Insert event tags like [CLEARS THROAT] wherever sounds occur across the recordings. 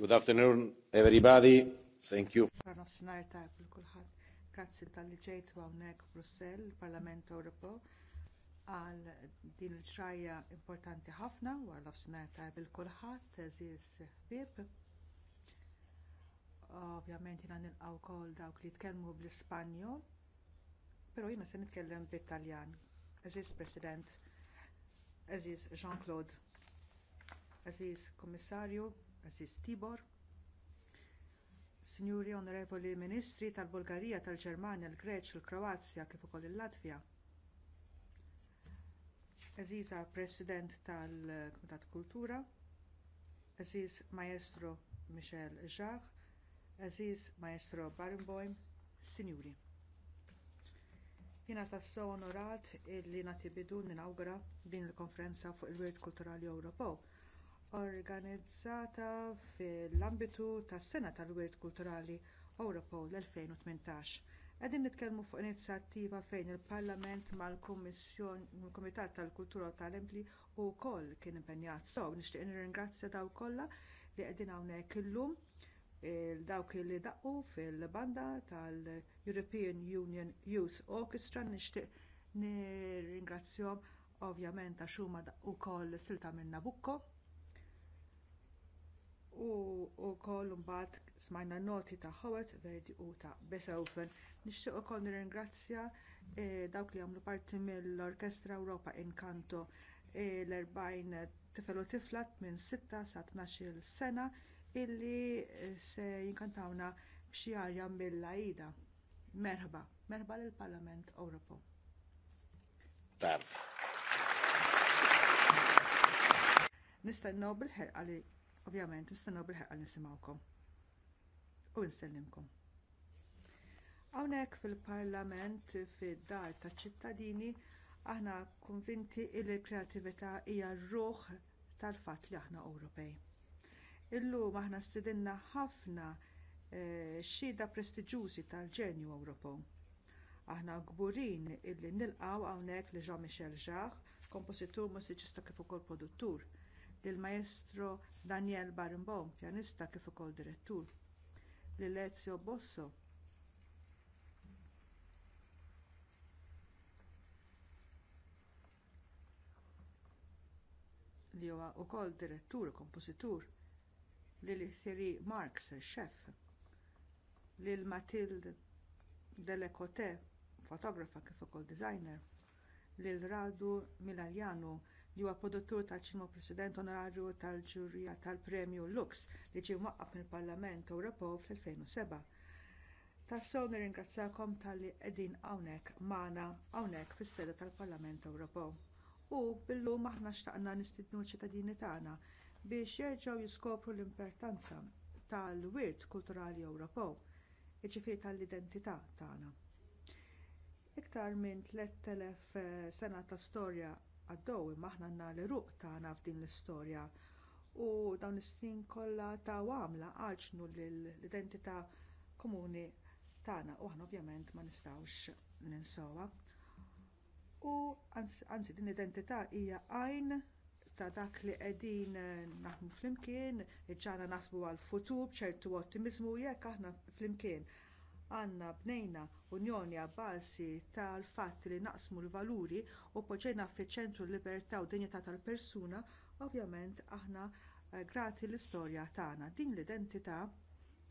Good afternoon, everybody. Thank you. Nofsinhar tajb kulħadd. Grazzi tal ġejtu hawnhekk Brussell, parlament Ewropew, għal din il importanti ħafna wara nofsinhar tajb il kulħadd, eżis ħbieb. Ovvjament jiena nilqgħu wkoll dawk li tkellmu bl-Ispanjol, però jiena se nitkellem bit-Taljan. Eżis President, eżis Jean-Claude, eżis Kummissarju, Aziz Tibor, Sinjuri Onorevoli Ministri tal-Bulgarija, tal-Ġermanja, l-Greċ, il-Kroazja kif ukoll il-Latvja. Eżiza President tal-Kumitat Kultura, Eżiz Maestro Michel Jacques, Eżiz Maestro Barenboim, Sinjuri. Jiena tassa onorat illi nati bidu ninawgura din il-konferenza fuq il-Wirt Kulturali Ewropew organizzata fil-ambitu tas sena tal-Wirt Kulturali Ewropew l-2018. Qegħdin nitkellmu fuq inizjattiva fejn il-Parlament mal-Kumitat tal-Kultura tal-Empli wkoll kien impenjat. So, nixtieq nirringrazzja dawk kollha li qegħdin hawnhekk illum dawk li daqqu fil-banda tal-European Union Youth Orchestra nixtieq nirringrazzjahom ovvjament għax huma daqqu wkoll silta minn Nabucco u wkoll imbagħad smajna noti ta' Howard Verdi u ta' Beethoven. Nixtieq ukoll nirringrazzja eh, dawk li għamlu parti mill-Orkestra Ewropa Inkanto eh, l-40 tifel u tifla minn 6 sa 12 sena illi eh, se jinkantawna b'xi arja mill-Aida. Merħba, merħba lill parlament Ewropew. Nistennew bil Ovvjament, nistennu bil-ħeqqa nisimawkom u nsellimkom. Hawnhekk fil-Parlament fid-dar taċ ċittadini aħna konvinti li l-kreatività hija r-ruħ tal-fatt li aħna Ewropej. Illum aħna stidinna ħafna eh, xhieda prestiġjużi tal-ġenju Ewropew. Aħna kburin illi nilqgħu hawnhekk li Jean-Michel Jarre, kompożitur, musiċista kif ukoll produttur l maestro Daniel Barenbaum, pjanista kif ukoll direttur, lil Ezio Bosso, li huwa wkoll direttur u kompożitur lil Thierry Marx, xef, lil Mathilde Delecote, fotografa kif ukoll designer, l Radu Milaljanu, li huwa produttur tal-ċinema President Onorarju tal-Ġurija tal-Premju Lux li ġie mwaqqaf mill-Parlament Ewropew fl-2007. Tassew nirringrazzakom talli qegħdin hawnhekk magħna hawnhekk fis-seda tal-Parlament Ewropew. U billum aħna xtaqna nistidnu ċittadini tagħna biex jerġgħu jiskopru l-importanza tal-wirt kulturali Ewropew, iġifieri tal-identità tagħna. Iktar minn 3000 sena ta' storja għaddew imma aħna għandna l-eruq tagħna f'din l-istorja u dawn is-snin kollha ta' għamla għaġnu l-identità komuni tagħna u aħna ovvjament ma nistgħux ninsawha. U anzi din identità hija għajn ta' dak li qegħdin naħdmu flimkien, iġġana nasbu għal futur b'ċertu ottimiżmu jekk aħna flimkien għandna bnejna unjoni bażi tal-fatt li naqsmu l-valuri u poġġejna fiċ-ċentru l-libertà u dinjità tal-persuna, ovvjament aħna eh, grati l-istorja tagħna. Din l-identità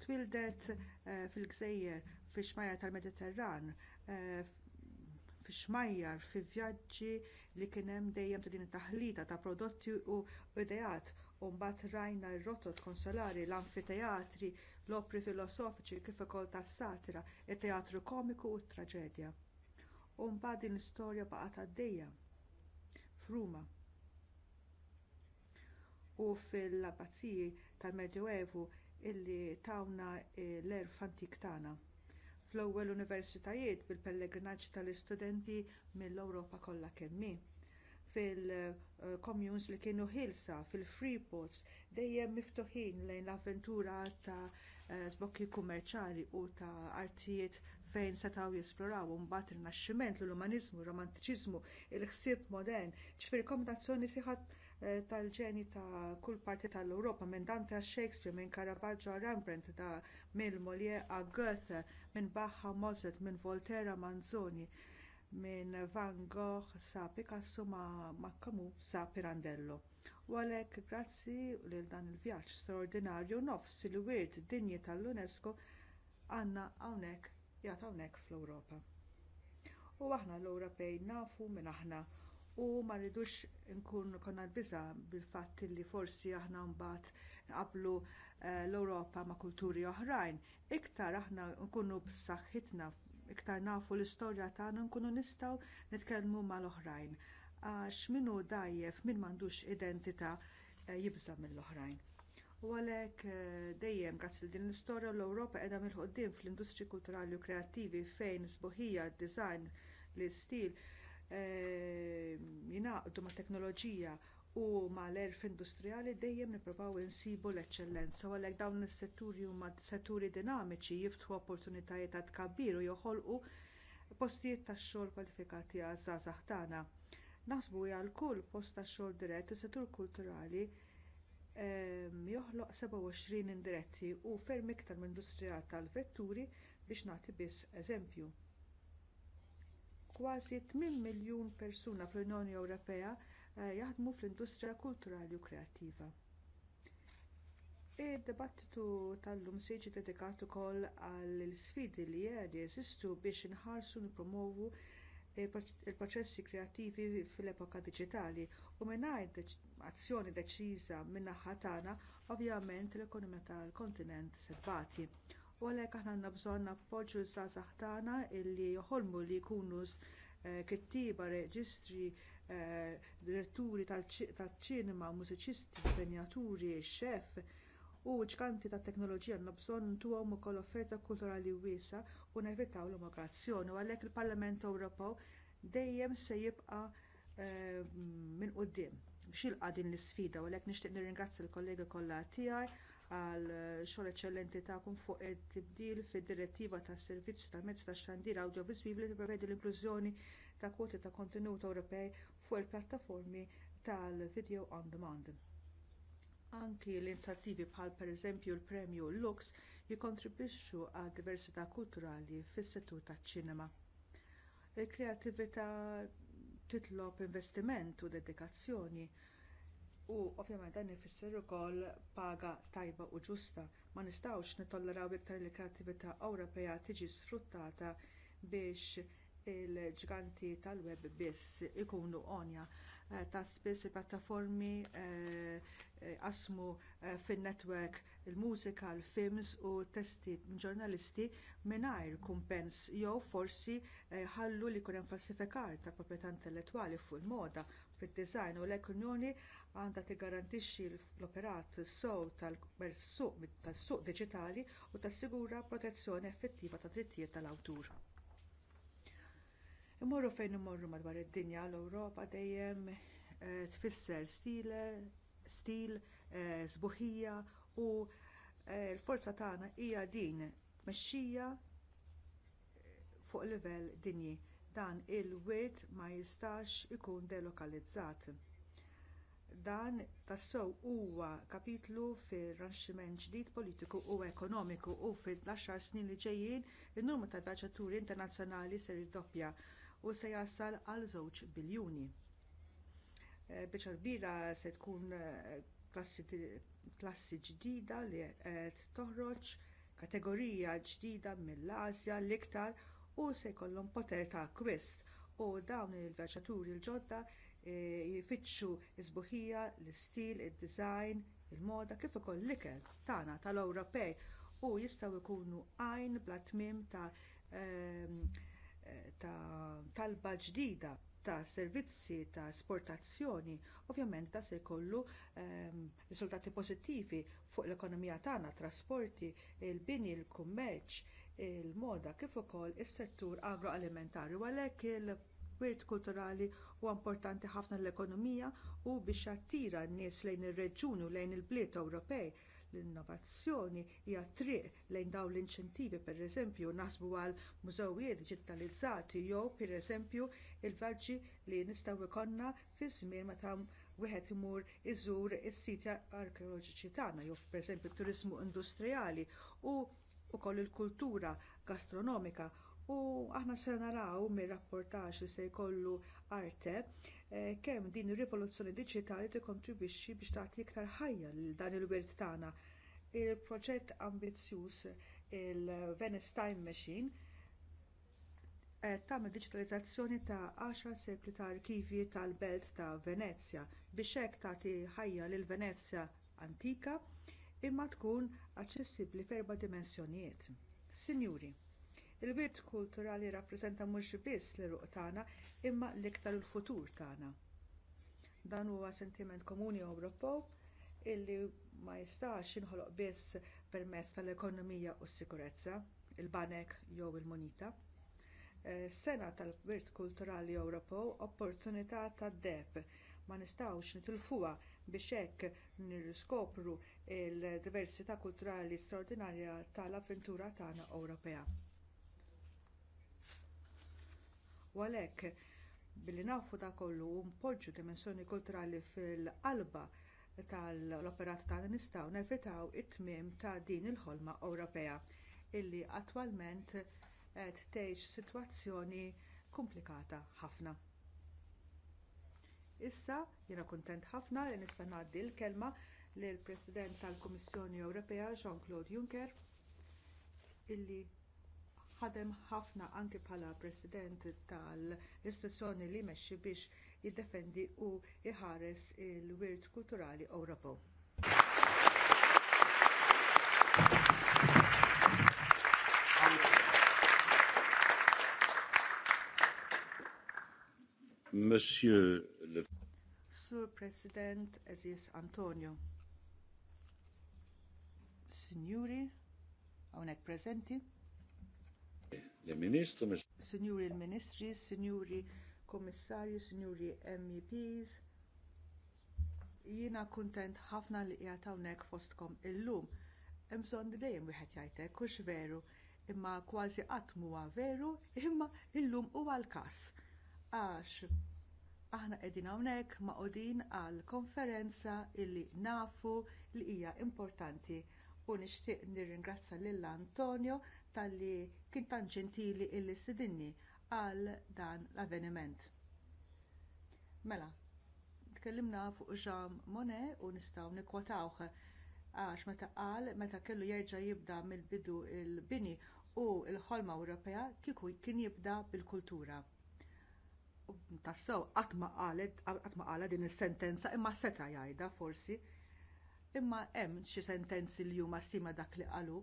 twildet eh, fil-gżejjer fix-xmajjar tal-Mediterran, eh, fix-xmajjar fi vjaġġi li kien hemm dejjem ta' din taħlita ta' prodotti u ideat u mbagħad rajna r-rotot konsolari, l-anfiteatri l-opri filosofiċi kif ukoll tas-satira, it-teatru komiku u t-traġedja. U mbagħad din l-istorja baqgħet għaddejja f'Ruma. U fil-abbaziji tal-Medjoevu illi tawna l-erf antik tagħna. Fl-ewwel universitajiet bil-pellegrinaġġ tal-istudenti mill-Ewropa kollha kemm fil-communes li kienu ħilsa, fil freeports dejjem miftuħin lejn l-avventura ta' żbokki eh, kummerċali u ta' artijiet fejn setgħu jesploraw mbagħad ir-naxximent, l-umaniżmu, ir-romantiċiżmu, il-ħsieb modern, ċifir kombinazzjoni siħat eh, tal-ġeni ta' kull parti tal-Ewropa minn Dante għal Shakespeare, minn Caravaggio għal Rembrandt, ta' minn Molière għal Goethe, minn Bacha Mozart, minn Volterra Manzoni, minn Van Gogh sa' Picasso ma' Camus sa' Pirandello. U għalhekk grazzi lil dan il-vjaġġ straordinarju nofs il-wirt dinji tal-UNESCO għandna hawnhekk jgħat hawnhekk fl-Ewropa. U aħna l-Ewropej nafu minn aħna u ma rridux nkun konna biża bil-fatt li forsi aħna mbagħad nqabblu eh, l-Ewropa ma' kulturi oħrajn, iktar aħna nkunu b'saħħitna iktar nafu l-istorja tagħna nkunu nistgħu nitkellmu mal-oħrajn għax min hu dajjef min m'għandux identità eh, jibza mill-oħrajn. U għalhekk eh, dejjem grazzi li din l-istorja l-Ewropa qiegħda mill ħoddiem fl-industri kulturali u kreattivi fejn sboħija d-design l-istil eh, jingħaqdu mat teknoloġija u mal l-erf industrijali dejjem nippruvaw insibu l-eċċellenza u għalhekk dawn is-setturi huma setturi dinamiċi jiftħu opportunitajiet għad kabbir u joħolqu postijiet tax xogħol kwalifikati għal żgħażagħ tagħna. Naħsbu għal kull post tax xogħol dirett is-settur kulturali ehm, joħloq 27 indiretti u ferm iktar minn industrija tal-vetturi biex nagħti biss eżempju. Kważi 8 miljun persuna fl-Unjoni Ewropea eh, jaħdmu fl-industrija kulturali u kreattiva. Id-dibattitu tal-lum se jiġi dedikat ukoll għall isfidi li jeżistu biex inħarsu nipromovu promovu il-proċessi kreattivi fil-epoka diġitali u mingħajr azzjoni deċiża min-naħa tagħna ovvjament l-ekonomija tal-kontinent se U għalhekk aħna għandna bżonn appoġġju żgħażagħ tagħna illi joħolmu li jkunu eh, kittiba, reġistri, eh, diretturi tal-ċinema, mużiċisti, penjaturi, xef, u ġganti tat teknoloġija għandna bżonn ukoll offerta kulturali wiesa u nevitaw l-immigrazzjoni u għalhekk il-Parlament Ewropew dejjem se jibqa' ehm, minn quddiem biex jilqa' din l-isfida u għalhekk nixtieq nirringrazzja l-kollegi kollha tiegħi għal xogħol eċċellenti tagħkom fuq it-tibdil fid-direttiva tas-servizz tal-mezz tax-xandir awdjoviswivi li prevedi l-inklużjoni ta' kwoti ta' kontenut Ewropej fuq il-pjattaformi tal-video on demand. Anki l-inizjattivi bħal pereżempju l-Premju Lux jikkontribwixxu għal diversità kulturali fis-settur taċ-ċinema. Il-kreattività titlob investiment u dedikazzjoni u ovvjament dan ifisser ukoll paga tajba u ġusta. Ma nistgħux nitolleraw iktar il kreattività Ewropea tiġi sfruttata biex il-ġganti tal-web biss ikunu onja Eh, ta' spiss il-plattaformi eh, eh, qasmu fin-netwerk il-mużika, il-films u testi ġurnalisti mingħajr kumpens jew forsi ħallu li jkun hemm falsifikar ta' proprjetà intellettwali fuq il-moda fid-design u l-ekunjoni għandha tiggarantixxi l-operat sow tal-suq diġitali u tassigura protezzjoni effettiva tad drittijiet tal-awtur. Imorru fejn imorru madwar id-dinja l-Ewropa dejjem eh, tfisser stil, sbuħija eh, u eh, l-forza tagħna hija din tmexxija fuq livell dinji. Dan il-wirt ma jistax ikun delokalizzat. Dan tassew huwa kapitlu fir-ranximent ġdid politiku u ekonomiku u fil-10 snin li ġejjin in-numru ta' vjaġġaturi internazzjonali se jiddoppja u se jasal għal żewġ biljuni. Eh, Biċa kbira se tkun eh, klassi ġdida li qed toħroġ kategorija ġdida mill-Asja l-iktar u se jkollhom poter ta' akkwist, u dawn il-vjaġġaturi l-ġodda eh, jfittxu isbuħija, l-istil, id-design, il-moda kif ukoll l-ikel tagħna tal-Ewropej u jistgħu jkunu għajn bla tmiem ta' ehm, ta' talba ġdida ta' servizzi ta' esportazzjoni, ovvjament ta' se jkollu um, ehm, riżultati pożittivi fuq l-ekonomija tagħna, trasporti, il-bini, il-kummerċ, il-moda kif ukoll is-settur agroalimentari u għalhekk il-wirt kulturali huwa importanti ħafna l-ekonomija u biex attira n-nies lejn ir reġjun u lejn il-bliet Ewropej L-innovazzjoni hija triq lejn dawn l-inċentivi pereżempju naħsbu għal mużewijiet digitalizzati jew pereżempju l vaġġi li nistgħu jkollna fi żmien meta wieħed imur iżur is-siti arkeoloġiċi tagħna jew pereżempju t-turiżmu industrijali u wkoll il-kultura gastronomika u aħna se naraw mir-rapportaġġ li se jkollu arte eh, kemm din ir-rivoluzzjoni diġitali tikkontribwixxi biex tagħti iktar ħajja lil dan il-wirt tagħna. Il-proġett ambizzjuż il-Venice Time Machine eh, tagħmel diġitalizzazzjoni ta' 10 seklu ta' arkivji tal-Belt ta' Venezja biex hekk tagħti ħajja lil Venezja antika imma tkun aċċessibbli f'erba' dimensjonijiet. Sinjuri, Il-wirt kulturali rappreżenta mhux biss l ruq tagħna imma l-iktar il-futur tagħna. Dan huwa sentiment komuni Ewropew illi ma jistax inħoloq biss permezz tal-ekonomija u s-sikurezza, il-banek jew il-monita. Eh, sena tal-wirt kulturali Ewropew opportunità tad deb ma nistgħux nitilfuha biex hekk nirriskopru l diversità kulturali straordinarja tal-avventura tagħna Ewropea. U għalhekk billi nafu da kollu mpoġġu dimensjoni kulturali fil-qalba tal-operat tagħna nistgħu nevitaw it-tmiem ta' din il-ħolma Ewropea illi attwalment qed tgħix sitwazzjoni komplikata ħafna. Issa jiena kuntent ħafna li nista' ngħaddi l-kelma lill President tal-Kummissjoni Ewropea Jean-Claude Juncker illi ħadem ħafna anki bħala president tal-istituzzjoni li jmexxi biex jiddefendi u jħares il-wirt kulturali Ewropew. Monsieur le Sur President Aziz Antonio. Signori, hawnhekk preżenti. Signori il-Ministri, Signori Kommissarju, Signori MEPs, jiena kuntent ħafna li qiegħed hawnhekk fostkom illum. Hemm bżonn dejjem wieħed jgħajtek, kux veru, imma kważi qatt huwa veru, imma illum huwa l-każ. Għax aħna qegħdin hawnhekk maqudin għal konferenza illi nafu li hija importanti u nixtieq nirringrazzja lil Antonio talli kien tant ġentili illi stidinni għal dan l-avveniment. Mela, tkellimna fuq Jean Monnet u nistgħu nikkwotawh għax meta qal meta kellu jerġa' jibda mill-bidu l bini u l-ħolma Ewropea kieku kien jibda bil-kultura. Tassew qatt ma qalet din is-sentenza imma seta jgħidha forsi. Imma hemm xi sentenzi li huma sima dak li qalu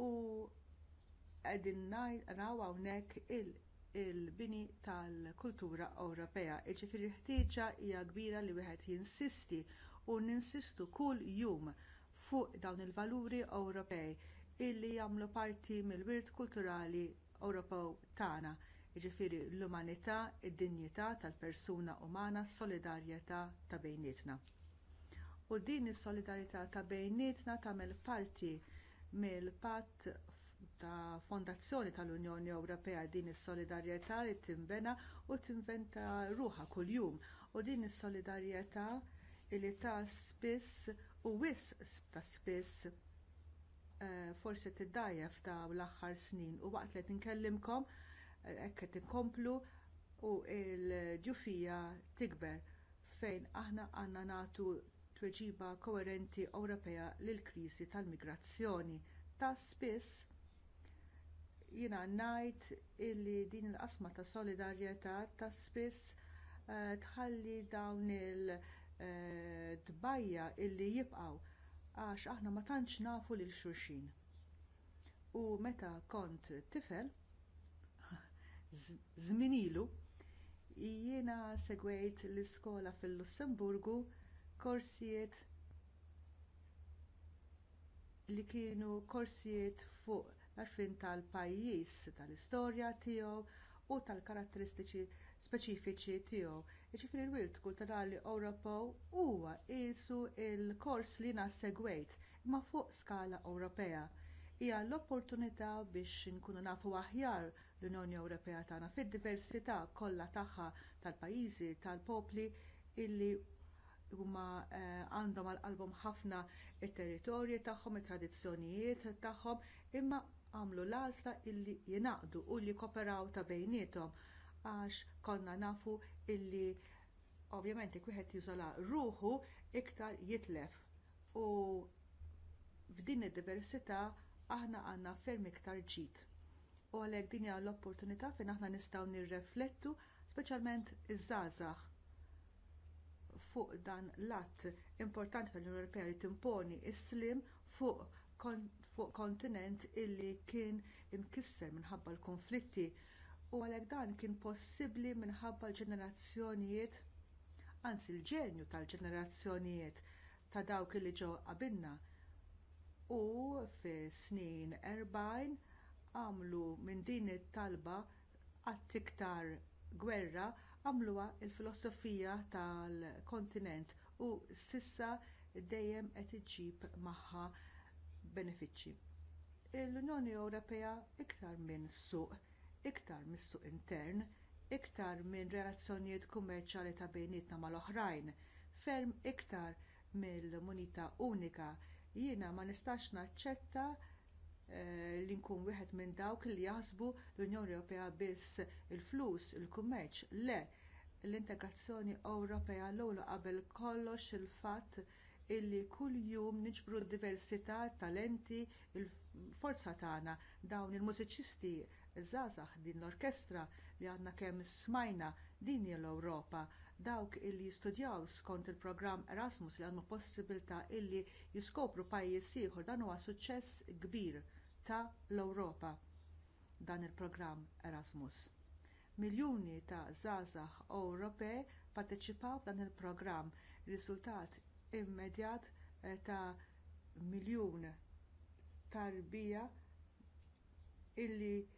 u qegħdin naraw hawnhekk il-bini il bini tal kultura Ewropea. Jiġifieri ħtieġa hija kbira li wieħed jinsisti u ninsistu kull jum fuq dawn il-valuri Ewropej illi jagħmlu parti mill-wirt kulturali Ewropew tagħna. Jiġifieri l-umanità, id-dinjità tal-persuna umana, solidarjetà ta' bejnietna. U din is-solidarjetà ta' bejnietna tagħmel parti mill-patt ta' fondazzjoni tal-Unjoni Ewropea din is-solidarjetà li timbena u tinventa ruħa kuljum u din is-solidarjetà li ta' spiss u wisq ta' spiss eh, forsi tiddajjef ta' l-aħħar snin u waqt li tinkellimkom eh, hekk qed inkomplu u l-ġufija tikber fejn aħna għandna nagħtu tweġiba koerenti Ewropea lill kriżi tal-migrazzjoni ta' spiss Jiena ngħid illi din il-qasma ta' solidarjetà ta' spiss eh, tħalli dawn il-dbajja eh, illi jibqgħu għax aħna ma tantx nafu lil xulxin. U meta kont tifel, [LAUGHS] zminilu, jiena segwejt l-iskola fil-Lussemburgu korsijiet li kienu korsijiet fuq għarfien tal-pajjiż, tal-istorja tiegħu u tal-karatteristiċi speċifiċi tiegħu. Jiġifieri l-wirt kulturali Ewropew huwa qisu l kors li jiena segwejt imma fuq skala Ewropea. Hija l-opportunità biex inkunu nafu aħjar l-Unjoni Ewropea tagħna fid-diversità kollha tagħha tal-pajjiżi, tal-popli illi huma eh, għandhom għal qalbhom ħafna t territorji tagħhom, it-tradizzjonijiet tagħhom, imma għamlu l-għażla illi jingħaqdu u li koperaw ta' bejniethom għax konna nafu illi ovvjament wieħed jiżola ruħu iktar jitlef. U f'din id-diversità aħna għandna ferm iktar ġid. U għalhekk din hija l-opportunità fejn aħna nistgħu nirreflettu speċjalment iż-żgħażagħ fuq dan l-att importanti tal-Unjoni Ewropea li timponi s-slim fuq fuq kontinent illi kien imkisser minħabba l-konflitti u għalhekk dan kien possibbli minħabba l-ġenerazzjonijiet anzi l-ġenju tal-ġenerazzjonijiet ta' dawk li ġew qabilna u fi snin 40 għamlu minn din it-talba għat iktar gwerra għamluha l filosofija tal-kontinent u sissa dejjem qed iġib magħha benefiċċji. L-Unjoni Ewropea iktar minn suq, iktar mis suq intern, iktar minn relazzjonijiet kummerċjali ta' bejnietna mal-oħrajn, ferm iktar mill-munita unika, jiena ma nistax naċċetta eh, li nkun wieħed minn dawk li jaħsbu l-Unjoni Ewropea biss il-flus, il-kummerċ, le l-integrazzjoni Ewropea l-ewwel qabel kollox il-fatt illi kuljum niġbru d-diversità, talenti, il-forza tagħna dawn il-mużiċisti żgħażagħ din l-orkestra li għandna kemm smajna din l-Ewropa dawk illi jistudjaw skont il-programm Erasmus li għandhom possibilità illi jiskopru pajjiż ieħor dan huwa suċċess kbir ta' l-Ewropa dan il-programm Erasmus. Miljuni ta' żgħażagħ Ewropej pparteċipaw f'dan il-programm riżultat immedjat eh, ta' miljun tarbija illi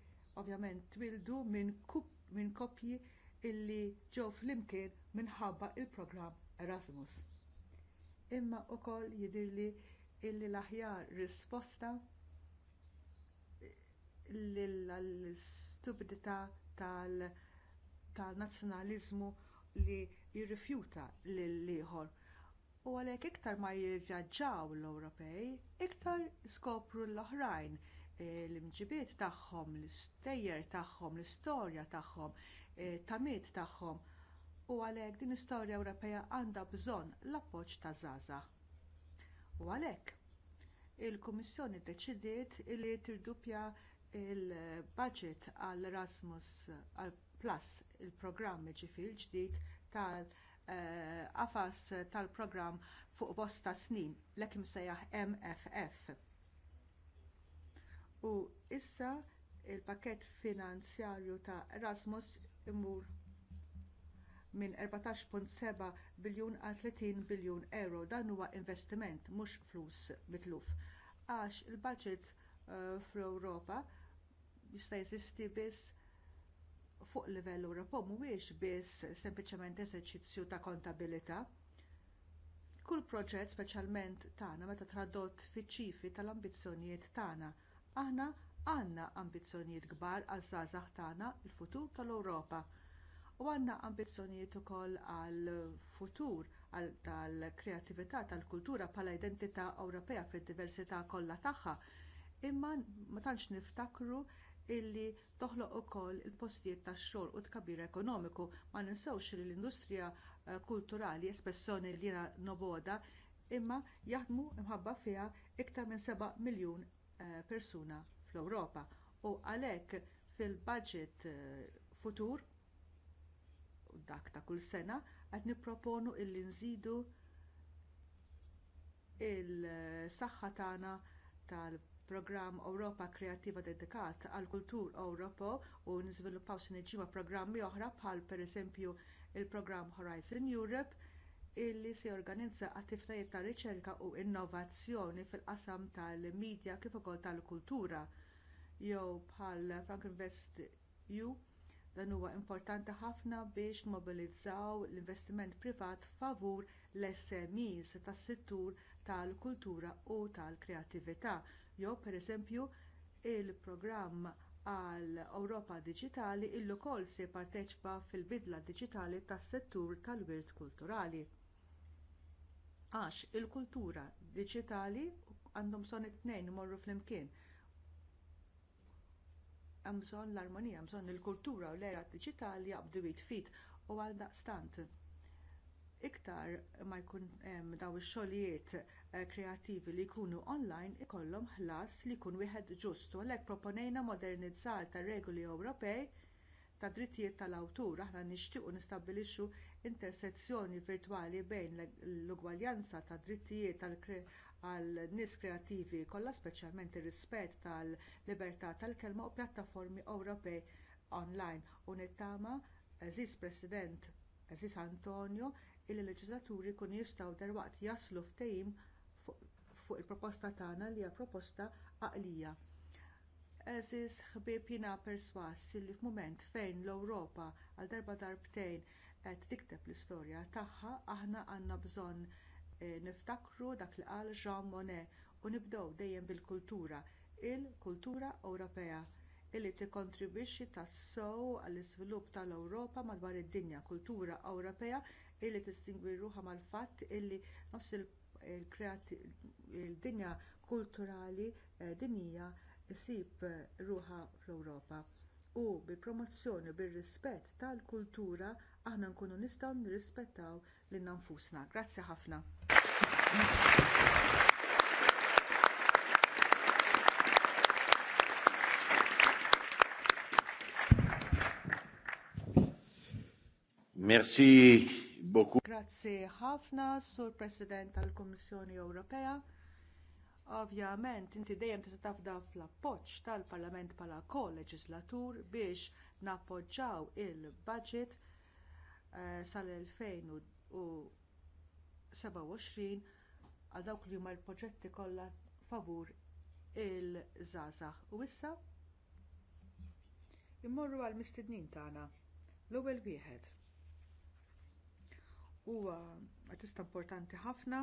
ovvjament twildu minn min koppji illi ġew flimkien minħabba l programm Erasmus. Imma wkoll jidhirli illi l-aħjar risposta l-stupidità tal-nazzjonaliżmu li jirrifjuta l-liħor U għalhekk iktar ma jivvjaġġaw l-Ewropej, iktar skopru l-oħrajn eh, l-imġibiet tagħhom, l-istejjer tagħhom, l-istorja tagħhom, eh, tamiet tagħhom. U għalhekk din l-istorja Ewropea għandha bżonn l-appoġġ ta' żgħażagħ. U għalhekk il-Kummissjoni ddeċidiet li tirdupja l budget għall Erasmus Plus, il-programm ġifil ġdid tal- Eh, qafas tal-programm fuq bosta snin, l-ekim sejjaħ MFF. U issa il-pakket finanzjarju ta' Erasmus imur minn 14.7 biljun għal 30 biljun euro. Dan huwa investiment, mhux flus mitluf. Għax il-budget uh, fl-Ewropa jista' jeżisti biss fuq livell Ewropew mhuwiex biss sempliċement eżerċizzju ta' kontabilità. Kull proġett speċjalment tagħna meta tradott fiċ-ċifi tal-ambizzjonijiet tagħna, aħna għandna ambizzjonijiet kbar għaż-żgħażagħ tagħna il-futur tal-Ewropa. U għandna ambizzjonijiet ukoll għall-futur tal-kreattività tal-kultura bħala identità Ewropea fid-diversità kollha tagħha imma ma tantx niftakru illi toħloq ukoll il-postijiet tax-xogħol u tkabbir ekonomiku. Ma ninsewx li l-industrija eh, kulturali espressjoni li jiena noboda imma jaħdmu imħabba fiha iktar minn 7 miljun eh, persuna fl-Ewropa u għalhekk fil-budget eh, futur dak ta' kull sena qed nipproponu illi nżidu il-saħħa tagħna tal programm Ewropa Kreattiva dedikat għall kultur Ewropo u niżviluppaw sinerġija programmi oħra bħal pereżempju l programm Horizon Europe illi se jorganizza attivitajiet ta' riċerka u innovazzjoni fil-qasam tal-medja kif ukoll tal-kultura jew bħal Frank Invest EU dan huwa importanti ħafna biex mobilizzaw l-investiment privat favur l-SMEs tas-settur tal-kultura u tal-kreattività jew pereżempju il-programm għal Ewropa Diġitali illu kol se parteċpa fil-bidla diġitali tas-settur tal-wirt kulturali. Għax il-kultura diġitali għandhom son it-tnejn morru flimkien. Hemm bżonn l-armonija, hemm bżonn il-kultura u l-era diġitali jaqbdu fit u għal daqstant. Iktar ma jkun hemm daw ix-xogħlijiet Eh, kreattivi li jkunu online ikollhom ħlas li jkun wieħed ġustu għalhekk proponejna modernizzar tar regoli Ewropej ta' drittijiet tal-awtur aħna nixtiequ nistabbilixxu intersezzjoni virtwali bejn l-ugwaljanza tad drittijiet għal nies kreattivi kollha speċjalment ir-rispett tal-libertà tal-kelma u pjattaformi Ewropej online u nittama eżis President Eżis Antonio il leġislaturi kun jistgħu derwaqt jaslu ftehim fuq il-proposta tagħna li hija proposta għaqlija. Eżis ħbieb jiena perswas li f'mument fejn l-Ewropa għal darba darbtejn qed tikteb l-istorja tagħha aħna għandna bżonn eh, niftakru dak li qal Jean Monnet u nibdew dejjem bil-kultura, il-kultura Ewropea illi tikkontribwixxi tas-sew għall-iżvilupp tal-Ewropa madwar id-dinja, kultura Ewropea illi tistingwi ruħha mal-fatt illi nofs il il-dinja kulturali eh, dinija ssib ruħa fl-Ewropa. U bil-promozzjoni u bir-rispett tal-kultura aħna nkunu nistgħu nirrispettaw lil nfusna. Grazzi ħafna. Merci beaucoup. Grazzi ħafna sur President tal-Kummissjoni Ewropea. Ovvjament, inti dejjem tista' tafda fl-appoġġ tal-Parlament bħala kol biex nappoġġaw il-budget uh, sal-2027 għal dawk li huma l-proġetti kollha favur il-żgħażagħ. U issa immorru għall mistednin tagħna l-ewwel wieħed huwa artista importanti ħafna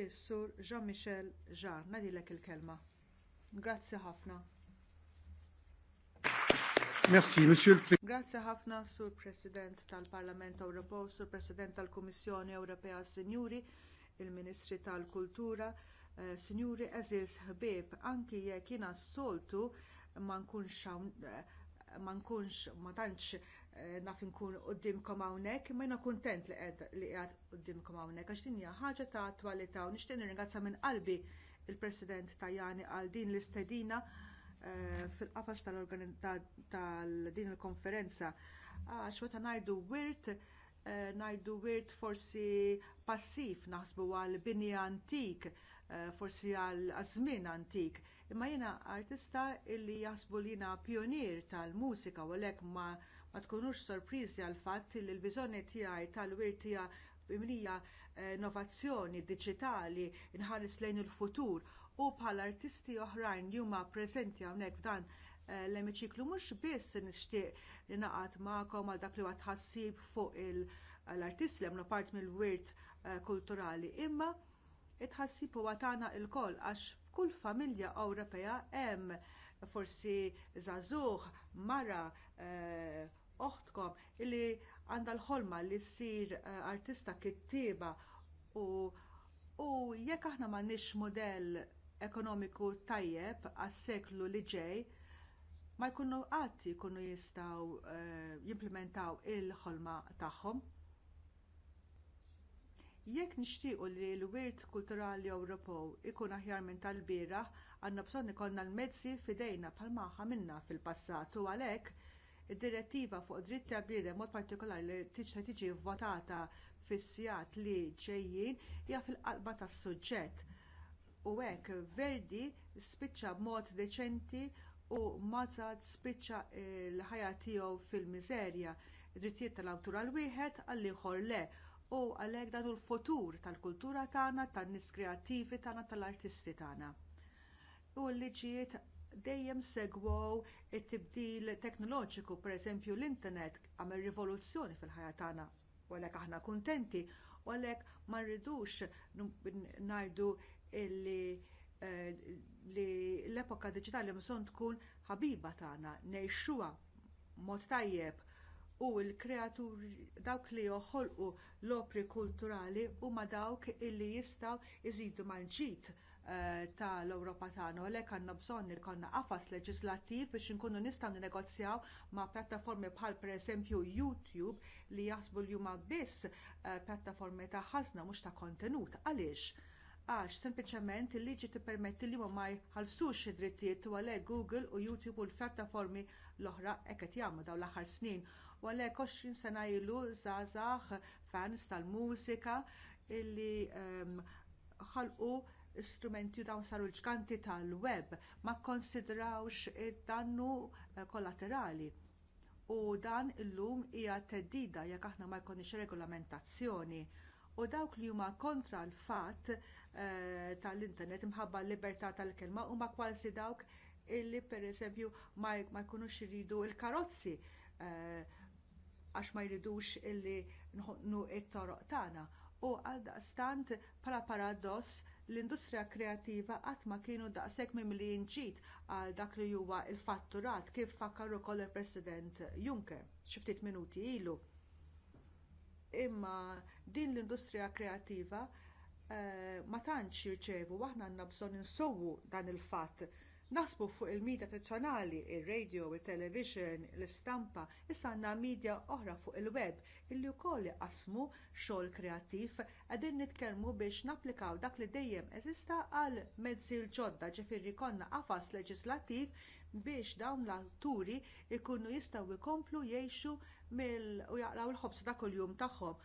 is-sur Jean-Michel Jarre. Nadilek il-kelma. Grazzi ħafna. Merci, Monsieur le Grazie ħafna, Sur President tal-Parlament Ewropew, Sur President tal-Kummissjoni Ewropea Sinjuri, il-Ministri tal-Kultura, eh, Sinjuri Aziz Ħbieb, anki jekk jiena soltu ma nkunx eh, ma tantx Eh, naf nkun qudiemkom hawnhekk, imma jiena kuntent li qed li qiegħed qudiemkom hawnhekk għax din hija ħaġa ta' attwalità u nixtieq nirringrazzja minn qalbi l president Tajani għal din l-istedina eh, fil-qafas tal-din il-konferenza. Għax meta ngħidu wirt, eh, ngħidu wirt forsi passiv naħsbu għal bini antik, forsi għal żmien antik. Imma jiena artista illi jaħsbu li jiena pionier tal-mużika u għalhekk ma' Ma tkunux sorpriżi għal fatt li l-bżonni tiegħi tal-wirtija wirt bimlija eh, innovazzjoni diġitali inħares lejn il-futur u bħala artisti oħrajn li huma preżenti hawnhekk f'dan eh, l-emiċiklu mhux biss nixtieq li naqgħad magħkom għal dak li huwa tħassib fuq l-artisti li għamlu part mill-wirt eh, kulturali imma it tħassib huwa tagħna lkoll għax f'kull familja Ewropea hemm forsi żagħżugħ, mara, oħtkom illi għandha l-ħolma li ssir eh, artista kittieba u, u jekk aħna m'għandniex mudell ekonomiku tajjeb għas-seklu li ġej, ma jkunu qatt jkunu jistgħu uh, eh, jimplementaw il-ħolma tagħhom. Jekk nixtiequ li l-wirt kulturali Ewropew ikun aħjar minn tal-bieraħ, għandna bżonn ikollna l-mezzi fidejna bħalma minna fil-passat u għalhekk Id-direttiva fuq dritt tal mod partikolari li tiġi tiġi votata fis-sijat li ġejjin hija fil-qalba tas-suġġett. U hekk Verdi spiċċa b'mod deċenti u mazzat spiċċa eh, l-ħajja tiegħu fil-miżerja, drittijiet tal-awtur għal wieħed għal ieħor le u għalhekk dan hu l-futur tal-kultura tagħna, tan-nies kreattivi tagħna, tal-artisti tagħna. U l-liġijiet dejjem segwow it-tibdil teknoloġiku, pereżempju l-internet għamel rivoluzzjoni fil-ħajja tagħna. U għalhekk aħna kuntenti, u għalhekk ma rridux ngħidu eh, li l-epoka diġitali mson tkun ħabiba tagħna, ngħixuha mod tajjeb u l-kreaturi dawk li joħolqu l-opri kulturali huma dawk illi jistgħu jżidu mal-ġid Eh, tal-Ewropa tagħna u għalhekk għandna bżonn li jkollna qafas leġislattiv biex inkunu nistgħu ninegozjaw ma' pjattaformi bħal pereżempju YouTube li jaħsbu li huma biss eh, pjattaformi ta' ħażna mhux ta' kontenut. Għaliex? Għax sempliċement il-liġi tippermetti li ma jħallsux id-drittijiet u għalhekk Google u YouTube u l-pjattaformi l-oħra hekk qed jagħmlu dawn l-aħħar snin. U għalhekk 20 sena ilu żgħażagħ fans tal-mużika illi ehm, ħalqu um, strumenti dawn saru l-ġkanti tal-web ma kkonsidrawx id-dannu eh, kollaterali u dan illum hija theddida jekk aħna ma jkunniex regolamentazzjoni u dawk li huma kontra l-fatt eh, tal-internet imħabba l-libertà tal-kelma huma kważi dawk illi pereżempju ma, ma jkunux iridu l karozzi eh, għax ma jridux illi nħonnu it-toroq tagħna. U għaldaqstant bħala paradoss l-industrija kreattiva qatt ma kienu daqshekk mimlijin ġid għal dak li huwa l-fatturat kif fakkar ukoll il-President Juncker xi ftit minuti ilu. Imma din l-industrija kreattiva eh, ma tantx jirċevu aħna għandna bżonn insowu dan il-fatt Naħsbu fuq il-medja tradizzjonali, ir radio it television l-istampa, issa għandna midja oħra fuq il-web, illi wkoll qasmu xogħol kreattiv qegħdin nitkellmu biex napplikaw dak li dejjem eżista għal mezzi l-ġodda ġifieri jkollna qafas leġislattiv biex dawn l-atturi jkunu jistgħu jkomplu jgħixu mill u jaqlaw il-ħobs ta' kuljum tagħhom.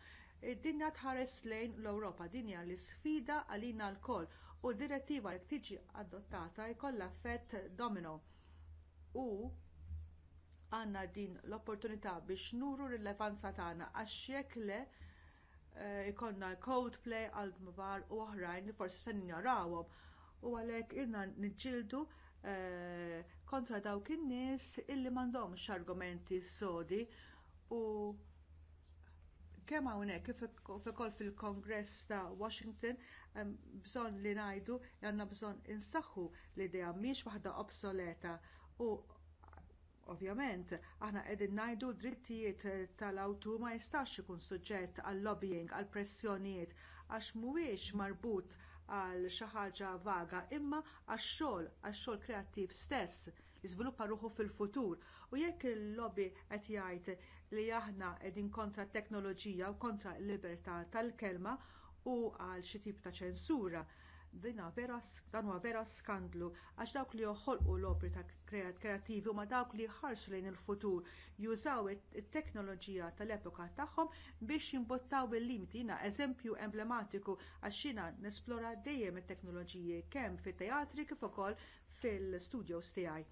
Id-dinja tħares lejn l-Ewropa, dinja l-isfida għalina lkoll u d direttiva li tiġi adottata jkollha effett domino u għandna din l-opportunità biex nuru rilevanza tagħna għax jekk le eh, codeplay Coldplay, Aldmubar u oħrajn li forsi se ninjarawhom u għalhekk ilna niġġieldu eh, kontra dawk in-nies illi m'għandhomx argumenti sodi u kemm hawnhekk kif ukoll fil-Kongress ta' Washington bżonn li ngħidu li għandna bżonn insaħħu l-idea mhix waħda obsoleta u ovvjament aħna qegħdin ngħidu drittijiet tal-awtur ma jistax ikun suġġett għal lobbying, għal pressjonijiet għax mhuwiex marbut għal xi ħaġa vaga imma għax-xogħol, għax-xogħol kreattiv stess, iżviluppa ruħu fil-futur. U jekk il-lobby qed jgħid li aħna qegħdin kontra t teknoloġija u kontra l-libertà tal-kelma u għal xi tip ta' ċensura. dan huwa vera skandlu għax dawk li joħolqu l-opri ta' kreattivi huma dawk li jħarsu lejn il-futur jużaw it-teknoloġija tal-epoka tagħhom biex jimbottaw il-limiti jiena eżempju emblematiku għax jiena nesplora dejjem it-teknoloġiji kemm fit-teatri kif ukoll fil-studios tiegħi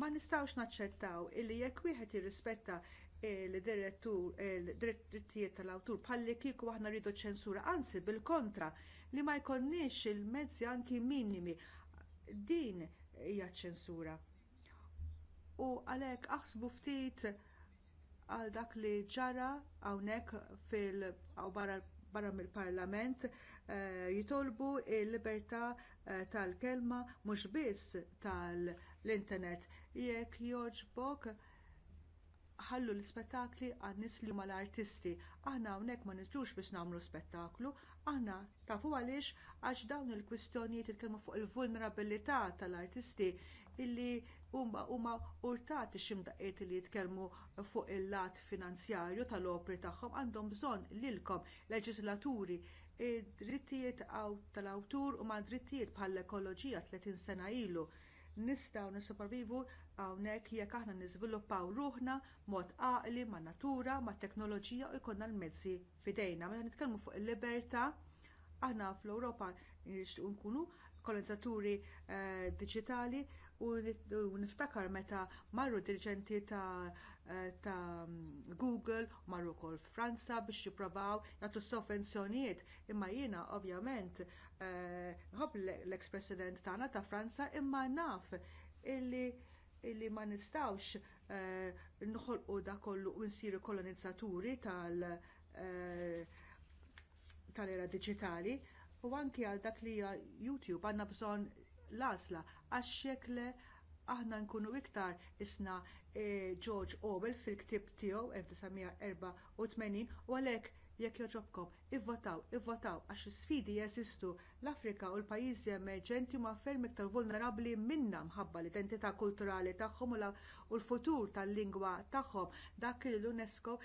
ma nistgħux naċċettaw illi jekk wieħed jirrispetta il-direttur il-drittijiet tal-awtur bħalli kieku aħna rridu ċensura, anzi bil-kontra li ma jkollniex il-mezzi anki minimi. Din hija ċensura. U għalhekk aħsbu ftit għal dak li ġara hawnhekk fil barra, barra mill-parlament eh, jitolbu l libertà eh, tal-kelma mhux biss tal-internet jekk jogħġbok ħallu l-ispettakli għan-nies li huma l-artisti. Aħna hawnhekk ma nitrux biex nagħmlu spettaklu, aħna tafu għaliex għax dawn il-kwistjonijiet jitkellmu fuq il-vulnerabilità tal-artisti illi huma huma urtati x'imdaqqiet li jitkellmu fuq il-lat finanzjarju tal-opri tagħhom għandhom bżonn lilkom leġislaturi id-drittijiet tal-awtur u mal drittijiet bħall ekoloġija 30 sena ilu nistgħu nissupervivu hawnhekk jekk aħna niżviluppaw ruħna mod għaqli man natura, mat teknoloġija u jkollna l-mezzi fidejna. Meta nitkellmu fuq il-libertà, aħna fl-Ewropa nixtiequ nkunu kolonizzaturi eh, diġitali u niftakar meta marru d ta', eh, ta Google u marru wkoll Franza biex jipprovaw jagħtu sovvenzjonijiet imma jiena ovvjament Eh, ħob l-ex-president tagħna ta' Franza imma naf illi illi ma nistawx uh, nħolqu da kollu u nsiru kolonizzaturi eh, tal-era uh, diġitali u anki għal dak li YouTube għandna bżonn l-għażla għax xekle aħna nkunu iktar isna George Orwell fil-ktib tiegħu 1984 u għalhekk jekk joġobkom, ivvotaw, ivvotaw, għax sfidi jeżistu l-Afrika u l-pajjiżi emerġenti ma ferm iktar vulnerabbli minna mħabba l-identità kulturali tagħhom u l-futur tal-lingwa tagħhom dak li l-UNESCO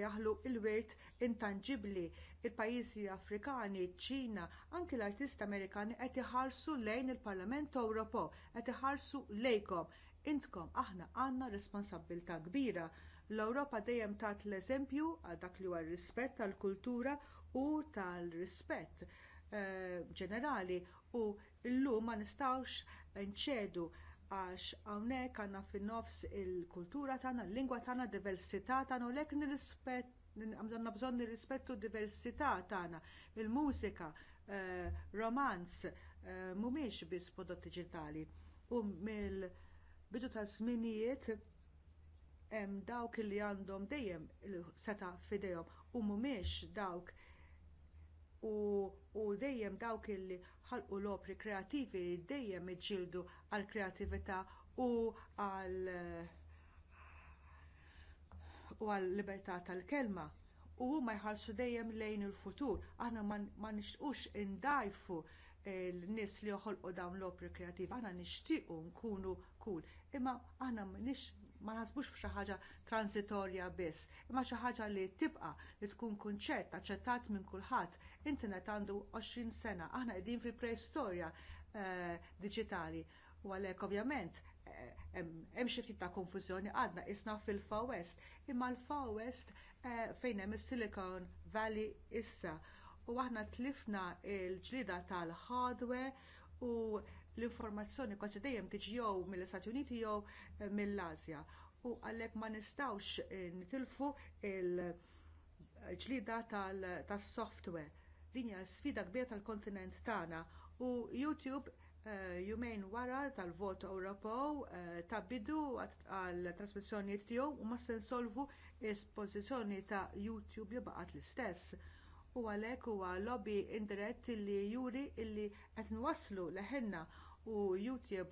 jaħlu l wirt intangibbli. Il-pajjiżi Afrikani, ċina, anki l-artisti Amerikani qed iħarsu lejn il-Parlament Ewropew, qed iħarsu lejkom. Intkom aħna għandna responsabbiltà kbira L-Ewropa dejjem tat l-eżempju għal dak li huwa r rispett tal-kultura u tal-rispett eh, ġenerali u llum ma nistgħux nċedu għax hawnhekk għandna fin-nofs il-kultura tagħna, il-lingwa tagħna, diversità tagħna u lek nirrispett għandna bżonn nirrispettu d diversità tagħna, il-mużika, eh, romanz, eh, mhumiex biss prodotti ġitali U mill-bidu ta' żminijiet hemm dawk li għandhom dejjem seta f'idejhom u mhumiex dawk u, dejjem dawk li ħalqu l-opri kreattivi dejjem iġġieldu għall kreatività u għal u għal libertà tal-kelma u huma jħallsu dejjem lejn il-futur. Aħna ma nixqux indajfu l-nies li joħolqu dawn l-opri kreattivi, aħna nixtiequ nkunu kull, imma aħna m'nix ma naħsbux f'xi ħaġa transitorja biss, imma xi ħaġa li tibqa' li tkun kunċett aċċettat minn kulħadd. Internet għandu 20 sena, aħna qegħdin fil-preistorja eh, diġitali u għalhekk ovvjament eh, hemm xi ftit ta' konfużjoni għadna isna fil-Far West, imma l-Far West eh, fejn hemm is-Silicon Valley issa u aħna tlifna l ġlieda tal-hardware u l-informazzjoni kważi dejjem tiġi jew mill-Istati Uniti jew eh, mill-Asja. U għalhekk ma nistgħux eh, nitilfu il-ġlida tas-software. Din hija sfida kbira tal-kontinent tagħna u YouTube jumejn eh, wara tal-vot Ewropew ta' bidu għal trasmissjonijiet tiegħu u ma se nsolvu espożizzjoni ta' YouTube li baqgħet l-istess. U għalhekk huwa lobby indirett li juri li qed nwasslu leħenna u YouTube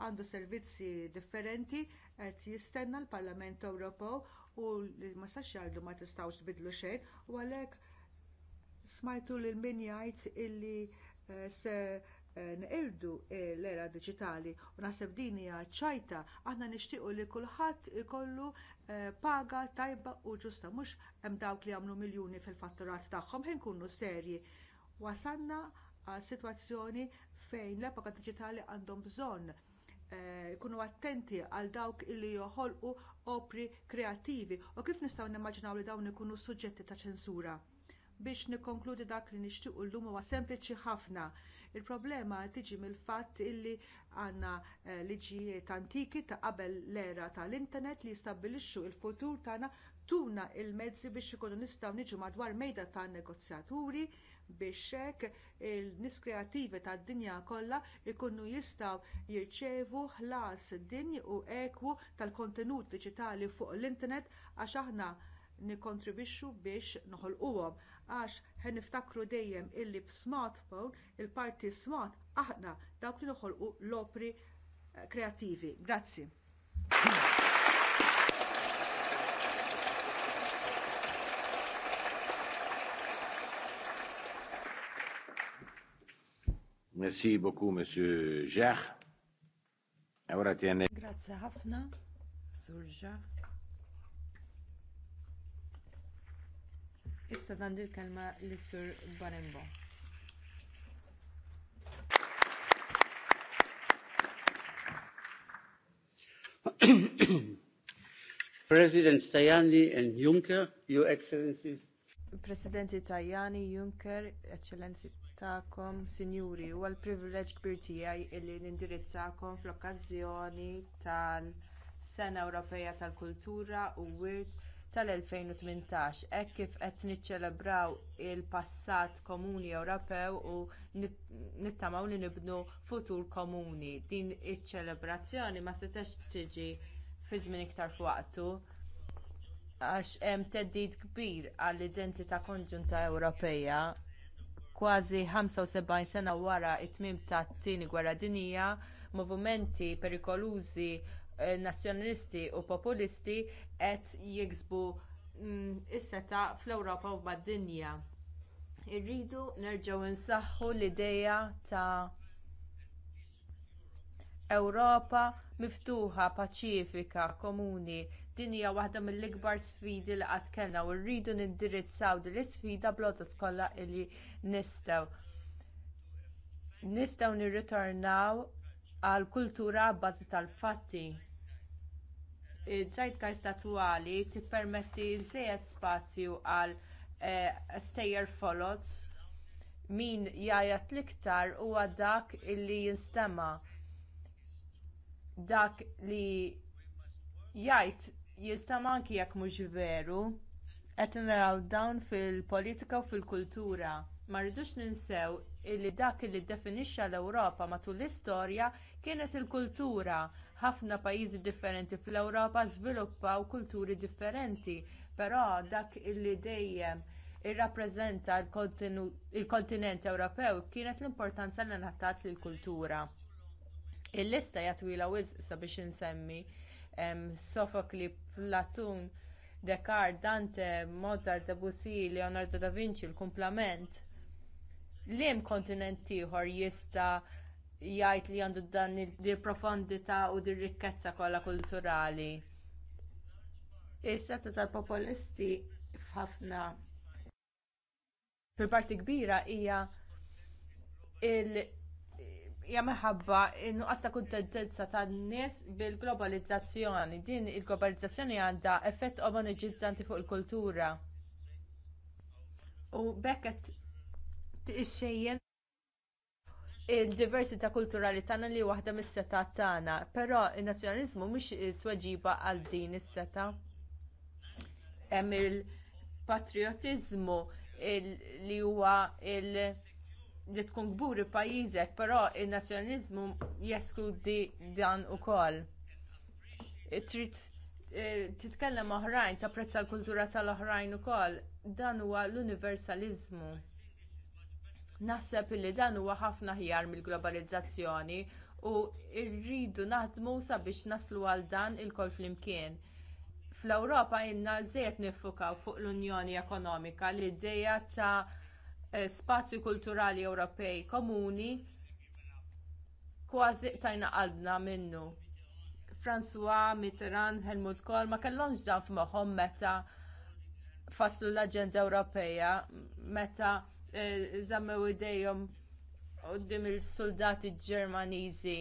għandu servizzi differenti qed jistenna l-Parlament Ewropew u li ma sax jgħidu ma tistgħux tbiddlu xejn u għalhekk smajtu lil min jgħid illi eh, se eh, neqirdu eh, l-era diġitali u naħseb din hija ċajta aħna nixtiequ li kulħadd ikollu paga tajba u ġusta mhux hemm dawk li jagħmlu miljuni fil-fatturat tagħhom ħin kunu serji. Wasanna għal sitwazzjoni fejn l-epoka diġitali għandhom bżonn eh, jkunu attenti għal dawk illi joħolqu opri kreattivi u kif nistgħu nimmaġinaw li dawn ikunu suġġetti ta' ċensura. Biex nikkonkludi dak li nixtiequ llum huwa sempliċi ħafna. Il-problema tiġi mill-fatt illi għandna eh, liġijiet antiki ta' qabel l-era tal-internet li jistabbilixxu l futur tagħna tuna l mezzi biex ikunu nistgħu niġu madwar mejda tan negozjaturi biex hekk il-nies kreattivi tad-dinja kollha ikunu jistgħu jirċevu ħlas din u ekwu tal-kontenut diġitali fuq l-internet għax aħna nikkontribwixxu biex noħolquhom għax ħen niftakru dejjem illi b'smartphone il-parti smart aħna dawk li noħolqu l-opri eh, kreattivi. Grazzi. Merci beaucoup, Monsieur Jach. Ora tiene. Grazie Hafna. Sur Jach. Issa dan il-kelma li Sur Barembo. [COUGHS] President Tajani and Juncker, Your Excellencies. Presidenti Tajani, Juncker, Eccellenzi tagħkom, sinjuri, huwa l-privileġġ kbir tiegħi illi nindirizzakom fl-okkażjoni tal-Sena Ewropea tal-Kultura u Wirt tal-2018 hekk kif qed niċċelebraw il-passat komuni Ewropew u nittamaw li nibnu futur komuni. Din iċ-ċelebrazzjoni ma setax tiġi fi żmien iktar fuqtu, għax hemm theddid kbir għall-identità konġunta Ewropea kważi 75 sena wara t tmiem tat tieni gwerra dinija, movimenti perikolużi eh, nazzjonalisti u populisti qed jiksbu mm, is-seta fl-Ewropa u mad-dinja. Irridu nerġgħu nsaħħu l-idea ta' Ewropa miftuħa, paċifika, komuni Din hija waħda mill-ikbar sfidi li qatt kellna u rridu nindirizzaw din l-isfida blodot kollha li nistgħu. Nistgħu nirritornaw għal kultura bbażi tal-fatti. Il-zeitgeist attwali tippermetti żejjed spazju għal eh, stejjer folots min jajat l-iktar huwa dak li jinstema dak li jgħid jista' manki jekk mhux veru qed naraw dawn fil-politika u fil-kultura. Ma rridux ninsew li dak li ddefinixxa l-Ewropa matul l-istorja kienet il-kultura. Ħafna pajjiżi differenti fl-Ewropa żviluppaw kulturi differenti, però dak li dejjem irrappreżenta l-kontinent Ewropew kienet l-importanza li ngħatat lill-kultura. Il-lista hija twila wisq sabiex insemmi Sofokli, Platun, Descartes, Dante, Mozart, Debussy, Leonardo da Vinci, l-kumplament. Liem kontinent ieħor jista' jgħid li għandu dan il-profondità u dir-rikkezza kollha kulturali. Is-setta tal-popolisti f'ħafna fil-parti kbira hija Ja meħabba nuqqas ta' kuntentenza tan-nies bil-globalizzazzjoni. Din il-globalizzazzjoni għandha effett omoniġizzanti fuq il-kultura. U bekket qed ixxejjen il-diversità kulturali tagħna li waħda mis-seta tagħna, però n-nazzjonaliżmu t-wagġiba għal din is-seta. Hemm il-patriotiżmu li huwa il-, il li tkun gburi pajjiżek, però il nazzjonaliżmu jeskludi dan ukoll. E, Trid e, titkellem oħrajn, tapprezza l-kultura tal-oħrajn ukoll, dan huwa l-universalizmu. Naħseb li dan huwa ħafna ħjar mill-globalizzazzjoni u rridu naħdmu sabiex naslu għal dan il-kol flimkien. Fl-Ewropa inna żejt nifukaw fuq l-Unjoni Ekonomika l-idea ta' Eh, spazju kulturali Ewropej komuni kważi tajna qalbna minnu. François Mitterrand, Helmut Kohl ma kellhomx dan f'moħħhom meta faslu l-Aġenda Ewropea, meta eh, żammew idejhom qudiem il-soldati Ġermaniżi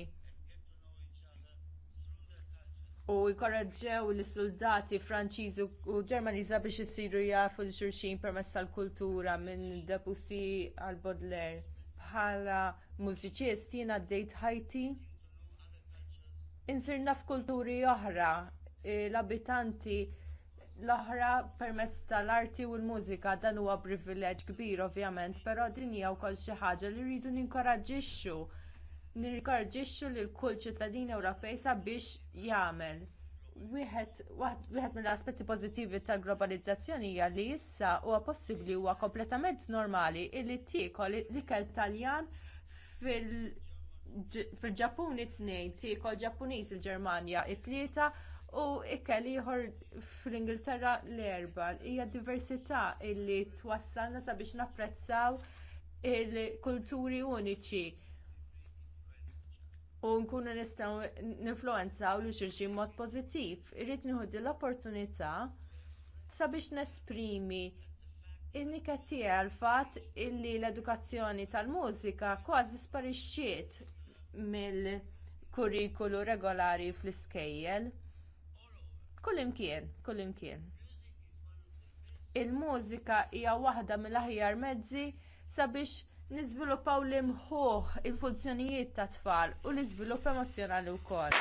u jkorraġġew l-soldati Franċiżi u Ġermaniża biex isiru jafu l-xulxin permezz tal-kultura minn Debussy għal Baudelaire. Bħala mużiċist jien għaddejt ħajti insirna f'kulturi oħra e, l-abitanti l-oħra permezz tal-arti u l-mużika dan huwa privileġġ kbir ovvjament, però din hija wkoll xi ħaġa li rridu ninkoraġġixxu Nirrikarġixxu lil kull ċittadin Ewropej sabiex jagħmel. Wieħed mill-aspetti pożittivi tal-globalizzazzjoni hija li issa huwa possibbli huwa kompletament normali li tiekol l-ikel Taljan fil-Ġappun it-tnejn, tiekol Ġappuniż il-Ġermanja it-tlieta u ikel ieħor fl-Ingilterra l-erba. Hija diversità li twassalna sabiex napprezzaw il-kulturi uniċi u nkunu nistgħu ninfluwenzaw li xulxin mod pożittiv. Irrid nieħu l-opportunità sabiex nesprimi in-nika tiegħi għal fatt illi l-edukazzjoni tal-mużika kważi sparixxiet mill-kurrikulu regolari fl-iskejjel. Kullimkien, kullimkien. Il-mużika hija waħda mill-aħjar mezzi sabiex niżviluppaw l-imħuħ il-funzjonijiet ta' tfal u l-iżvilupp emozjonali wkoll.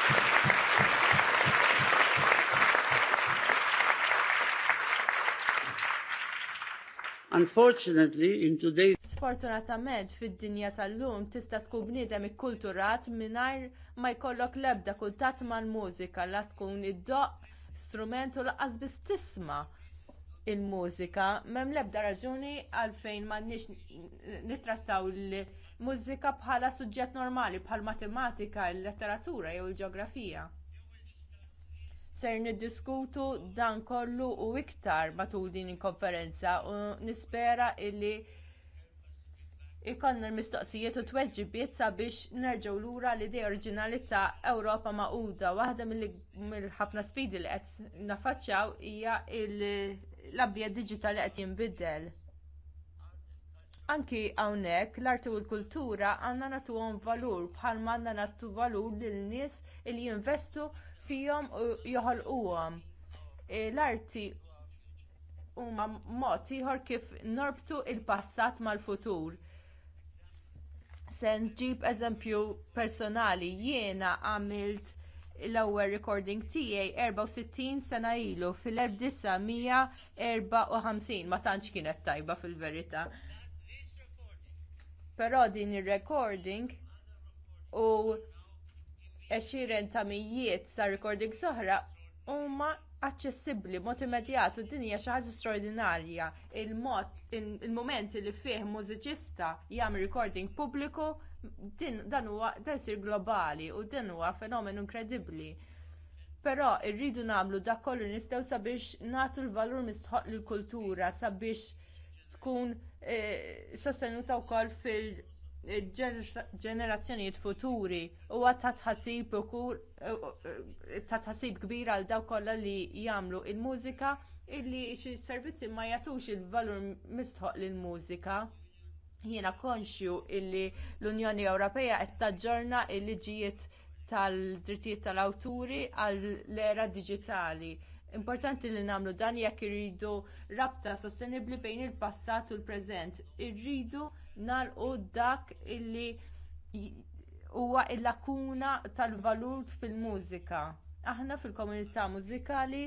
Unfortunately, in today's Sfortunatament fid-dinja tal-lum tista' tkun bniedem ikkulturat mingħajr ma jkollok l-ebda kuntatt mal-mużika la tkun id-doq strument u laqqas biss tisma' il-mużika, mem lebda raġuni għalfejn ma nix nitrattaw il-mużika bħala suġġett normali, bħal matematika, il-letteratura jew il-ġeografija. Ser niddiskutu dan kollu u iktar matul din il-konferenza u nispera illi ikonna l-mistoqsijiet u tweġġibiet sabiex nerġgħu lura l-idea oriġinali ta' Ewropa Magħquda. Waħda mill-ħafna sfidi li qed nafaċċaw hija l l-abbja digitali qed jinbidel. Anki hawnhekk l-arti u l-kultura għandna nagħtuhom valur bħalma għandna nagħtu valur lil nies li jinvestu fihom u joħolquhom. E, l-arti huma mod ieħor kif norbtu l passat mal-futur. Se nġib eżempju personali jiena għamilt l-ewwel recording tiegħi 64 sena ilu fil-1954 ma tantx kienet tajba fil-verità. Però din ir-recording u 20 ta' mijiet sa' recording soħra huma aċċessibbli mod immedjat u din hija xi ħaġa straordinarja il-mod il-mument li fih mużiċista jagħmel recording pubbliku din dan huwa dan sir globali u din huwa fenomenu inkredibbli. Però rridu nagħmlu dak kollu nistgħu sabiex nagħtu l-valur mistħoq lill kultura sabiex tkun e, sostenuta wkoll fil-ġenerazzjonijiet e, futuri huwa ta' tħassib kbira e, ta' tħassib kbir għal dawk kollha li jagħmlu l mużika illi xi servizzi ma jagħtux il-valur mistħoq lill mużika Jiena konxju illi l-Unjoni Ewropea qed taġġorna l-liġijiet tal-drittijiet tal-awturi għall-era diġitali. Importanti li nagħmlu dan jekk irridu rabta sostenibbli bejn il-passat u l-preżent. Irridu nagħlqu dak illi huwa l lakuna tal-valur fil-mużika. Aħna fil-komunità mużikali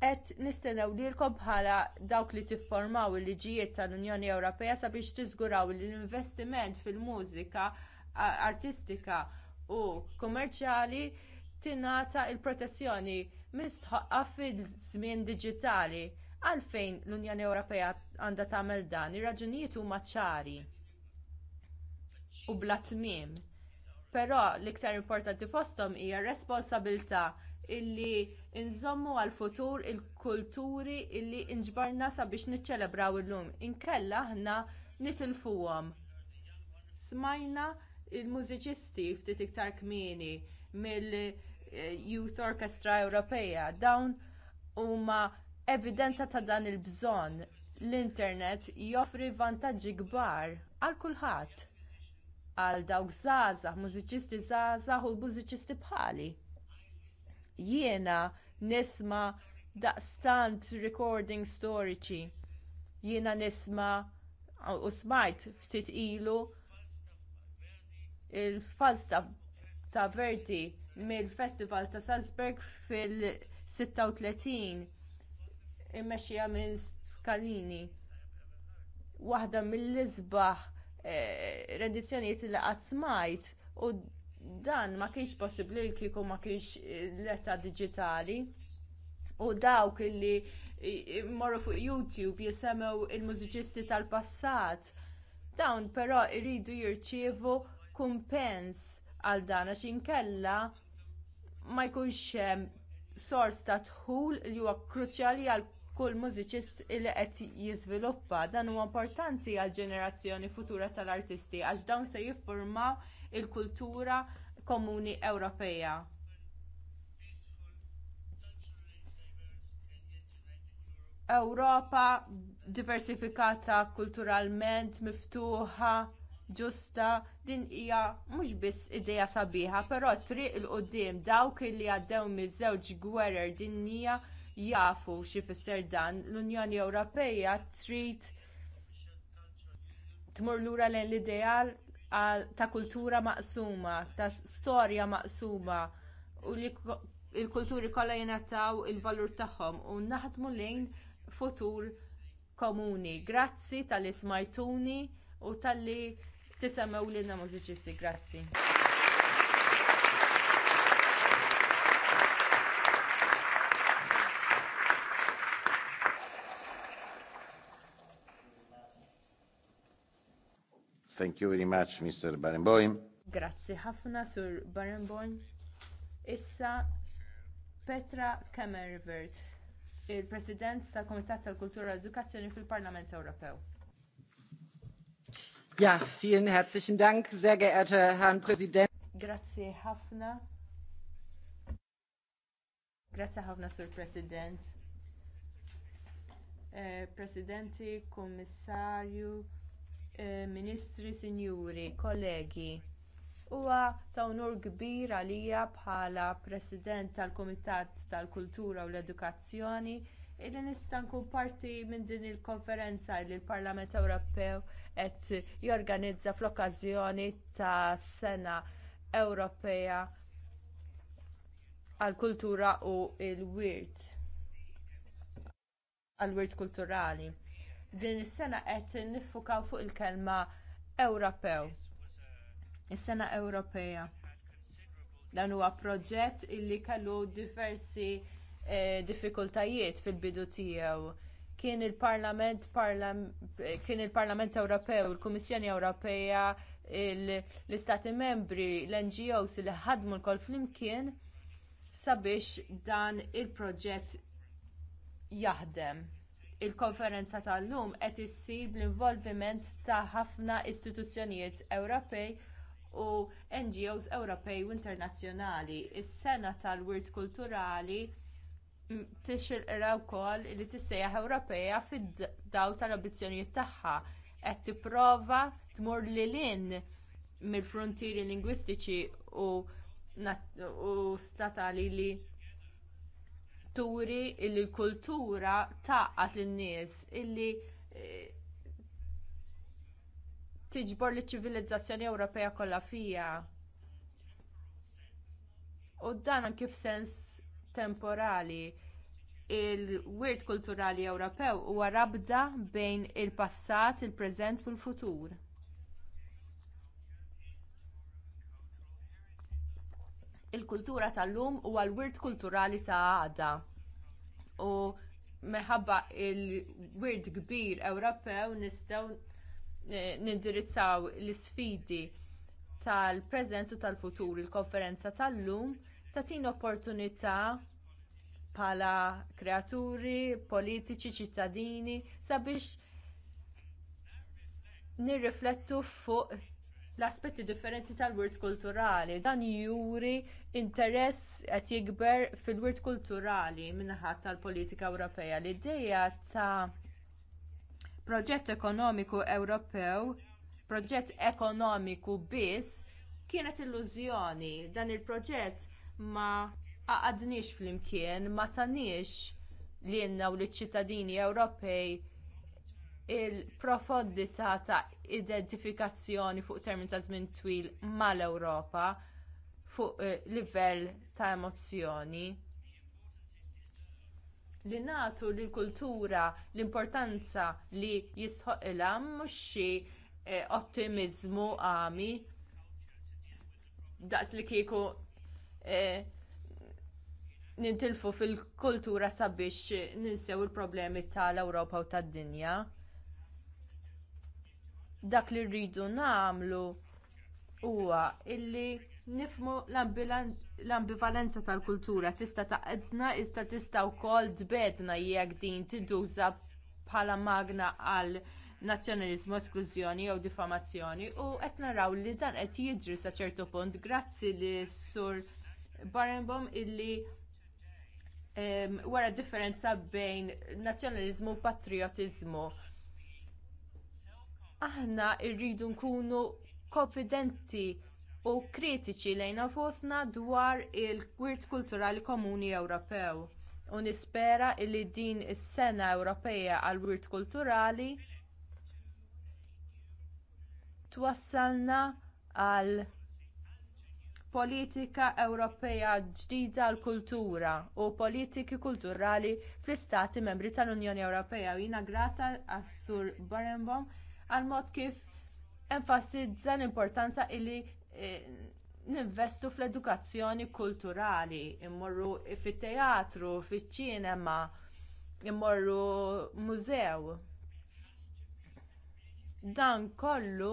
qed nistennew lilkom bħala dawk li tiffurmaw il-liġijiet tal-Unjoni Ewropea sabiex tiżguraw li l-investiment fil-mużika artistika u kummerċjali tingħata l protezzjoni mistħaqqa fil-żmien diġitali għalfejn l-Unjoni Ewropea għandha tagħmel dan, ir-raġunijiet huma ċari u bla tmiem. Però l-iktar importanti fosthom hija r responsabilità illi inżommu għall futur il-kulturi illi inġbarna sabiex niċċelebraw illum. Inkella aħna nitilfuhom. Smajna l mużiċisti ftit iktar kmieni mill-Youth eh, Orchestra Ewropea dawn huma evidenza ta' dan il-bżonn l-internet joffri vantaġġi kbar għal kulħadd għal dawk żgħażagħ, mużiċisti żgħażagħ u l-mużiċisti bħali jiena nisma daqstant recording storiċi. Jiena nisma u smajt ftit ilu il-fals ta' Verdi mill-Festival ta' Salzburg fil-36 immexija minn Skalini. Waħda mill-isbaħ eh, li qatt smajt u dan ma kienx possibbli li kieku ma kienx eh, l-età digitali u dawk illi morru fuq YouTube jisemmew il-mużiċisti tal-passat. Dawn però jridu jirċievu kumpens għal dan għax inkella ma jkunx hemm sors ta' dħul li huwa kruċjali għal kull mużiċist li qed jiżviluppa. Dan huwa importanti għall ġenerazzjoni futura tal-artisti għax dawn se jiffurmaw il-kultura komuni Ewropea. Ewropa diversifikata kulturalment, miftuħa, ġusta, din hija mhux biss idea sabiħa, però triq il qudiem dawk li għaddew miż-żewġ gwerer dinjija jafu xi fisser dan l-Unjoni Ewropea trid tmur lura lejn l-ideal ta' kultura maqsuma, ta' storja maqsuma u li il-kulturi kollha jingħataw il-valur tagħhom u naħdmu lejn futur komuni. Grazzi tal ismajtuni smajtuni u tal-li tisemmew lilna mużiċisti. Grazzi. Thank you very much, Mr. Barenboim. Grazie ħafna, Sur Barenboim. Issa Petra Kemmervert, il-President tal Komitat tal-Kultura Edukazzjoni fil-Parlament Ewropew. Ja, vielen herzlichen Dank, sehr geehrter Herrn Präsident. Grazie ħafna. Grazie ħafna, Sur President. Eh, Presidenti, Kommissarju, Eh, ministri, Sinjuri, Kollegi, huwa ta' unur kbir għalija bħala President tal-Kumitat tal-Kultura u l-Edukazzjoni illi nista' nkun parti minn din il-konferenza li l-Parlament Ewropew qed jorganizza fl-okkażjoni ta' Sena Ewropea għall kultura u l-wirt għall wirt kulturali din is-sena qed niffukaw fuq il-kelma Ewropew. Is-sena Ewropea. Dan huwa proġett illi kellu diversi eh, diffikultajiet fil-bidu tiegħu. Kien il-Parlament kien il-Parlament Ewropew, il-Kummissjoni Ewropea, l-Istati Membri, l-NGOs li ħadmu l-kol flimkien sabiex dan il-proġett jaħdem il-konferenza tal-lum qed issir bl-involviment ta' ħafna istituzzjonijiet Ewropej u NGOs Ewropej u internazzjonali. Is-sena tal-wirt kulturali mm, tixilqra wkoll li tissejjaħ Ewropea fid-daw tal-ambizzjonijiet tagħha qed tipprova tmur lilin mill-frontieri lingwistiċi u statali li turi illi l-kultura taqqat lin-nies illi eh, tiġbor liċ ċivilizzazzjoni Ewropea kollha fija. U dan anki f'sens temporali il-wirt kulturali Ewropew huwa rabda bejn il-passat, il-preżent u l-futur. il-kultura tal-lum u għal-wirt kulturali ta' għada. U meħabba il-wirt kbir Ewropew nistgħu eh, nindirizzaw l isfidi tal-preżent u tal-futur il-konferenza tal-lum ta' tin opportunità bħala kreaturi, politiċi, ċittadini sabiex nirriflettu fuq l-aspetti differenti tal-wirt kulturali. Dan juri interess qed jikber fil-wirt kulturali minnaħat tal-politika Ewropea. L-idea ta' proġett ekonomiku Ewropew, proġett ekonomiku biss, kienet illużjoni. Dan il-proġett ma għadniex flimkien, ma tanniex li jenna u l-ċittadini Ewropej il-profondità ta' identifikazzjoni fuq termin ta' żmien twil mal-Ewropa fuq eh, livell ta' emozzjoni. Li nagħtu lill kultura l-importanza li jisħoqilha mhux xi eh, ottimiżmu għami daqs li kieku eh, nintilfu fil-kultura sabiex ninsew il-problemi tal-Ewropa u tad-dinja dak li rridu nagħmlu huwa illi nifmu l-ambivalenza tal-kultura tista' taqedna iżda tista' wkoll tbedna jekk din tintuża bħala magna għal nazzjonaliżmu esklużjoni jew diffamazzjoni u qed naraw li dan qed jiġri sa ċertu punt grazzi li sur Barenbom illi wara wara differenza bejn nazzjonaliżmu u patriotiżmu aħna rridu nkunu konfidenti u kritiċi lejn nafosna dwar il-wirt kulturali komuni Ewropew. U nispera li din is-sena Ewropea għall wirt kulturali twassalna għal politika Ewropea ġdida għall kultura u politiki kulturali fl-istati membri tal-Unjoni Ewropea. Jina grata għas-Sur Barenbom għal mod kif enfasizza l-importanza illi eh, ninvestu fl-edukazzjoni kulturali, immorru fit-teatru, fiċ-ċinema, immorru mużew. Dan kollu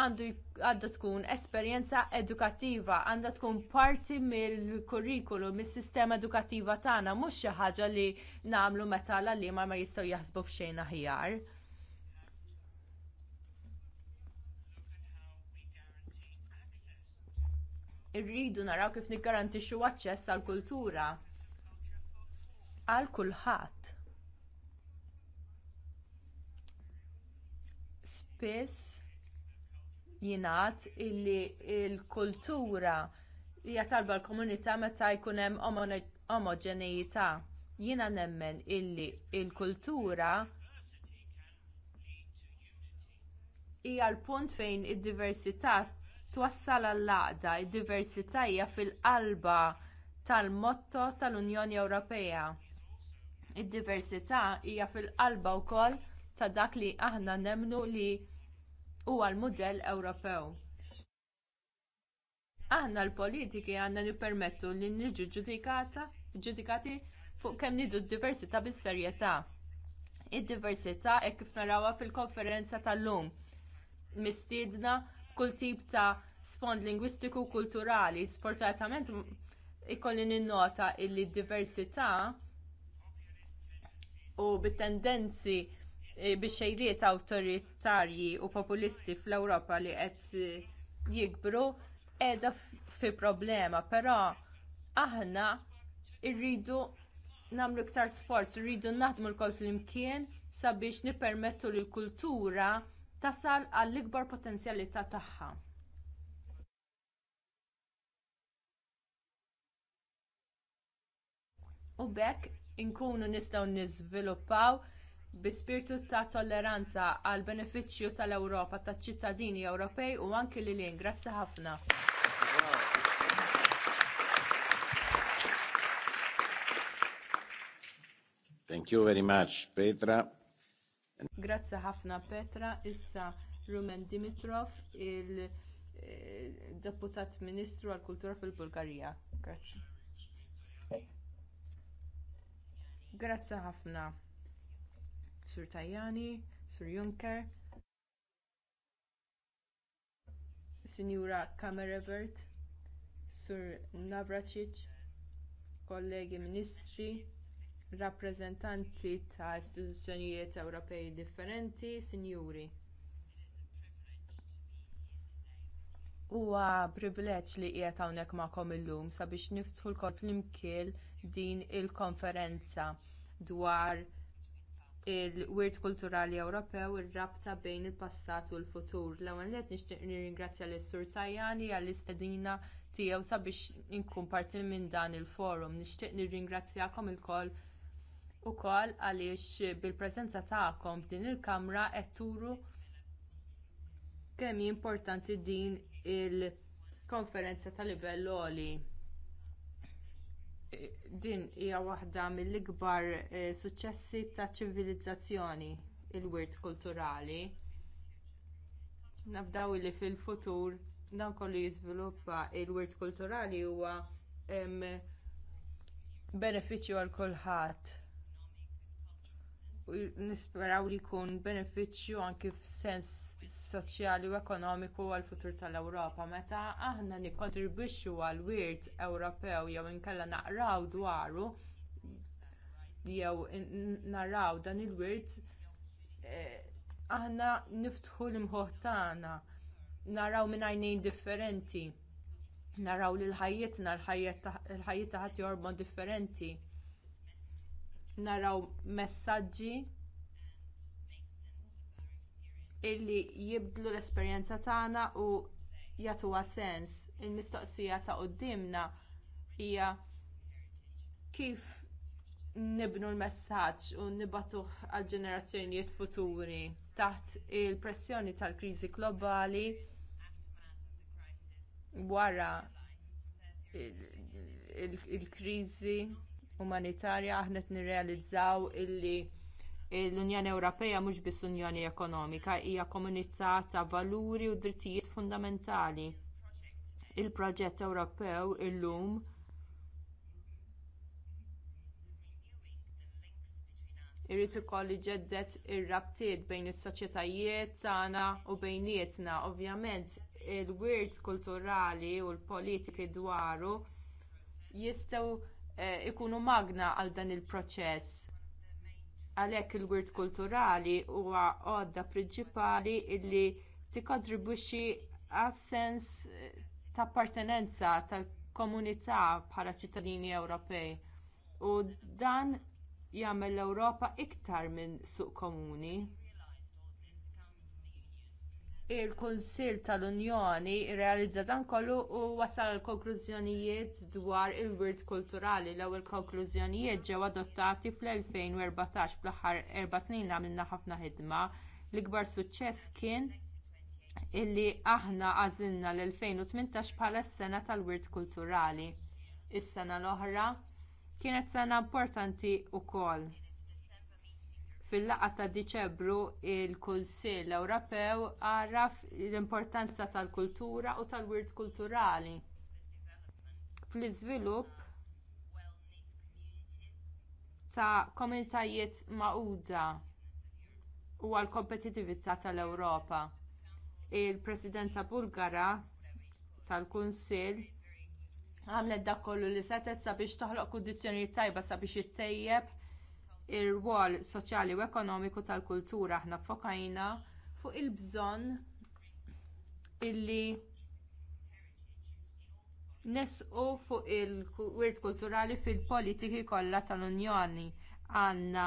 għandu għadda tkun esperjenza edukattiva, għandha tkun parti mill-kurrikulu, mis-sistema edukattiva tagħna, mhux xi ħaġa li nagħmlu meta l-għalliema ma jistgħu jaħsbu f'xejn aħjar. Irridu naraw kif niggarantixxu aċċess għall kultura għal kulħadd. Spiss jingħad illi l kultura hija talba l-komunità meta jkun hemm omoġeneità. Jiena nemmen illi l kultura hija l-punt fejn id-diversità twassal għall-għaqda id-diversità hija fil-qalba tal-motto tal-Unjoni Ewropea. Id-diversità hija fil-qalba wkoll ta' dak li aħna nemmnu li huwa l-mudell Ewropew. Aħna l-politiki għandna nippermettu li niġu ġudikati fuq kemm nidu d-diversità bis-serjetà. Id-diversità hekk kif narawha fil-konferenza tal-lum mistiedna kull tip ta' spond lingwistiku kulturali. Sfortunatament ikolli ninnota illi d diversità u bit-tendenzi e, biex xejriet awtoritarji u populisti fl-Ewropa li qed e, jikbru qiegħda fi problema, però aħna rridu nagħmlu iktar sforz, irridu naħdmu lkoll flimkien sabiex nippermettu lill kultura tasal għall-ikbar potenzjalità tagħha. U b'hekk inkunu nistgħu niżviluppaw bi spiritu ta' tolleranza għall benefiċċju tal-Ewropa taċ ċittadini Ewropej u anki lilin. Grazzi ħafna. Thank you very much, Petra. Grazzi ħafna Petra, issa Rumen Dimitrov, il-deputat eh, ministru għal-kultura fil-Bulgarija. Grazzi. Grazzi ħafna Sur Tajani, Sur Juncker, Sinjura Kamerevert, Sur Navracic, kollegi ministri, rappreżentanti ta' istituzzjonijiet Ewropej differenti, sinjuri. Huwa privileġġ li qiegħed hawnhekk magħkom illum sabiex niftħu lkoll flimkien din il-konferenza dwar il-wirt kulturali Ewropew ir-rabta bejn il-passat u l-futur. L-ewwel qed nixtieq nirringrazzja lis sur Tajani għall-istedina tiegħu sabiex inkun parti minn dan il-forum. Nixtieq nirringrazzjakom ilkoll ukoll għaliex bil-preżenza tagħkom f'din il-Kamra qed turu kemm importanti din il-konferenza ta' livell għoli. E, din hija waħda mill-ikbar e, suċċessi taċ ċivilizzazzjoni il-wirt kulturali. Nabdaw li fil-futur dan kollu jiżviluppa l wirt kulturali huwa benefiċċju għal kulħadd nisperaw li jkun benefiċċju anki f'sens soċjali u ekonomiku għall futur tal-Ewropa meta aħna nikkontribwixxu għal wirt Ewropew jew inkella naqraw dwaru jew naraw dan il-wirt eh, aħna niftħu l-imħoħ tagħna naraw minn għajnejn differenti naraw li l-ħajjitna l-ħajjit ta' ħadd jorbon differenti naraw messaġġi illi jibdlu l-esperjenza tagħna u jagħtuha sens. Il-mistoqsija ta' qudiemna hija kif nibnu l-messaġġ u nibatuh għal ġenerazzjonijiet futuri taħt il-pressjoni tal-kriżi globali wara il-kriżi il il il umanitarja aħna qed nirrealizzaw illi l-Unjoni Ewropea mhux biss Unjoni Ekonomika hija komunità ta' valuri u drittijiet fundamentali. Il-proġett Ewropew illum irrid ukoll iġeddet ir-rabtiet bejn is-soċjetajiet tagħna u bejnietna. Ovvjament il-wirt kulturali u l-politiki dwaru jistgħu Eh, ikunu magna għal dan il-proċess. Għalhekk il-wirt kulturali huwa għodda prinċipali illi tikkontribwixxi għas-sens eh, ta' appartenenza tal-komunità bħala ċittadini Ewropej. U dan jagħmel l-Ewropa iktar minn suq komuni il-Kunsill tal-Unjoni realizza dan kollu u wasal għal konklużjonijiet dwar il-wirt kulturali l ewwel konklużjonijiet ġew adottati fl-2014 fl-aħħar erba' snin għamilna ħafna ħidma. L-ikbar suċċess kien illi aħna għażilna l-2018 bħala s-sena tal-wirt kulturali. Is-sena l-oħra kienet sena importanti wkoll fil laqgħa ta' Diċembru il-Kunsill Ewropew għaraf l-importanza tal-kultura u tal-wirt kulturali. Fl-iżvilupp ta' komunitajiet magħquda u għall kompetitività tal-Ewropa. Il-Presidenza Bulgara tal-Kunsill għamlet dak kollu li setet sabiex toħloq kundizzjonijiet tajba sabiex jittejjeb ir rwol soċjali u ekonomiku tal-kultura aħna ffokajna fuq il-bżonn illi nesqu fuq il-wirt kulturali fil-politiki kollha tal-Unjoni għandna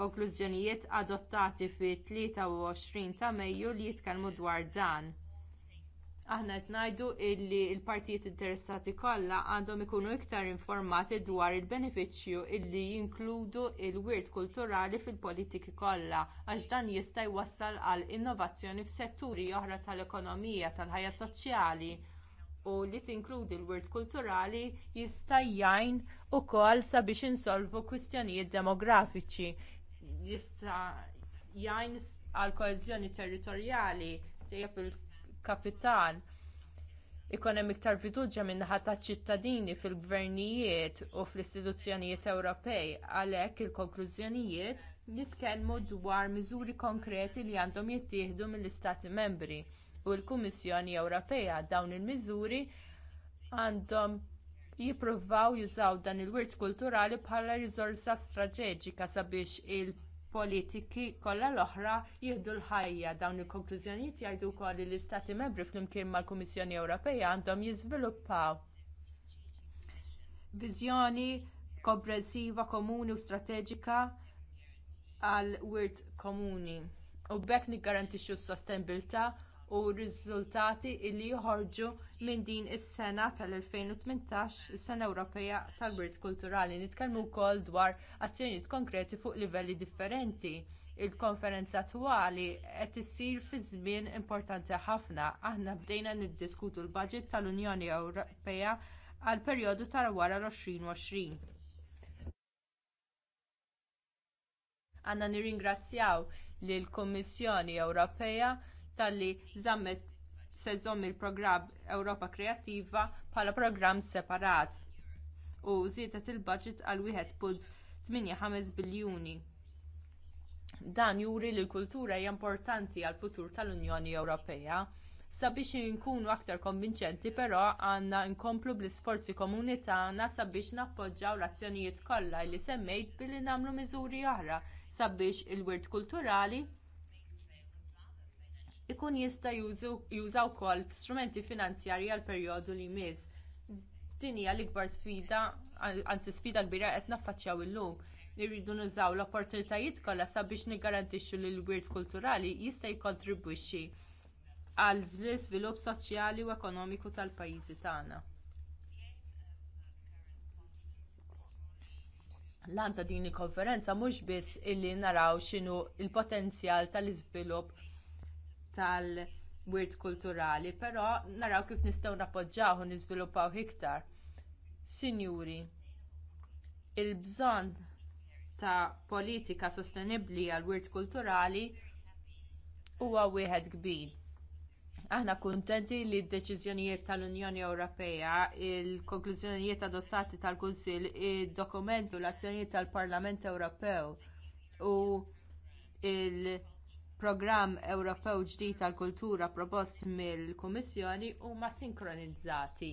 konklużjonijiet adottati fit-23 ta' Mejju li jitkellmu dwar dan aħna qed ngħidu li l-partijiet interessati kollha għandhom ikunu iktar informati dwar il-benefiċċju illi jinkludu l il wirt kulturali fil-politiki kollha għax dan jista' jwassal għal innovazzjoni f'setturi oħra tal-ekonomija tal-ħajja soċjali u li tinkludi l-wirt kulturali jista' jgħin ukoll sabiex insolvu kwistjonijiet demografiċi jista' jgħin għal koeżjoni territorjali tejjeb kapital ikon hemm iktar fiduċja minn naħa taċ-ċittadini fil-gvernijiet u fl-istituzzjonijiet Ewropej għalhekk il-konklużjonijiet jitkellmu dwar miżuri konkreti li għandhom jittieħdu mill-Istati Membri u l-Kummissjoni Ewropea dawn il-miżuri għandhom jippruvaw jużaw dan il-wirt kulturali bħala riżorsa strateġika sabiex il- politiki kollha l-oħra jieħdu l-ħajja dawn il-konklużjonijiet jgħidu wkoll li l-Istati Membri flimkien mal-Kummissjoni Ewropea għandhom jiżviluppaw viżjoni komprensiva komuni u strateġika għal wirt komuni u b'hekk niggarantixxu s-sostenibilità u r-riżultati li joħorġu minn din is-sena tal-2018, is-Sena Ewropea tal-Wirt Kulturali. Nitkellmu wkoll dwar azzjonijiet konkreti fuq livelli differenti. Il-konferenza attwali qed issir fi żmien importanti ħafna. Aħna bdejna niddiskutu l-baġit tal-Unjoni Ewropea għal perjodu tar wara l-2020. għanna nirringrazzjaw lill kummissjoni Ewropea talli żammet se żomm il-programm Ewropa Kreattiva bħala programm separat u żiedet il-budget għal 1.85 biljuni. Dan juri li l-kultura hija importanti għall futur tal-Unjoni Ewropea sabiex inkunu aktar konvinċenti però għandna nkomplu bl-isforzi komuni tagħna sabiex nappoġġjaw l-azzjonijiet kollha li semmejt billi nagħmlu miżuri oħra sabiex il-wirt kulturali ikun jista' juża wkoll strumenti finanzjarji għal perjodu li jmiss. Din hija l-ikbar sfida, anzi sfida kbira qed naffaċċjaw illum. Irridu nużaw l-opportunitajiet kollha sabiex niggarantixxu li l-wirt kulturali jista' jikkontribwixxi għal l-iżvilupp soċjali u ekonomiku tal-pajjiżi tagħna. L-għan ta' din il-konferenza mhux biss illi naraw x'inhu l il potenzjal tal-iżvilupp tal-wirt kulturali, però naraw kif nistgħu nappoġġaw u niżviluppaw iktar. Sinjuri, il-bżonn ta' politika sostenibbli għall wirt kulturali huwa wieħed kbir. Aħna kuntenti li d-deċiżjonijiet tal-Unjoni Ewropea, il-konklużjonijiet adottati tal-Kunsill, id-dokumentu l-azzjonijiet tal-Parlament Ewropew u l programm Ewropew ġdid tal-kultura propost mill-Kummissjoni huma sinkronizzati.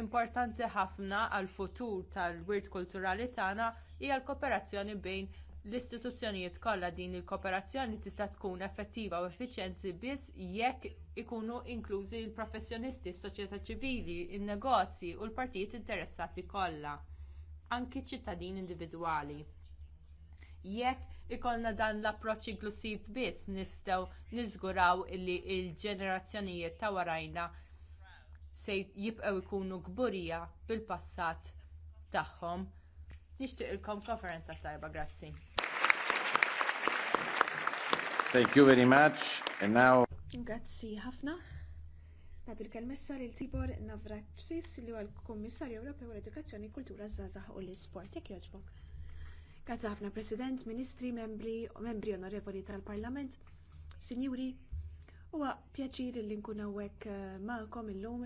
Importanti ħafna għall futur tal-wirt kulturali tagħna hija l-kooperazzjoni bejn l-istituzzjonijiet kollha din il-kooperazzjoni tista' tkun effettiva u effiċjenti biss jekk ikunu inklużi l-professjonisti, s-soċjetà ċivili, in-negozji u l-partijiet interessati kollha, anki ċ ċittadini individwali. Jekk ikollna dan l-approċċ inklusiv biss nistgħu niżguraw li l-ġenerazzjonijiet ta' warajna se jibqgħu jkunu kburija bil-passat tagħhom. Nixtieq ilkom konferenza tajba, grazzi. Thank you very much. And now... Grazzi ħafna. Nadu l-kelmessa lil Tibor Navratsis li huwa l-Kummissarju Ewropew l-Edukazzjoni, Kultura, Żgħażagħ u l-Isport. Jekk jogħġbok. Grazie ħafna President, Ministri, Membri, membri Onorevoli tal-Parlament, Sinjuri, huwa pjaċir li nkun hawnhekk eh, magħkom illum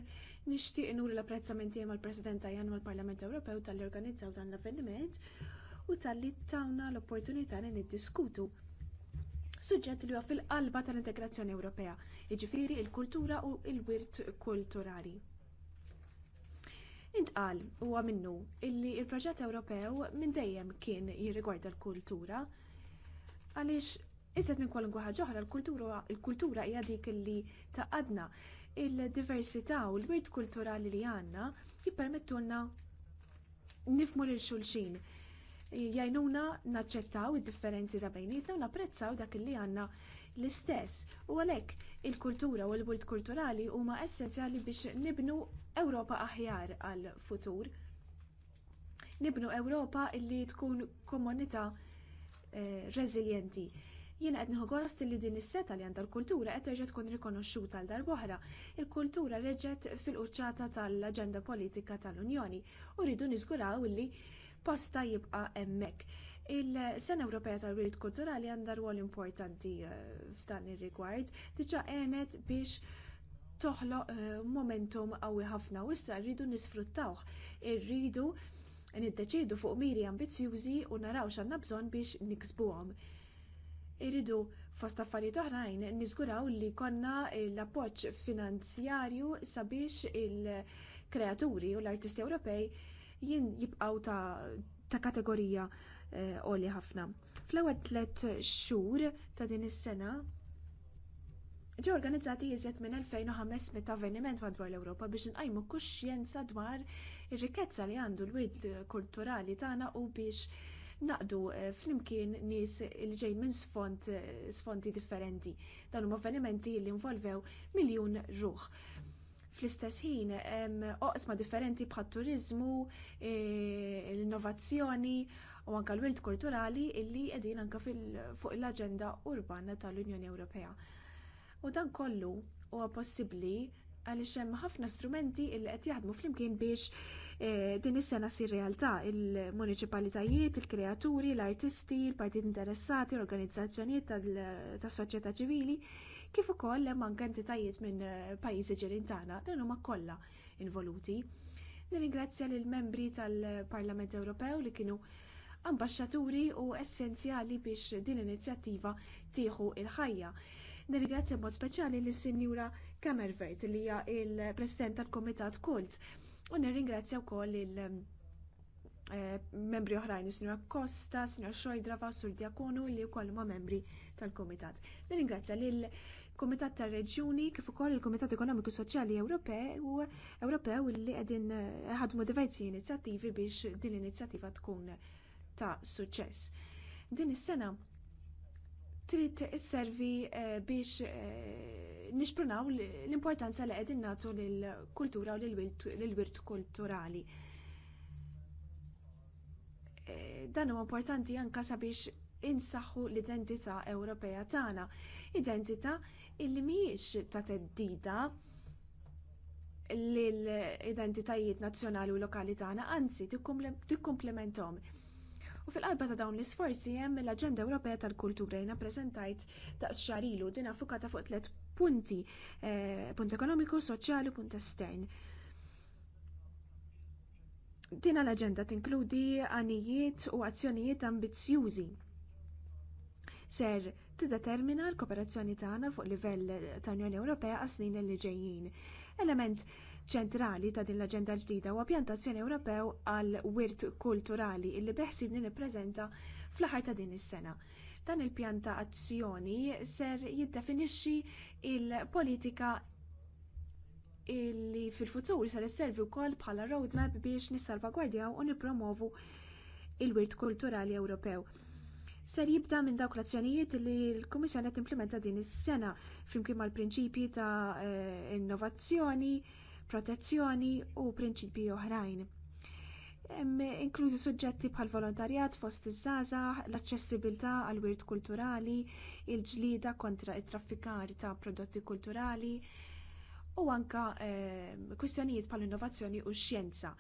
nixtieq inur l apprezzamenti mal-President Tajjan mal-Parlament Ewropew tal-li organizzaw dan l-avveniment u tal-li tawna l-opportunità li niddiskutu suġġett li huwa fil-qalba tal-integrazzjoni Ewropea, jiġifieri l kultura u l-wirt kulturali. Intqal huwa minnu illi l proġett Ewropew minn dejjem kien jirrigward l-kultura għaliex iżet minn kwalunkwe ħaġa oħra l-kultura hija dik illi taqadna il-diversità u l-wirt kulturali li għandna jippermettulna nifmu lil xulxin jajnuna naċċettaw id-differenzi ta' bejnietna u napprezzaw dak li għandna l-istess u għalhekk il-kultura u l-bult kulturali huma essenzjali biex nibnu Ewropa aħjar għall futur Nibnu Ewropa li tkun komunità eh, reżiljenti. Jiena qed nieħu gost li din is-seta li għandha l-kultura qed terġa' tkun rikonoxxuta għal darb'oħra. Il-kultura reġgħet fil-quċċata tal-aġenda politika tal-Unjoni u rridu niżguraw li posta jibqa' hemmhekk Il-Sena Ewropea tal-Wirt Kulturali għandha rwol importanti eh, f'dan ir-rigward, diġà għenet biex toħloq eh, momentum qawwi ħafna u issa rridu nisfruttawh, irridu niddeċidu fuq miri ambizzjużi u naraw x'għandna bżonn biex niksbuhom. Irridu fost affarijiet oħrajn niżguraw li konna l-appoġġ finanzjarju sabiex il-kreaturi u l-artisti Ewropej jibqgħu ta', kategorija Eh, għoli ħafna. Fl-ewwel tliet xhur ta' din is-sena ġew organizzati jiżjed minn 2500 avveniment madwar l-Ewropa biex inqajmu kuxjenza dwar ir-rikkezza li għandu l-wied kulturali tagħna u biex naqdu eh, flimkien nies li ġejn minn sfond eh, sfondi differenti. Dan huma avvenimenti li involvew miljun ruħ fl-istess ħin hemm oqsma differenti bħat turiżmu l-innovazzjoni, u anke l wild kulturali illi qegħdin anke fuq l-aġenda urbana tal-Unjoni Ewropea. U dan kollu huwa possibbli għaliex hemm ħafna strumenti illi qed jaħdmu flimkien biex e, din is-sena sir realtà il-municipalitajiet, il-kreaturi, l-artisti, il-partit interessati, l-organizzazzjonijiet tas-soċjetà ċivili, kif ukoll hemm anke entitajiet minn e, pajjiżi ġirin tagħna, dan huma kollha involuti. Nirringrazzja lill membri tal-Parlament Ewropew li kienu ambasċaturi u essenzjali biex din l-inizjattiva tieħu il-ħajja. Nirringrazzja mod speċjali lis sinjura Kamervert li hija l president tal kumitat Kult u nirringrazzja wkoll il- eh, membri oħrajn, signora Costa, signora Xoidrava, Sur Diakonu li wkoll ma membri tal kumitat Nirringrazzja lill kumitat tar reġjuni kif ukoll il kumitat Ekonomiku Soċjali Ewropew Ewropew li qegħdin ħadmu diversi inizjattivi biex din l-inizjattiva tkun ta' suċċess. Din is-sena trid isservi eh, biex eh, nixprunaw l-importanza li qegħdin nagħtu lill-kultura u lill-wirt kulturali. Eh, dan huwa importanti anke sabiex insaħħu l-identità Ewropea tagħna, identità illi mhijiex ta' teddida lill identitajiet nazzjonali u lokali tagħna, anzi tikkumplementhom. U fil-qalba ta' dawn l-isforzi hemm l-Aġenda Ewropea tal-Kultura jena preżentajt ta' xarilu din affukata fuq tliet punti, eh, punt ekonomiku, soċjali, punt estern. Din l-aġenda tinkludi għanijiet u azzjonijiet ambizzjużi. Ser tiddetermina l-kooperazzjoni tagħna fuq livell ta' Unjoni Ewropea għas snin li ġejjin. Element ċentrali ta' din l-aġenda ġdida huwa pjantazzjoni Ewropew għal wirt kulturali illi beħsibni nippreżenta fl-aħħar ta' din is-sena. Dan il-pjan ta' azzjoni ser jiddefinixxi l politika illi fil-futur ser isservi wkoll bħala roadmap biex nissalvagwardjaw u nippromovu l wirt kulturali Ewropew ser jibda minn dawk l-azzjonijiet li l-Kummissjoni qed implementa din is-sena flimkien mal-prinċipji ta' eh, innovazzjoni, protezzjoni u prinċipji oħrajn. Inklużi suġġetti bħal volontarjat fost iż-żaza, l-aċċessibilità għal wirt kulturali, il-ġlida kontra it-traffikar ta' prodotti kulturali u anka ehm, kwistjonijiet bħal innovazzjoni u xjenza.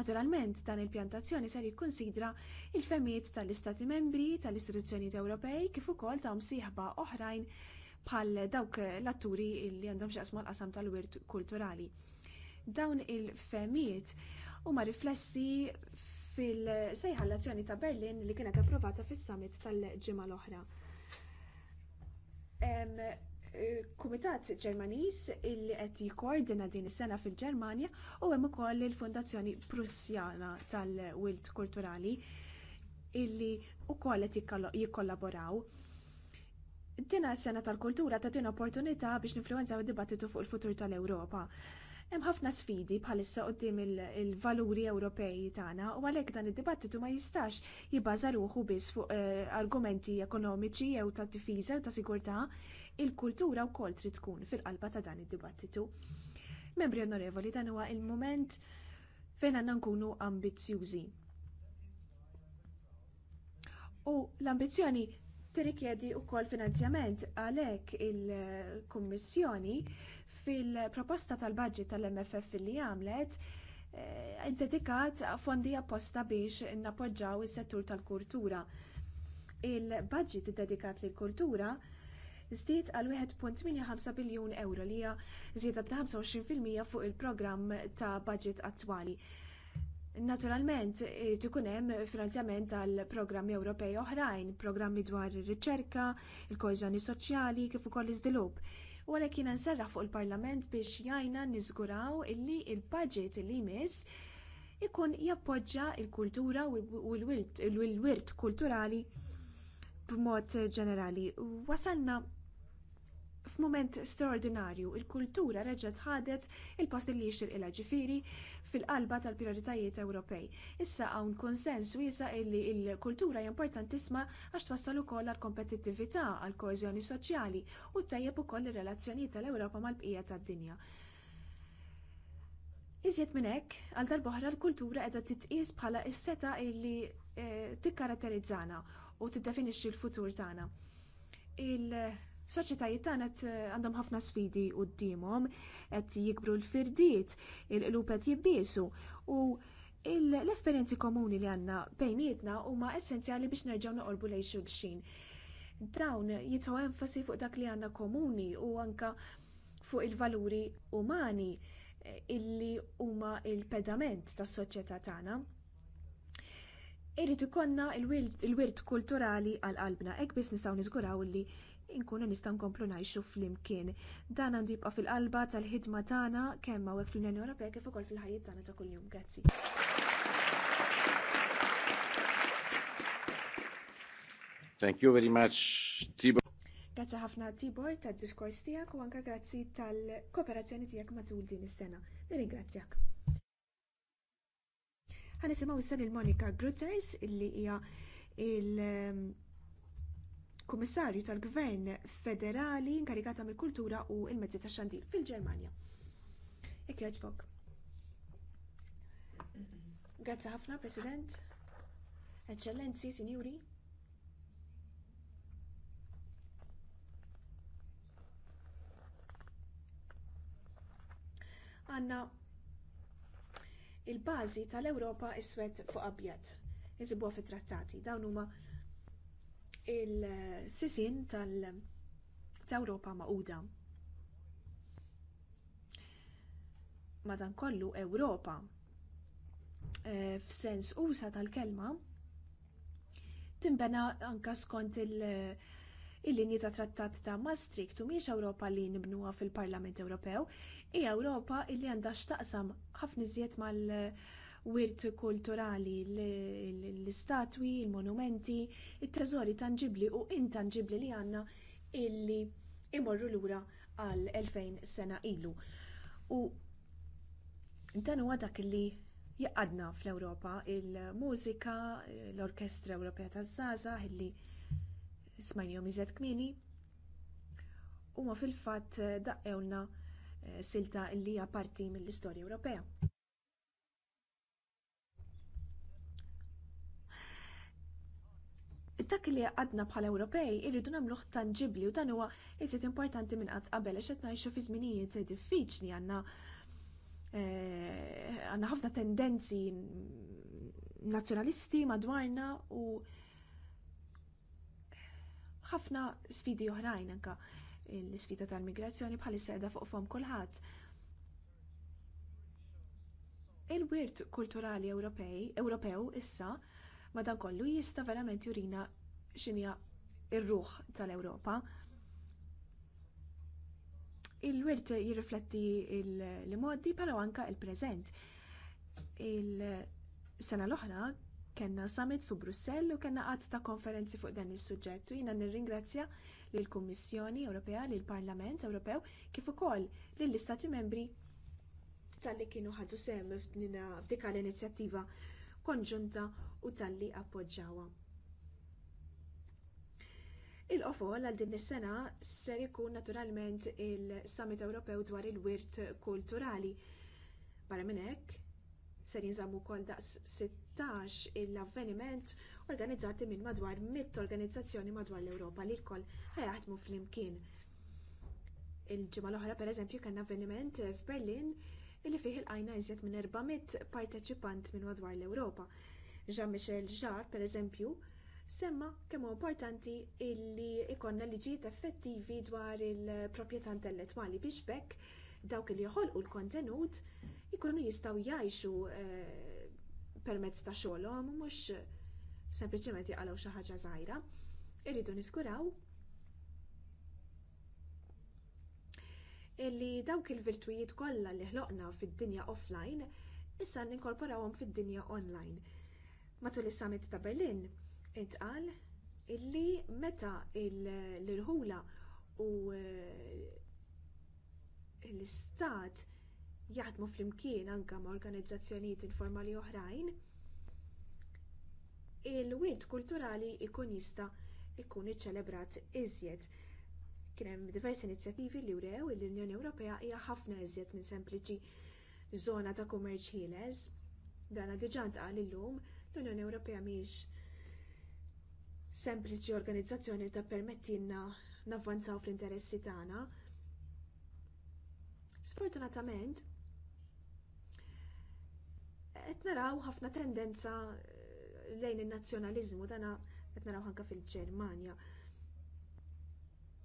Naturalment dan il-pjantazzjoni ser jikkunsidra il-femijiet tal-Istati membri, tal-istituzzjonijiet Ewropej kif ukoll ta' msieħba oħrajn bħal dawk l-atturi li għandhom xaqsma l-qasam tal-wirt kulturali. Dawn il-femijiet huma riflessi fil-sejħa l-azzjoni ta' Berlin li kienet approvata fis-summit tal-ġimgħa l-oħra. Eh, kumitat Ġermaniż illi qed jikkoordina din is-sena fil-Ġermanja u hemm ukoll il-Fundazzjoni Prussjana tal-Wild Kulturali illi wkoll qed jikkollaboraw. Dina s-sena tal-kultura ta' din opportunità biex ninfluwenzaw id-dibattitu fuq il-futur tal-Ewropa. Hemm ħafna sfidi bħalissa qudiem il-valuri Ewropej tagħna u għalhekk dan id-dibattitu ma jistax jibbaża ruħu biss fuq eh, argumenti ekonomiċi jew ta' difiża u ta' sigurtà, il-kultura wkoll trid tkun fil-qalba ta' dan id-dibattitu. Membri onorevoli, dan huwa il-moment fejn għandna nkunu ambizzjużi. U l-ambizzjoni tirrikjedi wkoll finanzjament għalhekk il-Kummissjoni fil-proposta tal-budget tal-MFF li għamlet, dedikat eh, fondi apposta biex nappoġġaw is-settur tal-kultura. Il-budget dedikat lill kultura żdied għal 1.85 biljun euro li hija żieda ta' 25% fuq il-programm ta' budget attwali. Naturalment, eh, ikun hemm finanzjament tal programmi Ewropej oħrajn, programmi dwar ir-riċerka, il-kohezjoni soċjali, kif ukoll l-iżvilupp u għalhekk jiena fuq il-Parlament biex jajna niżguraw illi il-budget li jmiss ikun jappoġġa l kultura u l-wirt kulturali b'mod ġenerali. Wasalna f'mument straordinarju il-kultura reġgħet ħadet il-post li jixir ila ġifiri fil-qalba tal-prioritajiet Ewropej. Issa hawn konsens wiesa li l-kultura hija importantisma għax twassal ukoll għall kompetitività għall koeżjoni soċjali u tajjeb ukoll ir-relazzjonijiet tal-Ewropa mal-bqija tad-dinja. Iżjed minn hekk, għal darb'oħra l-kultura qiegħda titqies bħala s-seta li eh, tikkaratterizzana u tiddefinixxi l-futur tagħna. Il- soċjetajiet tagħna eh, għandhom ħafna sfidi qudiemhom qed jikbru l-firdiet, il-qlub qed jibbisu u l-esperjenzi komuni li għandna bejnietna huma essenzjali biex nerġgħu noqorbu lejn xulxin. Dawn jitħu enfasi fuq dak li għandna komuni u anke fuq il-valuri umani eh, illi huma l pedament tas-soċjetà tagħna. Irrid ikollna l wirt kulturali għal qalbna hekk biss nistgħu niżguraw li inkunu nista' nkomplu ngħixu flimkien. Dan għandu jibqa' fil-qalba tal-ħidma tagħna kemm hawnhekk fl-Unjoni Ewropea kif ukoll fil-ħajjiet tagħna ta' kuljum. Grazzi. Thank you very much, Tibor. Grazzi ħafna Tibor tad-diskors tiegħek u anke grazzi tal-kooperazzjoni tiegħek matul din is-sena. Nirringrazzjak ħanisimaw sen il-Monika Grutters illi hija il- ehm, kummissarju tal-Gvern Federali inkarigata mill-Kultura u l-Mezzi tax-Xandir fil-Ġermanja. Ek jogħġbok. Grazzi ħafna, President. Eccellenzi, Signuri. Għanna il-bażi tal-Ewropa iswed fuq abjad. Isibuha fit-trattati. Dawn huma il-sisin tal-Ewropa maquda. Madankollu Ewropa e, f'sens usa tal-kelma timbena anka skont il- linji ta' trattat ta' Maastricht u miex Ewropa li nibnuha fil-Parlament Ewropew, hija Ewropa li għandha x'taqsam ħafna iżjed mal- wirt kulturali l-istatwi, il-monumenti, il teżori tangibli u intangibli li għandna illi imorru lura għal 2000 sena ilu. U dan huwa dak li jaqadna fl-Ewropa il-mużika, l-Orkestra Ewropea taż Zaza, illi smajnihom kmini, kmieni huma fil-fatt daqqewna eh, silta illi hija parti mill-istorja Ewropea. dak li għadna bħala Ewropej irridu nagħmluh tangibbli u dan huwa iżjed importanti minn qatt qabel għax qed ngħixu fi żminijiet diffiċli għandna eh, għandna ħafna tendenzi nazzjonalisti madwarna u ħafna sfidi oħrajn anka l-sfida tal-migrazzjoni bħalissa qiegħda fuq fom kulħadd. Il-wirt kulturali Ewropej, Ewropew issa, madankollu jista verament jurina xinja ir-ruħ tal-Ewropa. Il-wirt jirrifletti l-modi pero anka il-preżent. Il-sena l-oħra kellna summit fi Brussell u kellna qatt ta' konferenzi fuq dan is-suġġett u jiena nirringrazzja lill kummissjoni Ewropea, lill Parlament Ewropew kif ukoll lill-Istati Membri talli kienu ħadu sem f'dika l-inizjattiva konġunta u talli appoġġjawha. Il-qofol għal din is-sena ser ikun naturalment il-Summit Ewropew dwar il-wirt kulturali. Barra minn hekk ser jinżammu wkoll daqs 16 il-avveniment organizzati minn madwar mitt organizzazzjoni madwar l-Ewropa li l-koll ħajaħdmu flimkien. Il-ġimgħa l-oħra pereżempju kellna avveniment f'Berlin illi fih il-qajna iżjed minn 400 parteċipant minn madwar l-Ewropa. Jean-Michel Jarre, pereżempju, semma kemm importanti illi ikonna liġijiet effettivi dwar il-proprjetà intellettwali biex bekk dawk li joħolqu l-kontenut ikunu jistgħu jgħixu eh, permezz ta' xogħolhom u mhux sempliċement jaqalgħu xi ħaġa żgħira. Irridu niskuraw illi dawk il-virtwijiet kollha li ħloqna fid-dinja offline issa ninkorporawhom fid-dinja online Matul is-summit ta' Berlin intqal illi meta l-irħula u eh, l-istat jaħdmu flimkien anke ma' organizzazzjonijiet informali oħrajn, il-wirt kulturali ikun jista' ikun iċċelebrat iżjed. Kien hemm diversi inizjattivi li wrew l-Unjoni Ewropea hija ħafna iżjed minn sempliċi żona ta' kummerċ ħieles. Dana diġà ntqal illum L-Unjoni Ewropea miex sempliċi organizzazzjoni ta' permettinna navvanzaw fl-interessi tagħna. Sfortunatament, qed naraw ħafna tendenza eh, lejn in-nazzjonaliżmu dana qed naraw anke fil-Ġermanja.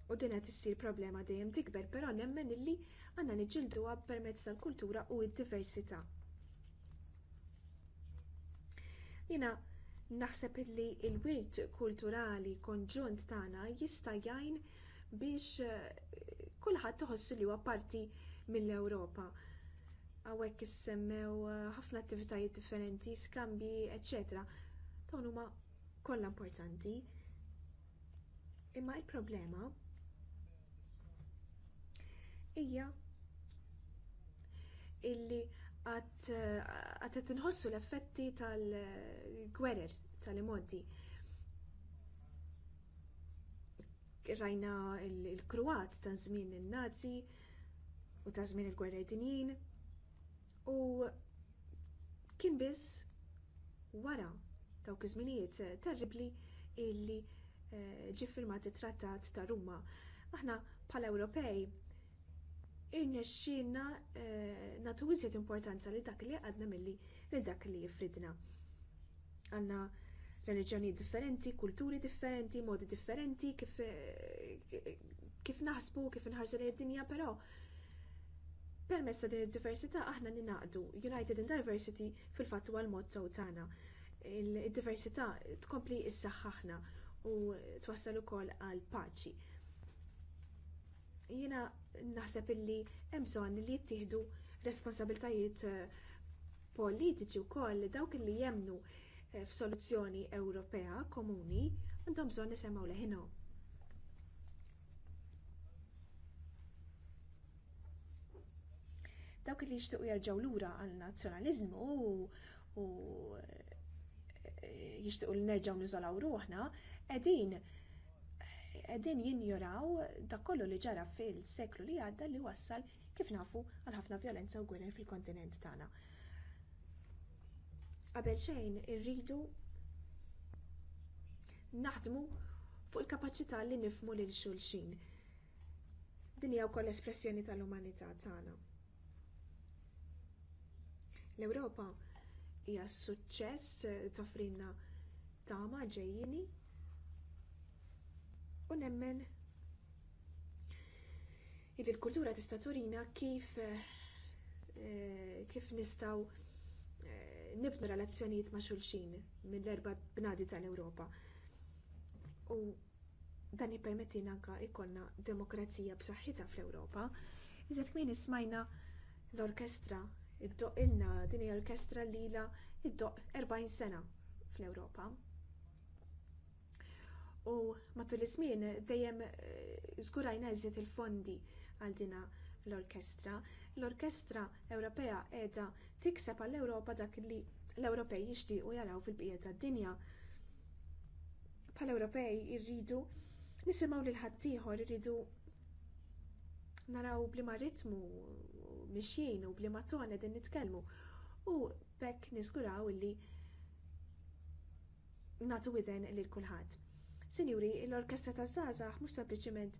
U din qed issir problema dejjem tikber, però nemmen illi għandna niġġilduha permezz tal-kultura u d-diversità. Jiena naħseb illi l wirt kulturali konġunt tagħna jista' jgħin biex eh, kulħadd iħossu li huwa parti mill-Ewropa. Hawnhekk issemmew eh, ħafna attivitajiet differenti, skambji, eċċetera. Dawn huma kollha importanti. Imma l problema hija illi għat tinħossu l-effetti tal-gwerer tal-imonti. Rajna il-Kruat ta' żmien il-Nazi u ta' żmien il-gwerer dinin u kien biss wara dawk iż-żminijiet terribli illi eh, ġiffirmat it-Trattat ta' Ruma. Aħna bħala Ewropej irnexxina eh, natu importanza li dak li għadna milli li dak li jifridna. Għanna reliġjoni differenti, kulturi differenti, modi differenti, kif, eh, kif naħsbu, kif nħarsu li id-dinja, però permezz ta' din id-diversità aħna ninaqdu. United in Diversity fil fattu għal l-motto tagħna. il diversità tkompli issaħħaħna u twassal ukoll għal paċi. Jiena naħseb illi hemm bżonn li jittieħdu responsabiltajiet eh, politiċi wkoll dawk li jemnu eh, f'soluzzjoni Ewropea komuni għandhom bżonn nisemgħu leħinhom. Dawk li jixtiequ jerġgħu lura għal nazzjonaliżmu u eh, jixtiequ li nerġgħu niżolaw ruħna qegħdin qegħdin jinjoraw dak kollu li ġara fil-seklu li għadda li wassal kif nafu għal ħafna vjolenza u gwerer fil-kontinent tagħna. Qabel xejn irridu naħdmu fuq il-kapaċità li nifmu lil xulxin. Din hija wkoll espressjoni tal-umanità tagħna. L-Ewropa hija suċċess eh, tafrinna tama ġejjini U nemmen illi l-kultura tista' turina kif eh, eh, kif nistaw eh, nibnu relazzjonijiet ma' xulxin mill-erba bnadi tal-Ewropa. U dan jippermetti anke jkollna demokrazija b'saħħitha fl-Ewropa. Iżet kmin ismajna l-orkestra, id-doq ilna din orkestra lila la id-doq 40 sena fl-Ewropa u matul iż-żmien dejjem eh, żgurajna iżjed il-fondi għal dina l-orkestra. L-orkestra Ewropea qiegħda tikseb għall ewropa dak li l-Ewropej jixtiequ jaraw fil-bqija tad-dinja. Pal Ewropej irridu nisimgħu l ħaddieħor irridu naraw bliema ritmu mixjien u blima ton edin nitkellmu. U bekk niżguraw li nagħtu widen lil kulħadd. Sinjuri, l-orkestra ta' Zazax mhux sempliċement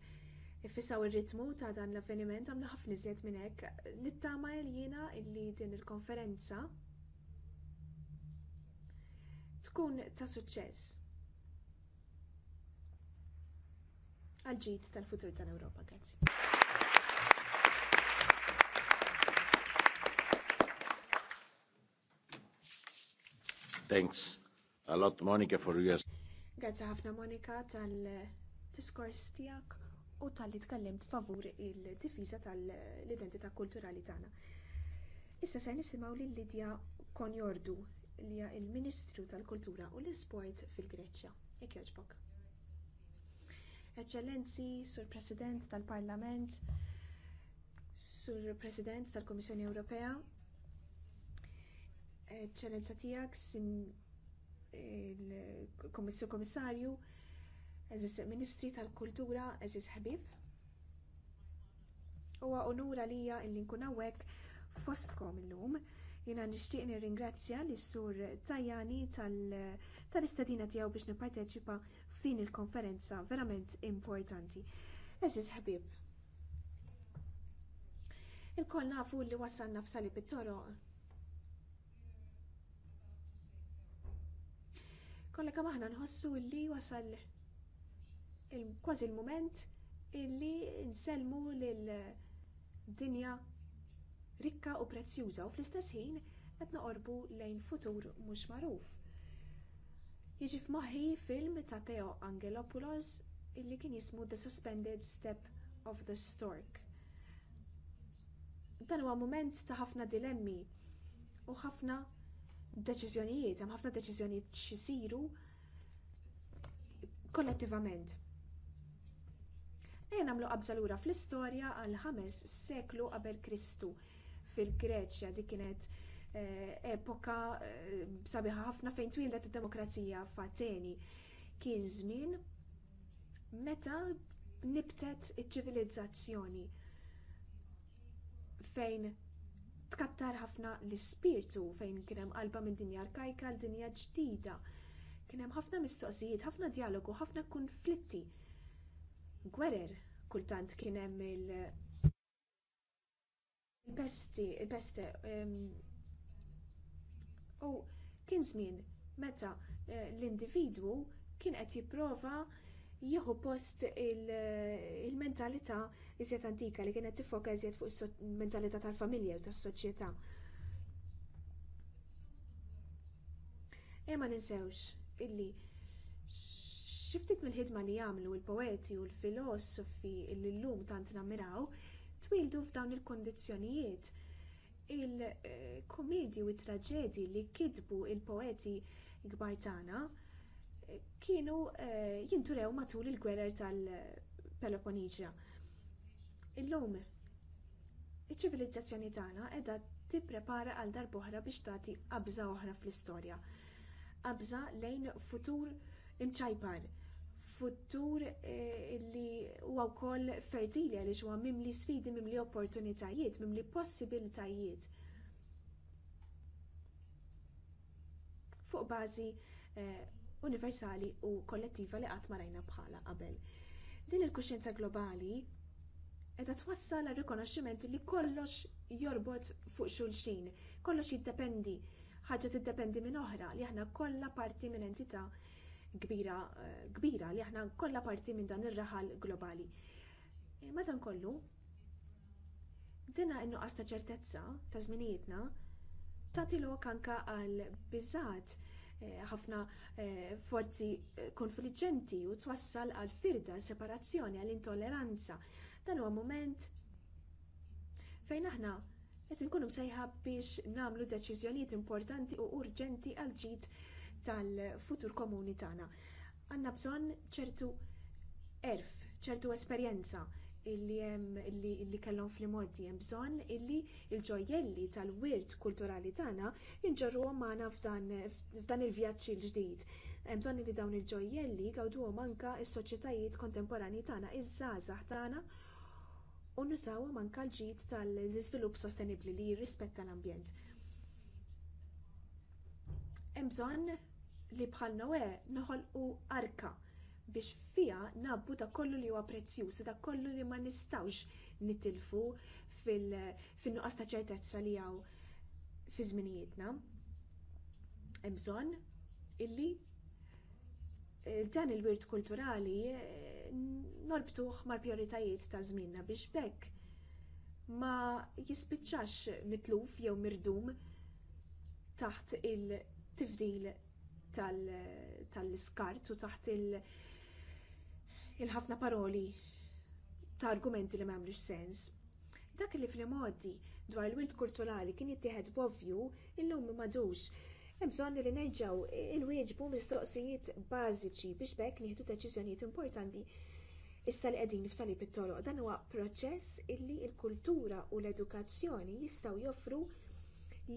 ifissaw ir-ritmu ta' dan l-avveniment għamlu ħafna iżjed minn hekk. Nittama jiena illi din il-konferenza tkun ta' suċċess. Għal-ġid tal-futur tal-Ewropa, grazzi. Thanks a lot, Monica, for your Grazzi ħafna Monika tal-diskors tiegħek u tal-li tkellimt favur il-difiża tal-identità kulturali tagħna. Issa ser nisimgħu lil Lidja Konjordu li hija l ministru tal-Kultura u l-Isport fil-Greċja. Jekk jogħġbok. Eċċellenzi, Sur President tal-Parlament, Sur President tal-Kummissjoni Ewropea, Eċċellenza tiegħek, il-Komissju Komissarju, eżis Ministri tal-Kultura, eżis ħabib. Huwa onura lija illi nkun hawnhekk fostkom illum. Jiena nixtieq nirringrazzja lis sur Tajani tal-istadina tal tiegħu biex nipparteċipa f'din il-konferenza verament importanti. Eżis ħabib. Il-koll nafu li wasalna f'sali bit-toroq kollega maħna nħossu li wasal kważi l-moment illi nselmu l-dinja rikka u prezzjuża u fl-istess ħin qed noqorbu lejn futur mhux magħruf. Jiġi f'moħħi film ta' Theo Angelopoulos illi kien jismu The Suspended Step of the Stork. Dan huwa mument ta' ħafna dilemmi u ħafna deċiżjonijiet, hemm ħafna deċiżjonijiet xisiru kollettivament. Ejja nagħmlu qabża lura fl-istorja għal ħames seklu qabel Kristu fil-Greċja dik kienet eh, epoka eh, sabiħa ħafna fejn twieldet id-demokrazija f'Ateni. Kien żmien meta nibtet iċ-ċivilizzazzjoni fejn tkattar ħafna l-ispirtu fejn kien hemm qalba minn dinja arkajka għal dinja ġdida. Kien hemm ħafna mistoqsijiet, ħafna dialogu, ħafna konflitti. Gwerer kultant kien hemm il- il-pesti, il U kien żmien meta eh, l-individwu kien qed jipprova jieħu post il-mentalità il mentalità iżjed antika li kienet tifoka iżjed fuq is-mentalità tal-familja u tas-soċjetà. Imma ninsewx illi xiftit mill-ħidma li jagħmlu l-poeti u l-filosofi li llum tant nammiraw twildu f'dawn il kundizzjonijiet il-komedji u t traġedji li kitbu l poeti kbar tagħna eh, kienu eh, jinturew matul il-gwerer tal-Peloponneġa. Illum iċ-ċivilizzazzjoni tagħna qiegħda tipprepara għal darb'oħra biex tagħti qabża oħra fl-istorja. Qabża lejn futur imċajpar, futur eh, li huwa wkoll fertili għaliex huwa mimli sfidi, mimli opportunitajiet, mimli possibilitajiet. Fuq bażi eh, universali u kollettiva li qatt ma rajna bħala qabel. Din il-kuxjenza globali edha twassal għal rikonoxximent li kollox jorbot fuq xulxin, kollox jiddependi, ħaġa tiddependi minn oħra li aħna kollha parti minn entità kbira, eh, kbira li aħna kollha parti minn dan ir-raħal globali. Eh, madankollu, dina innuqqas ta' ċertezza ta' żminijietna tagħti lok anke għal biżgħat eh, ħafna forzi konfliġġenti u twassal għal firda, separazzjoni, għal intolleranza Dan huwa mument fejn aħna qed inkunu msejħa biex nagħmlu deċiżjonijiet importanti u urġenti għal ġid tal-futur komuni tagħna. Għandna bżonn ċertu erf, ċertu esperjenza illi illi, illi kellhom fl-modi hemm bżonn illi l-ġojjelli tal-wirt kulturali tagħna jinġorruhom magħna f'dan il-vjaġġ il-ġdid. Hemm bżonn illi dawn il-ġojjelli gawduhom anke s-soċjetajiet kontemporanji tagħna, iż-żgħażagħ tagħna u nużawha manka l-ġid tal-iżvilupp sostenibbli li jirrispetta l-ambjent. Hemm bżonn li bħal Noe noħolqu arka biex fiha nabbu dak kollu li huwa prezzjuż u dak kollu li ma nistgħux nitilfu fin-nuqqas ta' ċertezza li hawn fi żminijietna. Hemm bżonn illi dan il-wirt kulturali eh, norbtuħ mal prioritajiet ta' żminna biex bekk ma jispiċċax mitluf jew mirdum taħt il-tifdil tal-iskart u taħt il-ħafna paroli ta' argumenti li m'għamlux sens. Dak li fl-modi dwar il-wirt kulturali kien jittieħed bovju illum madux hemm bżonn li nerġgħu il-wieġbu mistoqsijiet bażiċi biex bekk nieħdu deċiżjonijiet importanti issa li qegħdin f'sali pit-toroq. Dan huwa proċess illi l-kultura u l-edukazzjoni jistgħu joffru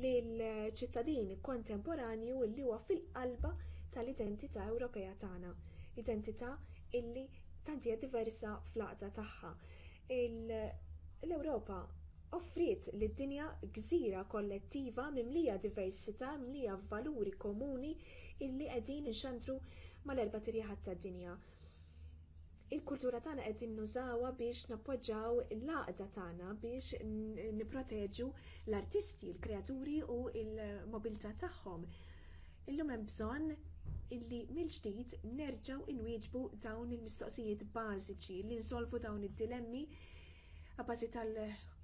lill ċittadin kontemporanju illi huwa fil-qalba tal-identità Ewropea tagħna. Identità illi tant hija diversa fl-għaqda tagħha. L-Ewropa offriet lid dinja gżira kollettiva mimlija diversità mimlija valuri komuni illi qegħdin inxandru mal-erba tirjaħat tad-dinja. Il-kultura tagħna qegħdin nużawha biex nappoġġaw l-għaqda tagħna biex nipproteġu l-artisti, l-kreaturi u l-mobilità tagħhom. Illum hemm bżonn illi mill-ġdid nerġgħu inwieġbu dawn il-mistoqsijiet bażiċi li nsolvu dawn id-dilemmi bażi tal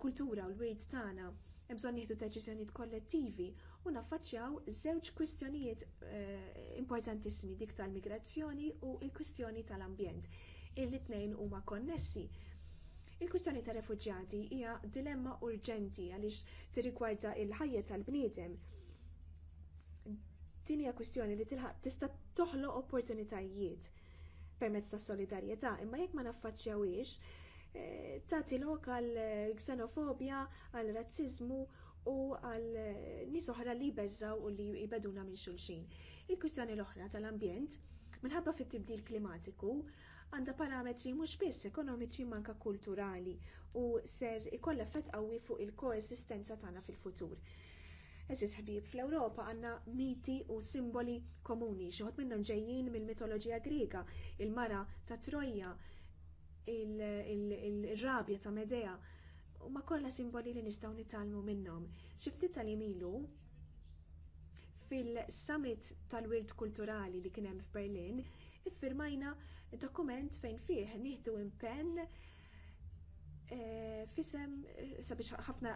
kultura u l-wirt tagħna. Hemm bżonn nieħdu deċiżjonijiet kollettivi u naffaċċjaw żewġ kwistjonijiet eh, importantissimi dik tal-migrazzjoni u l-kwistjoni tal-ambjent. Il-tnejn huma konnessi. Il-kwistjoni tar refuġjati hija dilemma urġenti għaliex tirrigwarda l ħajja tal-bniedem. Din hija kwistjoni li tilħaq tista' toħloq opportunitajiet permezz tas solidarjetà, imma jekk ma naffaċċjawiex, tagħti lok għal ksenofobja, għal razziżmu u għal nies oħra li jbeżżaw u li jbeduna minn xulxin. Il-kwistjoni l-oħra tal-ambjent minħabba fit-tibdil klimatiku għandha parametri mhux biss ekonomiċi manka kulturali u ser ikollha effett qawwi fuq il-koesistenza tagħna fil-futur. Eżis ħbib fl-Ewropa għandna miti u simboli komuni, xi ħodt minnhom ġejjin mill-mitoloġija Griega, il-mara ta' Troja, il-rabja ta' Medea u ma kollha simboli li nistgħu nitalmu minnhom. Xi ftit tal-imilu fil-summit tal-wirt kulturali li kien hemm f'Berlin, iffirmajna dokument fejn fih nieħdu impenn eh, fisem eh, sabiex ħafna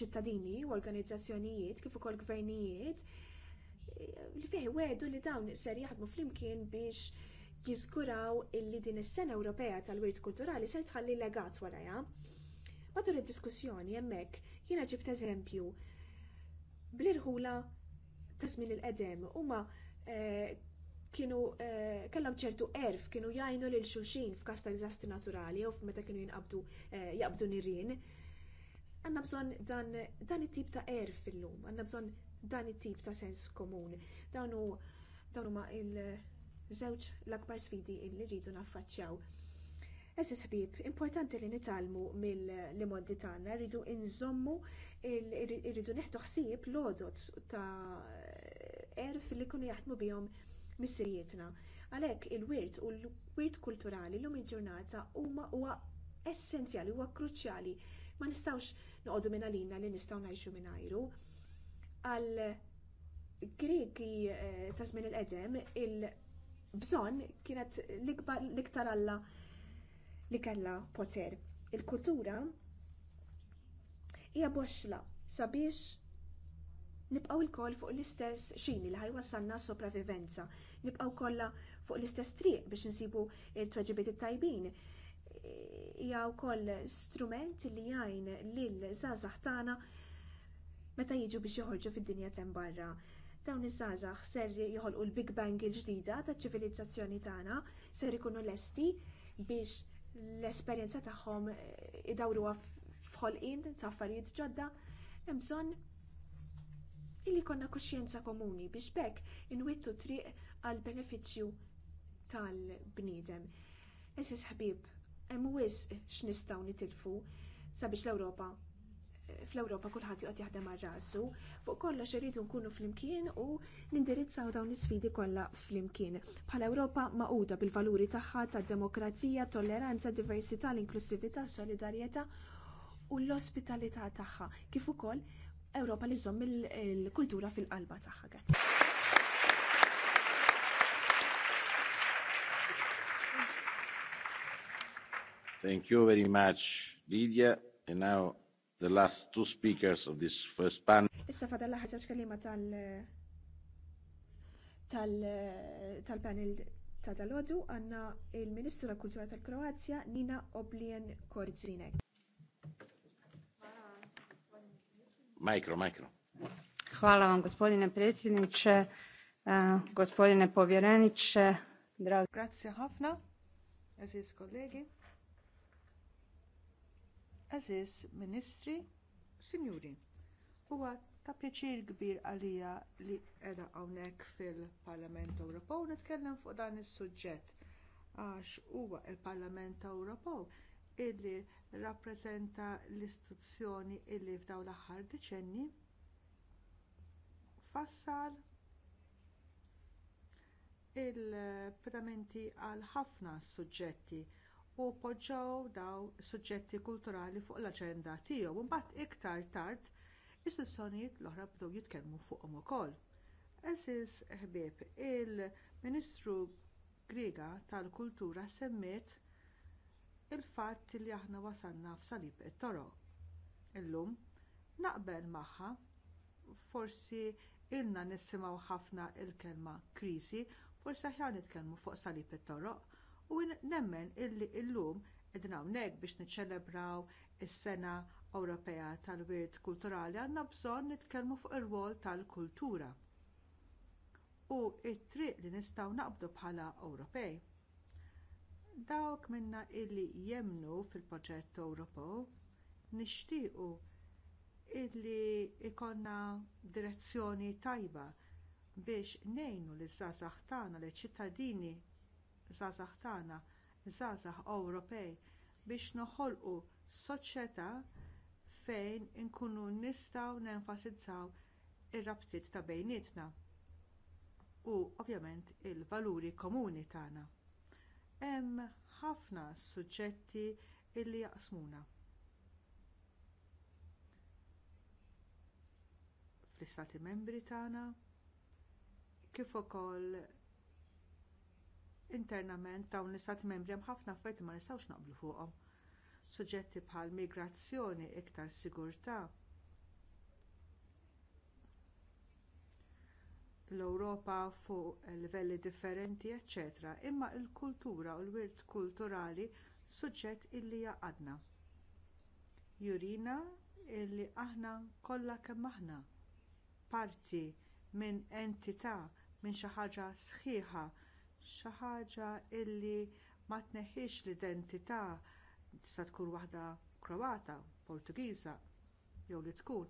ċittadini u organizzazzjonijiet kif ukoll gvernijiet eh, li fih wedu li dawn ser jaħdmu flimkien biex jiżguraw illi din is-Sena Ewropea tal-Wirt Kulturali se tħalli legat warajha. Matul id-diskussjoni hemmhekk jiena ġibt eżempju bl-irħula ta' żmien il-qedem huma eh, kienu eh, kellhom ċertu erf kienu jgħinu lil xulxin f'każ ta' diżastri naturali jew meta kienu jinqabdu eh, jaqbdu nirien. Għandna bżonn dan it-tip ta' erf illum, għandna bżonn dan it-tip ta' sens komun. Dawn huma il- żewġ l-akbar sfidi illi rridu naffaċċjaw. Eżis ħbib, importanti li nitalmu mill-limondi tagħna, rridu inżommu rridu neħdu ħsieb l-odot ta' erf li kunu jaħdmu bihom missirietna. Għalhekk il-wirt u l-wirt kulturali l-lum il-ġurnata huma huwa essenzjali, huwa kruċjali. Ma nistawx noqogħdu minn li nistgħu ngħixu minn ajru. Għal Greki eh, ta' żmien il-qedem il- bżonn kienet l-iktar alla li kellha poter. Il-kultura hija boxla sabiex nibqgħu lkoll fuq l-istess xini li s sopravivenza, nibqgħu kollha fuq l-istess triq biex insibu il-tweġibiet it-tajbin. Hija wkoll strument li jgħin lil żgħażagħ tagħna meta jiġu biex joħorġu fid-dinja tem barra. Dawn iż-żgħażagħ ser joħolqu l-Big Bang il-ġdida taċ ċivilizzazzjoni tagħna, ser ikunu lesti biex l-esperjenza tagħhom idawruha f'ħolqien ta' affarijiet ġodda, hemm bżonn illi jkollna kuxjenza komuni biex bekk inwittu triq għall benefiċċju tal-bniedem. Eżis ħbieb, hemm wisq x'nistgħu nitilfu sabiex l-Ewropa fl-Ewropa kulħadd joqgħod jaħdem għal rasu, fuq kollox irridu nkunu flimkien u nindirizzaw dawn l-isfidi kollha flimkien. Bħala Ewropa maquda bil-valuri tagħha tad-demokrazija, tolleranza, diversità, l-inklusività, solidarjetà u l-ospitalità tagħha, kif ukoll Ewropa li żomm il-kultura fil-qalba tagħha. Thank you very much, Lydia. And now the last two speakers of this first panel. Issa fadal laħar żewġ kelima tal tal-panel ta' dal-ħodu għanna il-Ministru tal kultura tal-Kroazja Nina Oblien Korzinek. Mikro, mikro. Hvala vam, gospodine predsjedniče, eh, gospodine povjereniče. Dragi. Grazie, Hafna, aziz kolegi. Aziz Ministri, Sinjuri, huwa ta' pjaċir kbir għalija li qiegħda hawnhekk fil-Parlament Ewropew nitkellem fuq dan is-suġġett għax huwa l parlament Ewropew illi rappreżenta l-istituzzjoni illi fdaw l-aħħar deċenni fassal il-pedamenti għal ħafna suġġetti u poġġaw daw suġġetti kulturali fuq l aġenda tiegħu. Mbagħad iktar tard is-sessjonijiet l-oħra bdew jitkellmu fuqhom ukoll. Eżis ħbieb il-Ministru Griega tal-Kultura semmiet il-fatt li aħna wasanna f'salib it-toro. Illum naqbel magħha forsi ilna nisimgħu ħafna l kelma kriżi, forsi aħjar nitkellmu fuq salib it-toroq u nemmen illi illum qegħdin hawnhekk biex niċċelebraw is-Sena Ewropea tal-Wirt Kulturali għandna bżonn nitkellmu fuq ir-rwol tal-kultura u t triq li nistgħu naqbdu bħala Ewropej. Dawk minna illi jemnu fil-proġett Ewropew nixtiequ illi ikonna direzzjoni tajba biex ngħinu l sasaħ tagħna liċ ċittadini żgħażagħ tagħna, żgħażagħ Ewropej biex noħolqu soċjetà fejn inkunu nistgħu nenfasizzaw ir-rabtiet ta' bejnietna u ovvjament il-valuri komuni tagħna. Hemm ħafna suġġetti illi jaqsmuna. Fl-istati membri tagħna kif ukoll internament dawn l-istat membri hemm ħafna affarijiet ma nistgħux naqblu fuqhom. Suġġetti bħal migrazzjoni iktar sigurtà. l-Ewropa fuq livelli differenti, eċċetera, imma l kultura u l-wirt kulturali suġġett illi għadna. Jurina illi aħna kollha kemm aħna parti minn entità minn xi ħaġa sħiħa xi ħaġa illi ma tneħħix l-identità sa tkun waħda Kroata, Portugiża jew li tkun.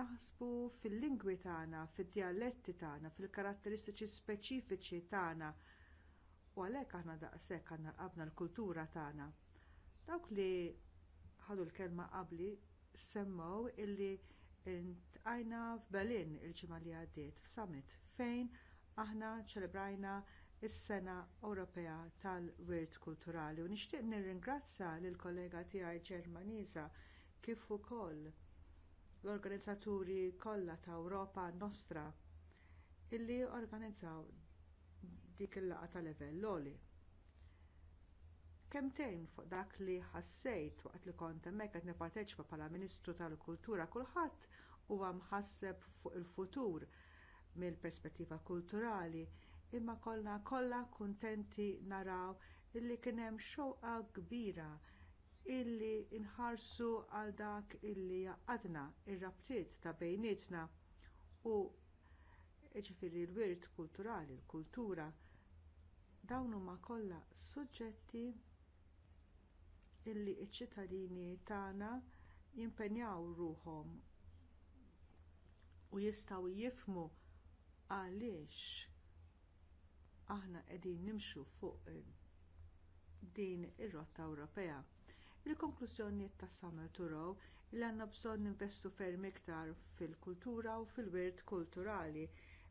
Naħsbu fil-lingwi tagħna, fid-dialetti tagħna, fil-karatteristiċi speċifiċi tagħna u għalhekk aħna daqshekk għandna qabna l-kultura tagħna. Dawk li ħadu l-kelma qabli semmew illi ntqajna f'Berlin il-ġimgħa li għaddiet f'summit fejn aħna ċelebrajna is-Sena Ewropea tal-Wirt Kulturali u nixtieq nirringrazzja lill kollega tiegħi Ġermaniża kif ukoll l-organizzaturi kollha ta' Ewropa Nostra illi organizzaw dik il laqgħa ta' livell loli. Kemtejn fuq dak li ħassejt waqt li kont hemmhekk qed nipparteċipa bħala Ministru tal-Kultura kulħadd huwa mħasseb fuq il-futur mill-perspettiva kulturali imma kollna kollha kuntenti naraw illi kien hemm xewqa kbira illi nħarsu għal dak illi jaqadna ir-rabtiet ta' bejnietna u ġifiri l-wirt kulturali, l-kultura, dawn huma kollha suġġetti illi ċ ċittadini tagħna jimpenjaw ruhom u jistgħu jifhmu għaliex aħna qegħdin nimxu fuq eh, din ir-rotta Ewropea. Il-konklużjonijiet ta' Summer Turaw li għandna bżonn ninvestu ferm iktar fil-kultura u fil-wirt kulturali.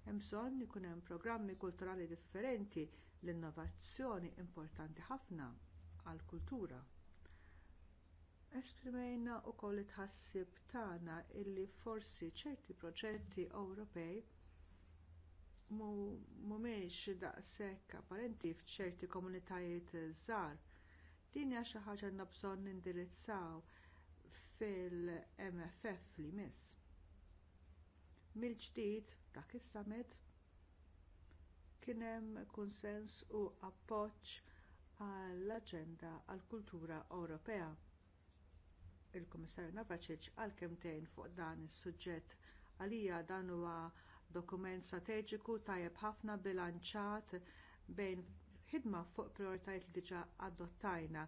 Hemm bżonn ikun hemm programmi kulturali differenti l-innovazzjoni importanti ħafna għall kultura Esprimejna wkoll it tħassib tagħna illi forsi ċerti proġetti Ewropej mhumiex daqshekk apparenti f'ċerti komunitajiet żgħar. Din hija xi ħaġa bżonn nindirizzaw fil-MFF li miss. Mill-ġdid dak is-summit kien hemm kunsens u appoġġ għall-aġenda għall kultura Ewropea. Il-Kummissarju Navracic għal kemtejn fuq dan is-suġġett għalija dan huwa dokument strateġiku tajjeb ħafna bilanċat bejn ħidma fuq prioritajiet li diġà adottajna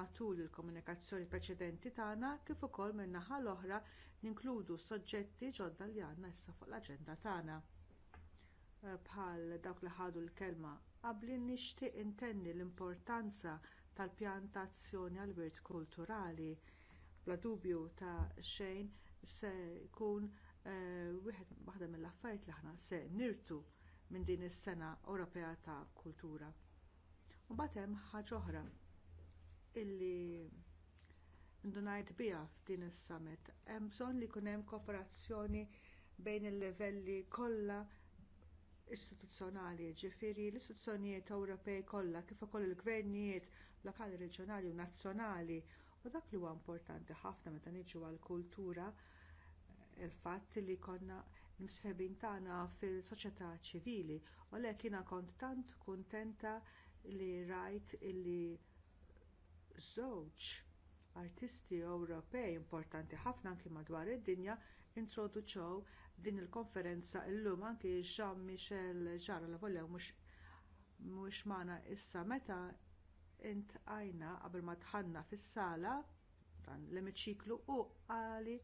matul il-komunikazzjoni preċedenti tagħna kif ukoll min-naħa l-oħra ninkludu soġġetti ġodda li għandna issa fuq l-aġenda tagħna. Eh, bħal dawk li ħadu l-kelma qabli nixtieq intenni l-importanza tal pjantazzjoni għall wirt kulturali. Bla dubju ta' xejn se jkun Eh, wieħed waħda mill-affarijiet li aħna se nirtu minn din is-sena Ewropea ta' Kultura. U hemm ħaġa oħra illi ndunajt biha f'din is-summit hemm bżonn li jkun hemm kooperazzjoni bejn il-livelli kollha istituzzjonali, ġifiri l-istituzzjonijiet Ewropej kollha kif ukoll il-gvernijiet lokali, reġjonali u nazzjonali. U dak li huwa importanti ħafna meta niġu għall kultura il-fatt li konna l tagħna fil-soċjetà ċivili u lek jiena kont tant kuntenta li rajt illi żewġ artisti Ewropej importanti ħafna anki madwar id-dinja introduċew din il-konferenza llum anki Jean-Michel Jarre la vollew mhux magħna issa meta intqajna qabel ma tħanna fis-sala dan l-emiċiklu u qali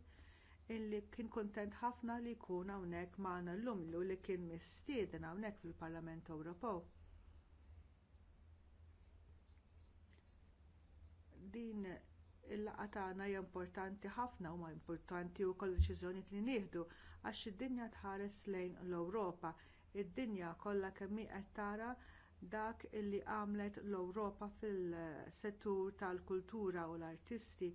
illi kien kuntent ħafna li jkun hawnhekk magħna llum lu li kien mistieden hawnhekk fil-Parlament Ewropew. Din il laqgħa tagħna hija importanti ħafna huma importanti wkoll deċiżjonijiet li nieħdu għax id-dinja tħares lejn l-Ewropa. Id-dinja kollha kemm qed tara dak illi għamlet l-Ewropa fil-settur tal-kultura u l-artisti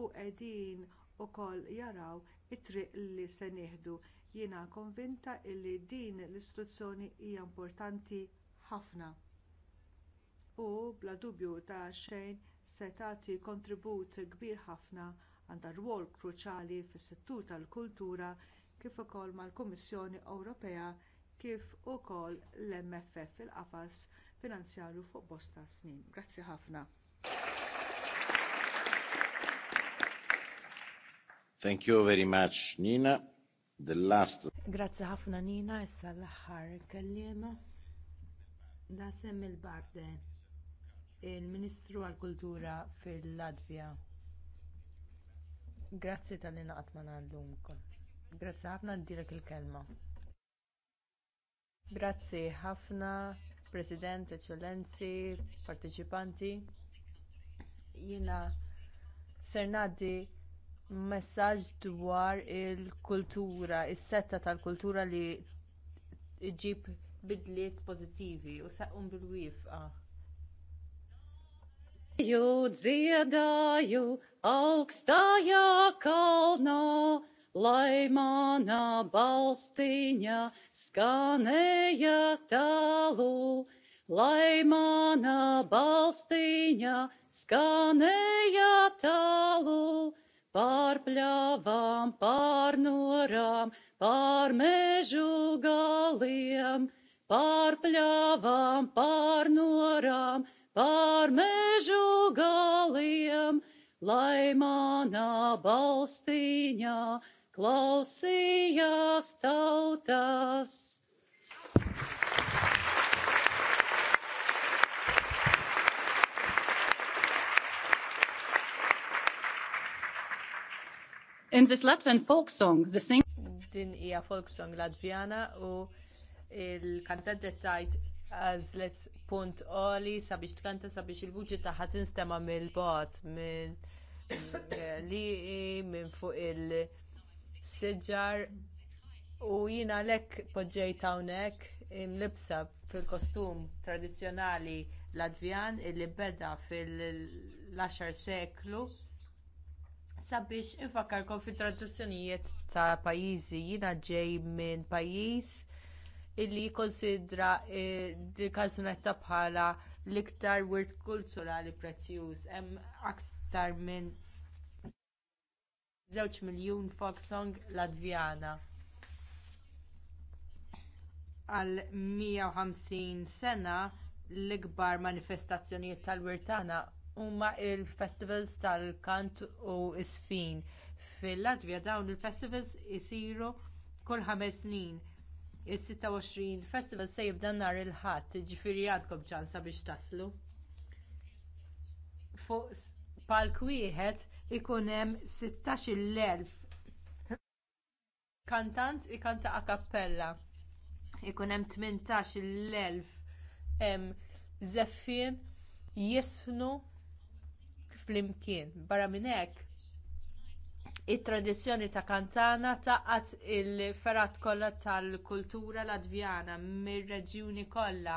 u qegħdin ukoll jaraw it-triq li se nieħdu. Jiena konvinta li din l-istruzzjoni hija importanti ħafna. U bla dubju ta' xejn se tagħti kontribut kbir ħafna għandha rwol kruċjali fis-settur tal-kultura kif ukoll mal-Kummissjoni Ewropea kif ukoll l-MFF il-qafas finanzjarju fuq bosta snin. Grazzi ħafna. Thank you very much, Nina. The last. Grazie ħafna Nina, issa l-aħħar kellima. Nasem il-Barde, il-Ministru għal-Kultura fil-Latvija. Grazzi tal-li naqatman għallum Grazzi ħafna d-dilek il-kelma. Grazzi ħafna, President, Eccellenzi, Partecipanti. Jina ser messaġġ dwar il-kultura, is-setta il kultura is setta tal kultura li ġib bidliet pożittivi u saqqum bil-wifqa. Ju dziedāju augstajā kalnā, lai manā balstiņā skanēja tālu. Lai manā skanēja tālu, Par pļavām, par norām, par mežu galiem, par pļavām, par norām, par mežu galiem, lai manā balstīņā klausījās tautas. In this Latvian folk song, the sing Din hija folk song Latvjana u il-kantant tajt għazlet punt oli sabiex tkanta sabiex il-vuċi taħħa tinstema mill-bot minn liqi minn fuq il-sġar u jina lek podġejt hawnhekk imlibsa fil-kostum tradizzjonali Latvjan illi beda fil-10 seklu Sabiex infakarkom fit tradizzjonijiet ta' pajjiżi jiena ġej minn pajjiż illi jikkonsidra eh, dil-każunetta bħala l-iktar wirt kulturali prezzjuż. Hemm aktar minn żewġ miljun folk song Għal 150 sena l-ikbar manifestazzjonijiet tal-wirt tagħna huma l festivals tal-kant u isfin. Fil-Latvja dawn il-festivals isiru kull ħames snin. Is-26 festival se jibda nhar il-ħadd, jiġifieri għadkom ċansa biex taslu. Fuq palk wieħed ikun hemm 16,000 kantant ikanta a cappella. Ikun hemm 18,000 żeffien jisfnu flimkien. Barra minn hekk, it-tradizzjoni ta' kantana taqat il-ferat kollha tal-kultura latvjana mir-reġjuni kollha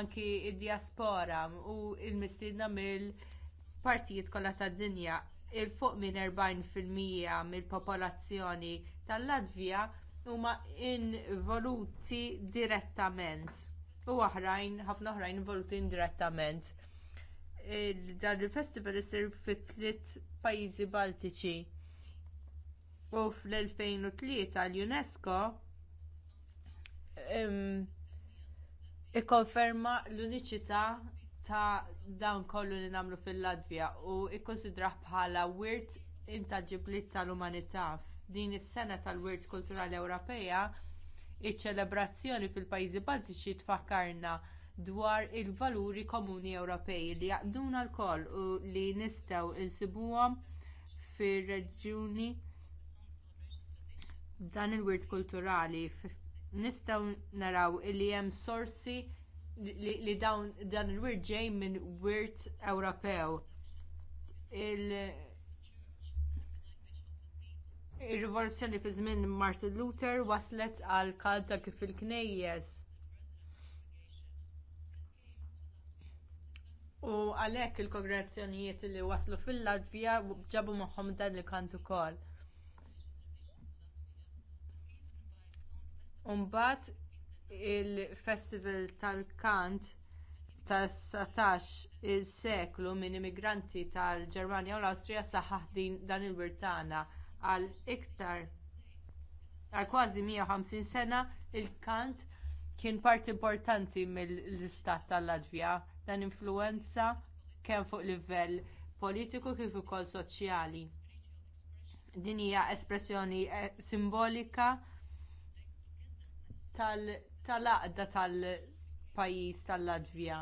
anki d diaspora u l mistiedna mill-partijiet kollha tad-dinja il-fuq minn 40% mill-popolazzjoni tal-Latvja huma involuti direttament u oħrajn ħafna oħrajn involuti indirettament dan il-festival isir fit tliet pajjiżi Baltiċi. U fl-2003 l-UNESCO ikkonferma l-uniċità ta' dan kollu li nagħmlu fil-Latvja u kkunsidrah bħala wirt intangibbli tal-umanità. Din is-sena tal-Wirt Kulturali Ewropea iċ-ċelebrazzjoni fil-Pajjiżi Baltiċi tfakkarna dwar il-valuri komuni Ewropej li jaqduna lkoll u li nistgħu insibuhom fir-reġjuni dan il-wirt kulturali nistgħu naraw li hemm sorsi li, li dawn dan il-wirt ġej minn wirt Ewropew. Il Ir-rivoluzzjoni fi żmien Martin Luther waslet għal kalta kif il-knejjes U għalhekk il kongrezzjonijiet li waslu fil-Latvija ġabu magħhom dan li kantu kol. Umbat il-Festival tal-Kant tas-satax il-seklu minn immigranti tal-Ġermanja u l-Awstrija saħaħ dan il-Birtana għal iktar għal kważi 150 sena il-Kant kien part importanti mill-istat tal-Latvija dan influwenza kemm fuq livell politiku kif ukoll soċjali. Din hija espressjoni eh, simbolika tal-għaqda tal-pajjiż tal-Latvja.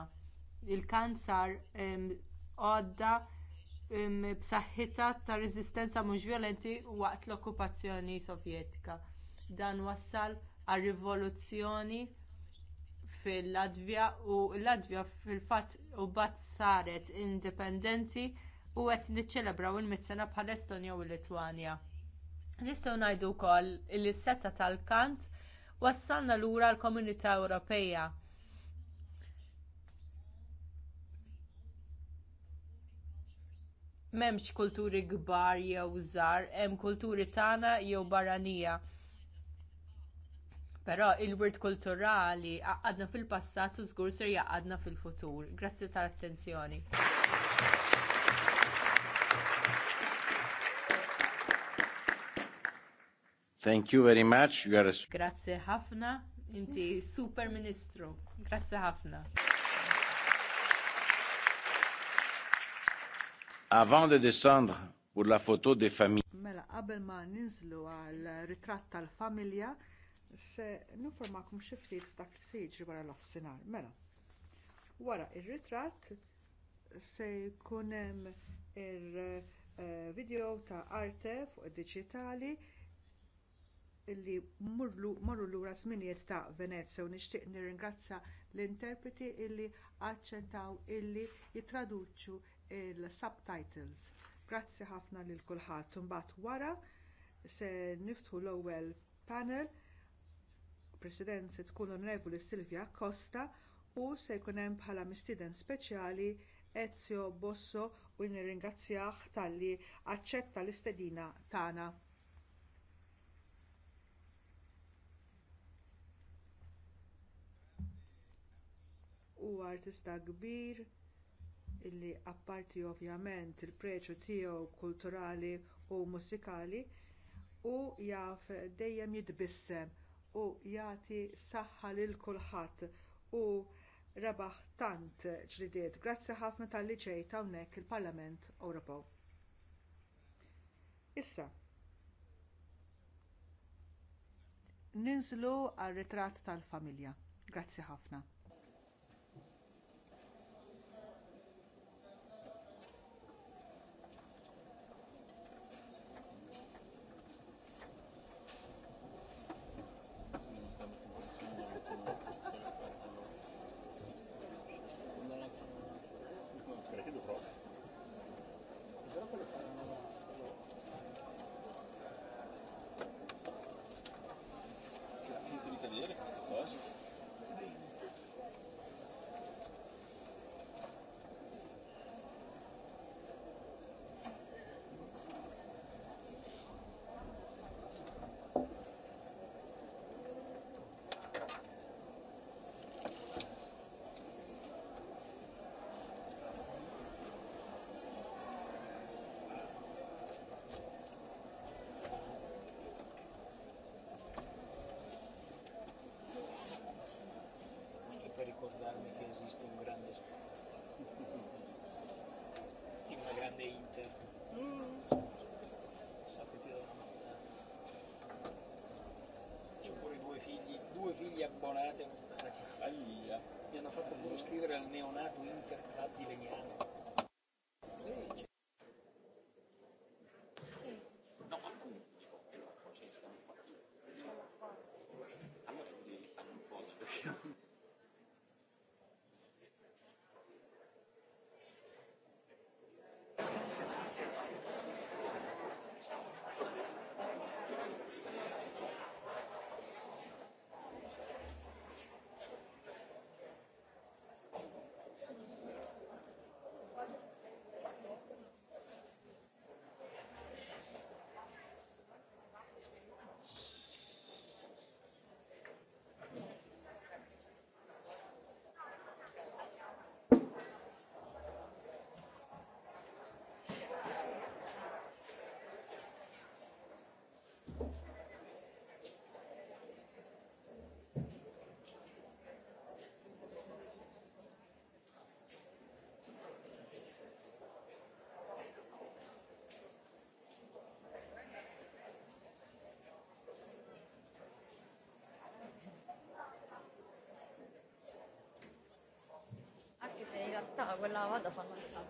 Il-kanzar għadda b'saħħitha ta' reżistenza mhux vjolenti waqt l-okkupazzjoni sovjetika. Dan wassal għar rivoluzzjoni fil-Latvja u l-Latvja fil-fatt u bat saret indipendenti u qed niċċelebraw il-mit bħala bħal Estonja u l-Litwanja. Nistgħu ngħidu wkoll li s-setta tal-kant wassalna lura l-Komunità Ewropea. M'hemmx kulturi kbar jew żgħar, hemm kulturi tagħna jew barranija. Però il-wirt kulturali għadna fil-passat u żgur ser jaqadna fil-futur. Grazzi tal-attenzjoni. Thank you very much. You are... Grazie ħafna. Inti super ministru. Grazie ħafna. Avant de descendre pour la photo des familles. Mela, qabel ma ninżlu għal ritratt tal-familja, se nufformakum xi ftit f'dak li jiġri wara l-offsinar. Mela, wara r ritratt se jkun hemm il-video eh, ta' arte fuq id-diġitali illi marru lura żminijiet ta' Venezia u nixtieq nirringrazzja l-interpreti illi aċċettaw illi jittraduċu l subtitles Grazzi ħafna lil kulħadd. Imbagħad wara se niftħu l-ewwel panel president se tkun onorevoli Silvia Costa u se jkun hemm bħala mistieden speċjali Ezio Bosso u nirringrazzjah talli aċċetta l-istedina tagħna. Huwa artista kbir illi apparti ovvjament il-preċu tiegħu kulturali u musikali u jaf dejjem jitbissem u jagħti saħħa lil kulħadd u rebaħ tant ġridiet. Grazzi ħafna tal-li ġejt hawnhekk il-Parlament Ewropew. Issa. Ninżlu għar ritrat tal-familja. Grazzi ħafna. ricordare che esiste un Ta' għawella għadda fan-manċa.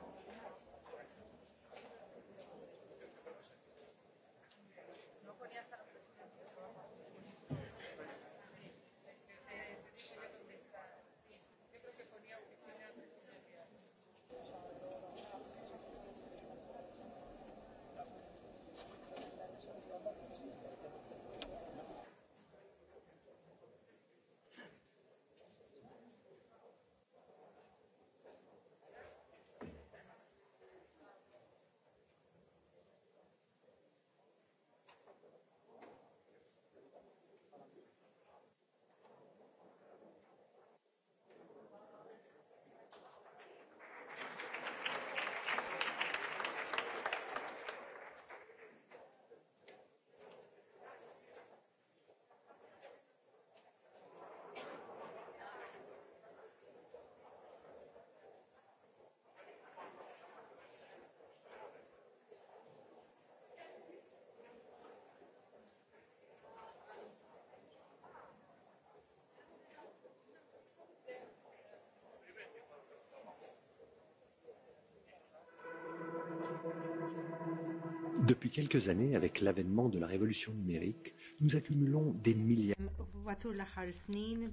Depuis quelques années, avec l'avènement de la révolution numérique, nous accumulons des milliards. Watul l-aħħar snin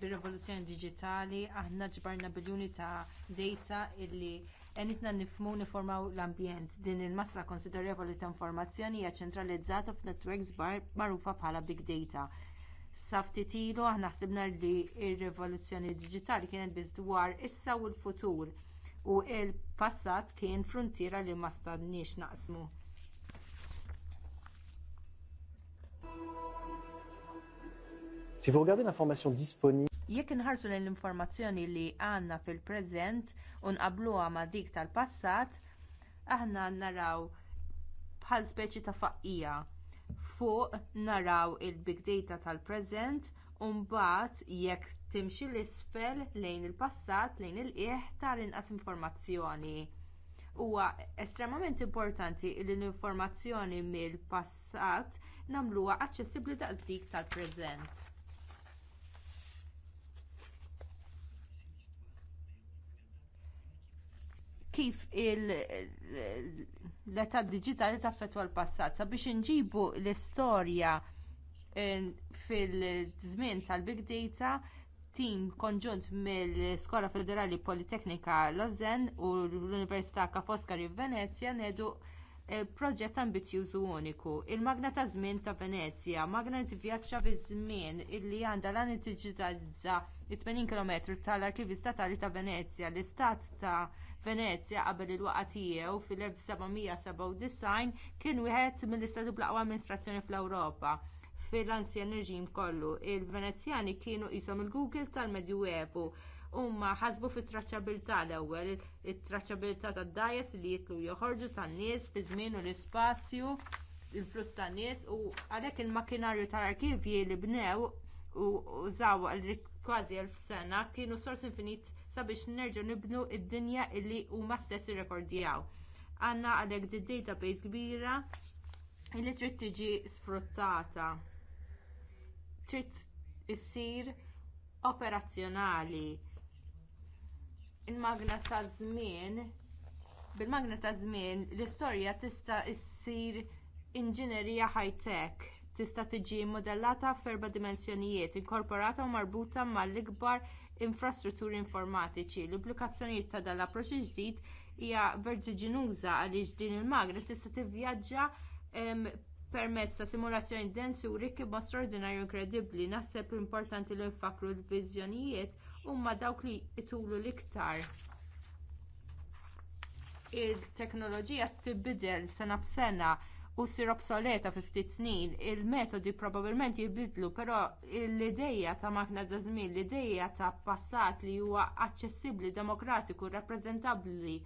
bir-rivoluzzjoni digitali aħna ġbarna biljuni ta' data illi enitna nifmu niformaw l-ambjent. Din il-massa li ta' informazzjoni hija ċentralizzata f'networks magħrufa bħala big data. Saftit ilu aħna ħsibna li r-rivoluzzjoni digitali kienet biss dwar issa u l-futur u l-passat kien frontiera li ma stadniex naqsmu Si vous regardez l'information disponible, Jekk inħarsu l-informazzjoni li għandna fil-preżent u nqabbluha ma' dik tal-passat, aħna naraw bħal speċi ta' faqqija. Fuq naraw il-big data tal-preżent u mbagħad jekk timxi l-isfel lejn il-passat lejn il-qieħ tar inqas informazzjoni huwa estremament importanti li l-informazzjoni mill-passat nagħmluha aċċessibbli daqs dik tal-preżent. kif l-età digitali taffetwa l-passat. Sabiex inġibu l-istorja eh, fil-żmien tal-big data, tim konġunt mill-Skola Federali Politeknika Lozen u l-Università Ka' Foscari Venezia nedu eh, proġett ambizjużu uniku. Il-magna ta' żmien ta' Venezia, magna li tivvjaġġa fi żmien illi għandha lan digitalizza 80 km tal-arkivi statali ta' Venezia, l-istat ta' Venezia qabel il-waqa tiegħu fil-1797 kien wieħed mill-istati bl-aqwa amministrazzjoni fl-Ewropa fil-ansjan reġim kollu. Il-Venezjani kienu qishom il-Google tal-Medjuevu huma ħasbu fit-traċċabilità l-ewwel, it-traċċabilità tad-dajes li jitlu joħorġu tan-nies fi żmien u l-ispazju il-flus tan-nies u għalhekk il-makinarju tal-arkivji li bnew u għal kważi elf sena kienu sors infinit biex nerġgħu nibnu d dinja illi huma stess irrekordjaw. Għandna għalhekk di database kbira illi trid tiġi sfruttata. Trid issir operazzjonali. Il-magna ta' żmien bil-magna ta' żmien l-istorja tista' ssir inġinerija high-tech tista' tiġi mmodellata f'erba' dimensjonijiet, inkorporata u marbuta mal-ikbar infrastrutturi informatiċi. L-implikazzjonijiet ta' dan l-approċċ ġdid hija vertiġinuża għaliex din il-magra tista' tivvjaġġa ehm, permezz ta' simulazzjoni densuri kif ma' straordinarju inkredibbli. Naħseb importanti li nfakru l-viżjonijiet huma dawk li jtulu l-iktar. Il-teknoloġija tibbidel sena b'sena u ssir obsoleta fi ftit snin, il-metodi probabbilment jibidlu, però l-ideja ta' maħna da' żmien, l-ideja ta' passat li huwa aċċessibbli, demokratiku, rappreżentabbli,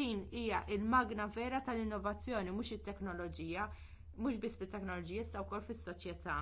din hija l magna vera tal-innovazzjoni, mhux it-teknoloġija, mhux biss fit-teknoloġija, sta' wkoll fis-soċjetà.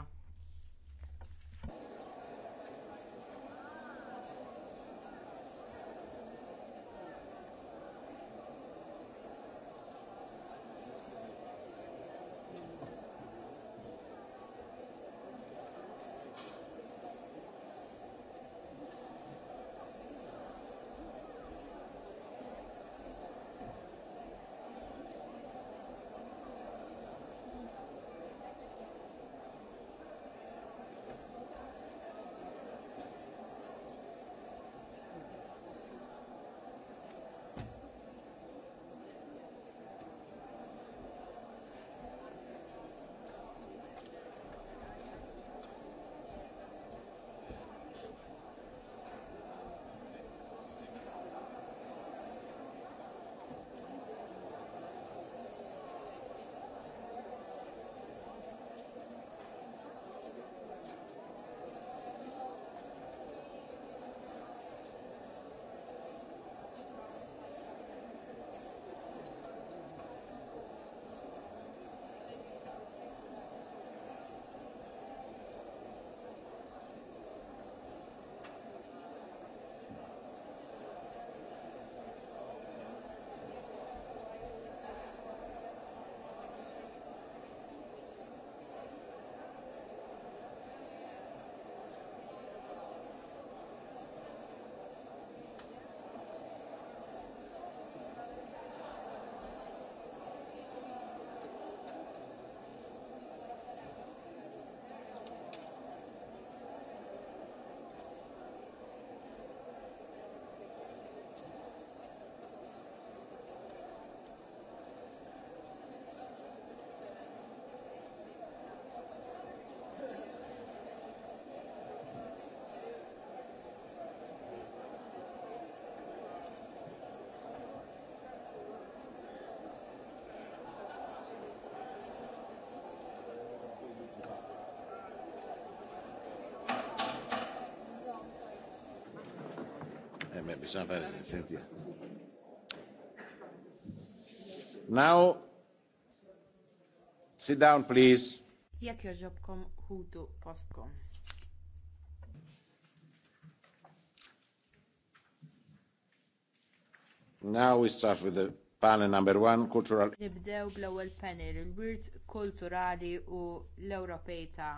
Now, sit down, please. Jekk joġobkom ħudu postkom. Now we start with the panel number one, cultural. Nibdew bl-ewwel panel, il-wirt kulturali u l-Ewropej ta'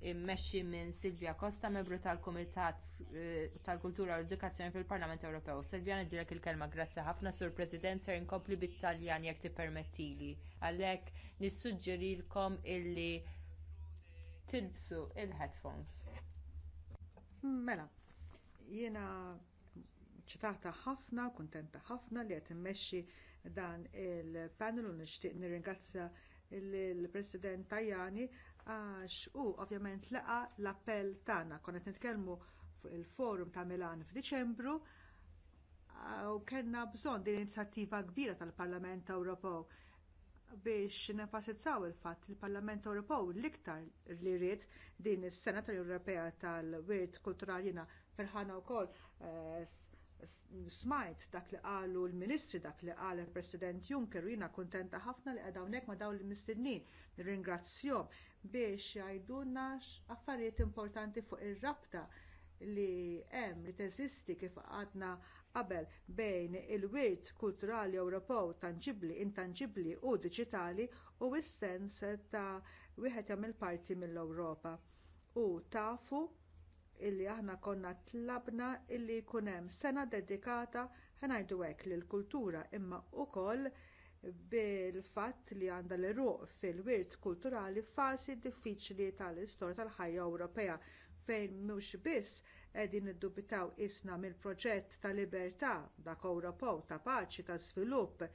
immexxi minn Silvia Costa, membru tal-Kumitat eh, tal-Kultura u l-Edukazzjoni fil-Parlament Ewropew. Silvia nidilek il-kelma grazzi ħafna sur President ser inkompli bit-Taljan jekk tippermettili. Għalhekk nissuġġerilkom illi tilbsu il-headphones. Mela, jiena ċitata ħafna, kuntenta ħafna li qed immexxi dan il-panel u nixtieq nirringrazzja lill president Tajani għax hu ovvjament laqa l-appell tagħna konet qed nitkellmu fuq il-forum ta' Milan f'Diċembru u kellna bżonn din inizjattiva kbira tal-Parlament Ewropew biex nefasizzaw il-fatt li l-Parlament Ewropew l-iktar li rrid din is-sena tal-Ewropea tal-Wirt Kulturali jiena ferħana wkoll eh, smajt dak li qalu l-Ministri dak li qal il-President Juncker u jiena kuntenta ħafna li qed hawnhekk ma dawn il-mistednin nirringrazzjahom biex jgħidulna affarijiet importanti fuq ir-rabta li hemm li teżisti kif għadna qabel bejn il-wirt kulturali Ewropew tangibbli, intangibbli u diġitali u s-sens ta' wieħed jagħmel parti mill-Ewropa. U tafu illi aħna konna tlabna illi jkun hemm sena dedikata ħanajdu hekk lill-kultura imma wkoll bil-fatt li għandha l-eruq fil-wirt kulturali fasi diffiċli tal-istorja tal-ħajja Ewropea fejn mhux biss qegħdin iddubitaw isna mill-proġett ta' libertà dak Ewropew ta' paċi ta' żvilupp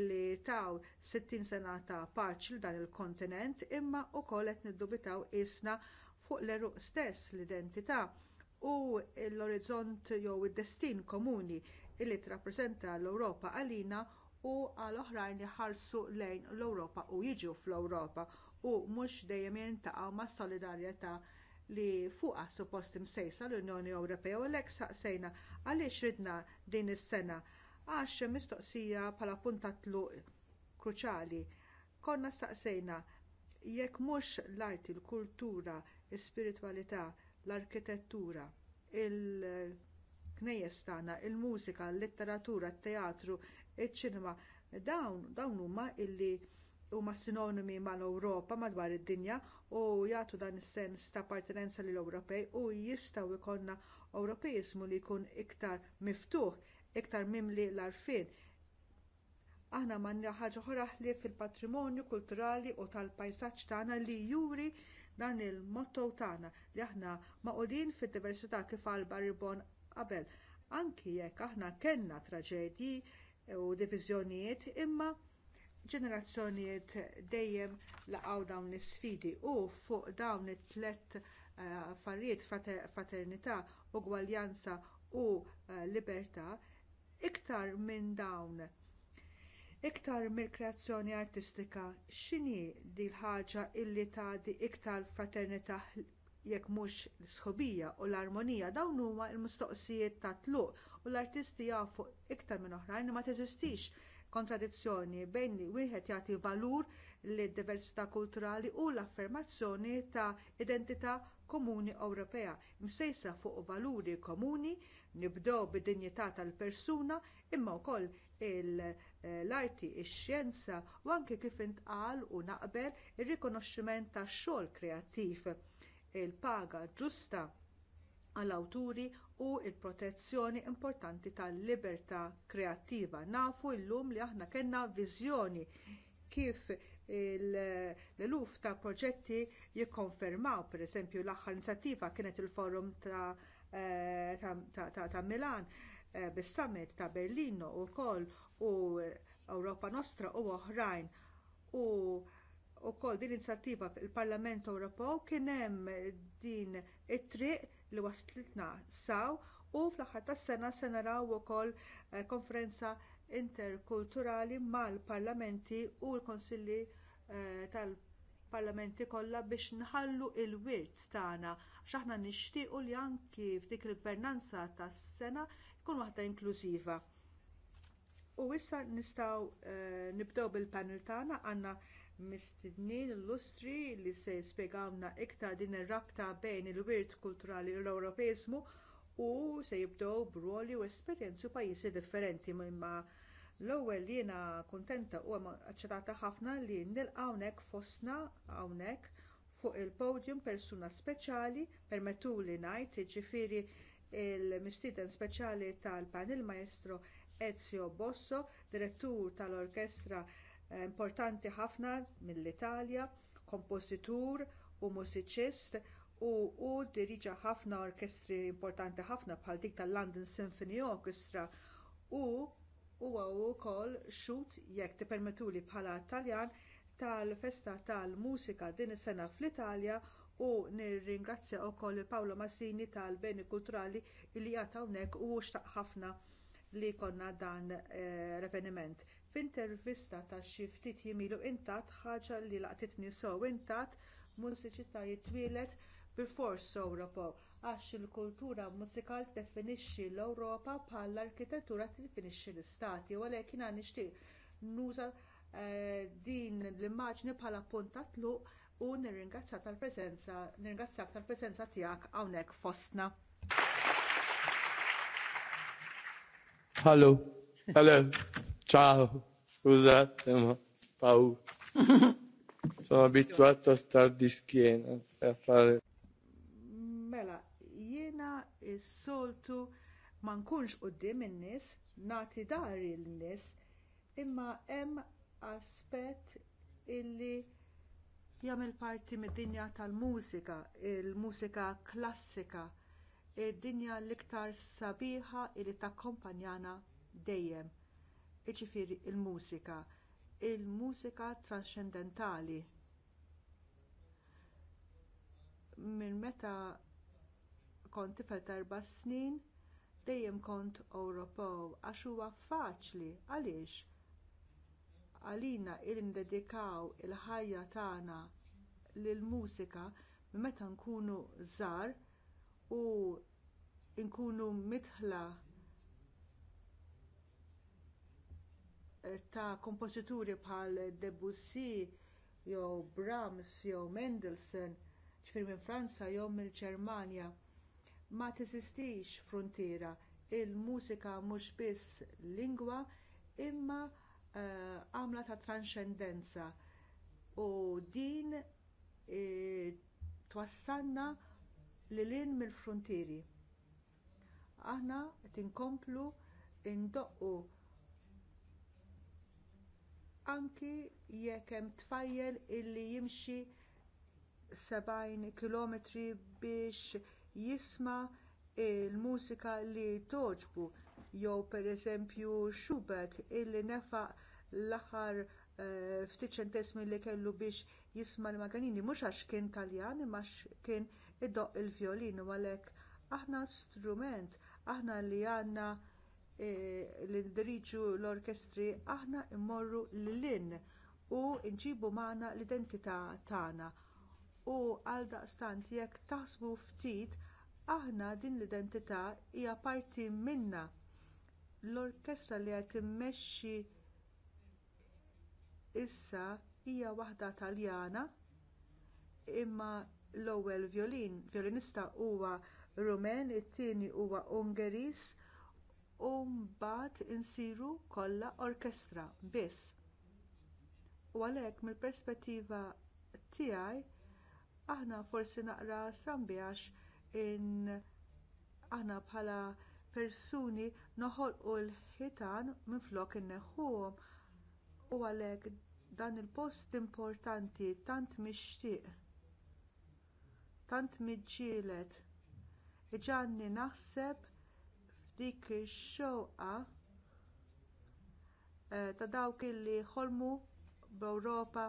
illi taw 60 sena ta' paċi l dan il-kontinent imma wkoll qed niddubitaw isna fuq l-eruq stess l-identità u l-orizzont jew id-destin komuni illi trappreżenta l-Ewropa għalina u għal oħrajn li ħarsu lejn l-Ewropa u jiġu fl-Ewropa u mhux dejjem jintaqgħu mas solidarjetà li fuqha suppost imsejsa l-Unjoni Ewropea u l-ek saqsejna għaliex ridna din is-sena għax mistoqsija bħala ta' tluq kruċali. Konna staqsejna jekk mhux l-arti, l-kultura, l ispiritwalità l-arkitettura, il-knejjes tagħna, il-mużika, l-litteratura, t teatru, iċ-ċinema. Dawn dawn huma illi huma sinonimi mal-Ewropa madwar id-dinja u jagħtu dan is-sens ta' appartenenza lill Ewropej u jistgħu jkollna Ewropejiżmu li jkun iktar miftuħ, iktar mimli l għarfien Aħna m'għandna ħaġa oħra li fil-patrimonju kulturali u tal-pajsaġġ tagħna li juri dan il-motto tagħna li aħna maqudin fid-diversità kif għalba ribon qabel. Anki jekk aħna kellna traġedji u diviżjonijiet imma ġenerazzjonijiet dejjem laqgħu dawn l isfidi u fuq dawn it-tlet eh, affarijiet uh, fraternità, ugwaljanza u eh, libertà iktar minn dawn iktar mill-kreazzjoni artistika x'inhi di l-ħaġa illi tgħaddi iktar fraternità jekk mhux l-sħobija u l-armonija dawn huma l-mistoqsijiet ta' tluq u l-artisti jafu iktar minn oħrajn ma teżistix kontradizzjoni bejn li wieħed jagħti valur lid diversità kulturali u l-affermazzjoni ta' identità komuni Ewropea msejsa fuq valuri komuni nibdew bid-dinjità tal-persuna imma wkoll l-arti, ix-xjenza u anke kif intqal u naqbel ir-rikonoxximent tax-xogħol kreattiv il-paga ġusta għall-awturi u l-protezzjoni importanti tal-libertà kreattiva. Nafu llum li aħna kellna viżjoni kif l-eluf ta' proġetti jikkonfermaw, pereżempju l-aħħar inizjattiva kienet il-forum ta', eh, ta, ta, ta Milan eh, bis-summit ta' Berlino wkoll u Ewropa Nostra u oħrajn u wkoll din inizjattiva fil-Parlament Ewropew kien hemm din it-triq li waslitna saw u fl-aħħar tas-sena se naraw ukoll eh, konferenza interkulturali mal-parlamenti u l-konsilli eh, tal-parlamenti kollha biex nħallu l wirt tagħna għax aħna nixtiequ li anki f'dik il-gvernanza tas-sena tkun waħda inklużiva. U issa nistgħu eh, nibdew bil-panel tagħna għandna mistednin illustri li se jispjegawna iktar din ir-rabta bejn il-wirt kulturali u l-Ewropeizmu u se jibdew b'ruoli u esperjenzi u pajjiżi differenti imma l-ewwel jiena kuntenta u aċċettata ħafna li nilqa' hawnhekk fostna hawnhekk fuq il-podium persuna speċjali permettuli ngħid jiġifieri l mistieden speċjali tal-panel maestro Ezio Bosso, direttur tal-Orkestra importanti ħafna mill-Italja, kompożitur u mużiċist, u hu dirija ħafna orkestri importanti ħafna bħal dik tal-London Symphony Orchestra u huwa wkoll xut jekk tippermettuli bħala Taljan tal-festa tal-mużika din is-sena fl-Italja u nirringrazzja wkoll Paolo Massini tal-Beni Kulturali li jagħta hawnhekk u xtaq ħafna li jkollna dan l-avveniment. Eh, F'intervista ta' xi ftit jimilu intat ħaġa li laqtitni sew intat mużiċità jitwielet bil-fors Ewropew għax il-kultura mużikal tiddefinixxi l-Ewropa bħala arkitettura tiddefinixxi l-istati u għalhekk jiena nixtieq nuża eh, din l-immaġni bħala punta tluq u nirringrazzak tal-preżenza tal-preżenza tiegħek hawnhekk fostna. Hallo, Hello. Ciao, scusate, ma paura. [LAUGHS] Sono abituato a star di schiena e a fare. Mela, jiena soltu ma nkunx qudiem in-nies, nati dar l-nies, imma hemm aspett illi jagħmel parti mid-dinja tal-mużika, il-mużika klassika, id-dinja l-iktar sabiħa illi kompanjana dejjem iġifiri il-mużika, il-mużika trascendentali. Minn meta kont tifel erba' snin, dejjem kont Ewropew għax huwa faċli għaliex għalina il-indedikaw il-ħajja tagħna lill mużika meta nkunu żgħar u nkunu mitħla ta' kompożituri bħal Debussy jew Brahms jew Mendelssohn ċfir minn Franza jew mill-Ġermanja. Ma teżistix frontiera, il-mużika mhux biss lingwa imma eh, għamla ta' transcendenza u din uh, twassalna lilin mill-frontieri. Aħna tinkomplu indoqqu anki jekk hemm tfajjel illi jimxi 70 km biex jisma l mużika li toġbu jew pereżempju Schubert illi nefaq l-aħħar uh, ftit li kellu biex jisma l-maganini mhux għax kien Taljan imma għax kien idoqq il-violin u għalhekk aħna strument aħna li għandna E, l-indiriġu l-orkestri aħna mmorru lil-in u nġibu magħna l-identità tagħna. U daqstant jekk taħsbu ftit aħna din l-identità hija parti minna. L-orkestra li qed immexxi issa hija waħda Taljana imma l-ewwel violin, violinista huwa Rumen, it-tieni huwa Ungeris, u mbagħad insiru kollha orkestra biss. U għalhekk mill-perspettiva tiegħi aħna forsi naqra strambiax in aħna bħala persuni noħolqu l-ħitan minflok inneħħuhom u għalhekk dan il-post importanti tant mixtieq tant miġġielet iġanni naħseb dik ix-xewqa eh, ta' dawk illi ħolmu b'Ewropa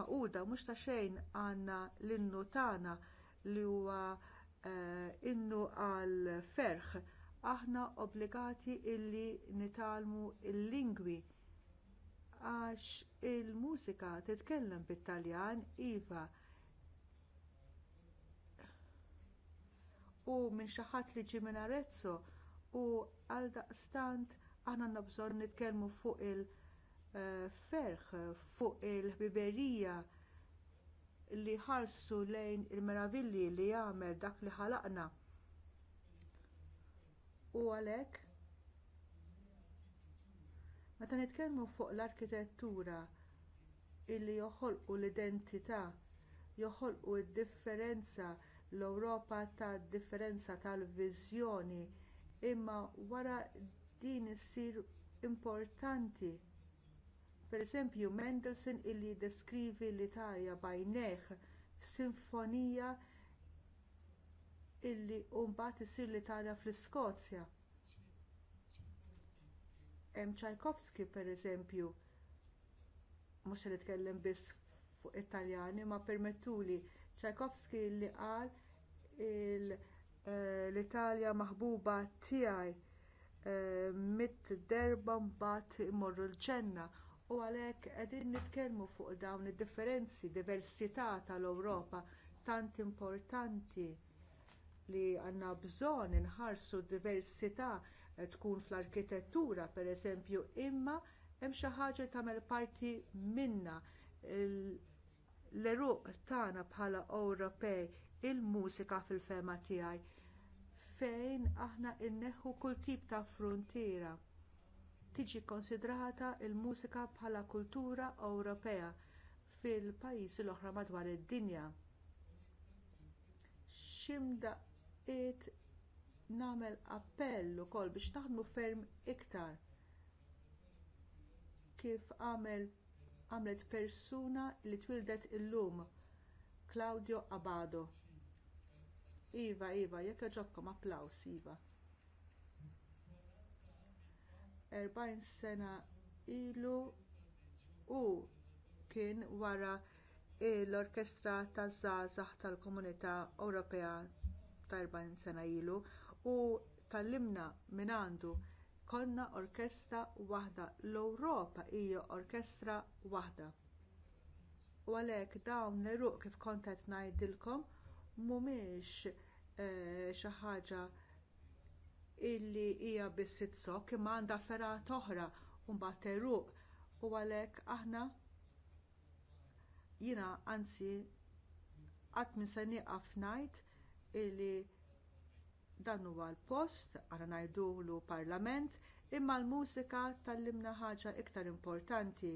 maquda mhux ta' xejn għandna l-innu tagħna li huwa eh, innu għal ferħ aħna obbligati illi nitalmu l lingwi għax il-mużika titkellem bit-Taljan iva u minn xi ħadd li ġie minn Arezzo u għaldaqstant aħna għandna bżonn nitkellmu fuq il-ferħ, eh, fuq il-ħbiberija li ħarsu lejn il-meravilli li jagħmel dak li ħalaqna. U għalhekk meta nitkellmu fuq l-arkitettura illi joħolqu l-identità, joħolqu d-differenza l-Ewropa tad differenza tal-viżjoni imma wara din issir importanti. Pereżempju Mendelssohn illi deskrivi l-Italja bajneħ sinfonija illi mbagħad isir l-Italja fl-Iskozja. Hemm Tchaikovsky pereżempju, mhux se nitkellem biss fuq Italjani, ma permettuli Tchaikovsky li qal il- Eh, l-Italja maħbuba tiegħi eh, mit derba mbagħad imorru l-ġenna u għalhekk qegħdin nitkellmu fuq dawn id-differenzi, diversità tal-Ewropa tant importanti li għandna bżonn inħarsu d diversità tkun fl-arkitettura pereżempju imma hemm xi ħaġa tagħmel parti minnha l-eruq tagħna bħala Ewropej il-mużika fil-fema tiegħi fejn aħna inneħu kull tip ta' frontiera. Tiġi konsidrata l mużika bħala kultura Ewropea fil-pajjiżi l-oħra madwar id-dinja. Ximda it nagħmel appell ukoll biex naħdmu ferm iktar kif għamel għamlet persuna li twildet illum Claudio Abado Iva, Iva, jekk ġobkom applaus, Iva. 40 sena ilu u kien wara l-orkestra taż żgħażagħ tal-Komunità Ewropea ta' 40 sena ilu u tallimna minn għandu konna orkestra waħda. L-Ewropa hija orkestra waħda. U għalhekk dawn l kif kont qed ngħidilkom mhumiex eh, xi ħaġa illi hija biss itsok imma għandha ferat oħra u mbagħad teruq u għalhekk aħna jiena anzi qatt min se nieqaf ngħid illi dan huwa l-post għara ngħidulu parlament imma l-mużika tal-limna ħaġa iktar importanti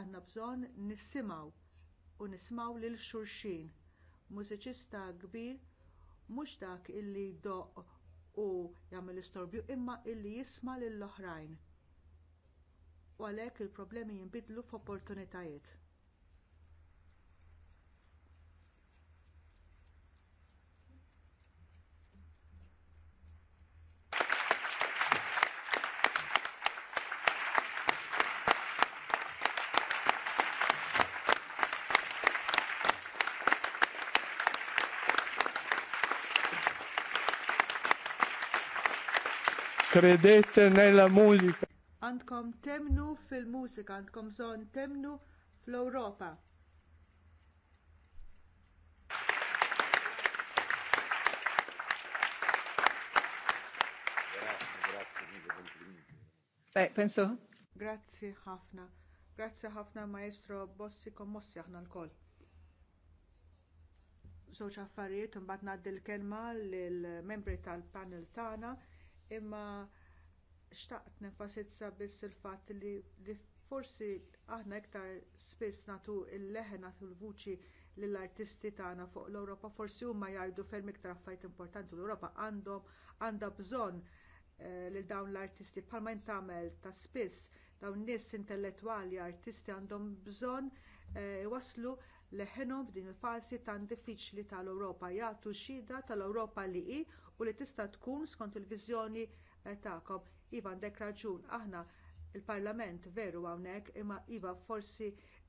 għandna bżonn nissimgħu u nismaw lil xulxin mużiċista kbir mhux dak illi jdoqq u jagħmel istorbju imma illi jisma' lill-oħrajn. U għalhekk il-problemi jinbidlu f'opportunitajiet. Credete nella musica. Għandkom temnu fil-mużika, għandkom bżonn temnu fl-Ewropa. Eh, penso. Grazzi ħafna. Grazie ħafna maestro Bossi Kommossi aħna lkoll. koll Żewġ affarijiet imbagħad ngħaddi l-kelma lill membri tal-panel tagħna imma xtaqt nenfasizza biss il-fatt li, li forsi aħna iktar spiss nagħtu l leħen nagħtu l-vuċi lill-artisti tagħna fuq l-Ewropa forsi huma jgħidu ferm iktar affarijiet importanti l-Ewropa għandhom għandha bżonn eh, lil dawn l-artisti bħalma tagħmel ta' spiss dawn nies intellettwali artisti għandhom bżonn iwasslu eh, leħenhom f'din il-fasi tan diffiċli tal-Ewropa jagħtu xhieda tal-Ewropa li hi u li tista' tkun skont il-viżjoni eh, tagħkom. Iva għandek raġun, aħna il-Parlament veru hawnhekk imma iva forsi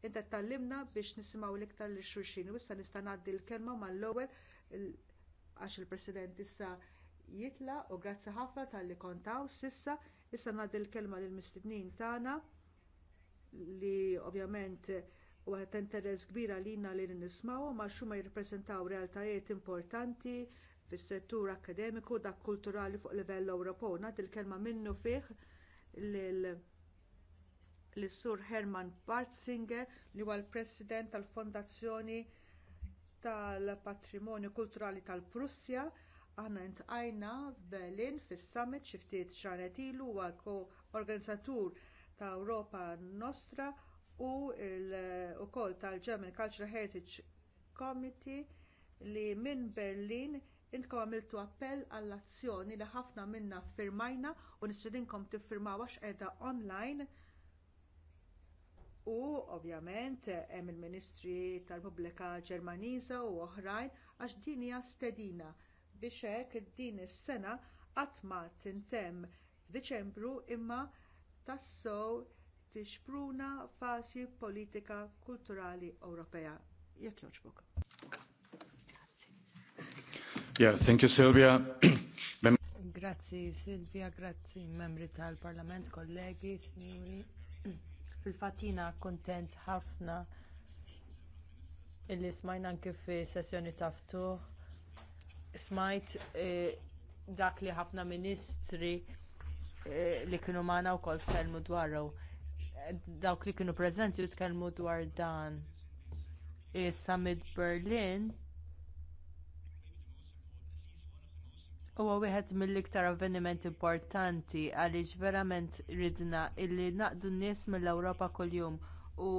inta tallimna biex nisimgħu l-iktar li xulxin. U issa nista' ngħaddi l-kelma mal-ewwel għax il-President issa jitla u grazzi ħafna talli kontaw sissa issa ngħaddi l-kelma lill mistednin tagħna li ovvjament u għet interess kbira lina li nismaw ma xuma jirrepreżentaw realtajiet importanti fis-settur akademiku dak kulturali fuq livell Ewropew. Nagħti il-kelma minnu fih lis sur Herman Bartzinger li huwa l-President tal-Fondazzjoni tal-Patrimonju Kulturali tal-Prussja. Aħna ntqajna f'Berlin fis-summit xi ftit xahret ilu huwa organizzatur ta' Ewropa Nostra u wkoll tal-German Cultural Heritage Committee li minn Berlin Intkom għamiltu appell għall-azzjoni li ħafna minna firmajna u nistedinkom tiffirmaw għax edha online u ovvjament hemm il-Ministri tal-Pubblika Ġermaniża u oħrajn għax din hija stedina biex hekk din is-sena qatt ma tintemm f'Diċembru imma tassew tixpruna fasi politika kulturali Ewropea. Jekk jogħġbok. Yeah, thank you, Silvia. [COUGHS] grazzi, Silvia, grazzi, membri tal-Parlament, kollegi, signori. [CLEARS THROAT] Fil-fatina kontent ħafna illi smajna anke fi sessjoni taftu. Smajt eh, dak li ħafna ministri eh, li kienu maħna u kol f'kelmu dwarru. Dawk li kienu prezenti u tkellmu dwar dan. Is-Summit Berlin Huwa wieħed mill-iktar avveniment importanti għaliex verament ridna illi naqdu n-nies mill-Ewropa kuljum u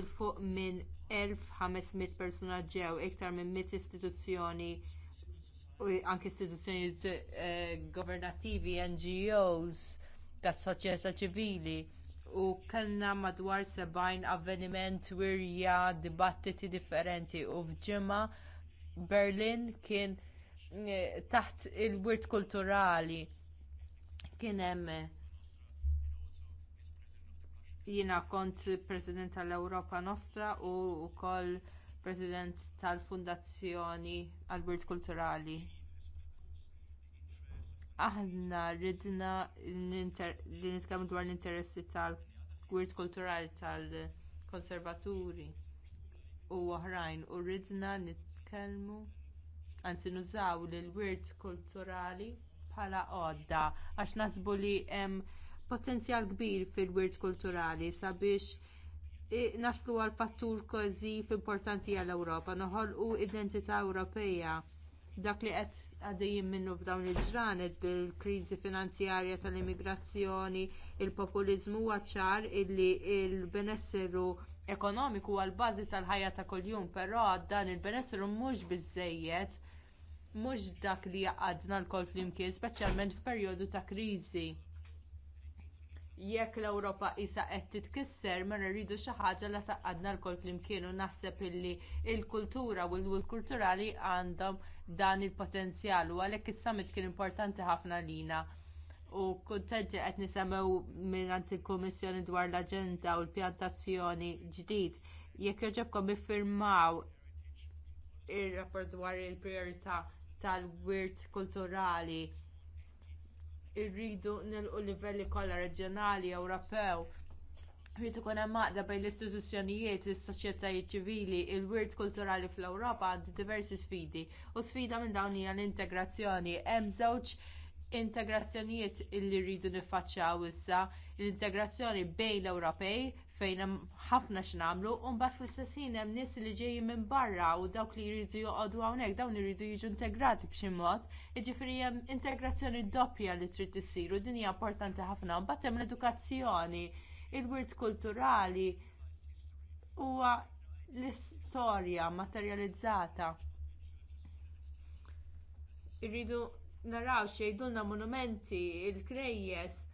il fuq minn 1500 persuna ġew iktar minn 100 istituzzjoni u anke istituzzjoni eh, governattivi, NGOs, tas soċjetà ċivili u kellna madwar 70 avveniment wirja dibattiti differenti u f'ġimgħa Berlin kien Eh, taħt il-wirt kulturali kien hemm eh, jiena kont president tal-Ewropa Nostra u wkoll president tal-Fundazzjoni għall wirt Kulturali. Aħna ridna li nitkellmu dwar l-interessi tal-wirt kulturali tal-konservaturi u oħrajn u ridna nitkellmu anzi nużaw lil wirt kulturali bħala għodda għax nasbu li hemm potenzjal kbir fil-wirt kulturali sabiex naslu għal fattur kożiv importanti għall ewropa noħolqu identità Ewropea dak li qed għaddejjin minnu f'dawn il-ġranet bil-kriżi finanzjarja tal-immigrazzjoni, il-populiżmu huwa ċar illi l il benessru ekonomiku għal bażi tal-ħajja ta' kuljum, però dan il benesseru mhux biżżejjed mhux dak li jaqadna lkoll flimkien, speċjalment f'perjodu ta' kriżi. Jekk l-Ewropa isa qed titkisser ma mela rridu xi ħaġa li taqadna lkoll flimkien u naħseb illi l kultura u l-wil kulturali għandhom dan il-potenzjal u għalhekk is-summit kien importanti ħafna lina. U kuntenti qed nisemgħu mingħand il-Kummissjoni dwar l-aġenda u l-pjantazzjoni ġdid jekk joġobkom iffirmaw ir-rapport dwar il-priorità tal-wirt kulturali irridu nilqu livelli kollha reġjonali Ewropew. Rrid ikun hemm għaqda bejn l-istituzzjonijiet, is-soċjetajiet ċivili, il-wirt kulturali fl-Ewropa għandi diversi sfidi. U sfida minn dawn hija l-integrazzjoni. Hemm żewġ integrazzjonijiet illi rridu niffaċċjaw issa l-integrazzjoni bejn l-Ewropej fejn hemm ħafna x'namlu u mbagħad fl-istess ħin hemm nies li ġejjin minn barra u dawk li jridu joqogħdu hawnhekk dawn iridu jiġu integrati b'xi mod, jiġifieri hemm integrazzjoni doppja li trid issir u din hija importanti ħafna. Mbagħad hemm l-edukazzjoni, il-wirt kulturali huwa l-istorja materjalizzata. Irridu naraw xejdulna monumenti, il-krejjes,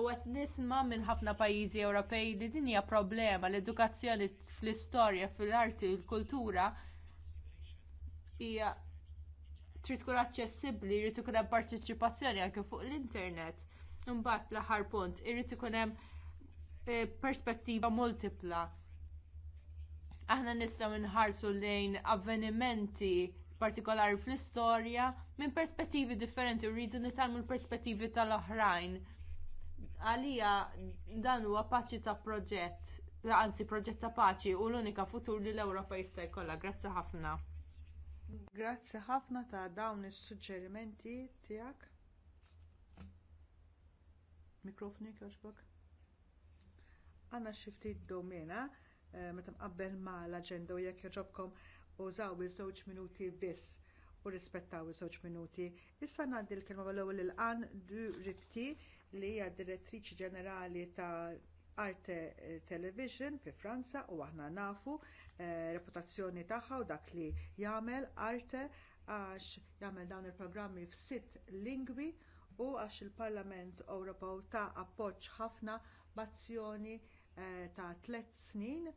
U qed nisma minn ħafna pajjiżi Ewropej li din hija problema l-edukazzjoni fl-istorja, fil-arti, l-kultura hija trid tkun aċċessibbli, jrid ikun hemm parteċipazzjoni anke fuq l-internet. Imbagħad l-aħħar punt, irid ikun hemm eh, perspettiva multipla. Aħna nistgħu nħarsu lejn avvenimenti partikolari fl-istorja minn perspettivi differenti u rridu nitalmu l-perspettivi tal-oħrajn għalija dan huwa paċi ta' proġett, anzi proġett ta' paċi u l-unika futur li l-Ewropa jista' jkollha. Grazzi ħafna. Grazzi ħafna ta' dawn is-suġġerimenti tiegħek. Mikrofni kħoġbok. Għanna ftit domena, eh, meta mqabbel ma' l-agenda u jekk jogħġobkom użaw iż-żewġ minuti biss u rispettaw iż-żewġ minuti. Issa ngħaddi l-kelma l-ewwel il-qan du ripti li hija direttriċi ġenerali ta' Arte eh, Television fi Franza u aħna nafu eh, reputazzjoni tagħha u dak li jagħmel Arte għax jagħmel dawn il-programmi f'sitt lingwi u għax il-Parlament Ewropew ta' appoġġ ħafna b'azzjoni eh, ta' tliet snin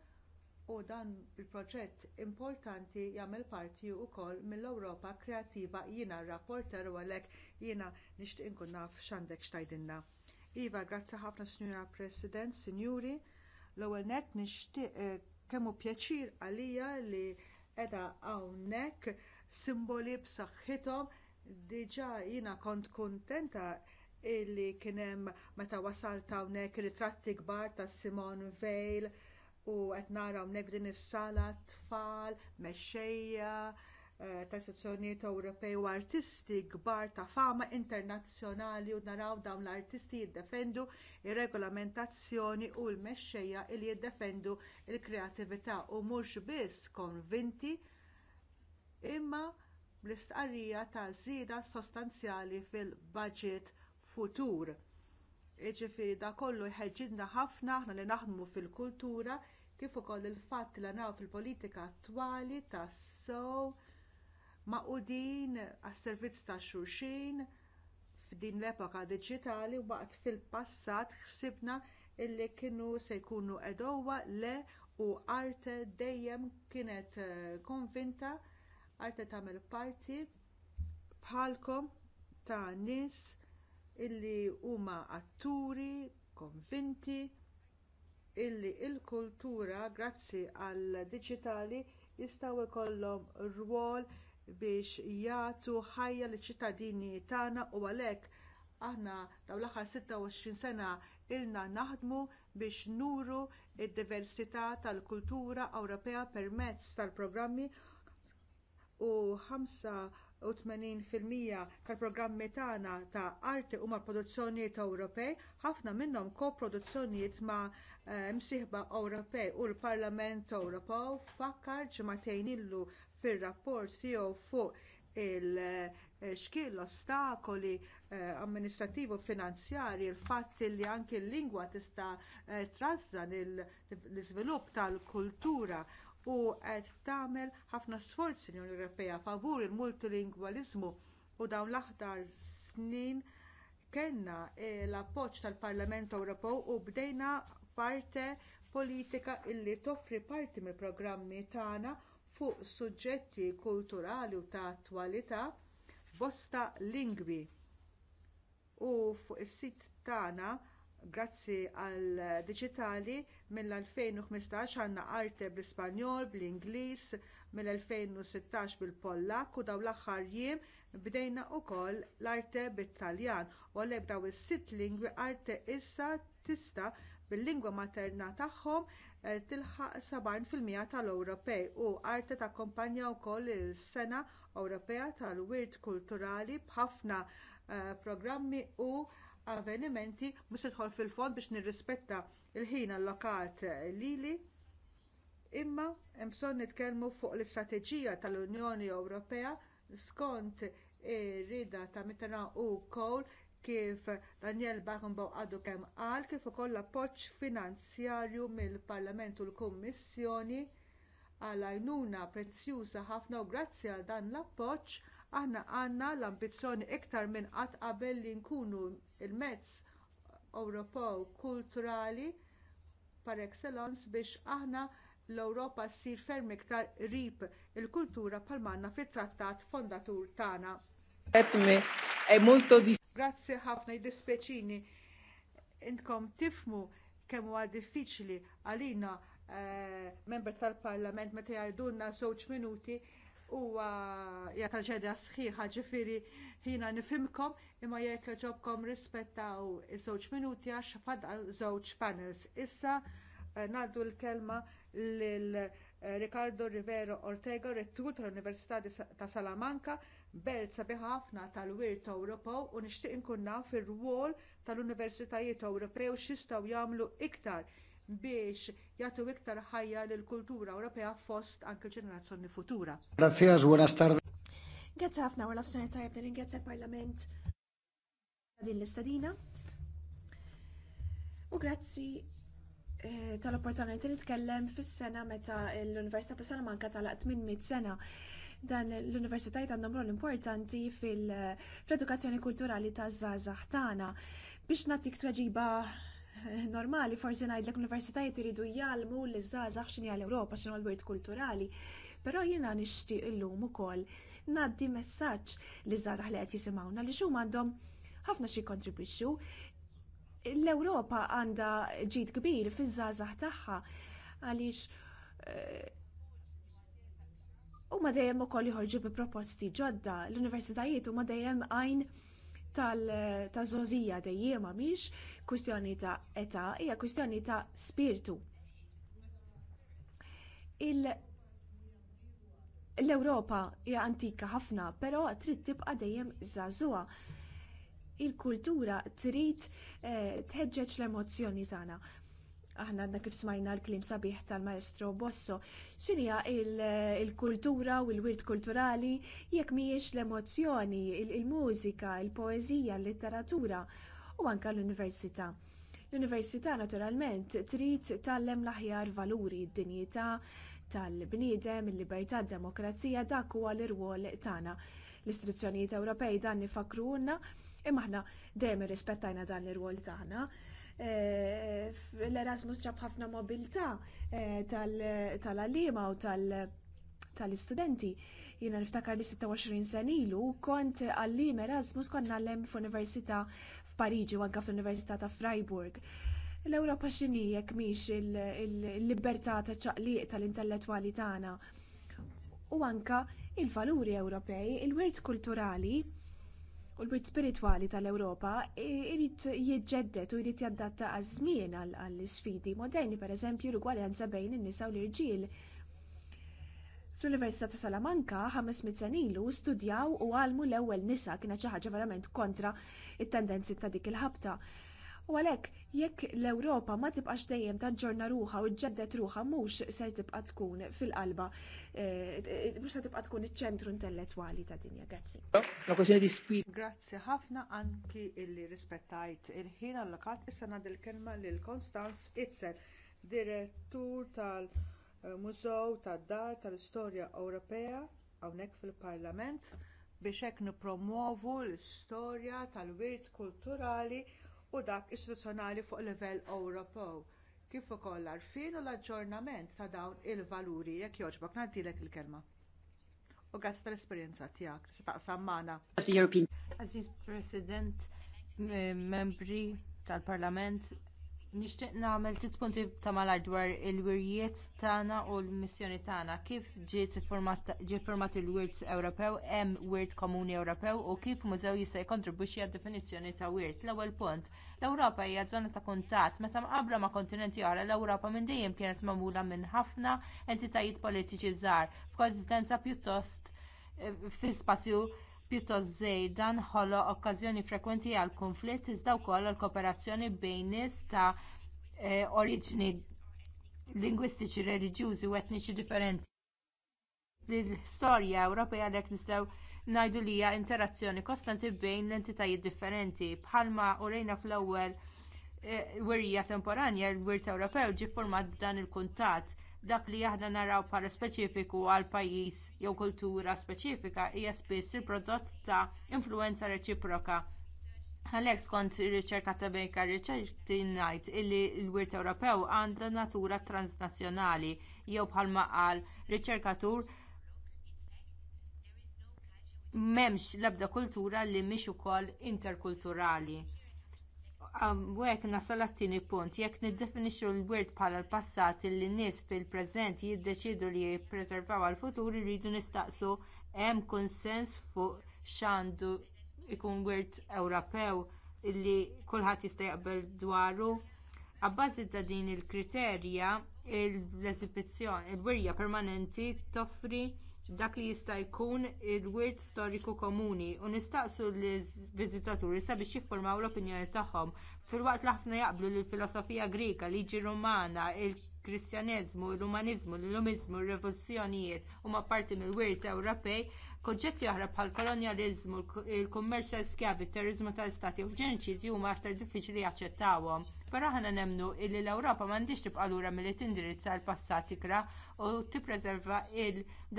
u dan il-proġett importanti jagħmel parti wkoll mill-Ewropa kreattiva jiena rapporter u għalhekk jiena nixtieq inkun naf x'għandek xtajdinna. Iva, grazzi ħafna Sinjura President, Sinjuri, l-ewwel nett nixtieq eh, kemm hu pjaċir għalija li qiegħda hawnhekk simboli b'saħħithom diġà jiena kont kuntenta illi kien hemm meta wasalt hawnhekk ritratti kbar ta' Simone Veil, vale, u qed naraw nek din is-sala tfal, mexxejja eh, ta' sezzjonijiet Ewropej u artisti kbar ta' fama internazzjonali u naraw dawn l-artisti jiddefendu r regolamentazzjoni u l-mexxejja li jiddefendu l kreattività u mhux biss konvinti imma bl-istqarrija ta' żieda sostanzjali fil-budget futur. Jiġifieri da kollu jħeġġidna ħafna aħna li naħdmu fil-kultura kif ukoll il-fatt li naraw fil-politika attwali tas-sow maqudin għas-servizz ta' xulxin f'din l-epoka diġitali waqt fil-passat ħsibna illi kienu se jkunu edowa le u arte dejjem kienet eh, konvinta arte tagħmel parti bħalkom ta' nies illi huma atturi konvinti illi l kultura grazzi għal diġitali jistgħu jkollhom rwol biex jagħtu ħajja liċ ċittadini tagħna u għalhekk aħna dawn l-aħħar 26 sena ilna naħdmu biex nuru d diversità tal-kultura Ewropea permezz tal-programmi u 80% tal-programmi tagħna ta' arti huma produzzjonijiet Ewropej, ħafna minnhom koproduzzjonijiet ma' eh, msieħba Ewropej u l-Parlament Ewropew fakkar ġimagħtejn illu fir-rapport tiegħu fuq il-xkil l-ostakoli eh, amministrativi u finanzjarji, il-fatt li anki l-lingwa tista' eh, trażżan l-iżvilupp tal-kultura u qed tagħmel ħafna sforzi l-Unjoni Ewropea favur il-multilingwaliżmu u dawn l-aħdar snin kellna eh, l-appoġġ tal-Parlament Ewropew u bdejna parte politika illi toffri parti mill-programmi tagħna fuq suġġetti kulturali u ta' attwalità bosta lingwi. U fuq is-sit tagħna grazzi għal diġitali mill-2015 għandna arte bl-Ispanjol, bl-Ingliż, mill-2016 bil-Pollak u dawn l-aħħar jiem bdejna wkoll l-arte bit-Taljan u għalhekk daw is-sitt lingwi arte issa tista' bil-lingwa materna tagħhom eh, tilħaq 70% tal-Ewropej u arte takkompanja wkoll is sena Ewropea tal-Wirt Kulturali b'ħafna eh, programmi u avvenimenti mhux idħol fil-fond biex nirrispetta l ħin allokat lili imma hemm bżonn nitkellmu fuq l-istrateġija tal-Unjoni Ewropea skont ir-rida ta' Mitterrand u Cole kif Daniel Barnbaugh għadu kemm qal kif ukoll appoġġ finanzjarju mill-Parlament u l-Kummissjoni għal għajnuna prezzjuża ħafna u grazzi għal dan l-appoġġ Aħna għandna l-ambizzjoni iktar minn qatt qabel li nkunu l mezz Ewropew kulturali par excellence biex aħna l-Ewropa ssir ferm iktar qrib il-kultura bħal manna fit-trattat fondatur tagħna. Grazzi ħafna jdispjaċini. Intkom tifmu kemm huwa diffiċli għalina eh, member tal-Parlament meta jgħidulna żewġ minuti huwa ja traġedja sħiħa ġifieri ħina nifimkom imma jekk ġobkom rispettaw iż-żewġ minuti għax fadqal żewġ panels. Issa eh, ngħaddu l-kelma lil eh, Ricardo Rivero Ortega, rettur tal-Università ta' Salamanca, belt sabi ħafna tal-Wirt Ewropew u nixtieq inkun naf ir-rwol tal-Universitajiet Ewropew x'jistgħu jagħmlu iktar biex jagħtu iktar ħajja lill kultura Ewropea fost anke ġenerazzjoni futura. Grazie, buenas tardes. Grazie ħafna wara f'sena tajb nirringrazzja l-Parlament din l-istadina. U grazzi eh, tal-opportunità li tkellem fis-sena meta l-Università ta' Salamanka talaqt minn mit sena dan l-universitajt għandhom rol importanti fil-edukazzjoni kulturali ta' Zazax tagħna. Biex nagħtik traġiba normali forsi ngħidlek universitajiet iridu jgħalmu l żgħażagħ x'inhi l ewropa x'inhu l-wirt kulturali, però jiena nixtieq illum ukoll ngħaddi messaġġ li żgħażagħ li qed jisimgħuna li xhum għandhom ħafna xi kontribwixxu. L-Ewropa għandha ġid kbir fiż-żgħażagħ tagħha għaliex eh, u ma dejjem ukoll joħorġu bi proposti ġodda l-universitajiet u ma dejjem għajn tal-żożija dejjem mhix kwistjoni ta' età, hija kwistjoni ta' spiritu. L-Ewropa hija antika ħafna, però trid tibqa' dejjem żagħżugħa. Il-kultura trid eh, tħeġġeġ l-emozzjoni tagħna aħna għadna kif smajna l-klim sabiħ tal-maestro Bosso, xinija il-kultura u l-wirt kulturali jekk miex l-emozjoni, il-mużika, il-poezija, l-litteratura u anka l-università. L-università naturalment trid tallem l-aħjar valuri, d-dinjità tal-bniedem, il-libertà, d-demokrazija, dak huwa l-irwol tagħna. L-istruzzjonijiet Ewropej dan nifakru imma aħna dejjem irrispettajna dan l-irwol tagħna Eh, l-Erasmus ġab ħafna mobilità eh, tal-għalima u tal-istudenti. Jina niftakar li 26 senilu, ilu kont għallim Erasmus konna għallem f'Università f'Pariġi u anke fl-Università ta' Freiburg. L-Ewropa xini jek mhix il-libertà ta' ċaqliq tal-intellettwali tagħna u anke il-valuri Ewropej, il-wirt kulturali u l-bit spirituali tal-Ewropa jrid jiġġedded u jrid jaddatta għaż-żmien għall-isfidi moderni, pereżempju l-ugwaljanza bejn in-nisa u l-irġiel. Fl-Università ta' Salamanka, 500 sen ilu studjaw u għalmu l-ewwel nisa kienet xi ħaġa verament kontra it-tendenzi ta' dik il-ħabta. U għalhekk jekk l-Ewropa ma tibqax dejjem taġġorna ruħa u ġġeddet ruħa mhux se tibqa' tkun fil-qalba eh, mhux se tibqa' tkun iċ-ċentru intellettwali ta' dinja. Grazzi. Grazzi ħafna anki illi rispettajt il-ħin allokat issa nagħdi l-kelma lil Konstanz Itzel, direttur tal-Mużew tad-Dar tal-Istorja Ewropea hawnhekk fil-Parlament biex hekk nippromovu l-istorja tal-wirt kulturali u dak istituzzjonali fuq livell Ewropew kif ukoll għarfien u l-aġġornament ta' dawn il-valuri jekk jogħġbok ngħaddilek il-kelma. U grazzi tal-esperjenza tiegħek se taqsam magħna. Aziz President, membri tal-Parlament, Nixtieq nagħmel tit punti ta' malar dwar il-wirjiet tagħna u l-missjoni tagħna. Kif ġiet format il-wirt Ewropew, hemm wirt komuni Ewropew u kif mużew jista' jkontribwixxi għad-definizzjoni ta' wirt. L-ewwel punt, l-Ewropa hija żona ta' kuntatt meta mqabbra ma' kontinenti oħra l-Ewropa minn dejjem kienet magħmula minn ħafna entitajiet politiċi żgħar f'konsistenza pjuttost eh, fi spazju pjuttost żejda nħolo okkażjoni frekwenti għal kunflitt iżda wkoll għal kooperazzjoni bejn nies ta' e, oriġni lingwistiċi, reliġjużi u etniċi differenti. L-istorja Ewropea għalhekk nistgħu ngħidu li hija interazzjoni kostanti bejn l-entitajiet differenti bħalma urejna fl-ewwel e, wirja temporanja l-wirt Ewropew ġie format dan il-kuntatt dak li aħna naraw bħala speċifiku għal pajjiż jew kultura speċifika hija spiss il-prodott ta' influwenza reċiproka. Għalhekk skont ir-riċerka ta' Baker Riċerti ngħid illi l-Wirt Ewropew għandha natura transnazzjonali jew bħalma qal riċerkatur m'hemmx l-ebda kultura li mhix ukoll interkulturali. Għamwek nasal t-tieni punt, jekk niddefinixxu l-word bħala l-passat li n-nies fil-preżent jiddeċidu li jippreservaw għal-futur irridu nistaqsu hemm konsens fuq x'għandu ikun word Ewropew li kulħadd jista' jaqbel dwaru. Abbażi ta' din il-kriterja l-eżibizzjoni, il-wirja permanenti toffri dak li jista' jkun il-wirt storiku komuni u nistaqsu l-viżitaturi sabiex jiffurmaw l-opinjoni tagħhom filwaqt li ħafna jaqblu lill l-filosofija Grika, liġi Rumana, il-Kristjaneżmu, l-Umaniżmu, l-Lumizmu, r-revoluzzjonijiet huma parti mill-wirt Ewropej, konċetti oħra bħal kolonjaliżmu, il-kummerċ tal-skjavi, it-terrorizmu tal-istati u l-ġenoċidju huma aktar diffiċli jaċċettawhom però aħna nemnu li l-Ewropa m'għandix tibqa' lura milli tindirizza l-passat ikra u tippreserva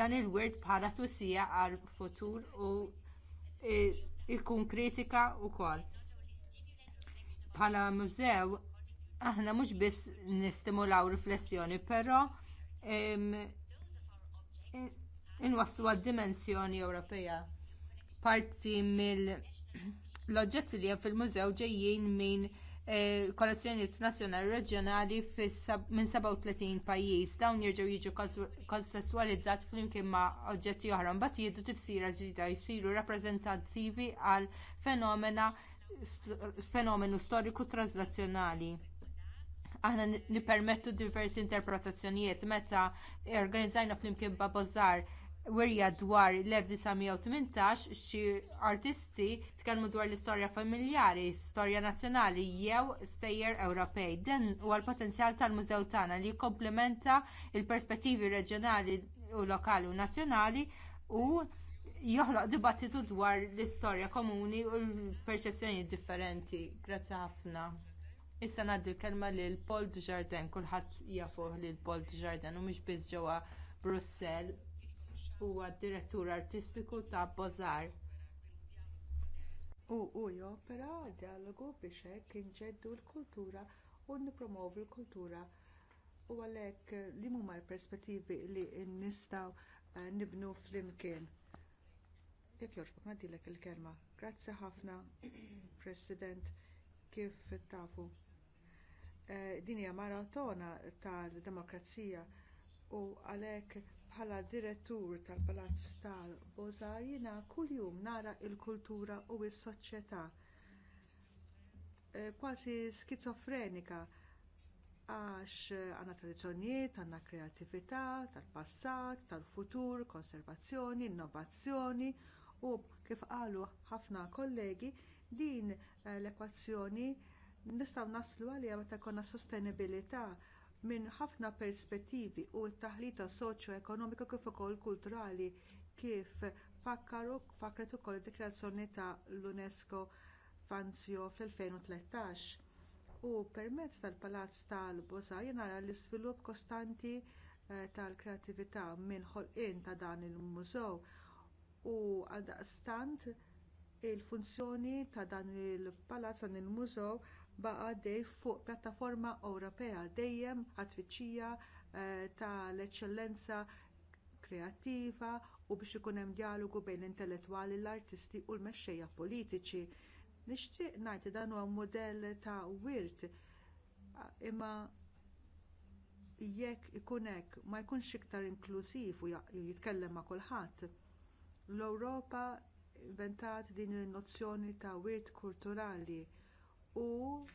dan il-wirt bħala twissija għall futur u ikun kritika wkoll. Bħala mużew aħna mhux biss nistimulaw riflessjoni, però inwasslu għad-dimensjoni Ewropea. Parti mill-oġġetti [CLEARS THROAT] li hemm fil-mużew ġejjin minn Eh, kollezzjonijiet nazzjonali reġjonali minn 37 pajjiż dawn jerġgħu jiġu kontestualizzat flimkien ma' oġġetti oħra mbagħad jiedu tifsira ġdida jsiru rappreżentattivi għal fenomenu storiku transnazzjonali. Aħna nippermettu diversi interpretazzjonijiet meta organizzajna flimkien babozzar wirja dwar l-1918 xi artisti tkellmu dwar l-istorja familjari, storja nazzjonali jew stejjer Ewropej. Dan huwa l-potenzjal tal-mużew tagħna li jikkomplementa l perspettivi reġjonali u lokali u nazzjonali u joħloq dibattitu dwar l-istorja komuni u l-perċezzjonijiet differenti. Grazzi ħafna. Issa ngħaddi l lil Paul Dujardin, kulħadd jafuh lil Paul u mhux ġewwa Brussell huwa direttur artistiku ta' Bozar. U hu jopera dialogu biex hekk inġeddu l-kultura u nippromovu l-kultura u għalhekk li huma l-perspettivi li nistgħu eh, nibnu flimkien. Jekk jogħġbok nadilek il-kelma. Grazzi ħafna, [CLEARS THROAT] President, kif tafu. Eh, din hija maratona tal-demokrazija u għalhekk bħala direttur tal-Palazz tal-Bozar jiena kuljum nara l kultura u s-soċjetà eh, kważi skizofrenika għax eh, għandna tradizzjonijiet, għandna kreattività, tal-passat, tal-futur, konservazzjoni, innovazzjoni u kif qalu ħafna kollegi din eh, l-ekwazzjoni nistgħu naslu għalija meta jkollna sostenibilità minn ħafna perspettivi u t-taħlita soċjo-ekonomika kif ukoll kulturali kif fakret ukoll id dikrazzjoni ta' l-UNESCO Fanzio fl-2013. U permezz tal-Palazz tal-Bosa jenara l-iżvilupp kostanti eh, tal-kreatività minn ħolqien ta' dan il-mużew u għaldaqstant il-funzjoni ta' dan il-palazz dan il-mużew baqa dej fuq pjattaforma Ewropea dejjem għat-tfittxija eh, tal-eċċellenza kreattiva u biex ikun hemm dijalogu bejn l-intellettwali l-artisti u l-mexxejja politiċi. Nixtieq ngħid dan huwa mudell ta' wirt imma jekk ikun hekk ma jkunx iktar inklużiv u jitkellem ma' kulħadd. L-Ewropa inventat din in nozzjoni ta' wirt kulturali u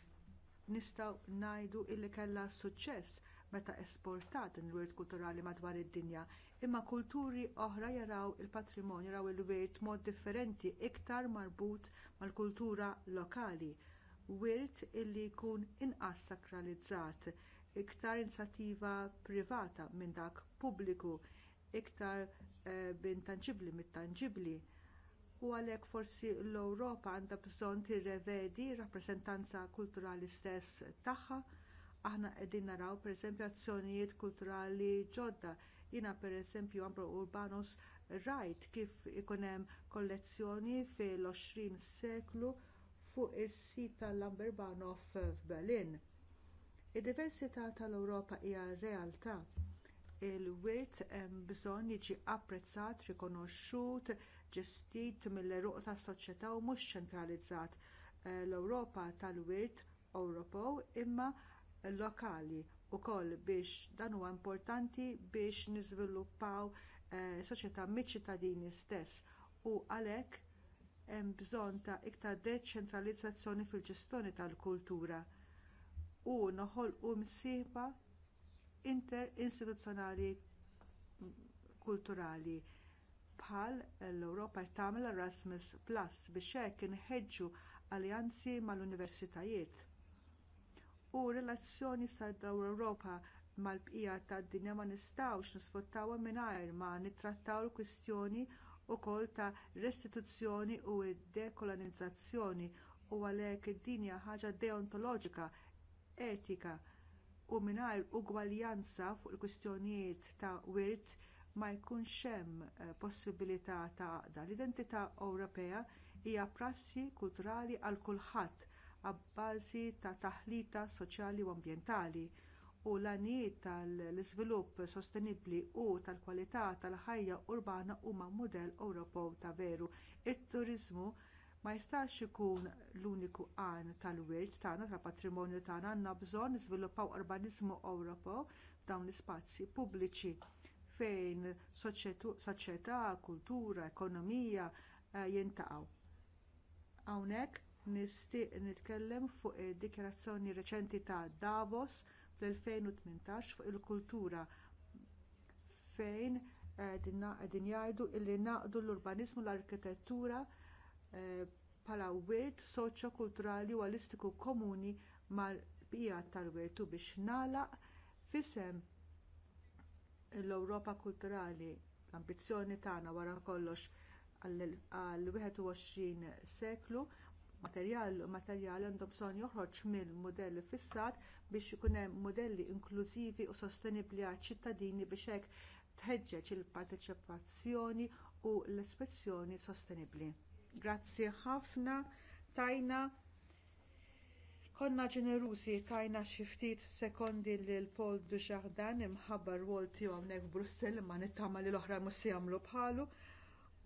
nistgħu ngħidu illi kellha suċċess meta esportat din il-wirt kulturali madwar id-dinja, imma kulturi oħra jaraw il-patrimonju, jaraw il-wirt mod differenti iktar marbut mal-kultura lokali. Wirt illi jkun inqas sakralizzat, iktar inizjattiva privata minn dak pubbliku, iktar eh, bin tangibli mit-tangibli u għalhekk forsi l-Ewropa għandha bżonn tirrevedi r rappreżentanza kulturali stess tagħha. Aħna qegħdin naraw pereżempju azzjonijiet kulturali ġodda. Jiena pereżempju Ambro Urbanus rajt kif ikun hemm kollezzjoni fil-20 seklu fuq is-sit tal-Lamberbanov f'Berlin. Id-diversità tal-Ewropa hija realtà il-wirt hemm bżonn jiġi apprezzat, rikonoxxut, ġestit mill-eruq tas-soċjetà u mhux ċentralizzat eh, l-Ewropa tal-Wirt Ewropew imma lokali wkoll biex dan huwa importanti biex niżviluppaw eh, soċjetà miċ-ċittadini stess u għalhekk hemm bżonn ta' iktar deċentralizzazzjoni fil-ġestjoni tal-kultura u noħolqu msiba interinstituzzjonali kulturali bħal l-Ewropa tagħmel Erasmus Plus biex hekk inħeġġu aljanzi mal-universitajiet. U relazzjoni sad-daw Ewropa mal-bqija tad-dinja ma nistgħux nisfruttawha mingħajr ma nittrattaw l-kwistjoni wkoll ta' restituzzjoni u dekolonizzazzjoni u għalhekk id dinja hija ħaġa deontoloġika, etika u mingħajr ugwaljanza fuq il-kwistjonijiet ta' wirt ma jkunx hemm eh, possibilità ta' għaqda. L-identità Ewropea hija prassi kulturali għal kulħadd għabbażi ta' taħlita soċjali u ambjentali u l-għanijiet tal-iżvilupp sostenibbli u tal-kwalità tal-ħajja urbana huma mudell Ewropew ta' veru. It-turiżmu ma jistax ikun l-uniku għan tal-wirt tagħna tal-patrimonju tagħna għandna bżonn niżviluppaw urbaniżmu Ewropew f'dawn l-ispazji pubbliċi fejn soċjetà, kultura, ekonomija eh, jintaqgħu. Hawnhekk nixtieq nitkellem fuq id-dikjarazzjoni reċenti ta' Davos fl-2018 fuq il-kultura fejn qegħdin jgħidu li naqdu l-urbanizmu l-arkitettura eh, bħala wirt soċjo-kulturali u għalistiku komuni mal-bqija tal-wirtu biex nagħlaq fisem l-Ewropa kulturali, l-ambizzjoni tagħna wara kollox għall-21 seklu materjal materjal għandhom bżonn joħroġ minn mudell fissat biex ikun hemm mudelli inklużivi u sostenibbli għaċ-ċittadini biex hekk tħeġġeġ il-parteċipazzjoni u l espressjoni sostenibbli. Grazzi ħafna tajna Konna ġenerużi tajna xi ftit sekondi lil Paul Duxardan imħabba wol tiegħu hawnhekk Brussell imma nittama li l-oħra mhux se jagħmlu bħalu.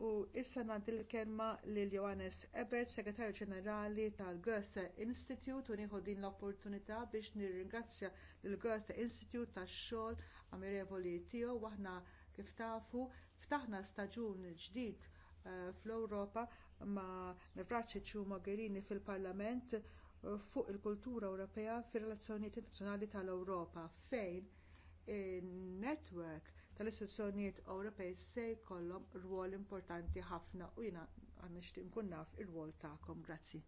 U issa nagħti l-kelma lil Johannes Ebert, Segretarju Ġenerali tal-Goethe Institute, u nieħu din l-opportunità biex nirringrazzja lill Goethe Institute tax-xogħol amirevoli tiegħu aħna kif tafu ftaħna staġun ġdid eh, fl-Ewropa ma' Navracic u Mogherini fil-Parlament fuq il-kultura Ewropea fir-relazzjonijiet internazzjonali tal-Ewropa fejn in-netwerk tal-istituzzjonijiet Ewropej se jkollhom rwol importanti ħafna u jiena għandix nkun naf ir-rwol tagħkom. Grazzi.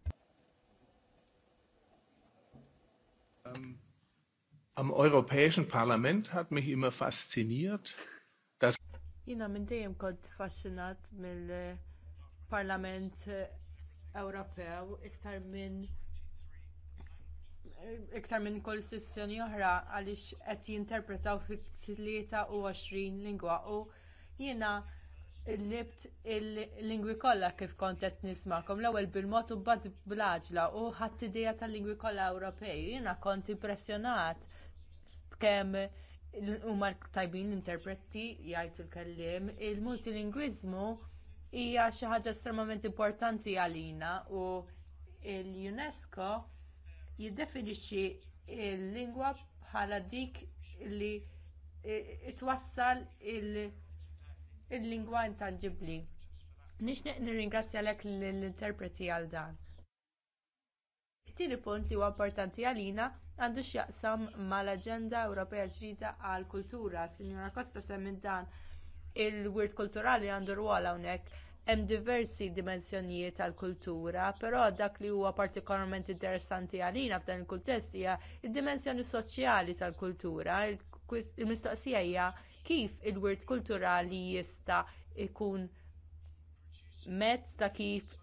Um, am Europäischen Parlament hat mich immer fasziniert, dass Jina minn dejjem kont fascinat mill-Parlament Ewropew iktar minn iktar minn kull sessjoni oħra għaliex qed jinterpretaw fi 23 lingwa u jiena libt il-lingwi kollha kif kont qed nismakom l-ewwel bil-mod u bad bl-għaġla u ħadd idea tal-lingwi kollha Ewropej. Jiena kont impressjonat b'kemm huma tajbin l-interpreti jgħid il-kelliem il-multilingwiżmu hija xi ħaġa estremament importanti għalina u l-UNESCO jiddefinixxi l-lingwa bħala dik li e, twassal il-lingwa intangibbli. Nixtieq nirringrazzjalek l-interpreti għal dan. Tieni punt li huwa importanti għalina għandu x'jaqsam mal-Aġenda Ewropea ġdida għall kultura Sinjora Kosta semmi dan il-wirt kulturali għandu rwol hawnhekk Hemm diversi dimensjonijiet tal-kultura, però dak li huwa partikolarment interessanti għalina f'dan il-kuntest hija id-dimensjoni soċjali tal-kultura. Il-mistoqsija hija kif il-wirt kulturali jista' jkun mezz ta' kif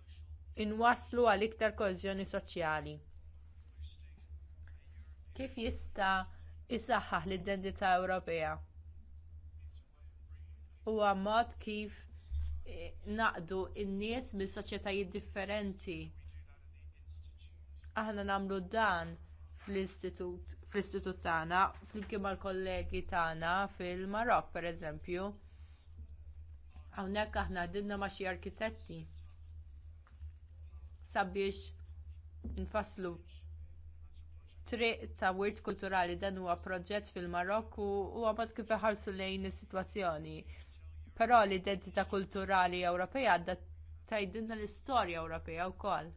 inwasslu għal iktar koeżjoni soċjali. Kif jista' isaħħaħ l-identità Ewropea? Huwa mod kif naqdu n-nies minn soċjetajiet differenti. Aħna nagħmlu dan fl-istitut fl-istitut tagħna, flimkien mal-kollegi tagħna fil-Marok pereżempju. Hawnhekk aħna dinna ma' xi arkitetti sabiex infasslu triq ta' wirt kulturali dan huwa proġett fil-Marokku huwa mod kif iħarsu lejn is-sitwazzjoni però l-identità kulturali Ewropea għadha tgħidilna l-istorja Ewropea wkoll.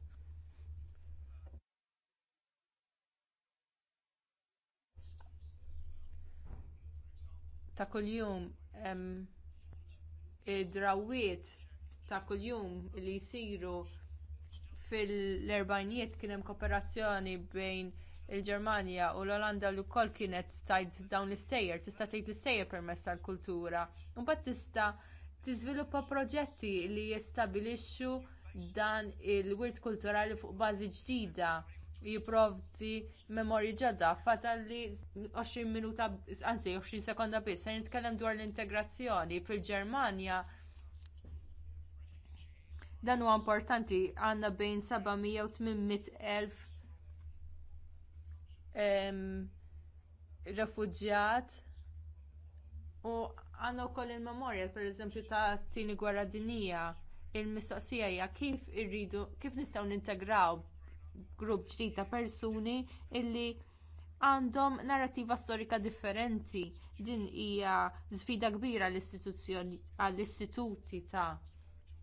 Ta' kuljum id-drawiet ta' kuljum li jsiru fil-erbajniet kien hemm kooperazzjoni bejn il-Ġermanja u l-Olanda li wkoll kienet tajt dawn l-istejjer, tista' tgħid l-istejjer permezz tal-kultura. Imbagħad tista' tiżviluppa proġetti li jistabilixxu dan il-wirt kulturali fuq bażi ġdida jipprovdi memorji ġodda fata li 20 minuta, anzi 20 sekonda biss, se nitkellem dwar l-integrazzjoni fil-Ġermanja dan huwa importanti għandna bejn 700 u 800 elf refugjat u għandna wkoll il per pereżempju ta' tieni gwerra dinija il-mistoqsija hija kif irridu kif nistgħu nintegraw grupp ġdid ta' persuni illi għandhom narrattiva storika differenti din hija sfida kbira għall-istituti ta'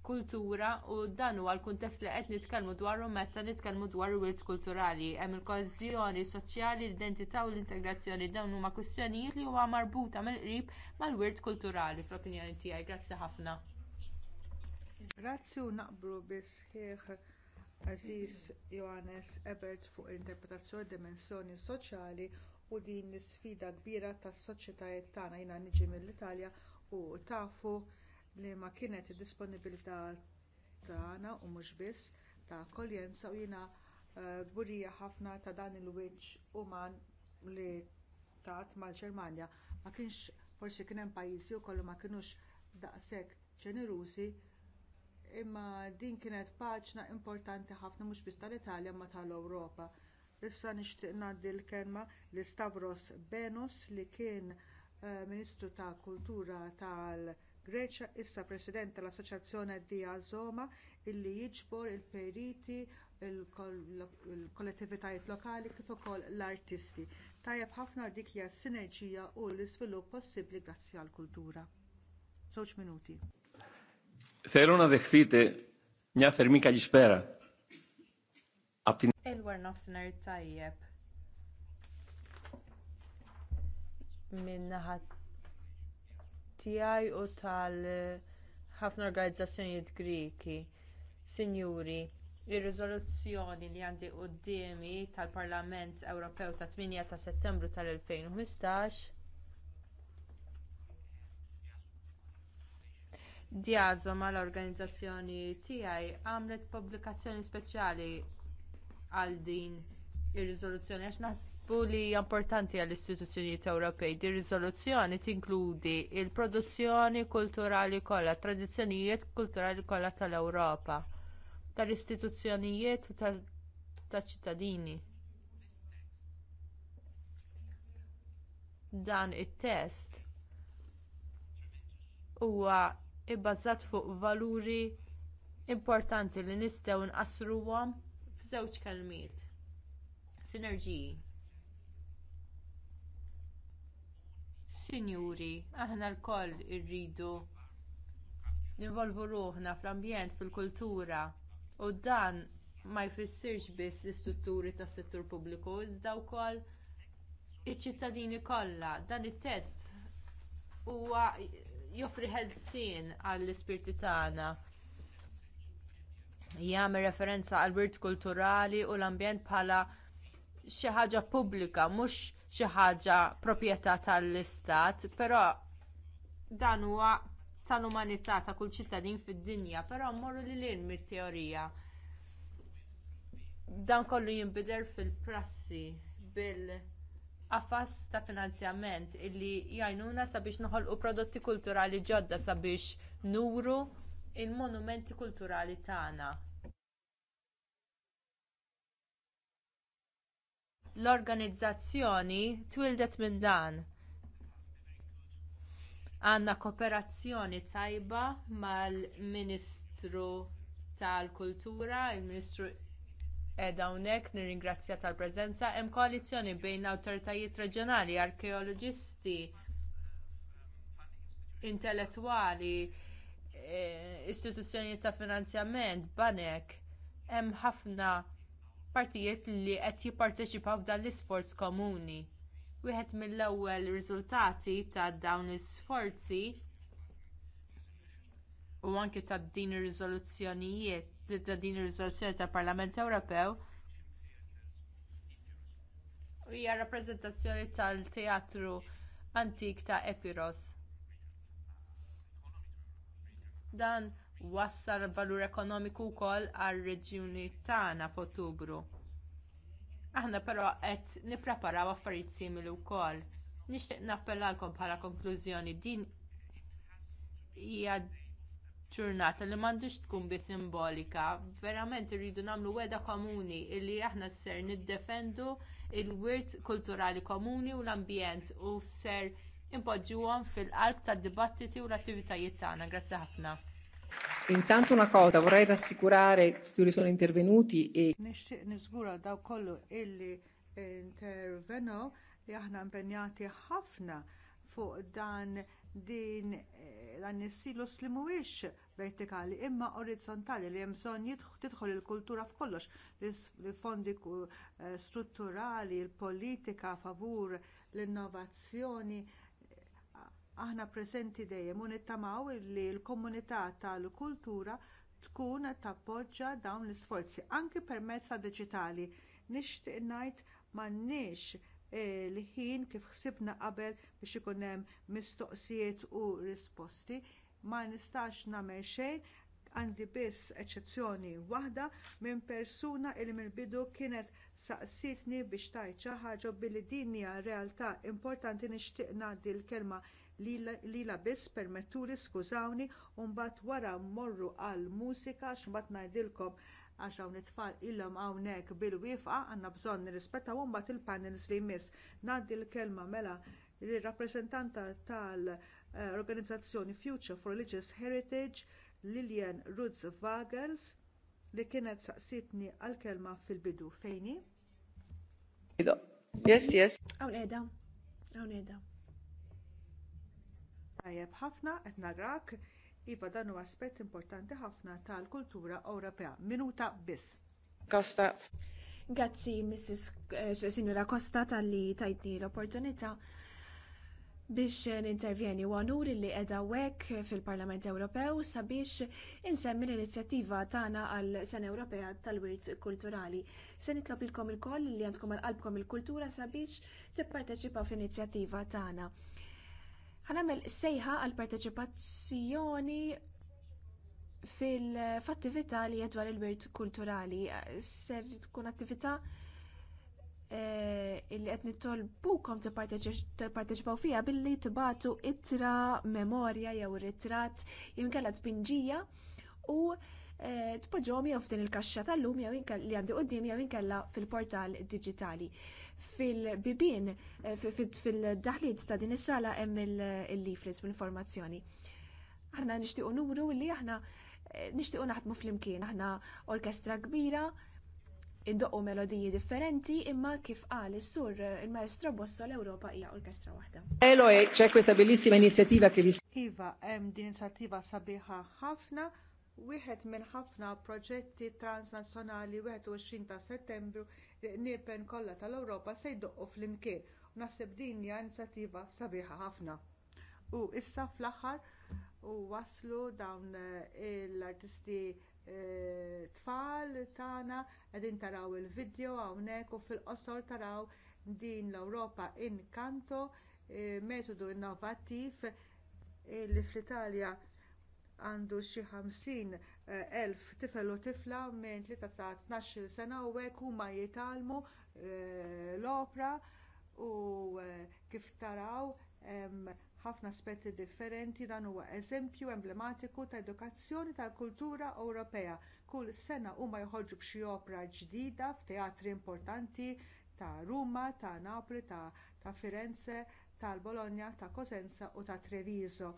kultura u dan huwa l-kuntest li qed nitkellmu dwaru meta nitkellmu dwar il-wirt kulturali. Hemm il-kożjoni soċjali, l-identità u l-integrazzjoni dawn huma kwistjonijiet li huwa marbuta mill-qrib mal-wirt kulturali fl-opinjoni tiegħi. Grazzi ħafna. Grazzi u naqbru biss bisħieħ Aziz Johannes Ebert fuq l-interpretazzjoni dimensjoni soċjali u din l isfida kbira tas soċjetajiet tagħna jiena niġi mill-Italja u tafu li ma kienet id disponibilità tagħna u mhux biss ta' akkoljenza u jiena eh, gburija ħafna ta' dan il-wiċċ uman li tat mal-Ġermanja. Ma kienx forsi kien hemm pajjiżi wkoll ma kinux daqshekk ġenerużi imma din kienet paġna importanti ħafna mhux biss tal-Italja ma tal-Ewropa. Issa nixtieq ngħaddi l-kelma li Stavros Benos li kien eh, Ministru tal Kultura tal Greċja issa president tal-Assoċjazzjoni Dija Zoma illi jiġbor il-periti il-kollettivitajiet lokali kif ukoll l-artisti. Tajjeb ħafna dik hija sinerġija u l-iżvilupp possibbli grazzi għall kultura. Żewġ minuti. Θέλω να δεχθείτε μια θερμή καλησπέρα. Elwar nofsinhar tajjeb. Min naħat tiegħi u tal ħafna organizzazzjonijiet Griki. Sinjuri, ir-riżoluzzjoni li għandi qudiemi tal-Parlament Ewropew ta' 8 ta' Settembru tal-2015 Diazo mal organizzazzjoni tiegħi għamlet pubblikazzjoni speċjali għal din ir-riżoluzzjoni għax naħsbu li importanti għall istituzzjonijiet Ewropej. Di riżoluzzjoni tinkludi l produzzjoni kulturali kollha, tradizzjonijiet kulturali kollha tal-Ewropa, tal-istituzzjonijiet u tal-ċittadini. Dan it-test huwa ibbażat fuq valuri importanti li nistgħu nqassruhom f'żewġ kelmiet sinerġiji. Sinjuri, aħna lkoll irridu nvolvu ruħna fl-ambjent, fil-kultura u dan ma jfissirx biss l-istrutturi tas settur pubbliku, iżda wkoll iċ-ċittadini kollha. Dan it-test huwa joffri ħelsien għall-ispirti tagħna. Jagħmel referenza għall wirt kulturali u l-ambjent bħala xi ħaġa pubblika mhux xi ħaġa proprjetà tal-istat, però dan huwa tal-umanità ta' kull ċittadin fid-dinja, però mmorru lil hinn mit-teorija. Dan kollu jinbidel fil-prassi bil qafas ta' finanzjament illi jgħinuna sabiex noħolqu prodotti kulturali ġodda sabiex nuru l monumenti kulturali tagħna. l-organizzazzjoni twildet minn dan. Għandna kooperazzjoni tajba mal-Ministru tal-Kultura, il-Ministru edha hawnhekk nirringrazzja tal-preżenza hemm koalizzjoni bejn awtoritajiet reġjonali, arkeoloġisti, intellettwali, eh, istituzzjonijiet ta' finanzjament, banek, hemm ħafna partijiet li qed jipparteċipaw f'dan l-isforz komuni. Wieħed mill-ewwel riżultati ta' dawn l-isforzi u anke ta' din ir-riżoluzzjonijiet ta' din ir-riżoluzzjoni tal-Parlament Ewropew hija rappreżentazzjoni tal-teatru antik ta' Epiros. Dan wassal valur ekonomiku wkoll għar-reġjuni tagħna f'Ottubru. Aħna però qed nippreparaw affarijiet simili wkoll. Nixtieq nappellalkom bħala konklużjoni din hija ġurnata li m'għandux tkun bi simbolika, verament irridu nagħmlu weda komuni illi aħna ser niddefendu l wirt kulturali komuni u l-ambjent u ser impoġġuhom fil-qalb tad-dibattiti u l-attivitajiet tagħna. Grazzi ħafna. Intanto una cosa, vorrei rassicurare tutti quelli sono intervenuti e... Nisgura da kollu illi intervenu li aħna impenjati ħafna fuq dan din eh, dan is-silus li mhuwiex vertikali imma orizzontali li hemm bżonn tidħol il-kultura f'kollox li fondi eh, strutturali, il-politika favur l-innovazzjoni aħna preżenti dejjem u nittamaw li l-komunità tal-kultura tkun tappoġġa dawn l-isforzi anki permezz ta' diġitali. Nixtieq ngħid m'għandniex eh, l-ħin kif ħsibna qabel biex ikun hemm mistoqsijiet u risposti ma nistax nagħmel xejn għandi biss eċċezzjoni waħda minn persuna li mill-bidu kienet saqsitni biex tajċa xi ħaġa billi din hija realtà importanti nixtieq ngħaddi l-kelma lila biss permetturi skużawni u mbagħad wara mmorru għall mużika għax mbagħad ngħidilkom għax hawn it-tfal ilhom hawnhekk bil-wifqa għandna bżonn nirrispettaw u mbagħad il-panels li jmiss. Ngħaddi l-kelma mela lir-rappreżentanta tal-organizzazzjoni Future for Religious Heritage Lilian Rutz Wagers li kienet saqsitni għal kelma fil-bidu fejni. Yes, yes. Hawn qiegħda. Hawn neda. Tajjeb ħafna qed narrak iva dan huwa aspett importanti ħafna tal-kultura Ewropea. Minuta biss. Kosta. Grazzi, Mrs. Eh, Sinjura Costa tal-li tajtni l-opportunità biex nintervjeni u għanuri li edha wek fil-Parlament Ewropew sabiex insemmi l-inizjattiva tagħna għal Sena Ewropea tal-Wirt Kulturali. Se nitlob ilkom il-koll li għandkom għal qalbkom il-kultura sabiex tipparteċipa f'inizjattiva tagħna ħanamel sejħa għal parteċipazzjoni fil-fattività li jadwar il-wirt kulturali. Ser tkun attività eh, illi qed nittolbukom tipparteċipaw fiha billi tibatu ittra memorja jew ritratt jew inkella tpinġija u eh, tpoġġhom jew f'din il-kaxxa tal-lum jew li għandi quddiem jew inkella fil-portal digitali fil-bibin, eh, fil daħliet ta' din is-sala hemm il-leaflets bl-informazzjoni. Aħna nixtiequ nuru li aħna eh, nixtiequ naħdmu flimkien, aħna orkestra kbira, indoqqu melodiji differenti imma kif qal is-sur eh, il-maestro Bosso l-Ewropa hija orkestra waħda. Elo c'è questa bellissima inizjattiva che vi Iva, hemm din inizjattiva sabiħa ħafna wieħed minn ħafna proġetti transnazzjonali 21 ta' Settembru niepen kollha tal-Ewropa se jdoqqu flimkien u naħseb din hija inizjattiva sabiħa ħafna. U issa fl-aħħar u waslu dawn eh, l-artisti eh, tfal tagħna qegħdin taraw il-video hawnhekk u fil-qosor taraw din l-Ewropa inkanto eh, metodu innovattiv li fl-Italja għandu xi ħamsin Eh, elf tifel u tifla minn 3 sa 12 sena u hekk huma jitalmu eh, l-opra u eh, kif taraw ħafna aspetti differenti dan huwa eżempju emblematiku ta' edukazzjoni tal-kultura Ewropea. Kull sena huma joħorġu b'xi opra ġdida f'teatri importanti ta' Ruma, ta' Napoli, ta', ta Firenze, tal Bologna, ta' Cosenza u ta' Treviso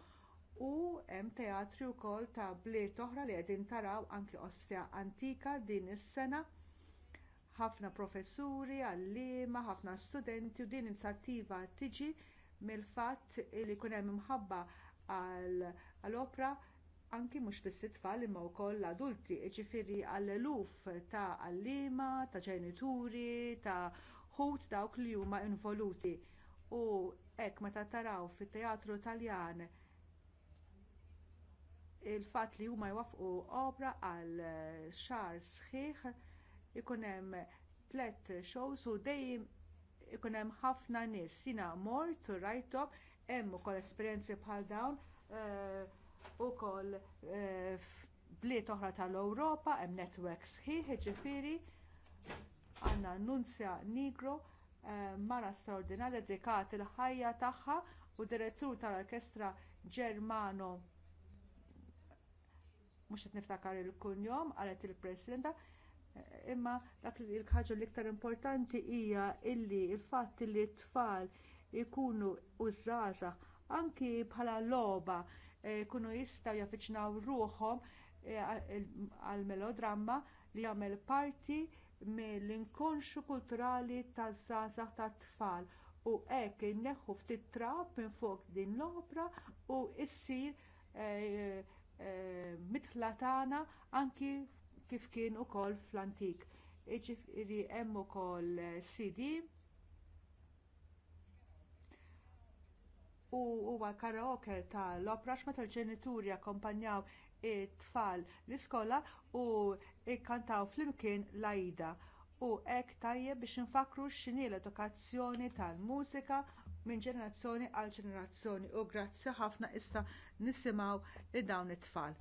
u hemm teatri wkoll ta' bliet oħra li qegħdin taraw anki Osfja Antika din is-sena ħafna professuri, għalliema, ħafna studenti u din inizjattiva tiġi mill-fatt li jkun hemm imħabba għall-opra anki mhux biss it-tfal imma wkoll l-adulti, jiġifieri għall-eluf ta' għalliema, ta' ġenituri, ta' ħut dawk li huma involuti. U hekk meta taraw fit-teatru Taljan il-fatt li huma jwafqu opra għal eh, xar sħiħ ikun hemm tliet shows u dejjem ikun hemm ħafna nies sina mort u rajtom hemm ukoll esperjenzi bħal dawn eh, ukoll eh, bliet oħra tal-Ewropa hemm networks sħiħ jiġifieri għandna Nunzja Nigro mara straordinarja dedikat il-ħajja tagħha u direttur tal-Orkestra Ġermano mhux qed niftakar il-kunjom għalet il-Presidenta imma dak il l-ħaġa l-iktar importanti hija illi l fatt li t-tfal ikunu użaza anki bħala logħba jkunu eh, jistgħu jaffiċnaw ruhom eh, għall melodramma li jagħmel parti mill-inkonxu kulturali taż-żgħażagħ tat-tfal u hekk inneħħu ftit trab minn fuq din l-opra u ssir eh, Eh, Mitħlatana tagħna anki kif kien ukoll fl-antik. Jiġifieri hemm ukoll eh, CD u huwa karaoke tal-opra x'meta l-ġenituri akkompanjaw it-tfal l-iskola u kkantaw flimkien l-ajda u hekk tajjeb biex infakru x'inhi l-edukazzjoni tal-mużika minn ġenerazzjoni għal ġenerazzjoni u grazzi ħafna issa nisimgħu li dawn it-tfal.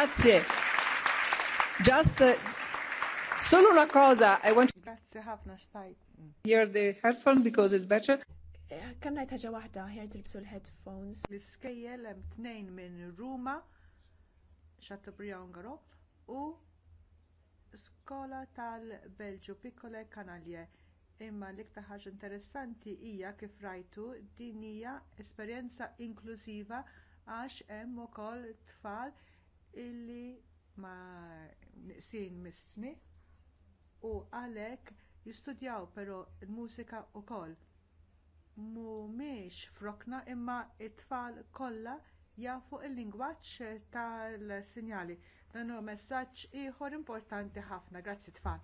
Grazie. Just uh, solo una cosa, I want to Grazie ħafna stajt. Here the headphone because it's better. Kam najt ħaġa waħda, here tilbsu l-headphones. L-iskejjel hemm tnejn minn Ruma, Chateaubriand Garop u skola tal-Belġu Piccole Kanalje. Imma l-iktar ħaġa interessanti hija kif rajtu din hija esperjenza inklużiva għax hemm ukoll tfal illi ma nisin misni u għalhekk jistudjaw però l mużika wkoll. Mhumiex frokna imma t tfal kollha jafu l lingwaġġ tal-sinjali. Dan huwa messaġġ ieħor importanti ħafna. Grazzi tfal.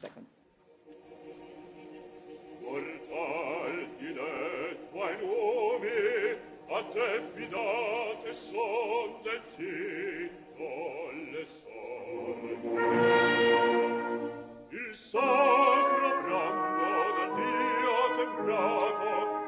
Second. te fidate son del citto le sol. Il sacro brando del Dio temprato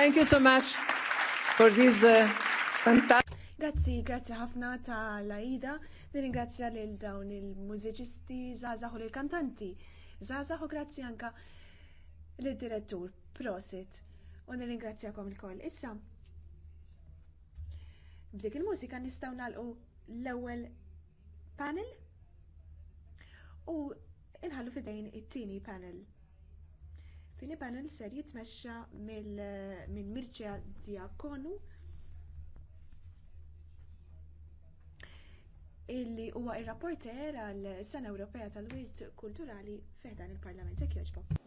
Thank you so much for this uh, fantastic. Grazzi, grazzi ħafna ta' Laida, nirringrazzja lil dawn il-mużiċisti Zazax u l-kantanti. Zazax u grazzi anka l-direttur, prosit, u nirringrazzjakom il-koll. Issa, b'dik il-mużika nistaw nalqu l-ewwel panel u inħallu fidejn it-tieni panel. Tini panel ser jitmexxa minn Mirċa Diakonu illi huwa ir-rapporter għal Sena Ewropea tal-Wirt Kulturali dan il-Parlament. Ekk joġbob.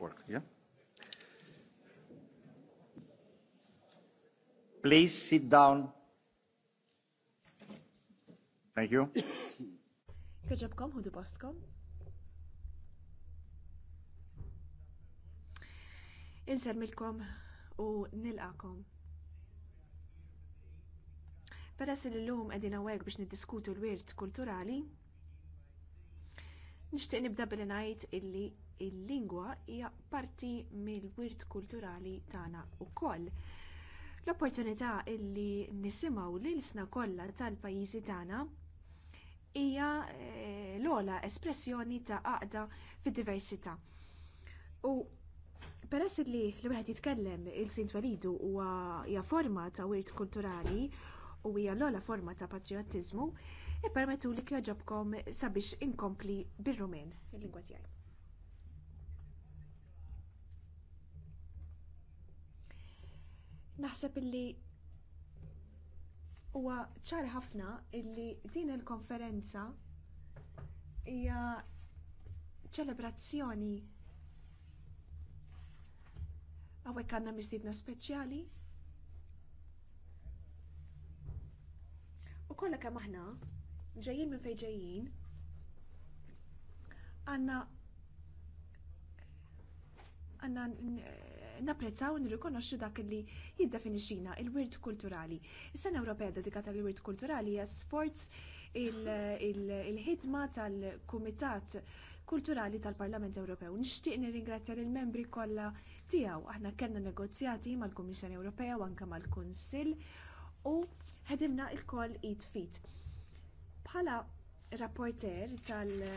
work, yeah? Please sit down. Thank you. Kħġabkom, hudu postkom. Insermilkom u nilqakom. Peress li l-lum għedin għawek biex niddiskutu l-wirt kulturali, nishtiq nibda billi ngħid illi il-lingwa hija parti mill-wirt kulturali tagħna wkoll. L-opportunità li nisimgħu l-ilsna kollha tal-pajjiżi tagħna hija eh, l-ola espressjoni ta' għaqda fid-diversità. U peress li l-wieħed jitkellem il-sint walidu huwa forma ta' wirt kulturali u hija l-ola forma ta' patriottiżmu, ippermettu li jogħġobkom sabiex inkompli bir-Rumen, il-lingwa tiegħi. Naħseb illi huwa ċar ħafna illi din il-konferenza hija ċelebrazzjoni għawek għanna mistidna speċjali u kollha kemm aħna ġejjin minn fejn ġejjin għandna għandna napprezzaw u nirrikonoxxu dak li jiddefinixxina il-wirt kulturali. Is-Sena Ewropea dedikata lill wirt kulturali hija sforz il-ħidma tal-Kumitat Kulturali tal-Parlament Ewropew. Nixtieq nirringrazzja lill membri kollha tiegħu. Aħna kellna negozjati mal-Kummissjoni Ewropea u anke mal-Kunsill u ħedimna lkoll id fit. Bħala rapporter tal-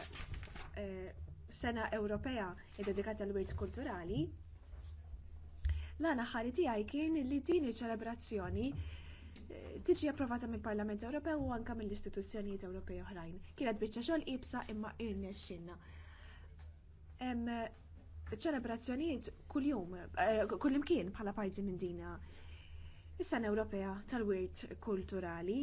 eh, sena Ewropea dedikata l-wirt kulturali, L-għana ħari tiegħi kien li din iċ-ċelebrazzjoni eh, tiġi approvata mill-Parlament Ewropew u anke mill-istituzzjonijiet Ewropej oħrajn. Kienet biċċa xogħol ibsa imma irnexxinna. Hemm ċelebrazzjonijiet kuljum, eh, imkien bħala parti minn dina is-Sena Ewropea tal-Wirt Kulturali.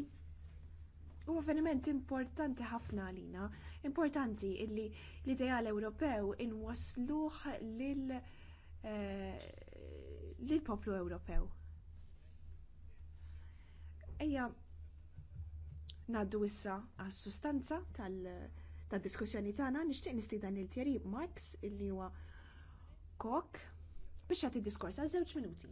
U avveniment importanti ħafna għalina, importanti illi l-ideal Ewropew inwasluh lil Eh, lill poplu Ewropew. Ejja ngħaddu issa għas sustanza tad-diskussjoni tagħna nixtieq dan il Thierry Marx illi huwa kok biex jagħti diskors għal żewġ minuti.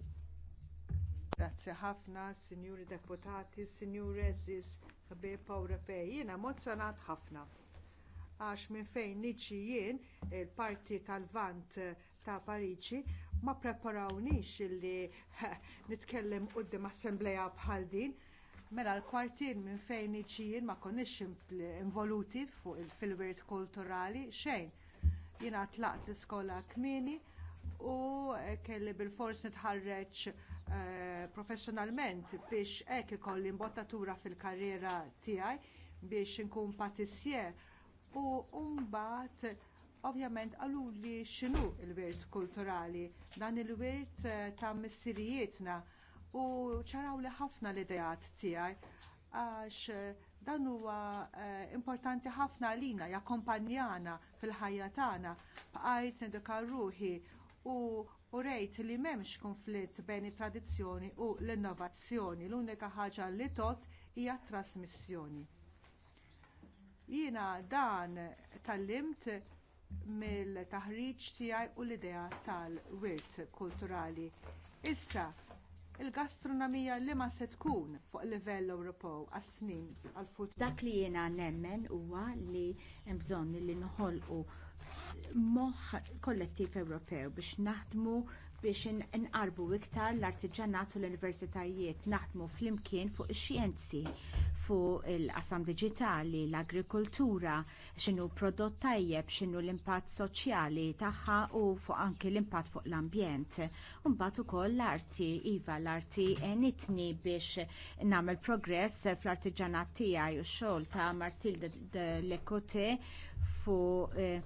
Grazzi ħafna, Sinjuri Deputati, Sinjuri Reżis ħbib Ewropej, jiena emozzjonat ħafna. Għax minn fejn niġi jien il-parti tal-Vant ta' Pariġi ma preparawniex illi [LAUGHS] nitkellem quddiem assembleja bħal din. Mela l-kwartin minn fejn iġijin ma konniex involuti fuq il-filwirt kulturali xejn. Jiena tlaqt l-iskola kmieni u kelli bilfors nitħarreġ eh, professjonalment biex hekk ikolli mbottatura fil-karriera tiegħi biex inkun patissier u mbagħad ovvjament għalu li xinu il-wirt kulturali, dan il-wirt eh, ta' missirijietna u ċaraw li ħafna l-idejat tiegħi għax eh, dan huwa eh, importanti ħafna għalina, jakkompanjana fil-ħajja tagħna bqajt nidika ruħi u u rejt li m'hemmx konflitt bejn it-tradizzjoni u l-innovazzjoni. L-unika ħaġa li tot hija t trasmissjoni. Jiena dan tal-limt mill-taħriġ tiegħi u l-idea tal-wirt kulturali. Issa, il-gastronomija li ma se tkun fuq livell Ewropew għas-snin għall-futur. Dak li jiena nemmen huwa li hemm bżonn li nħolqu moħħ kollettiv Ewropew biex naħdmu biex inqarbu iktar l-artiġanat u l-universitajiet naħdmu flimkien fuq ix-xjenzi fuq il-qasam diġitali, l-agrikoltura, x'inhu prodott tajjeb, x'inhu l-impatt soċjali tagħha u fuq anki l-impatt fuq l-ambjent. Imbagħad ukoll l-arti, iva l-arti nitni biex nagħmel progress fl-artiġanat tiegħi u x-xogħol ta' Martil Lekote fuq eh,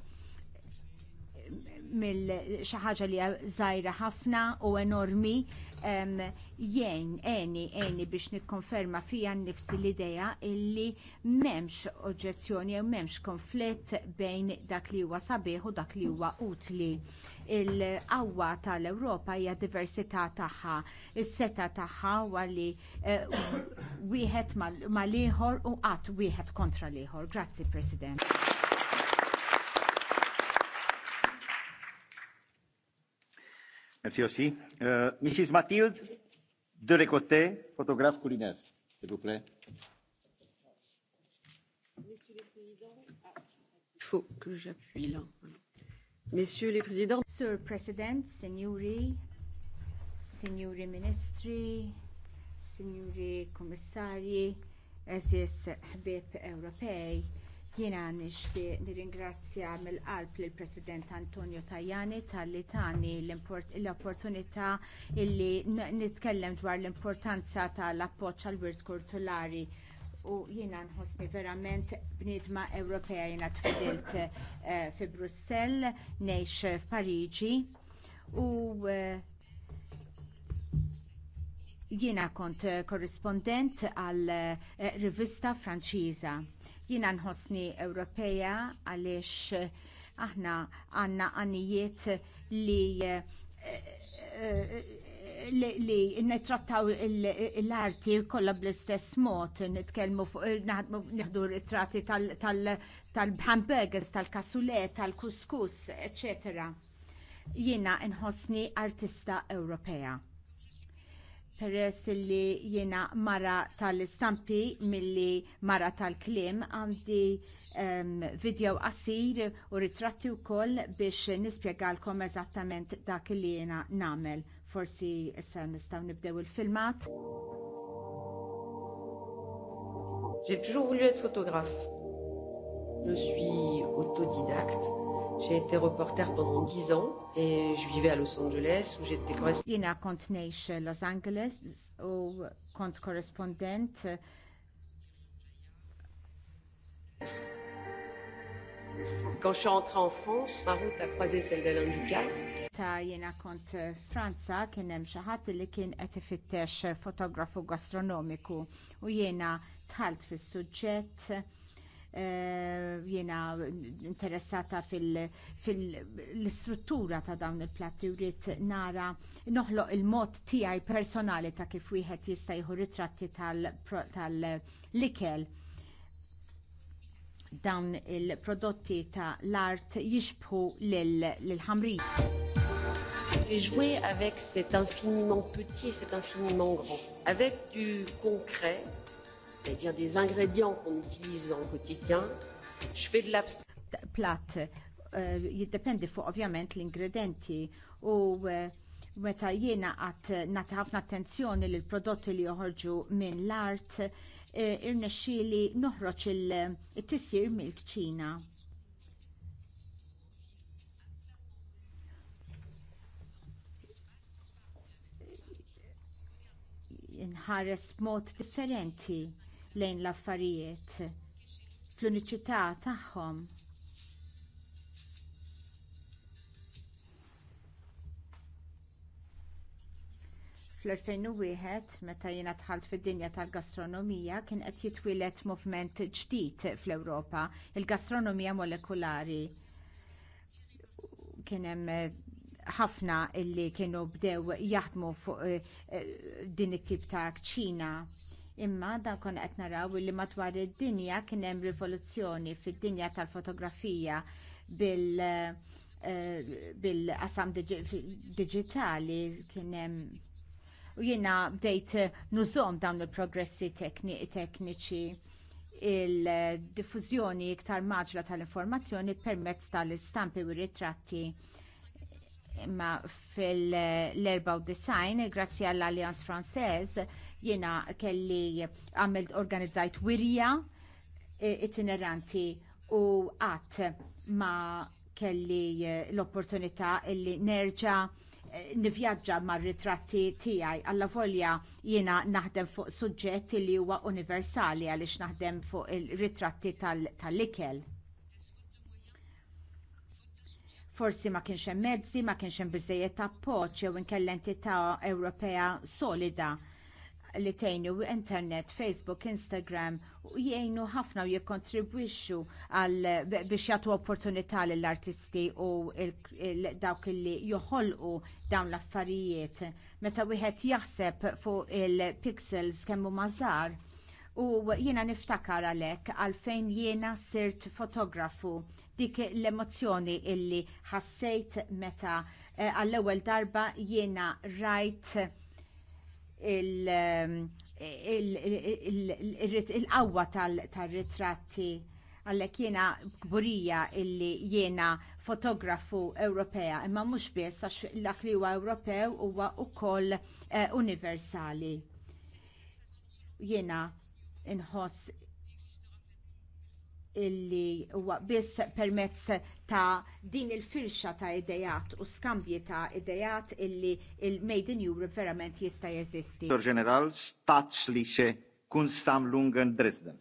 mill xi ħaġa li żgħira ħafna u enormi jien eni eni biex nikkonferma fija nnifsi l-idea illi m'hemmx oġġezzjoni jew m'hemmx konflitt bejn dak li huwa sabiħ u dak li huwa utli. Il-qawwa tal-Ewropa hija diversità tagħha, is-seta tagħha huwa li eh, wieħed mal-ieħor u qatt wieħed kontra l-ieħor. Grazzi President. Merci aussi. Euh, Mrs. Mathilde de Derécoté, photographe culinaire, s'il vous plaît. Ah, il faut que j'appuie là. Messieurs les présidents. Monsieur le Président, Signori, Signori Ministri, Signori Commissari, Aziz Habib Europei, Jiena nixtieq nirringrazzja mill-qalb lill president Antonio Tajani talli tani l-opportunità illi nitkellem dwar l-importanza tal-appoġġ għall wirt kulturali u jiena nħossni verament bniedma Ewropea jiena twedilt eh, fi Brussell, ngħix f'Pariġi u eh, jiena kont eh, korrispondent għal rivista Franċiża Jiena nħossni Ewropea għaliex aħna għandna għanijiet li eh, eh, li nitrattaw l-arti kollha bl-istess mod, nitkellmu fuq nieħdu r-ritratti tal-hamburgers, tal-kasulet, tal-kuskus, eċetera. Jiena nħossni artista Ewropea peress li jiena mara tal-istampi milli mara tal kliem għandi um, video qasir u ritratti wkoll biex nispjegalkom eżattament dak li jiena namel. Forsi issa nistgħu nibdew il-filmat. J'ai toujours voulu être photographe. Je suis autodidacte. J'ai été reporter pendant 10 ans et je vivais à Los Angeles où j'étais correspondante. Jina kont nejx Los Angeles u kont korrespondent. Quand je suis entrée en France, ma route a croisé celle d'Alain Ducasse. Ta jena kont Franza kien hemm xi ħadd li kien qed ifittex fotografu gastronomiku u jiena tħalt fis-suġġett Eh, jiena interessata fil-istruttura ta' dawn il-platti u rrit nara noħloq il-mod tijaj personali ta' kif wieħed jista' jieħu ritratti tal-likel dawn il-prodotti ta' l-art jixbħu lil ħamri Et jouer avec cet infiniment petit, cet infiniment grand, avec du concret c'est-à-dire des ingrédients qu'on utilise en quotidien. Je fais de l'abstraction. Plat, euh, jiddependi fuq ovvjament l-ingredienti u eh, meta jiena għat nata ħafna attenzjoni l prodotti li joħorġu minn l-art eh, irnexxieli noħroġ il-tisjir eh, mill-kċina. inħares mod differenti lejn l-affarijiet fl-uniċità tagħhom. fl-2001 meta jiena dħalt fid-dinja tal-gastronomija kien qed jitwieled moviment ġdid fl-Ewropa, il-gastronomija molekulari. Kien hemm eh, ħafna illi kienu bdew jaħdmu fuq eh, eh, din it-tip ta' kċina Imma dan kon qed naraw li matwar id-dinja kien hemm rivoluzzjoni fid-dinja tal-fotografija bil- eh, bil-qasam digitali kien hemm u jiena bdejt nużom dawn il-progressi tekniċi il-diffużjoni iktar maġla tal-informazzjoni permezz tal-istampi u ritratti imma fil design, grazzi għall allianz Franċeż jiena kelli għamilt organizzajt wirja e, itineranti u għat ma kelli l-opportunità illi nerġa' e, nivjaġġa mar ritratti tiegħi għalla volja jiena naħdem fuq suġġett li huwa universali għaliex naħdem fuq il-ritratti tal-ikel. forsi ma kienx hemm mezzi, ma kienx hemm biżejjed appoġġ jew inkella entità Ewropea solida li tgħinu internet, Facebook, Instagram u jgħinu ħafna u jikkontribwixxu għal biex jagħtu opportunità lill-artisti u dawk li joħolqu dawn l-affarijiet. Meta wieħed jaħseb fuq il-pixels kemm huma żgħar, u jiena niftakar għalhekk għalfejn jiena sirt fotografu dik l-emozjoni illi ħassejt meta eh, għall-ewwel darba jiena rajt il-qawwa ehm, tal-ritratti għallek jiena kburija illi jiena fotografu Ewropea, imma mhux biss għax l li huwa Ewropew huwa wkoll eh, universali. Jiena inħoss illi huwa biss permezz ta' din il-firxa ta' idejat u skambji ta' idejat illi il-Made in Europe verament jista' jeżisti. Dr. General, staċ li se kun stam lungan Dresden.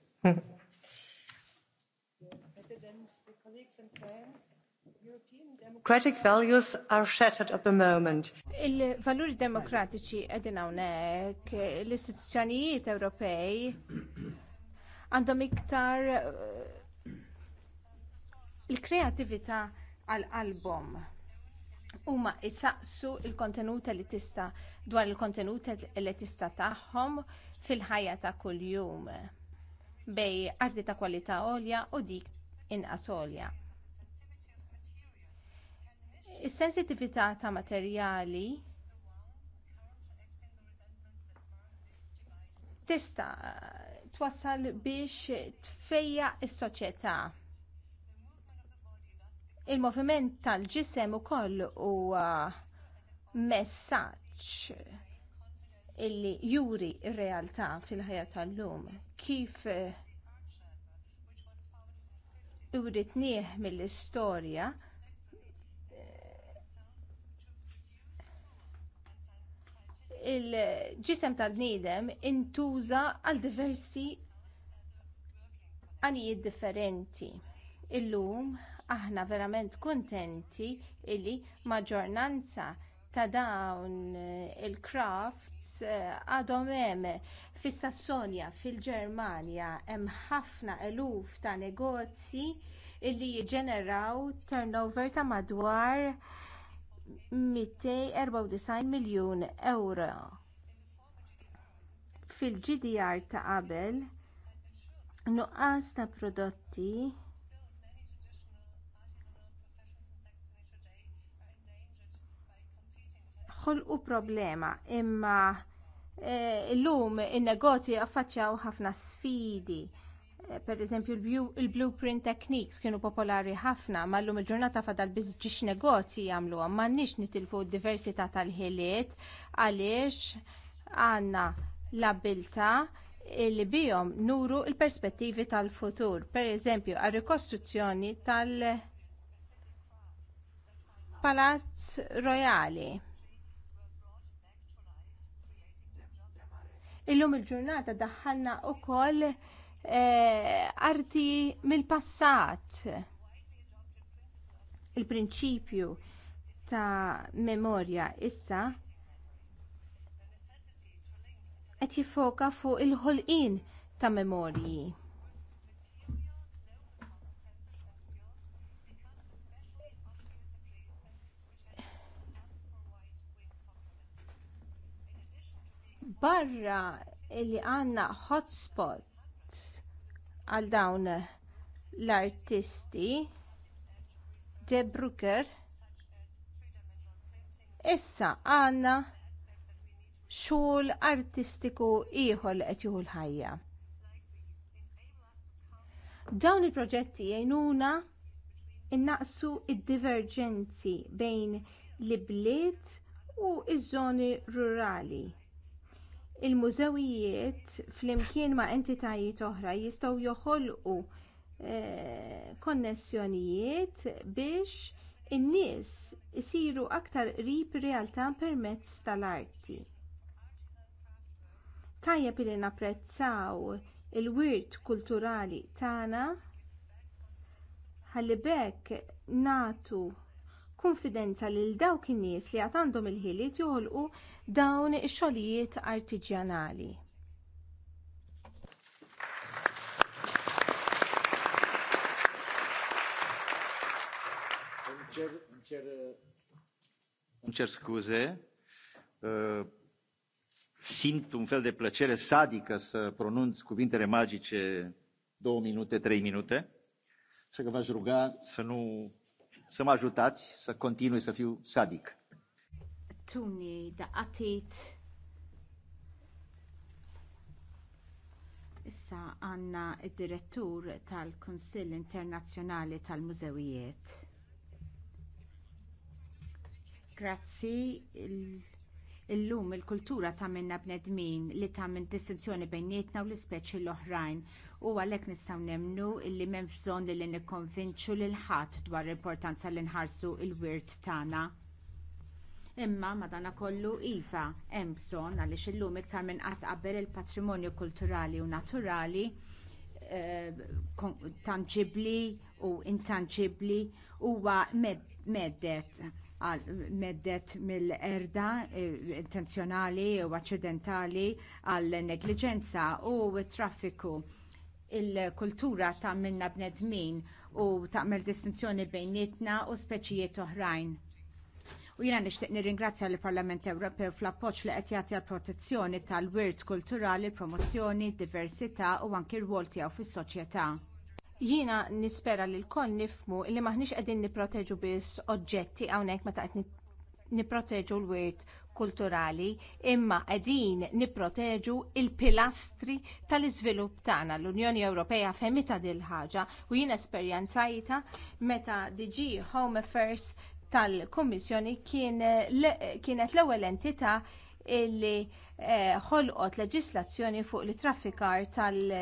Democratic values are shattered at the moment. Il-valuri demokratiċi qegħdin hawnhekk l-istituzzjonijiet Ewropej għandhom iktar il-kreativita għal-album huma isaqsu l kontenuta li tista dwar il-kontenuta li tista tagħhom fil-ħajja ta' kuljum bej arti ta' kwalità għolja u dik inqas għolja. Is-sensitività ta' materjali tista' twassal biex tfejja s-soċjetà Il-moviment tal-ġisem ukoll huwa messaġġ illi juri r il realtà fil-ħajja tal-lum kif eh, uritnieh mill-istorja eh, il-ġisem tal-bniedem intuża għal diversi għanijiet differenti. Illum aħna verament kuntenti illi maġġornanza ta' dawn eh, il-crafts eh, għadhom hemm fis-Sassonja fil-Ġermanja hemm ħafna eluf ta' negozji illi jiġġeneraw turnover ta' madwar 294 miljun euro. Fil-GDR ta' qabel nuqqas ta' prodotti ħolqu problema imma e, llum in-negozji affaċċjaw ħafna sfidi. E, pereżempju il-blueprint techniques kienu popolari ħafna, ma l-lum il-ġurnata fadal biżġiex negozji ma m'għandniex nitilfu d-diversità tal-ħiliet għaliex għandna l-abilta li bijom nuru l perspettivi tal-futur, pereżempju għar rikostruzzjoni tal-Palazz Rojali Illum il-ġurnata daħħalna wkoll eh, arti mill-passat. Il-prinċipju ta' memorja issa qed jiffoka fuq il-ħolqien ta' memorji. barra li għandna hotspot għal dawn l-artisti De Brooker issa għandna xogħol artistiku ieħor li qed jieħu l-ħajja. Dawn il-proġetti jgħinuna innaqsu d diverġenzi bejn l-ibliet u iż-żoni rurali il-mużewijiet flimkien ma' entitajiet oħra jistgħu joħolqu eh, konnessjonijiet biex in-nies isiru aktar qrib realtà permezz tal-arti. Tajjeb li napprezzaw il-wirt kulturali tagħna ħalli bekk nagħtu konfidenza lil dawk in-nies li għad għandhom il-ħiliet joħolqu dawn ix-xogħlijiet artiġjanali. Cer skuze, simt un fel de plaċere sadică să pronunz cuvintele magice 2 minute, 3 minute, xa għavax ruga să nu să mă ajutați să continui să fiu sadic. Tuni, da atit. Issa għanna id-direttur tal-Konsill Internazzjonali tal-Mużewijiet. Grazzi illum il-kultura ta' minna bnedmin li ta' minn distinzjoni bejnietna u l-ispeċi l-oħrajn u għalhekk nistgħu nemnu illi memx bżon li nikkonvinċu lil ħadd dwar l-importanza li nħarsu l wirt tagħna. Imma kollu iva hemm bżonn għaliex illum iktar minn qatt qabel il-patrimonju kulturali u naturali eh, tangibbli u intangibli huwa meddet meddet mill-erda eh, intenzjonali u accidentali għal negliġenza u traffiku il-kultura ta' minna bnedmin u mel distinzjoni bejnietna u speċijiet oħrajn. U jiena nixtieq nirringrazzja lill parlament Ewropew fl-appoġġ li qed jagħti protezzjoni tal-wirt kulturali, promozzjoni, diversità u anki r-wol tiegħu fis-soċjetà. Jiena nispera li l-koll nifmu li maħniex qegħdin nipproteġu biss oġġetti hawnhekk meta qed nipproteġu l-wirt kulturali imma qegħdin nipproteġu l pilastri tal-iżvilupp tagħna. L-Unjoni Ewropea femita dil ħaġa u jien esperjenzajta meta DG Home Affairs tal-Kummissjoni kienet l-ewwel entità illi eh, ħolqot leġislazzjoni fuq li traffikar tal-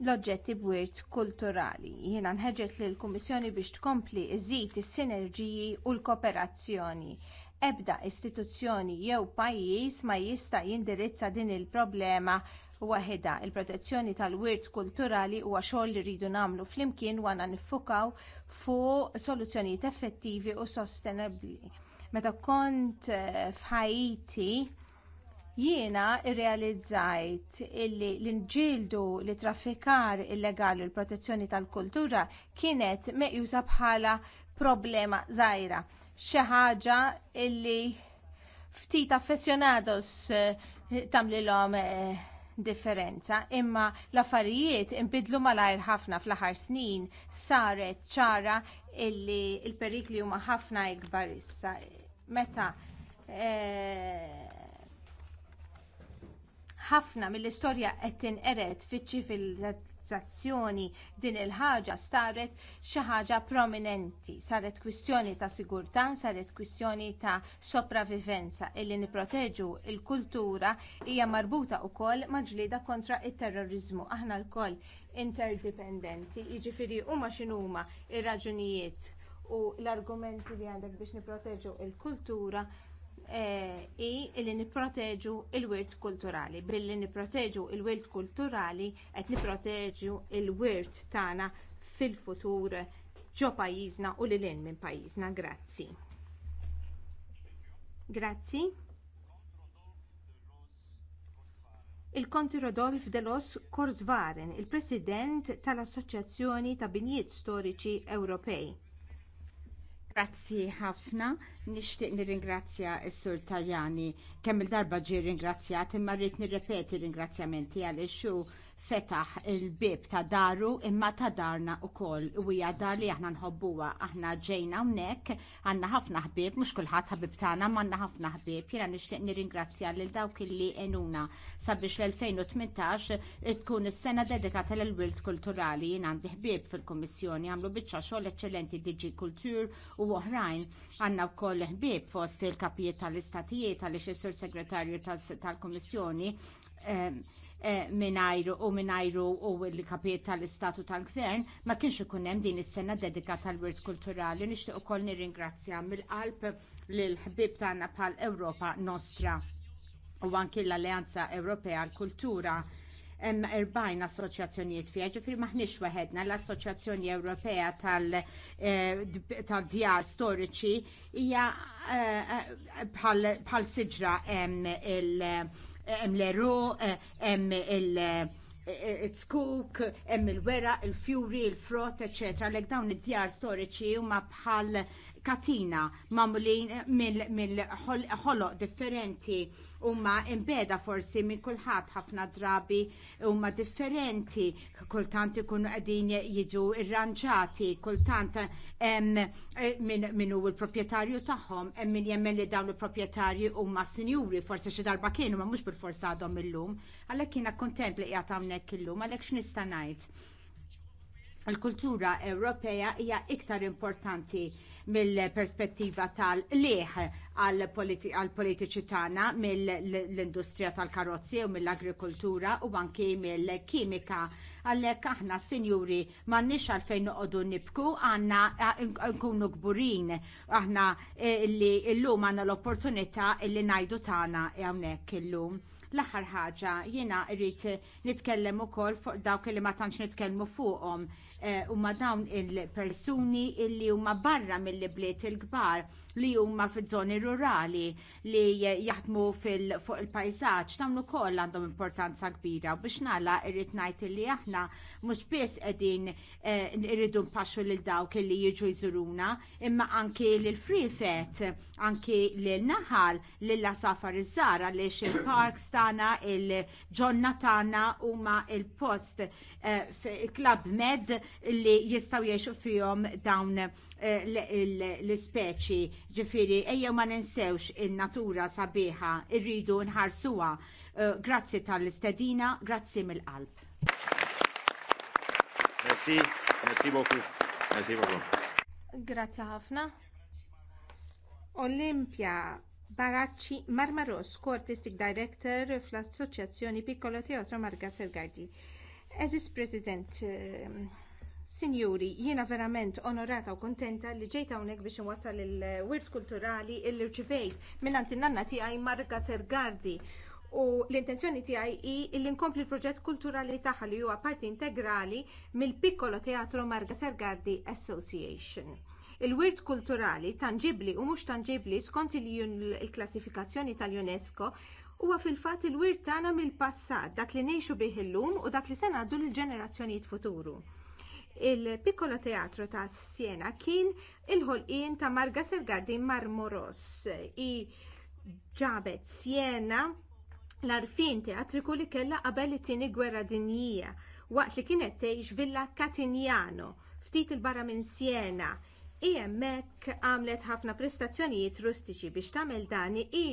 l-oġġetti b'wirt kulturali. Jiena nħeġġet lill kummissjoni biex tkompli iżid is-sinerġiji u l-kooperazzjoni ebda istituzzjoni jew pajjiż ma jista' jindirizza din il-problema waħedha. Il-protezzjoni tal-wirt kulturali huwa xogħol li rridu nagħmlu flimkien wana niffukaw fuq soluzzjonijiet effettivi u sostenibbli. Meta kont eh, f'Ħajti jiena irrealizzajt illi l-inġildu li traffikar illegali u l-protezzjoni tal-kultura kienet meqjusa bħala problema żgħira xi ħaġa illi ftit affessjonados eh, tamlilhom eh, differenza, imma l-affarijiet inbidlu malajr ħafna fl-aħħar snin saret ċara illi l perikli huma ħafna ikbar issa. Meta eh, ħafna mill-istorja qed tinqered fiċ ċifil privatizzazzjoni din il-ħaġa saret xi ħaġa prominenti, saret kwistjoni ta' sigurtà, saret kwistjoni ta' sopravivenza illi nipproteġu l il kultura hija marbuta wkoll ma' ġlieda kontra t terrorizmu Aħna lkoll interdipendenti, jiġifieri huma x'inhuma r raġunijiet u l-argumenti li għandek biex niproteġu il kultura Eh, i li nipproteġu l wirt kulturali. Billi nipproteġu l wirt kulturali qed nipproteġu l wirt tagħna fil-futur ġo pajjiżna u lil hinn minn pajjiżna. Grazzi. Grazzi. Il-Konti Rodolf Delos Korsvaren, il-President tal-Assoċjazzjoni ta' Binijiet Storiċi Ewropej. Grazzi ħafna, nixtieq nirringrazzja s-Sur Tajani. Kemm il-darba ġie ringrazzjat, imma rrid nirrepeti ringrazzjamenti għaliex xu fetaħ il-bib ta' daru imma ta' darna u koll u hija dar li aħna nħobbuha aħna ġejna hawnhekk għandna ħafna ħbieb mhux kulħadd ħabib tagħna m'għandna ħafna ħbieb jiena nixtieq nirringrazzja lil dawk li enuna sabiex l-2018 tkun is-sena dedikata lil wilt kulturali jien għandi ħbieb fil-Kummissjoni għamlu biċċa xogħol eċċellenti Digi Kultur u oħrajn u wkoll ħbieb fost il-kapijiet tal-istatijiet għaliex is-Sur Segretarju tal-Kummissjoni ehm, Eh, minajru u minajru u l-kapiet tal-istatu tal-gvern ma kienx ikun hemm din is-sena dedikata tal wirt kulturali nixtieq ukoll nirringrazzja mill-qalb lil ħbib tagħna pal Ewropa Nostra u anki l-Alleanza Ewropea l-Kultura hemm erbajn assoċjazzjonijiet fiha, ġifieri maħniex waħedna l-Assoċjazzjoni Ewropea tal-djar eh, storiċi hija eh, bħal siġra hemm il- hemm l-eru, hemm il- it's cook, hemm il-wera, il-fjuri, il-frott, eċetera. Lek dawn id-djar storiċi huma bħal katina mamulin mill-ħoloq differenti huma imbeda forsi minn kulħadd ħafna drabi huma differenti kultant ikunu qegħdin jiġu irranġati kultant eh, minn hu l-proprjetarju tagħhom hemm min jemmen li dawn il-proprjetarji huma sinjuri forsi xi darba kienu ma mhux bil-forsa għadhom illum għalhekk jiena kuntent li qiegħed hawnhekk illum għalhekk x'nista' ngħid il-kultura Ewropea hija iktar importanti mill-perspettiva tal-leħ għal-politiċi tagħna mill-industrija tal-karozzi u mill-agrikoltura u anki mill-kimika. Għallek aħna, sinjuri, m'għandniex għalfejn noqogħdu nibku, għandna nkunu kburin, aħna eh, li llum għandna l-opportunità li ngħidu tagħna hawnhekk illum l-aħħar ħaġa jiena rrid nitkellem ukoll fuq dawk li ma tantx nitkellmu fuqhom Eh, ma dawn il-persuni illi huma barra mill-bliet il-kbar li huma fiż-żoni rurali li jaħdmu fuq il-pajsaġġ dawn ukoll għandhom importanza kbira u biex nala irrit najt li aħna mhux biss qegħdin eh, irridu npaxxu lil dawk illi jiġu jżuruna imma anke l frifet anki lil naħal lil safar iż-żara li il-parks tana, il-ġonna u huma il-post uh, eh, klab med li jistaw jiexu fihom dawn eh, l-speċi. Ġifiri, ejjew ma ninsewx in-natura sabiħa, irridu nħarsuha. Eh, grazzi tal-istedina, grazzi mill-qalb. Merci, merci beaucoup. Merci beaucoup. Grazzi ħafna. Olimpia Baracci Marmaros, Artistic Director fl-Assoċjazzjoni Piccolo Teatro Marga Sergardi. Eżis President, eh, Sinjuri, jiena verament onorata u kontenta li ġejt hawnhekk biex nwassal il-wirt kulturali illi rċivejt minn in ti tiegħi Marga Sergardi. U l-intenzjoni tiegħi hi li nkompli l-proġett kulturali tagħha li huwa parti integrali mill-Piccolo Teatro Marga Sergardi Association. Il-wirt kulturali tangibli u mhux tangibli skont il-klassifikazzjoni tal-UNESCO huwa fil-fatt il-wirt tagħna mill-passat dak li ngħixu bih illum u dak li se ngħaddu lill-ġenerazzjonijiet futuru il pikolo teatru ta' Siena kien il-ħolqien ta' Marga Sergardi Marmoros i ġabet Siena l-arfin teatriku li kellha qabel it-tieni gwerra dinjija waqt li kienet tgħix Villa Katinjano, ftit il-barra minn Siena. Iemmek għamlet ħafna prestazzjonijiet rustiċi biex tagħmel dani i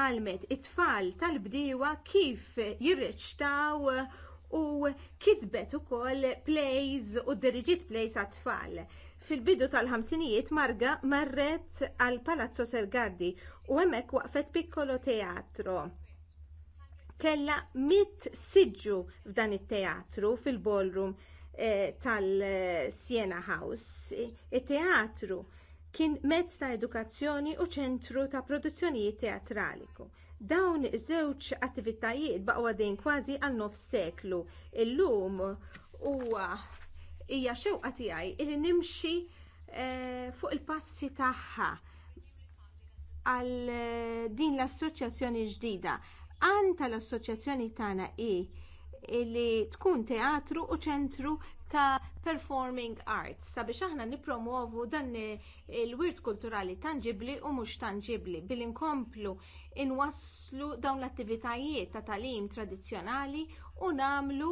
għalmet it-tfal tal-bdiewa kif jirriċtaw u kitbet ukoll plays u diriġit plays għat-tfal. Fil-bidu tal-ħamsinijiet Marga marret għal Palazzo Sergardi u hemmhekk waqfet piccolo teatro. Kella mit siġu f'dan it-teatru fil-ballroom eh, tal-Siena House. It-teatru kien mezz ta' edukazzjoni u ċentru ta' produzzjonijiet teatraliku Dawn żewġ attivitajiet baqgħu għadin kważi għal nofs seklu. Illum huwa hija xewqa tiegħi li nimxi e, fuq il-passi tagħha għal e, din l-assoċjazzjoni ġdida. Għan tal-assoċjazzjoni tagħna hi li tkun teatru u ċentru ta' performing arts sabiex aħna nippromovu dan il-wirt e, kulturali tangibli u mhux tangibli bil inkomplu inwasslu dawn l-attivitajiet ta' tagħlim tradizzjonali u nagħmlu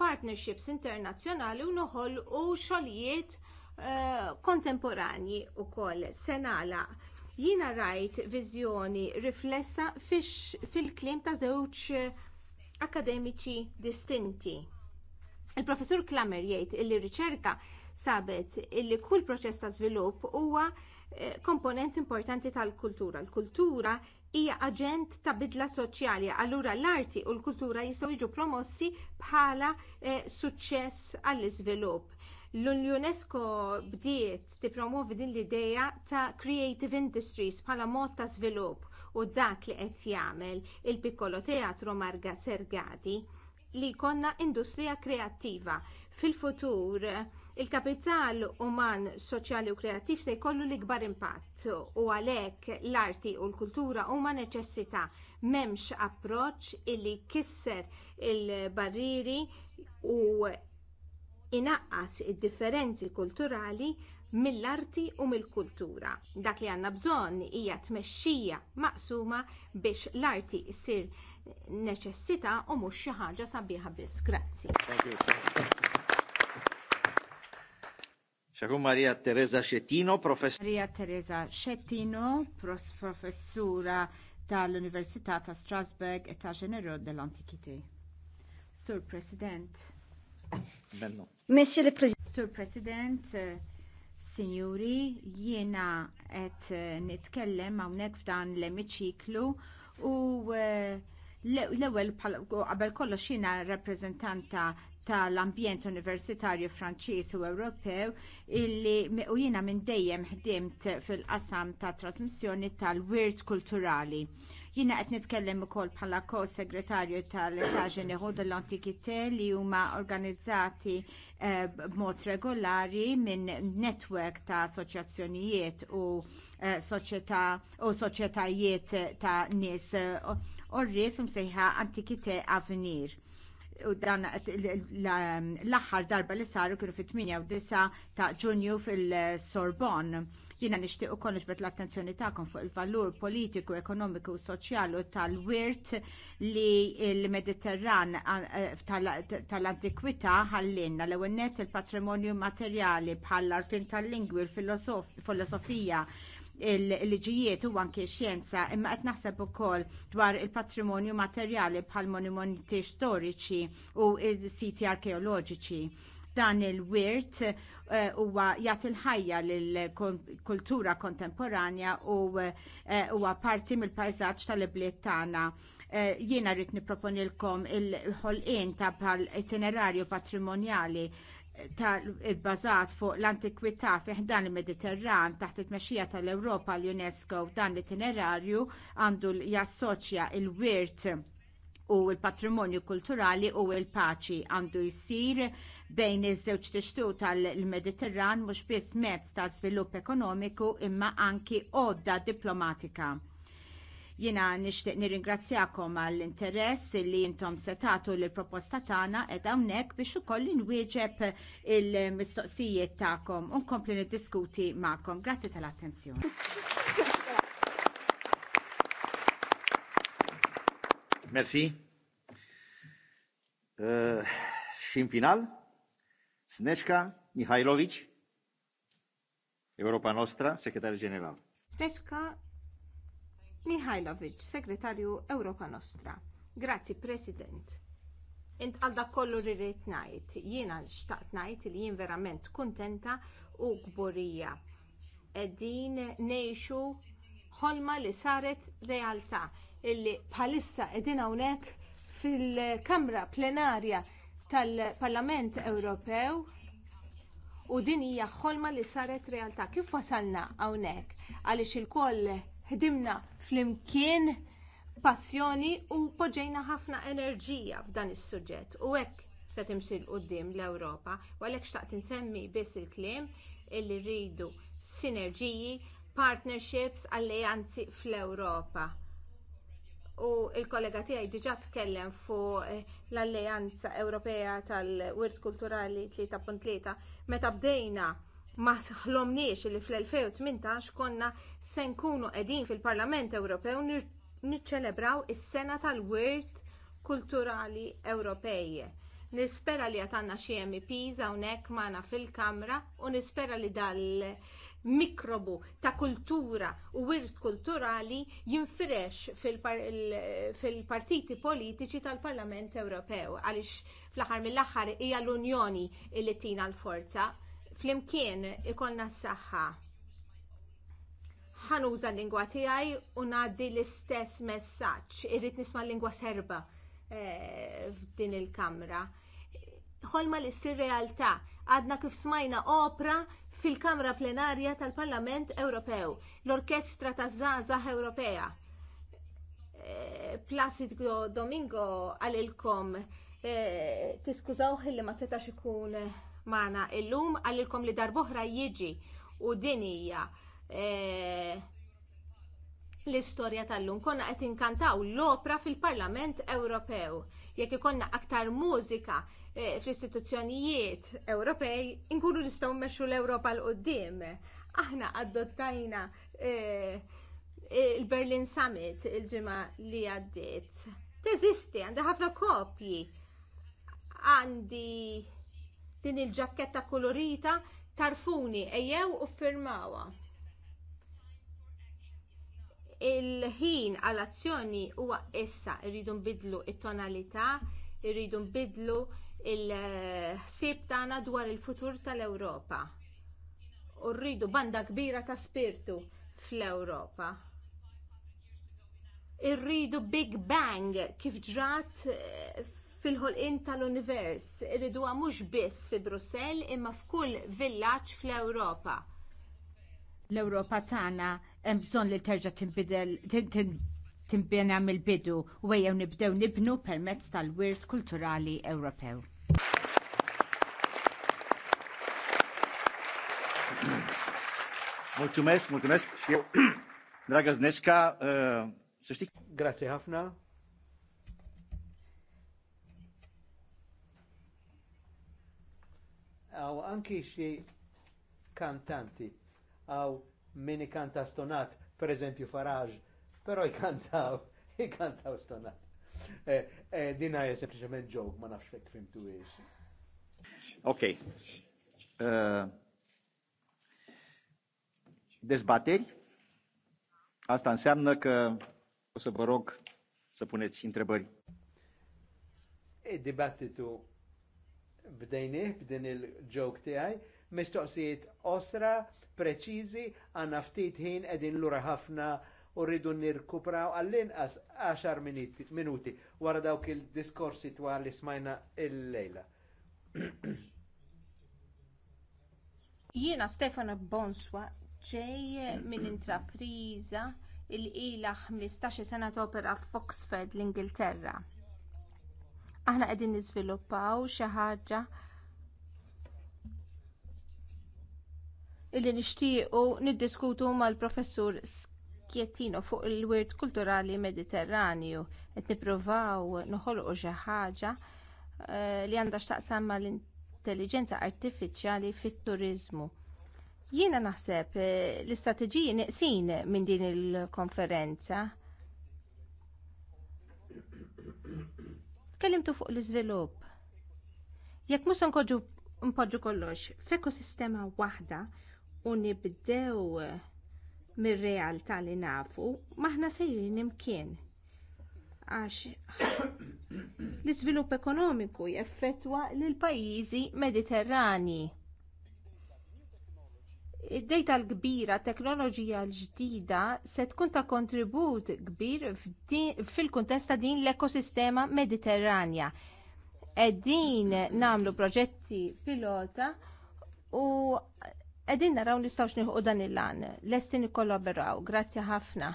partnerships internazzjonali u noħolqu xogħlijiet eh, kontemporanji wkoll se nagħlaq. Jiena rajt viżjoni riflessa fil kliem ta' żewġ akademiċi distinti. Il-professur Klamer jgħid li r riċerka sabet illi kull proċess ta' żvilupp huwa eh, komponent importanti tal-kultura. L-kultura hija aġent ta' bidla soċjali, allura l-arti u l-kultura jistgħu jiġu promossi bħala eh, suċċess għall-iżvilupp. L-UNESCO bdiet tippromovi din l-idea ta' creative industries bħala mod ta' żvilupp u dak li qed jagħmel il-Piccolo teatru Marga Sergadi li jkollna industrija kreattiva. Fil-futur Il-kapital uman soċjali u kreattiv se jkollu l-ikbar impatt u għalhekk l-arti u l-kultura huma neċessità m'hemmx approċċ illi kisser il-barriri u inaqqas id-differenzi kulturali mill-arti u mill-kultura. Dak li għandna bżonn hija tmexxija maqsuma biex l-arti ssir neċessità u mhux xi ħaġa sabiħa biss. Grazzi. Xakun Maria Teresa Xettino, professur. Maria Teresa Xettino, professura tal-Università ta' Strasbourg e ta' Ġenerod dell-Antikiti. Sur President. Benno. Monsieur le President. Sur President, eh, Signori, jiena et eh, nitkellem hawnhekk f'dan l-emiċiklu u eh, l ewel għabel kollox jiena rappresentanta tal-ambjent universitarju Franċiż u Ewropew illi u jiena minn dejjem ħdimt fil-qasam tat trasmissjoni tal-wirt kulturali. Jiena qed nitkellem ukoll bħala segretarju tal-Etaġen dell-Antikità li huma organizzati eh, b'mod regolari minn netwerk ta' assoċjazzjonijiet u eh, soċjetà u soċjetajiet ta' nies eh, orrif msejħa Antikità Avenir u dan l-aħħar darba li saru kienu fit-8 ta' ġunju fil Jina jiena u ukoll nixbet l-attenzjoni tagħkom fuq il-valur politiku, ekonomiku u soċjali tal-wirt li l-Mediterran tal-antikwità ħallinna l-ewwel il-patrimonju materjali bħall l-arfin tal-lingwi, il-filosofija, il-liġijiet u anke xjenza, imma qed naħseb ukoll dwar il-patrimonju materjali bħal monumenti storiċi u siti arkeoloġiċi. Dan il-wirt eh, huwa uh, jagħti l-ħajja lill-kultura kontemporanja u eh, huwa uh, parti mill-pajżaġġ tal-ibliet tagħna. Uh, jiena rrid nipproponilkom il-ħolqien ta' bħal itinerarju patrimonjali bazat fuq l-antikwità fih dan il-Mediterran taħt it-mexxija tal-Ewropa l-UNESCO dan l-itinerarju għandu jassoċja il-wirt u l-patrimonju kulturali u l-paċi għandu jsir bejn iż-żewġ tixtu tal-Mediterran mhux biss mezz ta' żvilupp ekonomiku imma anki għodda diplomatika. Jiena nixtieq nirringrazzjakom għall-interess li intom setatu lill proposta tagħna ed hawnhekk biex koll inwieġeb il-mistoqsijiet tagħkom u nkompli niddiskuti magħkom. Grazzi tal-attenzjoni. Merci. Uh, xin final? Sneczka Mihajlovic, Europa Nostra, sekretar General. Sneczka Mihajlovic, segretarju Europa Nostra. Grazzi, President. Int għalda kollu rrit najt, jiena xtaqt najt li jien verament kuntenta u gburija. Eddin neħxu ħolma li saret realtà illi bħalissa edin hawnhekk fil-Kamra Plenarja tal-Parlament Ewropew u din hija ħolma li saret realtà. Kif wasalna hawnhekk għaliex il-koll ħdimna flimkien passjoni u poġġejna ħafna enerġija f'dan is-suġġett u hekk se timxi l qudiem l-Ewropa u għalhekk xtaqt insemmi biss il-kliem illi rridu sinerġiji, partnerships, alleanzi fl-Ewropa. U l kollega tiegħi diġà tkellem fuq eh, l-Alleanza Ewropea tal-Wirt Kulturali 3.3 meta bdejna ma sħlomniex li fl-2018 konna se nkunu qegħdin fil-Parlament Ewropew niċċelebraw is-sena tal-Wirt Kulturali Ewropej. Nispera li għatanna xie MPs hawnhekk magħna fil-Kamra u nispera li dal-mikrobu ta' kultura u wirt kulturali jinfirex fil-partiti politiċi tal-Parlament Ewropew għaliex fl-aħħar mill-aħħar hija l-Unjoni li tina l-forza flimkien ikollna s-saħħa ħanuża l-lingwa tiegħi u ngħaddi l-istess messaġġ. Irrid nisma' l-lingwa serba eh, f'din il-kamra. Ħolma li ssir realtà għadna kif smajna opra fil-Kamra Plenarja tal-Parlament Ewropew, l-Orkestra taż-Żgħażagħ Ewropea. Plasid eh, Placido Domingo għalilkom eh, tiskużaw li ma setax ikun magħna illum għallilkom li darbohra jiġi u din hija e, l-istorja tal-lum konna qed inkantaw l-opra fil-Parlament Ewropew. Jekk ikonna aktar mużika e, fl-istituzzjonijiet Ewropej, inkunu nistgħu mmexxu l-Ewropa l qudiem Aħna adottajna e, il-Berlin Summit il-ġimgħa li għaddiet. Teżisti, għandi ħafna kopji. Għandi din il-ġakketta kolorita tarfuni ejjew u firmawa. Il-ħin għall-azzjoni huwa issa irridu nbidlu it-tonalità, irridu nbidlu il-ħsieb tagħna dwar il-futur tal-Ewropa. U rridu banda kbira ta' spirtu fl-Ewropa. Irridu Big Bang kif ġrat eh, fil-ħolqien tal-univers. Irriduha mhux biss fi Brussell imma f'kull villaġġ fl-Ewropa. L-Ewropa tagħna hemm bżonn li terġa' tinbidel tinbena mill-bidu u ejjew nibdew nibnu permezz tal-wirt kulturali Ewropew. Mulțumesc, mulțumesc fjew. eu, [CLEARS THROAT] dragă Znesca, uh, Grazie, Hafna. għaw anki xie kantanti għaw mini kanta stonat, per eżempju Farage, però jkantaw, jkantaw [LAUGHS] stonat. Eh, eh, dina hija sempliċement ġok, ma nafx fek fimtu iex. Ok. Uh, dezbateri? Asta înseamnă că o să vă rog să puneți întrebări. E dibattitu bdejnieh b'din il-ġok tiegħi, mistoqsijiet osra, preċiżi, għandna ftit ħin qegħdin lura ħafna u rridu nirkupraw għall-inqas 10 minuti wara dawk il-diskorsi twal li smajna il-lejla. [CLEARS THROAT] Jiena Stefano Bonswa ġej minn intrapriża il-ila 15 sena topera Foxfed l-Ingilterra aħna qegħdin niżviluppaw xi ħaġa illi nixtiequ niddiskutu mal-professur Skjettino fuq il-wirt kulturali mediterranju qed nippruvaw noħolqu xi ħaġa eh, li għandha x'taqsam mal-intelligenza artifiċjali fit-turiżmu. Jiena naħseb eh, l-istrateġiji neqsin minn din il-konferenza Kellimtu fuq l-iżvilupp. Jekk mhux nkoġġu npoġġu kollox f'ekosistema waħda u nibdew eh, mir-realtà li nafu, maħna sejrin imkien għax [COUGHS] l-iżvilupp ekonomiku jeffettwa lil pajjiżi mediterrani id-dejta l-kbira, teknoloġija l-ġdida se tkun ta' kontribut kbir fil-kuntest ta' din l-ekosistema mediterranja. Qegħdin nagħmlu proġetti pilota u qegħdin naraw nistgħu xnieħu dan il-lan. Lesti nikkollaboraw. Grazzi ħafna.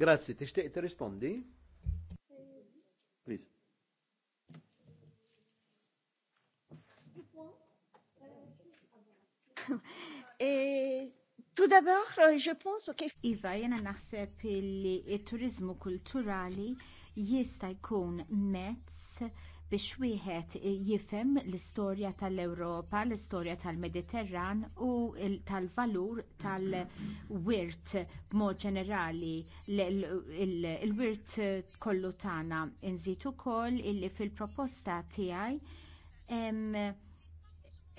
Grazzi, tixtieq tirrispondi? Please. [LAUGHS] Tu d'abord, euh, je pense que... Iva, jena naħseb li il-turizmu kulturali jista jkun mezz biex wieħed jifhem l-istorja tal-Ewropa, l-istorja tal-Mediterran u tal-valur tal-wirt b'mod ġenerali l wirt kollu tagħna. Inżid ukoll illi fil-proposta tiegħi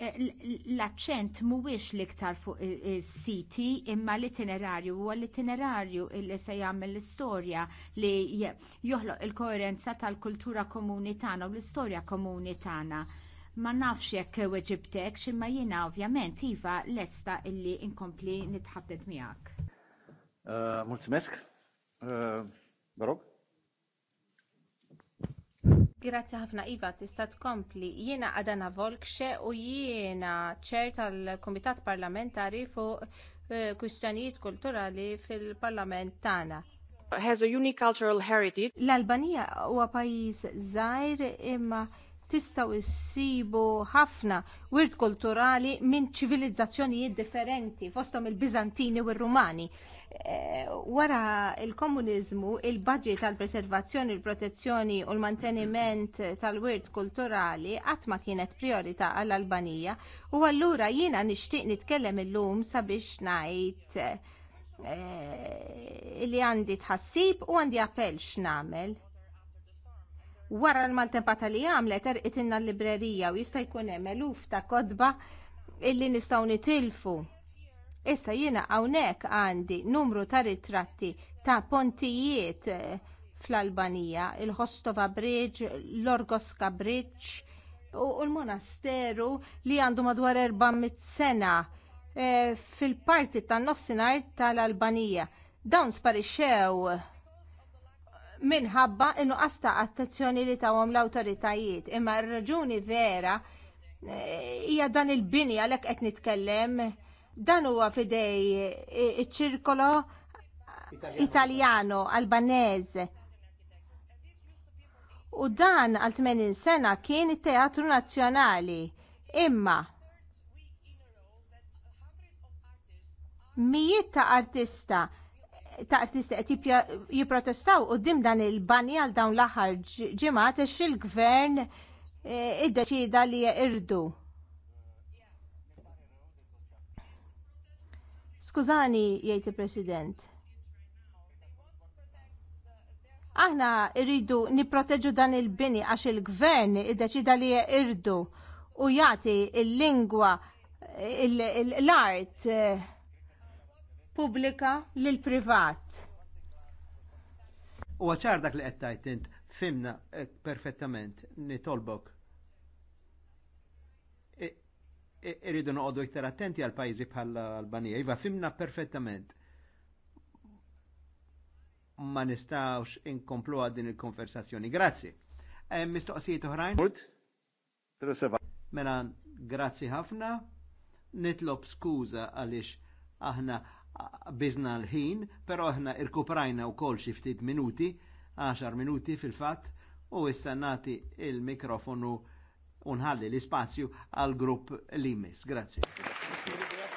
Eh, l-accent mhuwiex l-iktar fuq is-siti imma l-itinerarju huwa l-itinerarju li se jagħmel l-istorja li joħloq il-koerenza tal-kultura komuni tagħna u l-istorja komuni tagħna. Ma nafx jekk weġibtek imma jiena ovvjament iva lesta illi inkompli nitħadded miegħek. Eh, Multimesk, Barok? Eh, Grazzi ħafna Iva, tista' tkompli. Jiena Adana Volkshe u jiena ċer tal-Kumitat Parlamentari fuq eh, kwistjonijiet kulturali fil-Parlament tagħna. Has a unique cultural heritage. L-Albanija huwa pajjiż żgħir imma tistgħu issibu ħafna wirt kulturali minn ċivilizzazzjonijiet differenti fosthom il-Biżantini u r-Rumani. Eh, wara l il komuniżmu il-budget tal-preservazzjoni, il-protezzjoni u l-manteniment tal-wirt kulturali qatt ma kienet priorita għall-Albanija u allura jiena nixtieq nitkellem illum sabiex ngħid eh, li għandi tħassib u għandi appell x'namel wara l-maltempata li għamlet erqitinna l-librerija u jista' jkun hemm eluf ta' kodba illi nistgħu nitilfu. Issa jiena hawnhekk għandi numru ta' ritratti ta' pontijiet eh, fl-Albanija, il-Hostova Bridge, l-Orgoska Bridge u l-monasteru li għandu madwar 400 sena eh, fil-parti tan nofsinhar tal-Albanija. Dawn sparixxew minħabba innuqas ta' attenzjoni li tawhom l-awtoritajiet. Imma r-raġuni vera eh, hija dan il-bini għalhekk qed nitkellem dan huwa fidej eh, iċ-ċirkolo Italjano Albanese. U dan għal 80 sena kien it-Teatru Nazzjonali. Imma mijiet ta' artista ta' artisti qed jipprotestaw quddiem dan il-bani għal dawn l-aħħar ġimgħat għax il-gvern e, iddeċida li irdu. Skużani, jgħid il-President. Aħna rridu nipproteġu dan il-bini għax il-gvern iddeċida li irdu u jagħti il-lingwa l-art il pubblika lil privat. U ċar dak li qed int fimna eh, perfettament nitolbok. Irridu noqogħdu iktar attenti għal pajjiżi bħal Albanija. Iva fimna perfettament. Ma nistawx inkomplu din il-konversazzjoni. Grazzi. Eh, mistoqsijiet oħrajn? Mela, grazzi ħafna. Nitlob skuża għaliex aħna bizna l-ħin, pero aħna irkuprajna u kol xiftit minuti, 10 minuti fil-fat, u issa nati il-mikrofonu unħalli l-ispazju għal grupp Limis. Grazie.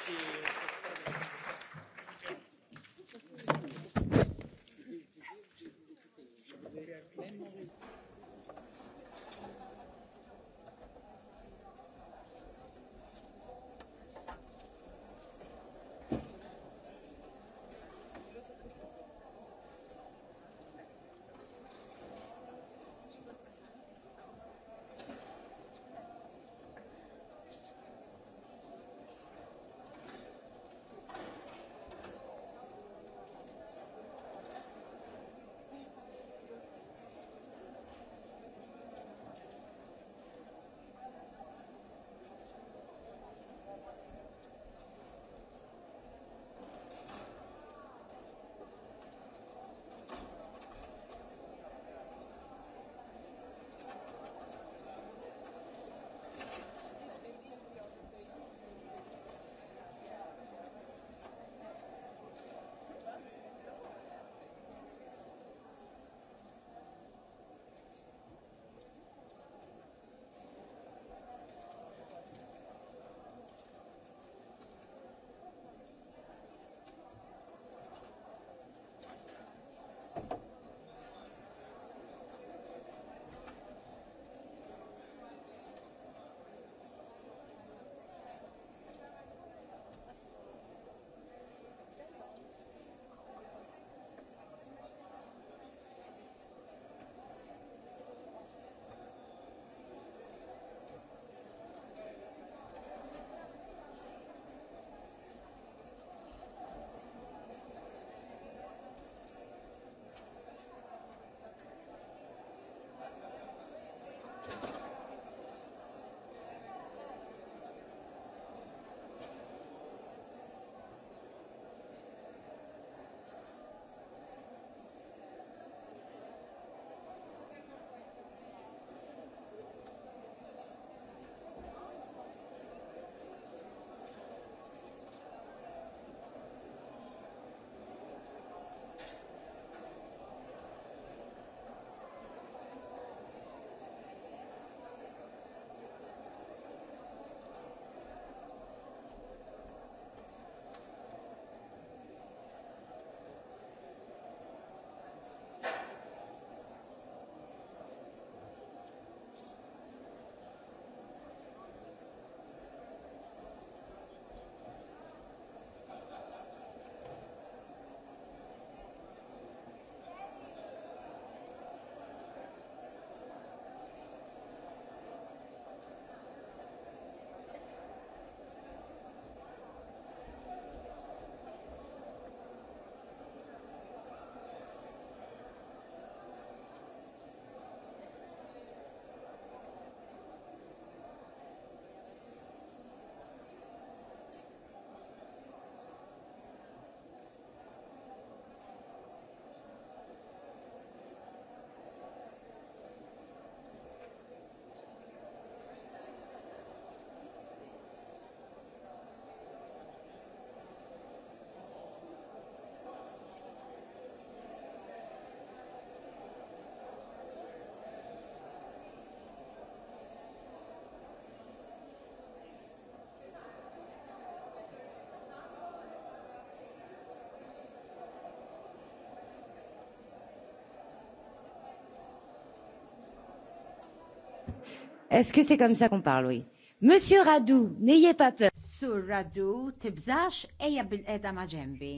Est-ce que c'est comme ça qu'on parle, oui? Monsieur Radou, n'ayez pas peur. Sur Radou, tibżax, eja bil-edha maġembi.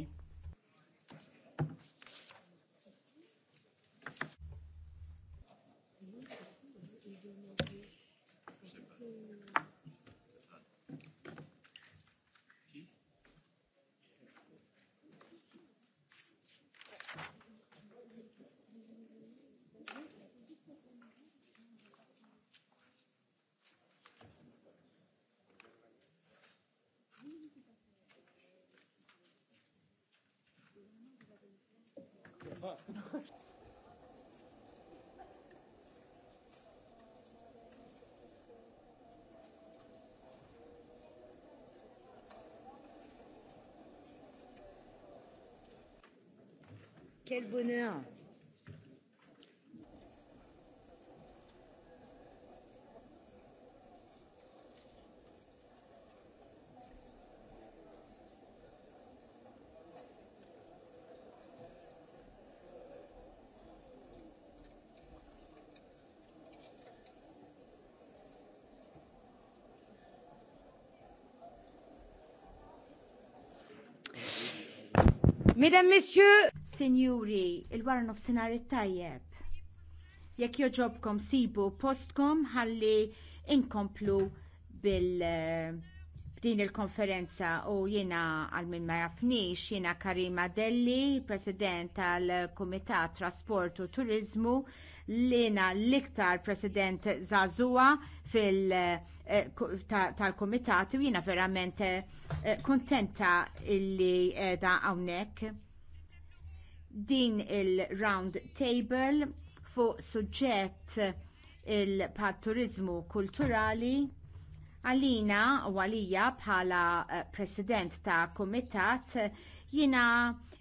Quel bonheur Mesdames, Messieurs, Sinjuri, il-wara nofsinhar it-tajjeb. Jekk joġobkom sibu postkom ħalli inkomplu bil eh, din il-konferenza u jiena għal min ma jafnix jiena Karima Delli, President tal-Kumitat Trasport u Turizmu, lina l-iktar President Zazua fil- eh, tal-Kumitat u jiena verament eh, kontenta illi da hawnhekk din il-round table fuq suġġett il-patturiżmu kulturali għalina u għalija bħala eh, president ta' kumitat jina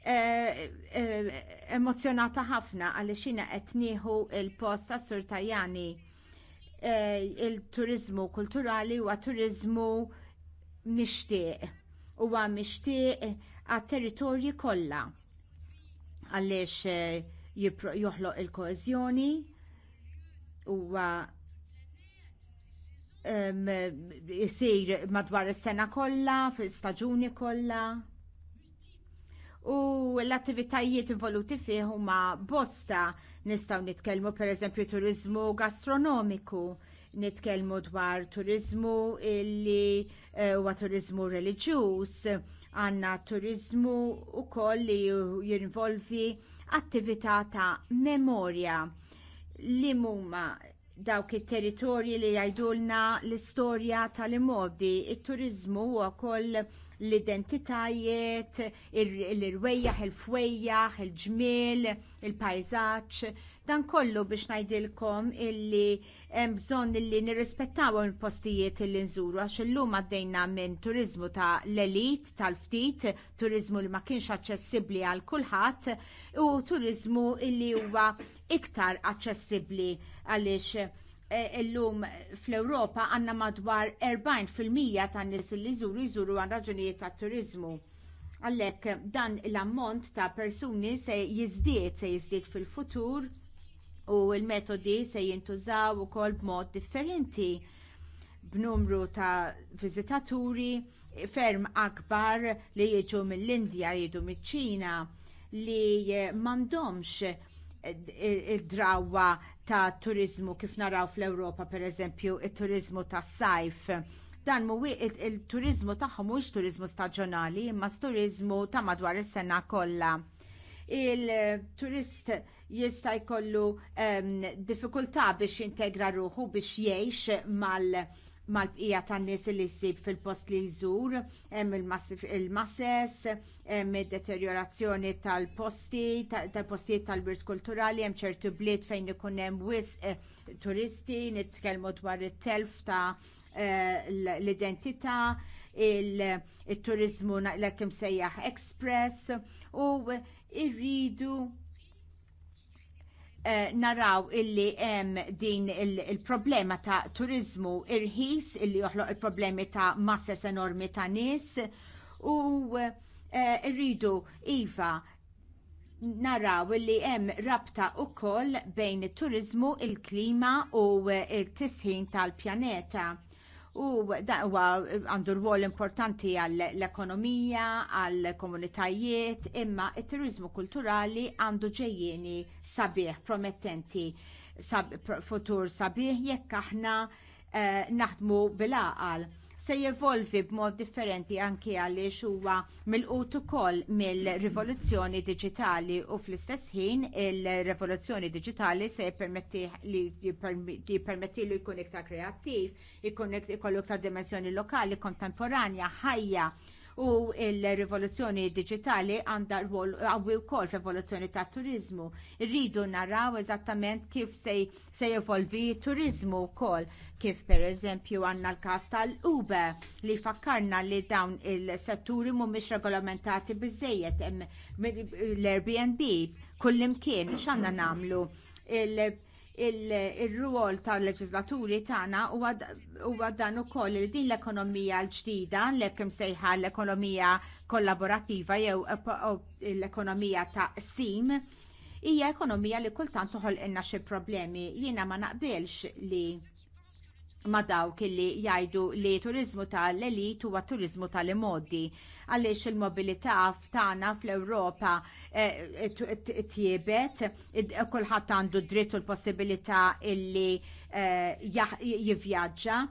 eh, eh, emozjonata ħafna għaliex jiena qed nieħu il-post ta' Sur Tajani eh, il-turizmu kulturali huwa mishtiq mixtieq huwa mixtieq għat-territorji kollha għaliex eh, joħloq il-koezjoni huwa jisir madwar is-sena kollha, fil istaġuni kollha u l-attivitajiet involuti fih huma bosta nistgħu nitkellmu pereżempju turiżmu gastronomiku, nitkellmu dwar turiżmu illi eh, huwa uh, turiżmu reliġjuż, għandna turiżmu wkoll li jinvolvi attività ta' memorja li huma dawk it-territorji li jgħidulna l-istorja tal-immodi, it-turizmu u koll l-identitajiet, l-irwejjaħ, il-fwejjaħ, il-ġmiel, il-pajzaċ, Dan kollu biex ngħidilkom illi hemm bżonn illi nirrispettaw il-postijiet illi nżuru għax illum għaddejna minn turizmu ta' l-elit tal-ftit, turizmu li ma kienx aċċessibbli għal kulħadd u turiżmu illi huwa iktar aċċessibbli għaliex eh, illum fl-Ewropa għandna madwar 40% tan nies li jżuru jżuru għal raġunijiet ta' turizmu. Għalhekk dan l-ammont ta' persuni se jiżdied se jiżdied fil-futur u l-metodi se jintużaw ukoll b'mod differenti b'numru ta' viżitaturi ferm akbar li jiġu mill-Indja, jiġu miċ-Ċina li m'għandhomx id-drawa ta' turiżmu kif naraw fl-Ewropa pereżempju t turiżmu tas sajf dan muwi il-turizmu tagħhom mhux turizmu staġjonali imma turiżmu ta' madwar is-sena kollha il-turist jista' jkollu um, diffikultà biex jintegra ruħu biex jgħix mal- mal-bqija tan-nies li jsib fil-post li jżur, hemm il-masses, hemm id-deteriorazzjoni tal-posti, tal-postijiet tal-birt kulturali, hemm ċertu bliet fejn ikun hemm wisq eh, turisti, nitkellmu dwar it-telf ta' eh, l-identità, il-turizmu naqlek imsejjaħ express u irridu eh, naraw illi hemm din il-problema ta' turizmu irħis illi joħloq il-problemi ta' masses enormi ta' nies u eh, rridu iva naraw illi hemm rabta wkoll bejn il turiżmu il-klima u t-tisħin eh, tal-pjaneta u huwa għandu rwol importanti għall-ekonomija, għall-komunitajiet, imma it-turizmu kulturali għandu ġejjieni sabiħ, promettenti, sab futur sabiħ jekk aħna eh, naħdmu bil-aqal se jevolvi b'mod differenti anki għaliex huwa mill-qut ukoll mill-rivoluzzjoni diġitali u fl-istess ħin il-rivoluzzjoni diġitali se jippermetti li jkun iktar kreattiv, jkun ikollu iktar dimensjoni lokali kontemporanja ħajja u il-rivoluzzjoni digitali għandha rwol għawi wkoll f'evoluzzjoni ta' turizmu. Irridu naraw eżattament kif se, se jevolvi turizmu wkoll kif pereżempju għandna l-każ tal-Uber li fakkarna li dawn il-setturi mhumiex regolamentati biżejjed l-Airbnb kullimkien x'għandna nagħmlu il il-ruol tal-leġislaturi tagħna huwa dan ukoll li din l-ekonomija l-ġdida l-ekim sejħa l-ekonomija kollaborattiva jew l-ekonomija ta' sim hija ekonomija li kultant inna xi problemi. Jiena ma naqbilx li ma dawk li jgħidu li turiżmu tal-elit huwa turiżmu tal-imodi għaliex il-mobilità f'tana fl-Ewropa tjibet, eh, eh, kulħadd għandu dritt u l-possibilità illi eh, jivvjaġġa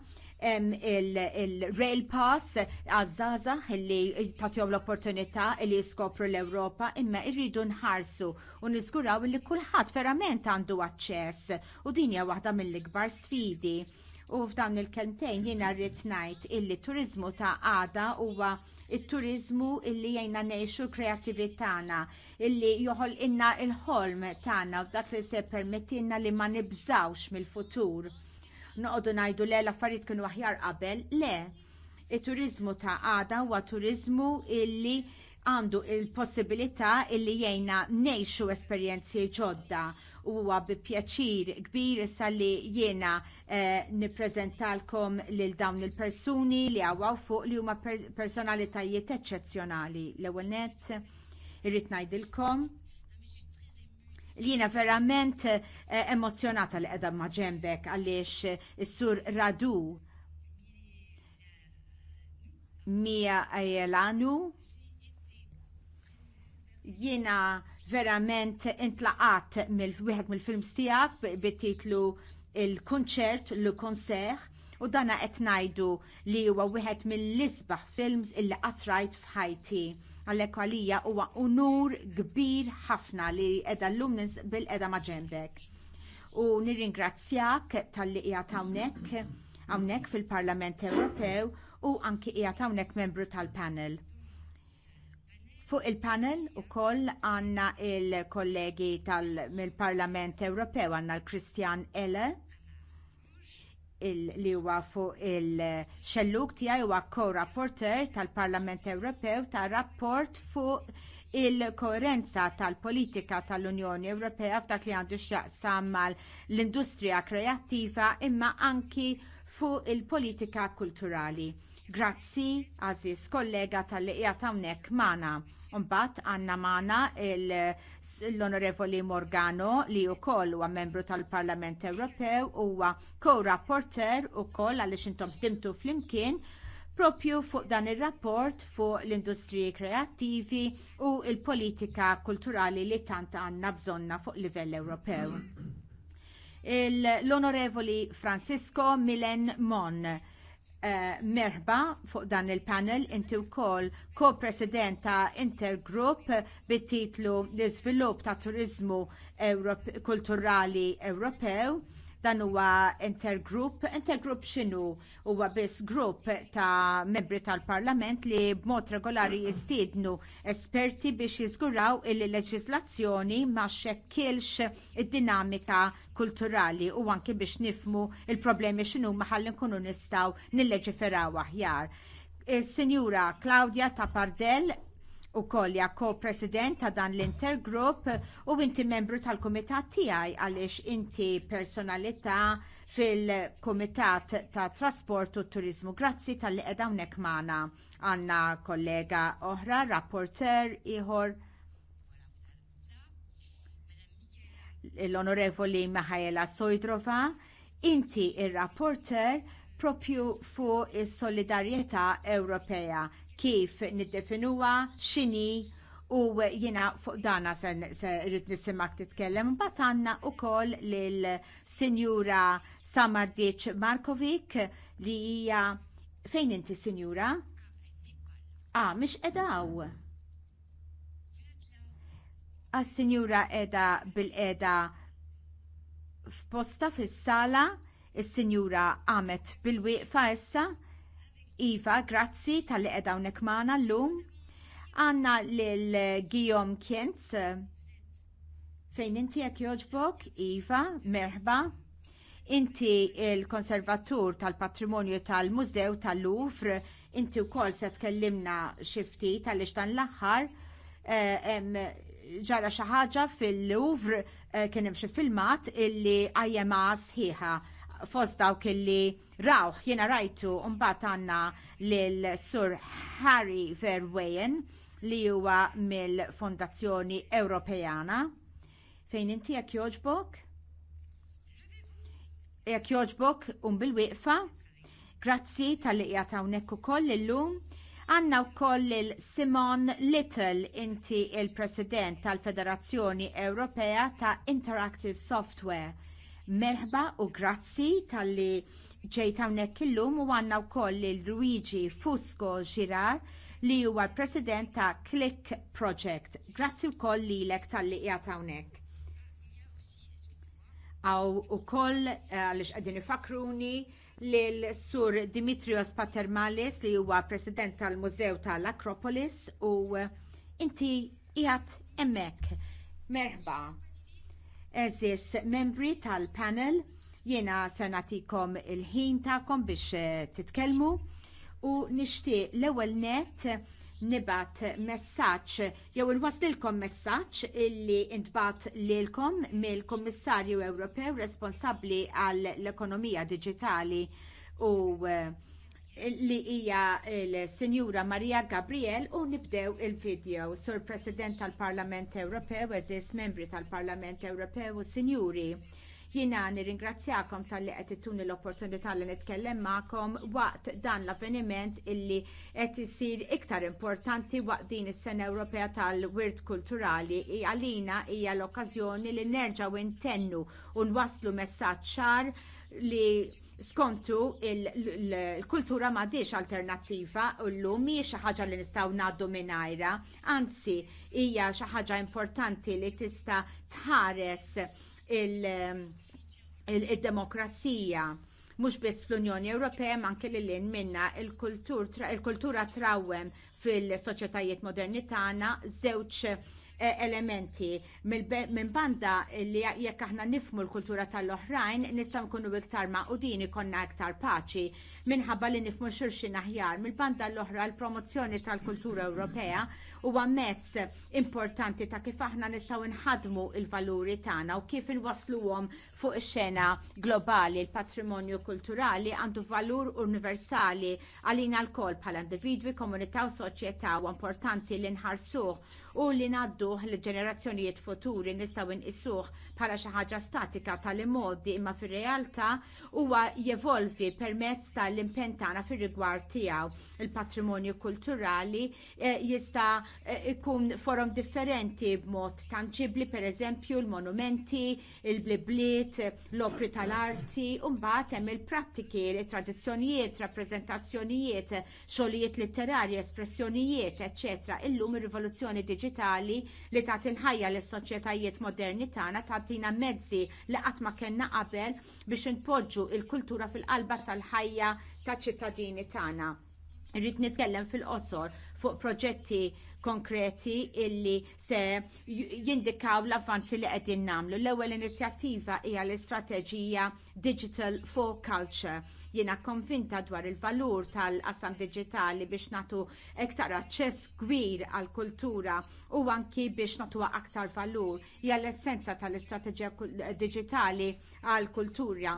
il-rail pass għazzaza li tatjom l-opportunità li jiskopru l-Europa imma irridu nħarsu u nizguraw li kullħat verament għandu għacċess u dinja waħda mill-ikbar sfidi U f'dawn il-kelmtejn jina rrid ngħid illi turizmu ta' għada huwa il turizmu illi illi neħxu ngħixu tana, illi joħol inna il-ħolm tagħna u dak li se permettilna li ma nibżawx mill-futur. Noqogħdu ngħidu le l-affarijiet kienu aħjar qabel, le. It-turizmu ta' għada huwa turizmu illi għandu il possibilita illi jgħinna nejxu esperjenzi ġodda huwa bi pjaċir kbir issa li jiena eh, lil dawn il-persuni li għawaw fuq li huma personalitajiet eċċezzjonali. L-ewwel nett irrid ngħidilkom li jiena verament eh, emozjonata li qiegħda ma' ġembek għaliex eh, is-sur Radu Mia Ajelanu jiena verament intlaqat mill-wieħed mill-films tiegħek bit-titlu il-kunċert l konseħ u dana qed ngħidu li huwa wieħed mill-isbaħ films illi qatrajt f'ħajti. Għalhekk għalija huwa unur kbir ħafna li qiegħda llum bil-qiegħda ma' ġembek. U nirringrazzjak tal-li qiegħed hawnhekk hawnhekk fil-Parlament Ewropew u anki qiegħed hawnhekk membru tal-panel. Fuq il-panel u koll għanna il-kollegi tal-Parlament Ewropew għanna l-Kristjan Ele li huwa fuq il-xelluk tiegħi huwa co-rapporter tal-Parlament Ewropew ta' rapport fuq il-koerenza tal-politika tal-Unjoni Ewropea f'dak li għandu x'jaqsam mal-industrija kreattiva imma anki fuq il-politika kulturali. Grazzi, Aziz, kollega tal-li jgħatawnek mana. Umbat għanna mana l-Onorevoli Morgano li u koll u membru tal-Parlament Ewropew u co-rapporter u koll għalix intom dimtu fl-imkien propju fuq dan ir rapport fuq l-industriji kreattivi u l politika kulturali li tant għandna bżonna fuq livell Ewropew. L-Onorevoli Francisco Milen Mon, Uh, merħba fuq dan il-panel inti wkoll ko-president ta' Intergroup bit-titlu l-iżvilupp ta' Turiżmu Kulturali Ewropew Dan huwa intergroup. Intergroup x'inhu? Huwa biss grupp ta' membri tal-Parlament li b'mod regolari jistiednu esperti biex jiżguraw il-leġislazzjoni ma xekkilx id-dinamika kulturali u anki biex nifmu il-problemi x'inhu ħalli nkunu nistgħu nilleġiferaw aħjar. il eh, sinjura Claudia Tapardel u koll ja ko-president ta' dan l-intergrupp u inti membru tal-komitat tiegħi għaliex inti personalità fil-komitat ta' trasport u turizmu. Grazzi tal-li edawnek maħna għanna kollega oħra, rapporter iħor l-onorevoli Maħajela Sojdrova, inti il rapporter propju fuq is-solidarjetà Ewropea kif niddefinuwa x'inhi u jiena fuq dana se rrid nisimak titkellem. Mbagħad għandna wkoll lil Sinjura Samardic Markovic li hija fejn inti Sinjura? Ah, mish qedaw A ah, sinjura edha bil-edha f'posta fis-sala, is senjura għamet bil-wieqfa issa, Iva, grazzi tal-li edawnek maħna l-lum. Għanna l-Gijom Kienz, fejn inti għak joġbok, Iva, merħba. Inti il-konservatur tal-patrimonju tal-Mużew tal-Louvre, inti u kol se tkellimna xifti tal li xtan l-axħar, eh, ġara xaħġa fil-Louvre eh, kienem xie filmat illi għajjema sħiħa fost dawk illi rawħ jiena rajtu mbagħad għandna lil Sur Harry Verweyen li huwa mill-Fondazzjoni Ewropejana. Fejn inti jekk jogħġbok? Jekk jogħġbok un um bil-wieqfa? Grazzi tal ta' unekku hawnhekk ukoll illum. Għanna u koll il-Simon Little, inti il-President tal-Federazzjoni Ewropea ta' Interactive Software Merħba u grazzi tal-li ġejt hawnhekk illum u għandna wkoll il Luigi Fusco Girar li huwa l-President ta' Click Project. Grazzi wkoll lilek tal-li qiegħed hawnhekk. Aw ukoll eh, għaliex qegħdin ifakruni lil Sur Dimitrios Patermalis li huwa President tal-Mużew tal-Akropolis u eh, inti qiegħed hemmhekk. Merħba. Eżis membri tal-panel, jiena se nagħtikom il-ħin tagħkom biex eh, titkellmu u nixtieq l-ewwel net nibat messaċ, jew nwaslilkom messaċ illi intbat lilkom mill-Kummissarju Ewropew responsabbli għall ekonomija Digitali u eh, li hija l-Sinjura Maria Gabriel u nibdew il-video. Sur President tal-Parlament Ewropew, eżis membri tal-Parlament Ewropew u Sinjuri. Jina nirringrazzjakom tal-li qed l-opportunità li nitkellem ma'kom waqt dan l-avveniment illi qed isir iktar importanti waqt din is-Sena Ewropea tal-Wirt Kulturali għalina hija l-okkażjoni li nerġaw intennu u nwasslu messaċċar li skontu il-kultura m'għadix alternattiva u llum lum xi ħaġa li nistgħu ngħaddu minajra, anzi hija xi ħaġa importanti li tista' tħares il-demokrazija ehm, mhux biss fl-Unjoni Ewropea ma anke l minna il-kultura trawwem fil-soċjetajiet moderni tagħna żewġ E, elementi minn banda li jekk aħna nifmu l-kultura tal-oħrajn nistgħu nkunu iktar maqudin ikonna iktar paċi minħabba li nifmu xulxin aħjar mill-banda l-oħra l-promozzjoni tal-kultura Ewropea huwa mezz importanti ta' kif aħna nistgħu nħadmu il-valuri tagħna u kif inwasluhom fuq ix-xena globali l-patrimonju kulturali għandu valur universali għalina l-kol bħala individwi, komunità u soċjetà u importanti li nħarsuh u li nadduh l-ġenerazzjonijiet futuri nistgħu nqisuh bħala xi ħaġa statika tal-immodi imma fir-realtà huwa jevolvi permezz tal-impentana fir-rigward tiegħu. Il-patrimonju kulturali eh, jista' eh, ikun forom differenti b'mod tanġibli pereżempju l-monumenti, il-blibliet, l-opri tal-arti, u mbagħad hemm il-prattiki, il-tradizzjonijiet, rappreżentazzjonijiet, xogħlijiet letterarji, espressjonijiet, eċċetera. Illum ir-rivoluzzjoni diġitali digitali li tinħajja l lis soċjetajiet moderni tagħna tagħtina mezzi li qatt ma kellna qabel biex inpoġġu l kultura fil-qalba tal-ħajja taċ ċittadini tagħna. Irrid nitkellem fil-qosor fuq proġetti konkreti illi se jindikaw l-avvanzi li qegħdin nagħmlu. L-ewwel inizjattiva hija l-istrateġija Digital for Culture Jiena konvinta dwar il-valur tal-qasam digitali biex nagħtu iktar aċċess kbir għall kultura u anki biex natu aktar valur. Hija l-essenza tal-istrateġija digitali għall kultura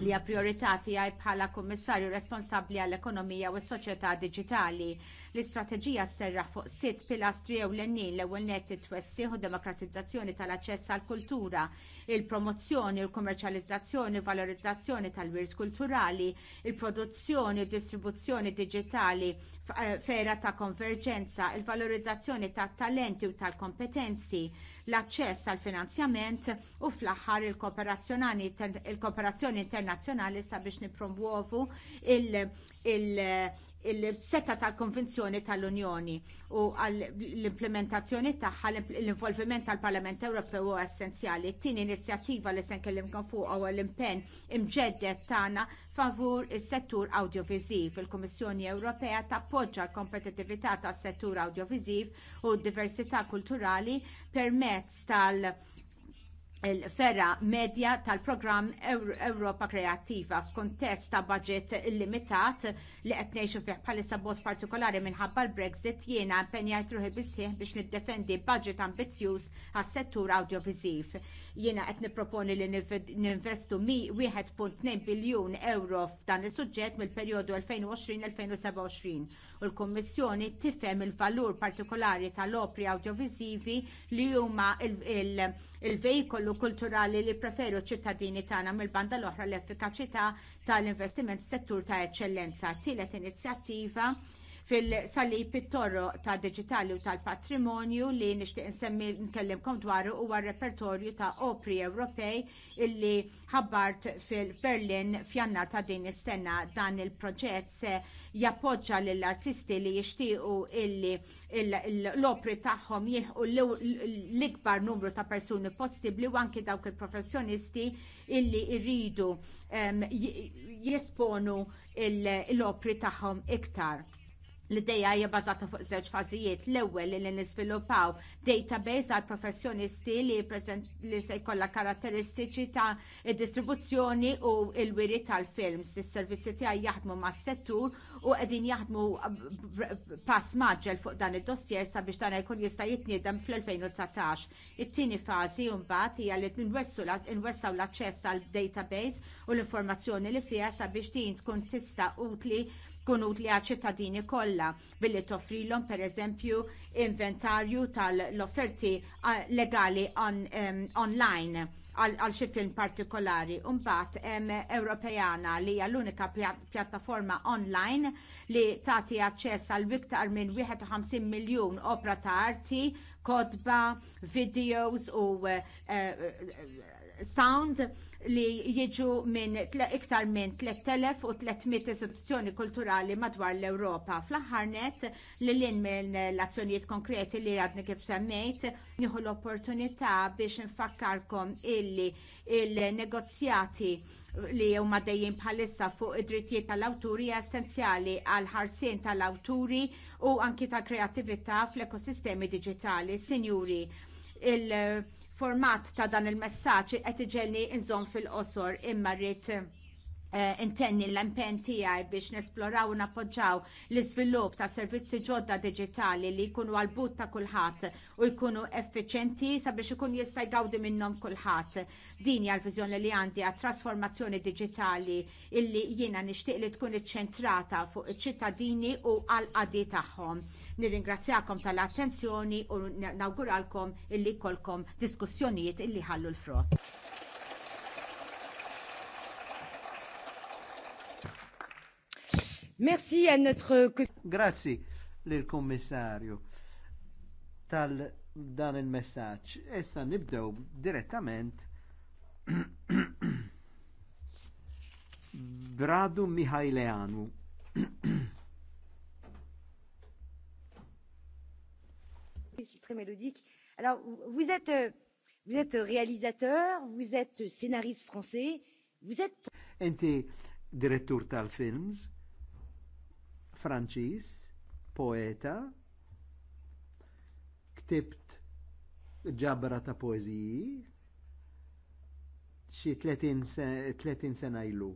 li hija priorità bħala kummissarju responsabbli għall-ekonomija u s-soċjetà digitali. L-istrateġija sserraħ fuq sitt pilastri ewlenin l-ewwel nett it twessiħ u demokratizzazzjoni tal-aċċess għall kultura il-promozzjoni, il-kommerċjalizzazzjoni, valorizzazzjoni tal-wirt kulturali, il-produzzjoni u distribuzzjoni diġitali eh, fera ta' konverġenza, il-valorizzazzjoni tat talenti u tal-kompetenzi, l-aċċess għal finanzjament u fl-aħħar il-kooperazzjoni internazzjonali sabiex nipromuovu il il-seta tal-Konvenzjoni tal-Unjoni u l-implementazzjoni tagħha l-involviment tal-Parlament Ewropew huwa essenzjali. Tieni inizjattiva li se nkellimkom fuq huwa l-impenn imġeddet tagħna favur is-settur audiovisiv. Il-Kummissjoni Ewropea tappoġġa l-kompetittività tas-settur audiovisiv u d-diversità kulturali permezz tal- il-ferra medja tal-programm Europa Kreattiva f'kuntest ta' budget limitat li qed ngħixu fih bħalissa b'mod partikolari minħabba l-Brexit jiena impenjat ruħi bisħieħ biex niddefendi budget ambizzjuż għas-settur awdjoviżiv. Jiena qed nipproponi li ninvestu 1.2 biljun euro f'dan is-suġġett mill-perjodu 2020-2027 u l-Kummissjoni tifhem il-valur partikolari tal-opri awdjoviżivi li huma il-vejkolu kulturali li preferu ċittadini tagħna mill-banda l-oħra l-effikaċità tal-investiment settur ta' eċċellenza. Tielet inizjattiva fil-salib it-torro ta' digitali u tal-patrimonju li nixtieq insemmi nkellimkom dwaru huwa repertorju ta' opri Ewropej illi ħabbart fil-Berlin f'jannar ta' din is-sena dan il-proġett se jappoġġa lill artisti li jixtiequ illi l-opri tagħhom jieħu l-ikbar numru ta' persuni possibbli u anki dawk il-professjonisti illi irridu ehm, jesponu l-opri tagħhom iktar. L-ideja hija bażata fuq żewġ fażijiet. L-ewwel li niżviluppaw database għal professjonisti li li se jkollha karatteristiċi ta' id distribuzzjoni u l-wiri tal-films. Is-servizzi tiegħi jaħdmu mas-settur u qegħdin jaħdmu pass maġġel fuq dan id-dossier sabiex dan jkun jista' jitniedem fl-2019. It-tieni fażi mbagħad hija li nwessaw l-aċċess għal database u l-informazzjoni li fiha sabiex din tkun tista' utli konut li ċittadini kollha billi toffrilhom pereżempju inventarju tal-offerti legali on, um, online għal xi film partikolari. Umbat um, Ewropejana li hija l-unika pjattaforma online li tagħti aċċess għal iktar minn 51 miljun opra ta' arti, kodba, videos u uh, uh, sound li jiġu minn iktar minn 3300 istituzzjoni kulturali madwar l-Ewropa. Fl-aħħar li l-in minn l-azzjonijiet konkreti li għadni kif semmejt, nieħu l-opportunità biex nfakkarkom illi il-negozjati li huma dejjin bħalissa fuq id-drittijiet tal-awturi essenzjali għal ħarsien tal-awturi u anki tal kreattività fl-ekosistemi digitali. Sinjuri, il- format ta' dan il-messaġġ qed iġenni nżomm fil-qosor imma rrid Eh, intenni l-impen tijaj biex nesploraw u nappoġġaw l-iżvilupp ta' servizzi ġodda digitali li jkunu għal-but ta' kulħadd u jkunu effiċenti sabiex ikun jista' jgawdi minnhom kulħadd. Din hija l-viżjoni li għandi għat trasformazzjoni digitali illi jiena nixtieq li tkun iċċentrata fuq iċ-ċittadini u għal-qadi tagħhom. Nirringrazzjakom tal-attenzjoni u nawguralkom illi kolkom diskussjonijiet illi ħallu l-frott. Merci à notre... Grazzi lil commissario. tal dan il-messaċ. Issa nibdew direttament [CLEARS THROAT] Bradu Mihajleanu. [CLEARS THROAT] C'est très mélodique. Alors, vous êtes, euh, vous êtes réalisateur, vous êtes scénariste français, vous êtes... Enti direttur tal-films, Franċiż, poeta, ktibt ġabra ta' poeziji, xi 30 sena ilu.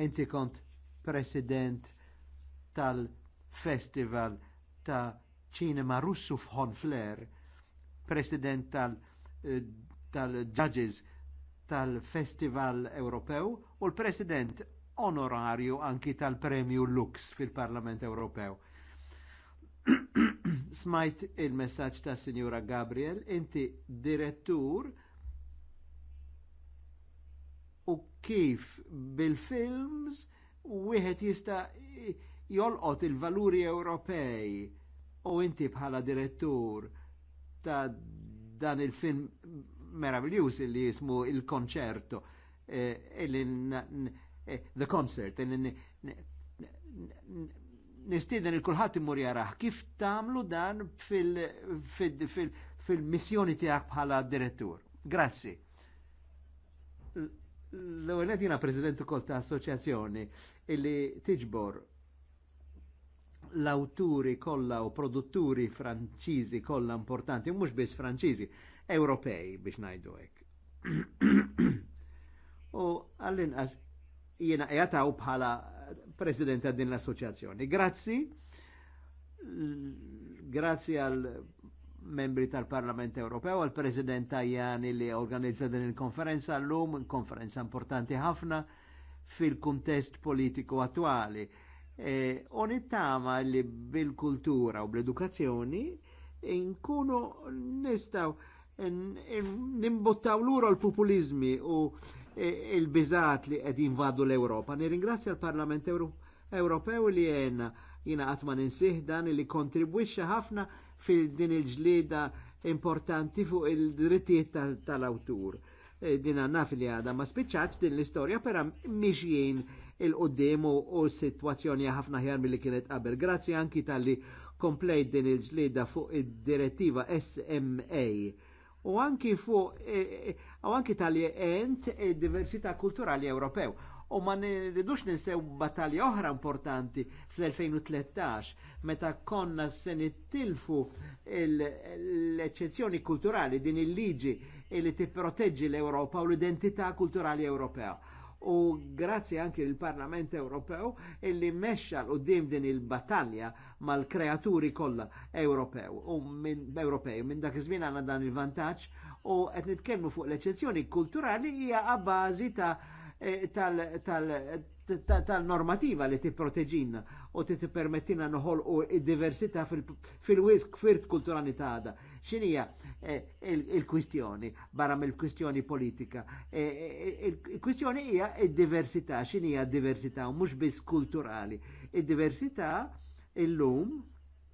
Enti kont president tal-festival ta' ċinema russu f'Hon Flair, president eh, tal-judges tal tal-Festival Ewropew u l-President onorarju anki tal-Premju Lux fil-Parlament Ewropew. [CLEARS THROAT] Smajt il-messaġġ ta' Sinjura Gabriel, inti direttur u kif bil-films wieħed jista' jolqot il-valuri Ewropej u inti bħala direttur ta' dan il-film meraviglius li jismu il-konċerto eh, Eh, the concert. Eh, nistiden il-kulħat imur jaraħ kif tamlu dan fil-missjoni tijak bħala direttur. Grazzi. L-għonet jina prezidentu kol ta' assoċjazzjoni illi tiġbor l auturi kolla u produtturi franċizi kolla importanti, mux biss franċizi, Ewropej biex najdu hekk. [COUGHS] u għallin jiena jataw bħala eh, president ta' din l-assoċjazzjoni. Grazzi, grazzi għal membri tal-Parlament Ewropew, għal President Tajani li organizza din il-konferenza l-lum, konferenza importanti ħafna fil-kuntest politiku attuali. E, Onittama li bil-kultura u bl-edukazzjoni inkunu nistaw l lura l-populizmi u e, il-bizat li għed invadu l europa Nirringrazzja l-Parlament Ewropew li għenna jina għatma ninsih dan li kontribwixxa ħafna fil-din il-ġlida importanti fuq il-drittijiet tal-awtur. E, dina naf li għada ma spiċċaċ din l-istoria, pera miġjien il-qoddim u situazzjoni ħafna ħjar mill-li kienet qabel. Grazzi anki tal-li komplejt din il-ġlida fuq id-direttiva SMA u anki fuq e, e, u anki tal-ent e, diversità kulturali Ewropew. U ma nridux ninsew battalja oħra importanti fl-2013 meta konna se nittilfu l eccezzjoni kulturali din il-liġi li tipproteġġi l-Ewropa u l-identità kulturali Ewropea u grazzi anki l-Parlament Ewropew illi mexxa u dim din il-battalja mal-kreaturi kollha Ewropew u minn Ewropej minn dak iż-żmien għandna dan il-vantaġġ u qed nitkellmu fuq l-eċezzjoni kulturali hija għabbażi ta' tal-art eh, tal, tal-normativa li t-proteġina u t-permettina nħol u diversita fil wisk firt kulturani ta' Xinija eh, il-kwistjoni, barra mill-kwistjoni politika. Eh, eh, il-kwistjoni hija id diversita xinija diversita u mux bis kulturali. id il-lum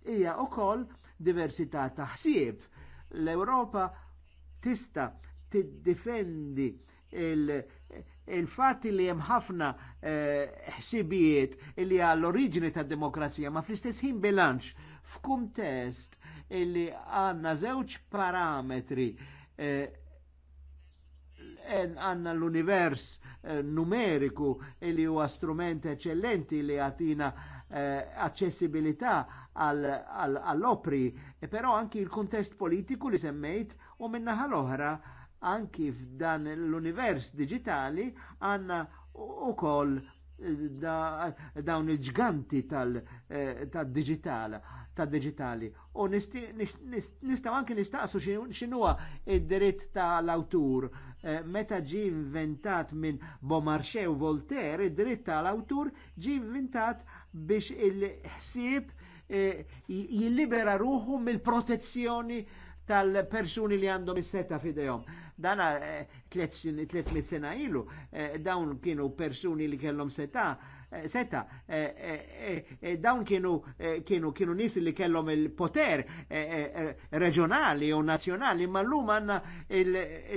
hija u koll diversita ħsieb. l europa tista' tiddifendi il- il-fatti li hemm ħafna eh, ħsibijiet eh, li għall-oriġini ta' demokrazija ma fl-istess ħin bilanċ f'kuntest li għanna zewċ parametri eh, għanna l-univers eh, numeriku li huwa strument eccellenti li għatina accessibilità għall-opri, e però anki il-kontest politiku li semmejt u minnaħal oħra anki f'dan l-univers digitali għanna u koll eh, da, dawn il-ġganti tal eh, digitali eh, tal-digitali. U nistaw anki nistaqsu xinuwa id-dritt tal-autur. Eh, meta ġi inventat minn Beaumarchais u Voltaire, id-dritt tal-autur ġi inventat biex il ħsib jillibera ruħu mill-protezzjoni tal-persuni li għandhom is-seta fidejhom. Dan 300 eh, sena ilu, eh, dawn kienu persuni li kellhom seta' eh, seta, dawn kienu, kienu, kienu nis li kellhom il-poter reġjonali u nazjonali, ma l-lum għanna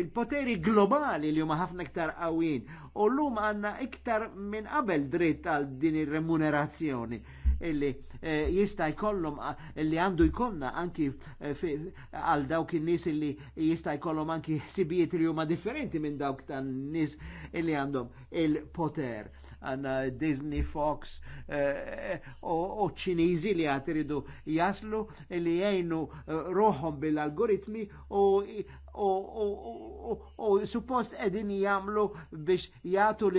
il-poteri il globali li huma ħafna iktar qawwin. U l-lum għanna iktar minn qabel dritt għal din ir-remunerazzjoni illi eh, jista' jkollhom eh, illi għandu jkollna anki eh, għal dawk in-nies illi jista' jkollhom anki sibijiet li huma differenti minn dawk tan-nies illi għandhom il-poter għanna Disney, Fox u ċinizi li għat jaslu li jajnu ruħom bil-algoritmi u u suppost edin jamlu biex jgħatu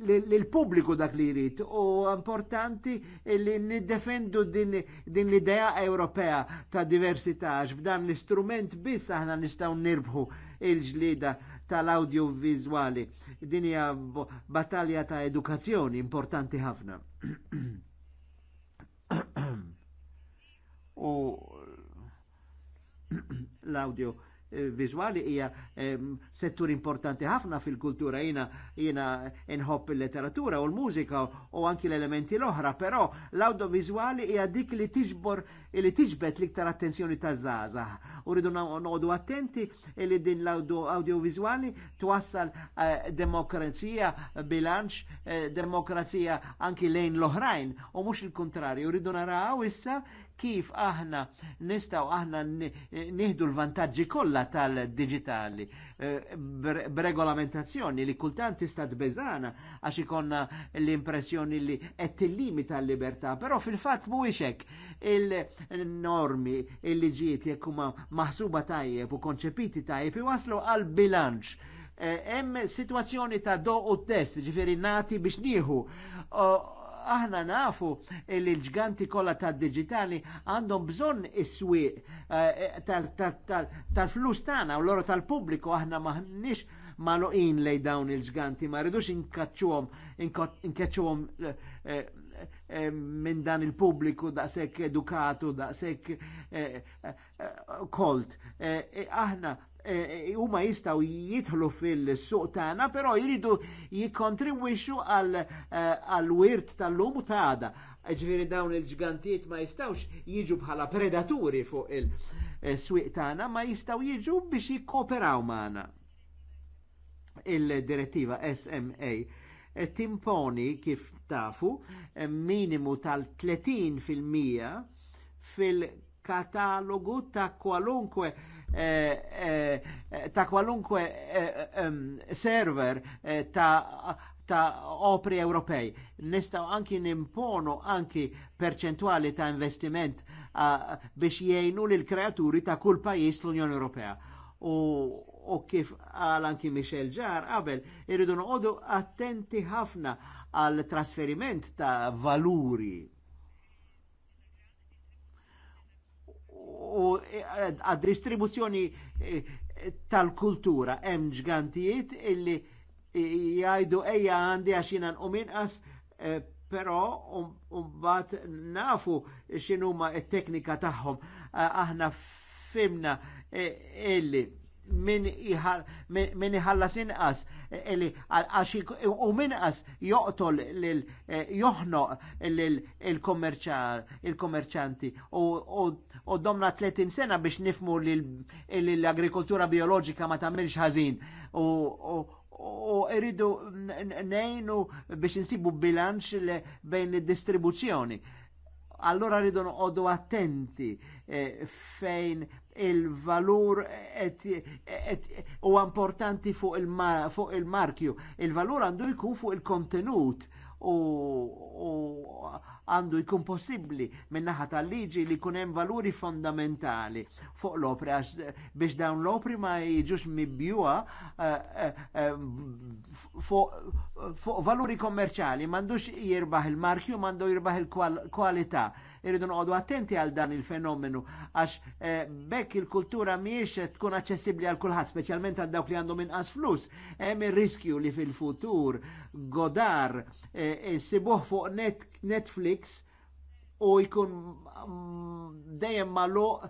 l-pubbliku eh, dak li jrid u importanti li niddefendu din l-idea Ewropea ta' diversità b'dan l-istrument biss aħna nistgħu nirbħu il-ġlida tal-audiovizuali. Din hija battalja ta' edukazzjoni importanti ħafna. [CLEARS THROAT] u [CLEARS THROAT] l-audio eh, vizuali hija settur importanti ħafna fil-kultura jina jina inħobb il-letteratura u l-mużika u anki l-elementi l-oħra, però l-audiovizuali hija dik li tiġbor li tiġbet liktar attenzjoni ta' zaza. Uridu nodu attenti li din l-audiovizuali twassal eh, demokrazija bilanċ, eh, demokrazija anki lejn l-oħrajn u mux il-kontrarju. Uridu naraw issa kif aħna nistaw aħna nieħdu l-vantaġġi kollha tal-digitali eh, b'regolamentazzjoni li kultant tista' tbeżana għax ikonna l-impressjoni li qed tillimita l-libertà, però fil-fatt mhuwiex hekk il-normi, il-liġijiet jekk huma maħsuba tajjeb u konċepiti tajjeb iwaslu għal bilanċ. Eh, hemm situazzjoni ta' do u test, ġifieri nati biex nieħu aħna nafu li l-ġganti kollha tad-diġitali għandhom bżonn is eh, tal-flus t'ana u loro tal-pubbliku aħna maħnix maluqin lej dawn il-ġganti, ma rridux inkaċċuhom inkaċċuhom eh, eh, minn dan il-pubbliku daqshekk edukatu, daqshekk kolt. Aħna Eh, huma e, jistgħu jitħlu fil-suq tagħna, però jridu jikkontribwixxu għall-wirt eh, tal-lum u ta' ġviri dawn il-ġgantiet ma jistawx jiġu bħala predaturi fuq il swieq tagħna, ma jistaw jiġu biex jikkoperaw magħna. Il-direttiva SMA timponi kif tafu eh, minimu tal-30% fil-katalogu ta' kwalunkwe Eh, eh, ta' kwalunkwe eh, server ta' ta' opri Ewropej. Nistaw anki nimponu anki perċentuali ta' investiment uh, biex jgħinu l kreaturi ta' kull pajis l-Unjoni Ewropea. U, u kif għal anki Michel Ġar qabel, irridu noqodu attenti ħafna għal trasferiment ta' valuri u għad-distribuzzjoni e, e, tal-kultura hemm ġgantijiet illi e, jgħidu ejja għandi għax jina nqum inqas però mbagħad um, um, nafu x'inhuma t-teknika tagħhom. Aħna fimna illi min iħallas inqas u minqas joqtol joħnoq il-kommerċanti u għoddomna 30 sena biex nifmu li l-agrikoltura biologika ma tamilx ħażin u irridu nejnu biex nsibu bilanċ bejn il distribuzzjoni Allora rridu għoddu attenti eh, fejn il-valur u importanti fuq il-markju. Il-valur għandu jkun fuq il-kontenut u għandu jkun possibli min-naħa tal-liġi li kunem valuri fondamentali fuq l-opri biex dawn l-opri ma jiġux mibjuha eh, eh, eh, fuq valuri kommerċali mandux jirbaħ il-markju, mandu jirbaħ il-kwalità irridu noqogħdu attenti għal dan il-fenomenu għax eh, bekk il-kultura mhijiex tkun aċċessibbli għal kulħadd, speċjalment għal dawk li għandhom inqas flus, hemm ir-riskju li fil-futur godar eh, insibuh fuq Netflix u jkun mm, dejjem maluq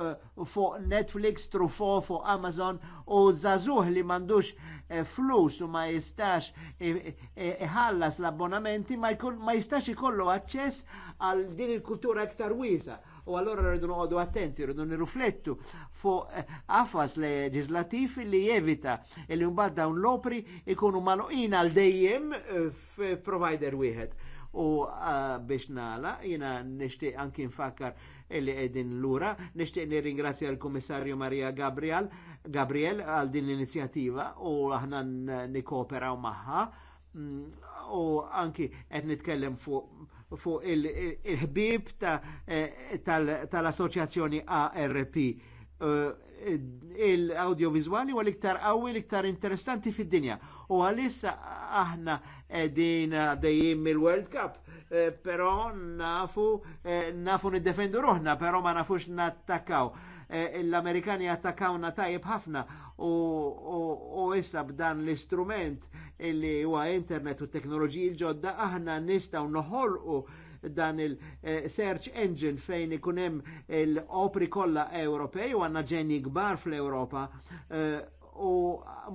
Eh, fuq Netflix, Trufo, fuq Amazon u zazuh li mandux eh, flus u ma jistax eh, iħallas l-abbonamenti ma jistax ikollu access għal din il-kultura iktar wiza U allora rridu nuqodu attenti, rridu niruflettu fuq qafas legislativ li jevita li mbagħad dawn l-opri ikunu maluqin għal dejjem provider wieħed. U biex nala, jina nishtiq anki nfakkar illi l-ura. lura. Nixtieq nirringrazzja l komissarju Maria Gabriel Gabriel għal din l inizjativa u aħna nikkooperaw magħha mm, u anki qed nitkellem fuq fu il-ħbib il ħbib eh, tal assoċjazzjoni ta ARP eh, il-audiovizuali u l-iktar għawi l-iktar interessanti fid-dinja. U għalissa aħna edin dejjem mill-World Cup Eh, però nafu eh, nafu niddefendu ruħna, però ma nafux nattakaw. Eh, L-Amerikani attakawna tajib ħafna u issa b'dan l-istrument illi huwa internet u teknoloġiji l-ġodda aħna nistaw noħolqu dan il-search engine fejn ikunem il-opri kollha Ewropej u għanna ġenji gbar fl-Ewropa u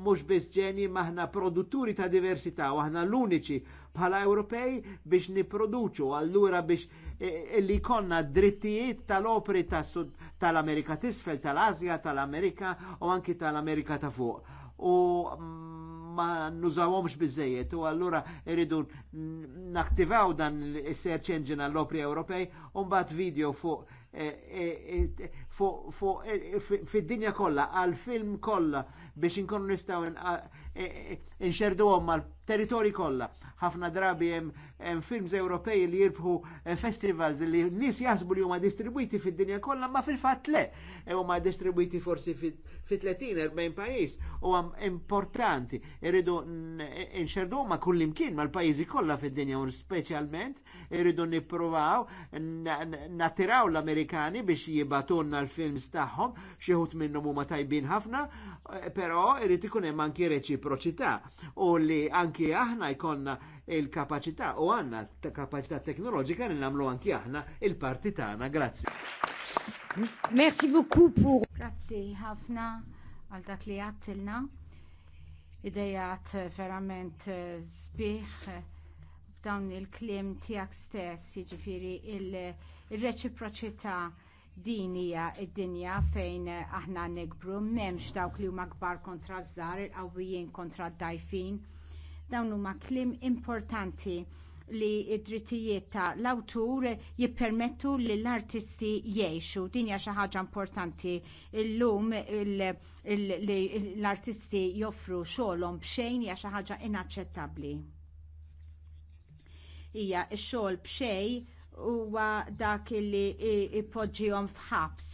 mux biss maħna produtturi ta' diversità u aħna l-uniċi bħala Ewropej biex niproduċu, allura biex e, e, li konna drittijiet tal-opri tal-Amerika tisfel, tal-Azja, tal-Amerika u anki tal-Amerika ta' fuq. U mm, ma nużawomx bizzejiet u allura irridu naktivaw dan il-search engine għall-opri Ewropej un bat video fuq e, Eh, fid-dinja kollha għal film kollha biex inkunu nistgħu e, e, nxerdu għom mal territori kollha. Ħafna drabi hemm films Ewropej li jirbħu eh, festivals li nis jasbu jaħsbu li huma distribwiti fid-dinja kollha, ma fil-fatt le. Eh, huma distribwiti forsi fi 30-40 pajjiż u għam importanti. Irridu e, nxerdu għom ma kullimkien mal-pajjiżi kollha fid-dinja u specialment irridu nippruvaw nattiraw l-Amerikani biex jibatunna l tal-films tagħhom, xi ħut minnhom huma tajbin ħafna, eh, però irid ikun hemm anki reċiproċità u li anki aħna jkollna il-kapaċità u għandna kapaċità teknoloġika li nagħmlu anki aħna il-parti tagħna. Grazzi. Merci beaucoup pour. Grazzi ħafna għal dak li għattilna. Idejat verament zbiħ eh, eh, dawn il-klim tijak stess, jġifiri il-reċiproċita il-reċiproċità Din hija d-dinja fejn aħna nikbru m'hemmx dawk li huma kbar kontra żgħar, il-qawwijin kontra d-dajfin. Dawn huma kliem importanti li id-drittijiet tal awtur jippermettu li l-artisti jgħixu. Din hija xi ħaġa importanti llum l-artisti joffru xogħolhom b'xejn hija xi ħaġa inaċċettabbli. Hija x-xogħol b'xejn huwa dak li ipoġġihom f'ħabs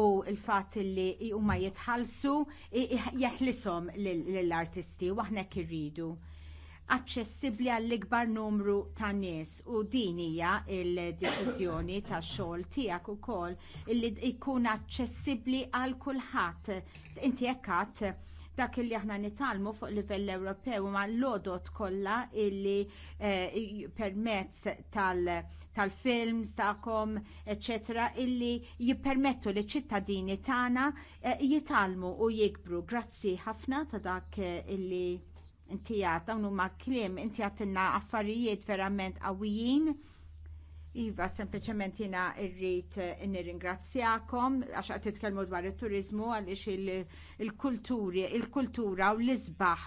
u l-fatt li huma jitħallsu jeħlisom lill-artisti u aħna irridu aċċessibbli għall-ikbar numru ta' nies u din hija l-diffużjoni tax-xogħol tiegħek ukoll li jkun aċċessibbli għal kulħadd. Inti hekk għadd dak li aħna nitalmu fuq livell Ewropew ma l-lodot kollha illi eh, permezz tal- tal-films ta'kom, etc. illi jippermettu li ċittadini tagħna eh, jitalmu u jikbru. Grazzi ħafna ta' dak eh, illi inti għat, dawn huma kliem inti għatilna affarijiet verament għawijin. Iva, sempliciment jina irrit eh, nirringrazzjakom għax għat titkelmu dwar il-turizmu għalix il-kulturi, il-kultura u l-izbaħ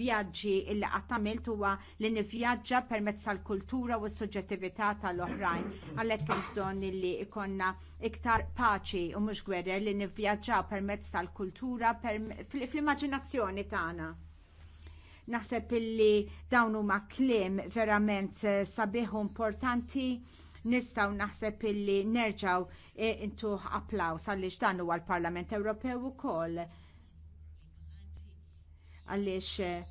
vjaġġi illi għattamilt huwa li nivjaġġa permezz tal-kultura u s-soġġettività tal-oħrajn. Għalek bżon li ikonna iktar paċi u mux gwerre li nivjaġġa permezz tal-kultura fl-immaġinazzjoni tagħna. Naħseb illi dawn huma kliem verament eh, sabiħu importanti nistaw naħseb illi nerġaw e, intuħ applaus għaliex dan huwa l-Parlament Ewropew ukoll. Għaliex eh,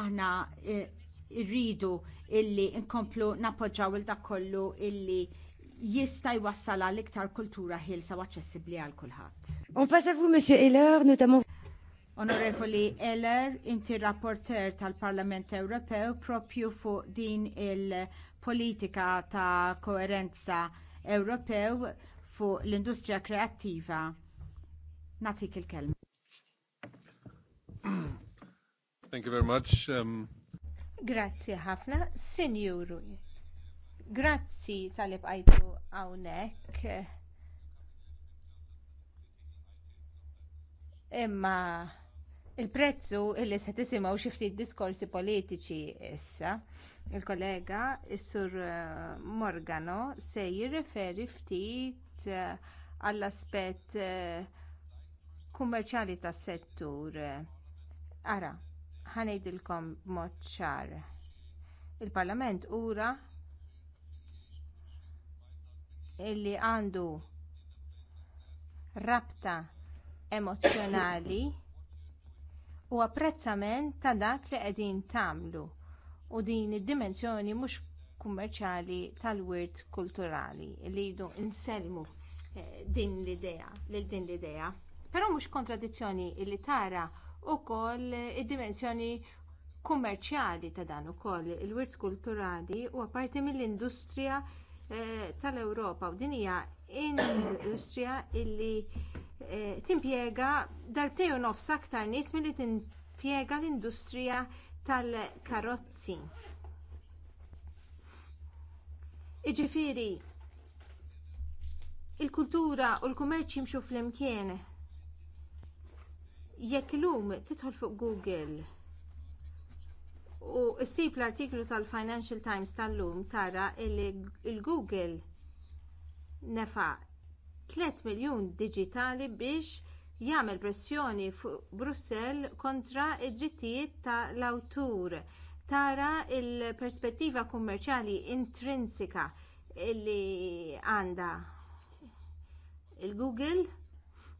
aħna irridu illi nkomplu napoġġaw il kollu illi jista jwassala l iktar kultura ħilsa u aċċessibbli għal kulħadd. On passe vous, Monsieur notamment Onorevoli Eller, inti rapporter tal-Parlament Ewropew propju fuq din il-politika ta' koerenza Ewropew fuq l-industrija kreattiva. Natik il kelm [CLEARS THROAT] Thank you very much. Um... Grazzi ħafna, Sinjuru. Grazzi tal-ibqajtu hawnhekk. Imma Il-prezzu illi se tisimgħu xi ftit diskorsi politiċi issa, il-kollega is-Sur eh, Morgano se jirreferi ftit eh, għall-aspett eh, kummerċjali tas-settur. Ara, ħanejdilkom b'mod ċar. Il-Parlament ura illi għandu rabta emozjonali u apprezzament ta' dak li qegħdin tagħmlu u din id-dimensjoni mhux kummerċjali tal-wirt kulturali li jdu inselmu eh, din l-idea, lil din l-idea. Però mhux kontradizzjoni li tara wkoll id-dimensjoni kummerċjali ta' dan ukoll il-wirt kulturali huwa parti mill-industrija eh, tal-Ewropa u din hija industrija illi E, timpjega darbtej nofs aktar nies li timpiega l-industrija tal-karozzi. Iġifieri il-kultura u l-kummerċ jimxu flimkien. Jekk illum tidħol fuq Google u ssib l-artiklu tal-Financial Times tal-lum tara li l-Google nefa 3 miljun diġitali biex jagħmel pressjoni fuq Brussell kontra id-drittijiet tal-awtur. Tara l perspettiva kummerċjali intrinsika li għandha il-Google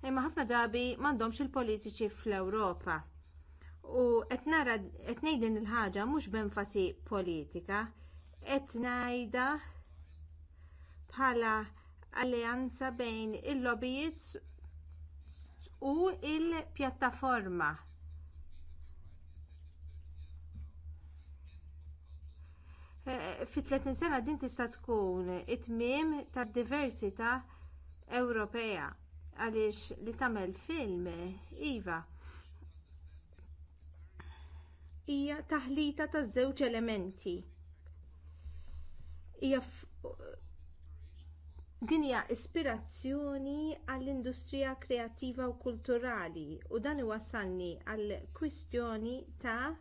imma ħafna drabi m'għandhomx il-politiċi fl-Ewropa. U qed nara qed ngħidin il-ħaġa mhux b'enfasi politika, qed ngħidha bħala alleanza bejn il-lobbyist u l pjattaforma eh, Fi 30 sena din tista' tkun it-tmiem tad-diversità Ewropea għaliex li tagħmel film iva hija taħlita taż żewġ elementi. Hija Din hija ispirazzjoni għall-industrija kreattiva u kulturali u dan iwasalni għall kwistjoni ta'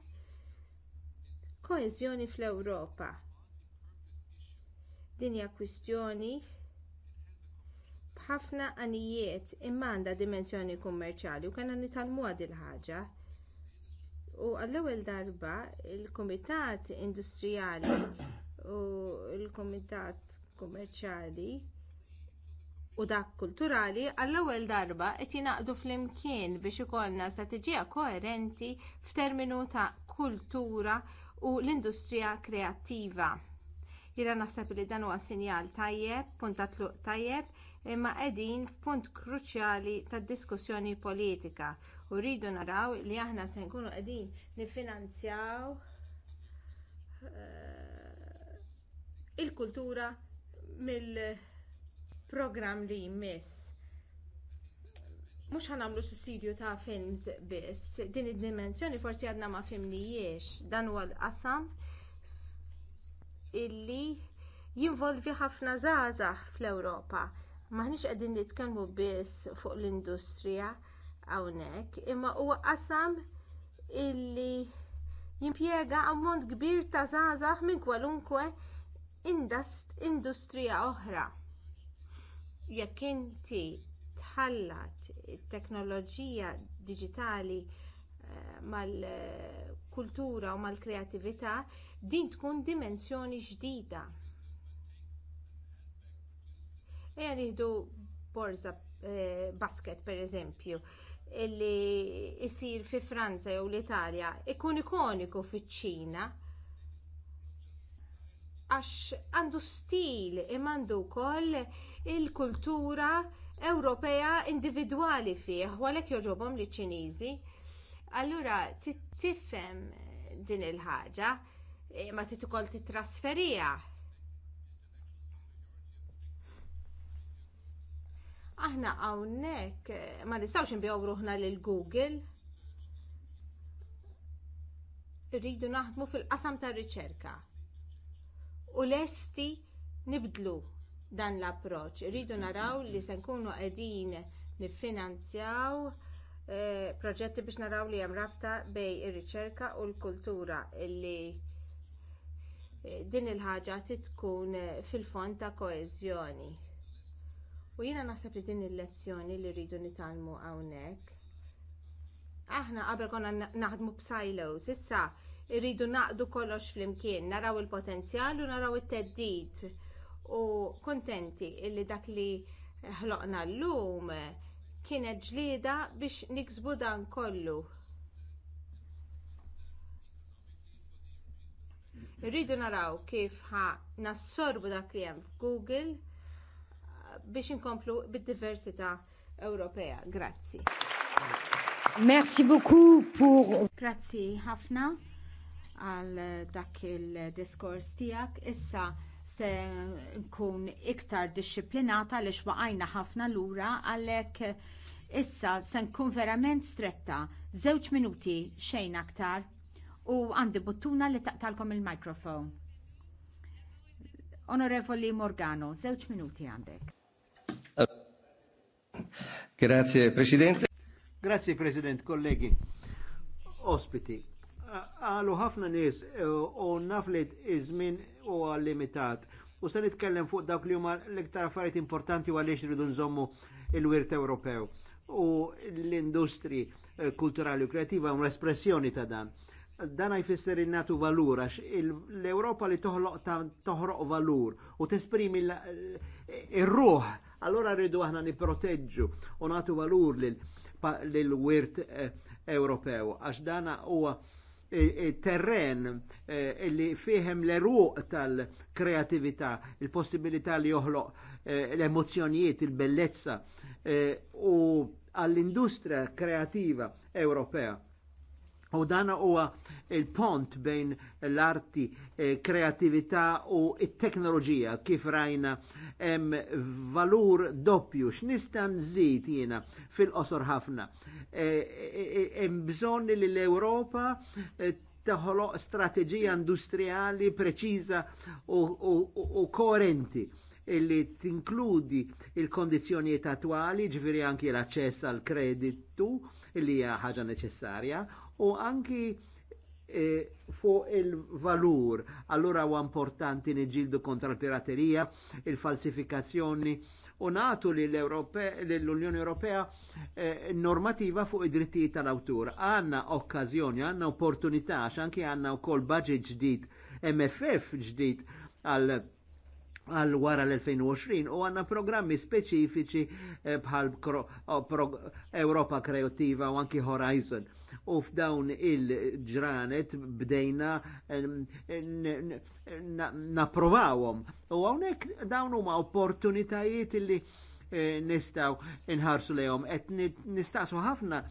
koeżjoni fl-Ewropa. Din hija kwistjoni b'ħafna għanijiet imma għandha dimensjoni kummerċali, u kellna nitalmuha il ħaġa. U għall-ewwel darba il-Kumitat Industrijali u l-Kumitat Kummerċjali u dak kulturali għall-ewwel darba qed jingħaqdu flimkien biex ikollna strateġija koerenti f'terminu ta' kultura u l-industrija kreattiva. Jiena naħseb li dan huwa sinjal tajjeb, punt ta' tluq tajjeb, imma qegħdin f'punt kruċjali tad-diskussjoni politika u rridu naraw li aħna se nkunu qegħdin niffinanzjaw uh, eh, il-kultura mill- program li jmiss. Mhux ħanamlu sussidju ta' films biss, din id-dimensjoni forsi għadna ma' jiex, dan huwa l-qasam illi jinvolvi ħafna żgħażagħ fl-Ewropa. Maħniex qegħdin nitkellmu biss fuq l-industrija hawnhekk, imma huwa qasam illi jimpiega ammont kbir ta' żgħażagħ minn kwalunkwe industrija oħra jekk inti tħallat it-teknoloġija diġitali eh, mal-kultura u mal-kreatività, din tkun dimensjoni ġdida. Eja nieħdu borza eh, basket pereżempju, illi jsir fi Franza jew l-Italja, ikun ikoniku fiċ-Ċina, għax għandu stil imma għandu wkoll il-kultura Ewropea individwali fih, għalek għalhekk li liċ ċiniżi. Allura tifhem din il-ħaġa, e, ma tit ukoll titrasferija. Aħna hawnhekk e, ma nistgħux nbigħu ruħna l Google. Irridu naħdmu fil-qasam tar-riċerka. U lesti nibdlu dan l approċċ iridu naraw li se nkunu qegħdin niffinanzjaw eh, proġetti biex naraw li hemm rabta bejn ir-riċerka u l-kultura li eh, din il-ħaġa tkun eh, fil-fond ta' koeżjoni. U jiena naħseb li din il-lezzjoni li rridu nitalmu hawnhekk. Aħna qabel konna naħdmu b'silos, issa rridu naqdu kollox flimkien, naraw il-potenzjal u naraw it-teddid u kuntenti illi dak li ħloqna llum kienet ġlieda biex niksbu dan kollu. Irridu naraw kif ħa nassorbu dak li hemm f'Google uh, biex inkomplu bid-diversità Ewropea. Grazzi. Merci beaucoup pour Grazzi ħafna għal dak il-diskors tiegħek. Issa se nkun iktar dixxiplinata għaliex waqajna ħafna lura għalhekk issa se nkun verament stretta żewġ minuti xejn aktar u għandi buttuna li taqtalkom il-mikrofon. Onorevoli Morgano, żewġ minuti għandek. Grazie Presidente. Grazie President, kollegi, ospiti għalu ħafna nies eh, u naflit iż-żmien huwa limitat. U se nitkellem fuq dawk li huma l-iktar affarijiet importanti u għaliex ridu nżommu il-wirt Ewropew. U l-industri eh, kulturali u kreativa huma l-espressjoni ta' dan. Dan fisser innatu valur għax l-Ewropa li toħloq ta' toħroq valur u tesprimi l eh, ruħ Allora rridu aħna niproteġġu u natu valur lil wirt Ewropew għax dana huwa terren eh, li fihem l-eruq tal-kreativita, il-possibilità li joħloq eh, l-emozjonijiet, il-bellezza eh, u għall-industria kreativa Ewropea U dan huwa il-pont bejn l-arti, eh, kreatività u t-teknoloġija kif rajna hemm valur doppju x'nistan nżid jiena fil-qosor ħafna. Eh, eh, hemm bżonn li l-Ewropa taħloq strateġija industriali preċiża u koerenti illi tinkludi il-kondizjonijiet attwali, ġviri anki l-aċċess għal kreditu, illi hija ħaġa neċessarja, u anki eh, fuq il-valur. Allura huwa importanti neġildu kontra l-piraterija, il-falsifikazzjoni u natu li l-Unjoni Ewropea eh, normativa fuq id dritti tal-awtur. Għanna okkazjoni, għanna opportunità, xanki għanna u kol budget ġdid, MFF ġdid għal għal wara l-2020 u għanna programmi speċifiċi eh, bħal Europa Kreativa u anki Horizon u f'dawn il-ġranet bdejna naprovawom. U hawnhekk dawn huma opportunitajiet li eh, nistaw inħarsu lejom. Et nistaqsu ħafna,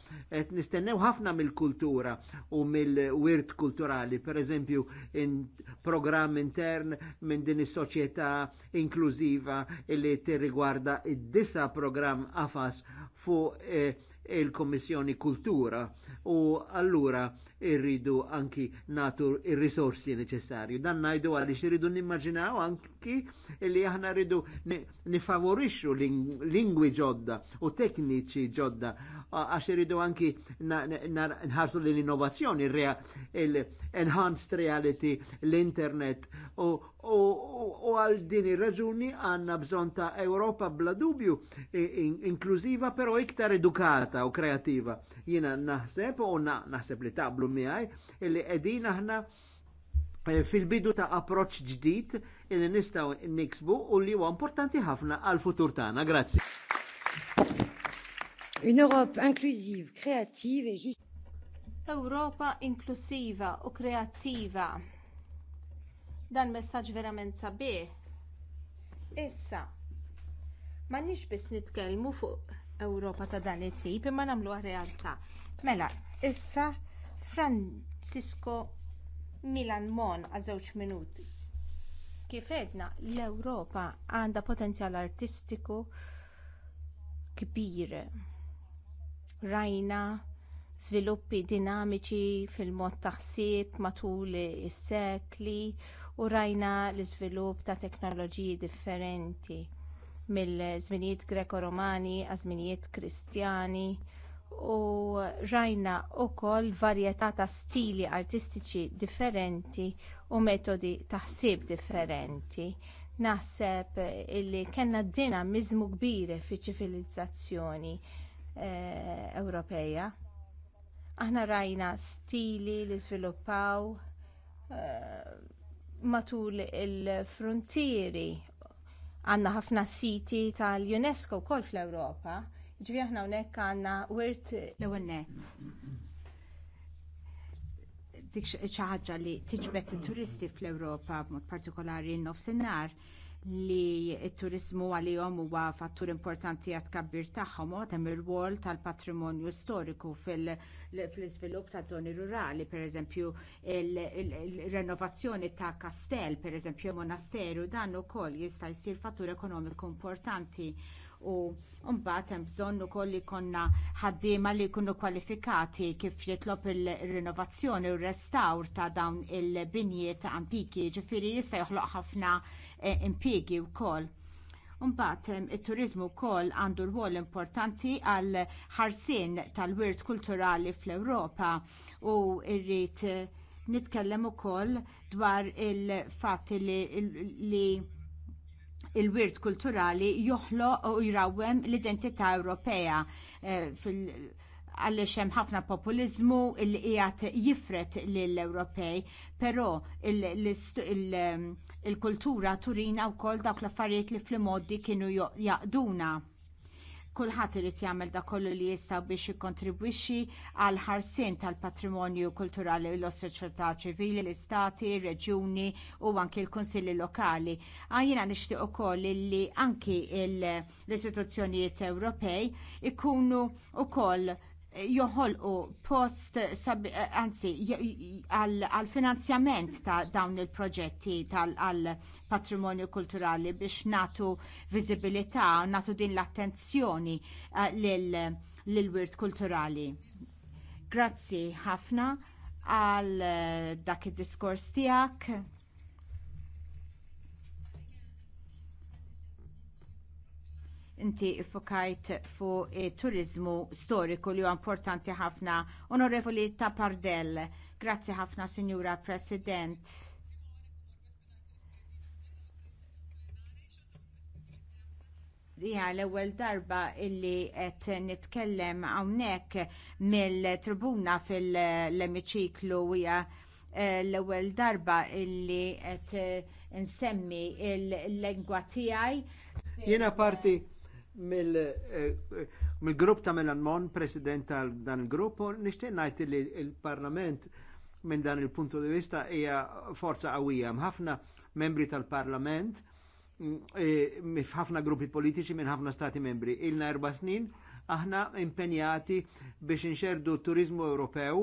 et nistennew ħafna mill-kultura u mill-wirt kulturali, per eżempju, in program intern minn din is-soċjetà inklużiva li tirrigwarda id-disa program AFAS fuq eh, il-Kommissjoni Kultura u allura irridu anki natu il risorsi necessarju. Dan najdu għalix irridu nimmaġinaw anki li aħna rridu nifavorixu lingwi ġodda u tekniċi ġodda għax irridu anki nħarsu l-innovazzjoni, l-enhanced reality, l-internet u għal din ir-raġuni għanna bżon ta' Europa bla dubju inklużiva pero iktar edukata u kreativa. Jina naħseb u naħseb li tablu miħaj illi qegħdin aħna eh, fil-bidu ta' approċ ġdid illi nistgħu niksbu u li huwa importanti ħafna għal futur tagħna. Grazzi. Une Europe inclusive, créative et juste. Europa inklusiva u kreattiva. Dan messaġġ verament sabiħ. Issa, m'għandniex biss nitkellmu fuq Ewropa ta' dan it-tip imma nagħmluha realtà. Mela, issa Francisco Milan Mon għal żewġ minuti. Kif edna l-Ewropa għandha potenzjal artistiku kbir. Rajna sviluppi dinamiċi fil-mod taħsib matul is-sekli u rajna l-iżvilupp ta' teknoloġiji differenti mill-żminijiet greko-romani għaż-żminijiet kristjani u rajna wkoll varjetà ta' stili artistiċi differenti u metodi ta' ħsieb differenti. Naħseb illi kellna dinamiżmu kbir fiċ ċivilizzazzjoni eh, Ewropeja. Aħna rajna stili li żviluppaw eh, matul il-frontieri għandna ħafna siti tal-UNESCO wkoll fl-Ewropa Ġivi aħna hawnhekk għandna wirt l-ewwel nett. Dik xaħġa li tiġbed it-turisti fl-Ewropa mod partikolari n-nofsinhar li t-turizmu għalihom huwa fattur importanti għat kabbir taħħom, u hemm ir wol tal-patrimonju storiku fil-iżvilupp ta' żoni rurali, pereżempju il-renovazzjoni ta' kastell, pereżempju monasteru, dan ukoll jista' jsir fattur ekonomiku importanti u mbagħad hemm bżonn ukoll li konna ħaddiema li jkunu kwalifikati kif jitlob il-rinnovazzjoni u r-restawr ta' dawn il-binjiet antiki, ġifieri jista' joħloq ħafna e, impjiegi wkoll. Mbagħad it-turiżmu wkoll għandu rwol importanti għal ħarsien tal-wirt kulturali fl-Ewropa u rrid nitkellem ukoll dwar il-fatt li, li il-wirt kulturali joħloq u jrawwem l-identità Ewropea eh, għalli xem ħafna populizmu il qiegħed jifret lill-Ewropej, però eh, il-kultura turina wkoll dawk l-affarijiet li fl-modi kienu jaqduna. Kulħadd irid jagħmel da kollu li jista' biex jikkontribwixxi għal ħarsien tal-patrimonju kulturali l soċjetà ċivili, l-istati, reġjuni u anki l-kunsilli lokali. Għajjina nixtieq ukoll li anki l-istituzzjonijiet Ewropej ikunu ukoll joħolqu post, eh, anzi, għal finanzjament ta' dawn il-proġetti tal-patrimonju kulturali biex natu viżibilità, natu din l-attenzjoni eh, l-wirt kulturali. Grazzi ħafna għal eh, dak id-diskors tiegħek. inti fukajt fuq eh, turizmu storiku li huwa importanti ħafna. Onorevoli Tapardell, grazzi ħafna Signora President. Rija l-ewwel darba illi qed nitkellem hawnhekk mill-tribuna fil-emiċiklu hija eh, l-ewwel darba illi qed nsemmi l-lengwa tiegħi. Jiena parti mill-grupp eh, eh, ta' Melan Mon, president tal dan il-grupp, nishtiq ngħid li il-Parlament minn dan il-punto di vista hija forza għawija. Mħafna membri tal-Parlament, eh, ħafna gruppi politiċi minn ħafna stati membri. Ilna erba' snin aħna impenjati biex inxerdu turizmu Ewropew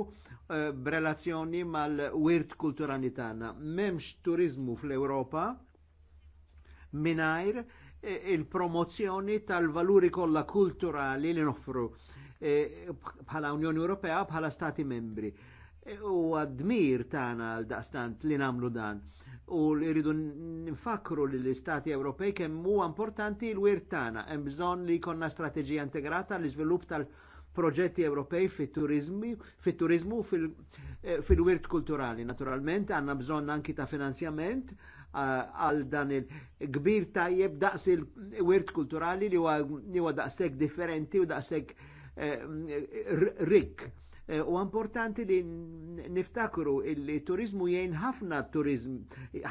b'relazzjoni mal-wirt kulturali tagħna. M'hemmx turizmu fl-Ewropa mingħajr E, il-promozzjoni tal-valuri kollha kulturali li noffru e, bħala Unjoni Ewropea bħala Stati membri. E, u għadmir tagħna għal daqstant li namlu dan. U li rridu nfakru li l-Istati Ewropej kemm huwa importanti l wirt tagħna, hemm bżonn li jkollna strateġija integrata li iżvilupp tal- proġetti Ewropej fit-turizmu fit fil-wirt kulturali. Naturalment, għandna bżonn anki ta' finanzjament għal dan il-kbir tajjeb daqs il-wirt kulturali li huwa daqshekk differenti u daqshekk eh, rik. Eh, u importanti li niftakru il-turizmu jgħin ħafna turizm,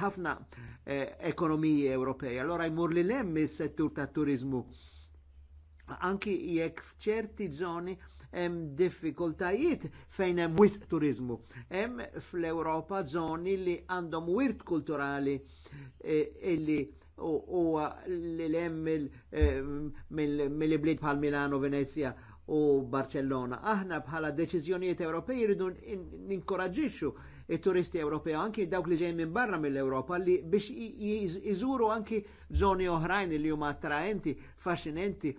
ħafna eh, ekonomiji Ewropej. Allora jmur li lemm is-settur ta' turizmu. Anki jekk f'ċerti zoni hemm diffikultajiet fejn hemm wisq turizmu. Hemm fl-Ewropa żoni li għandhom wirt kulturali eh, illi u li hemm mill-bliet eh, bħal Milano, Venezia u Barcellona. Aħna bħala deċiżjonijiet Ewropej jridu ninkoraġġixxu turisti Ewropej anki dawk li ġejn minn barra mill-Ewropa li biex iżuru anki żoni oħrajn li huma attraenti, fascinanti,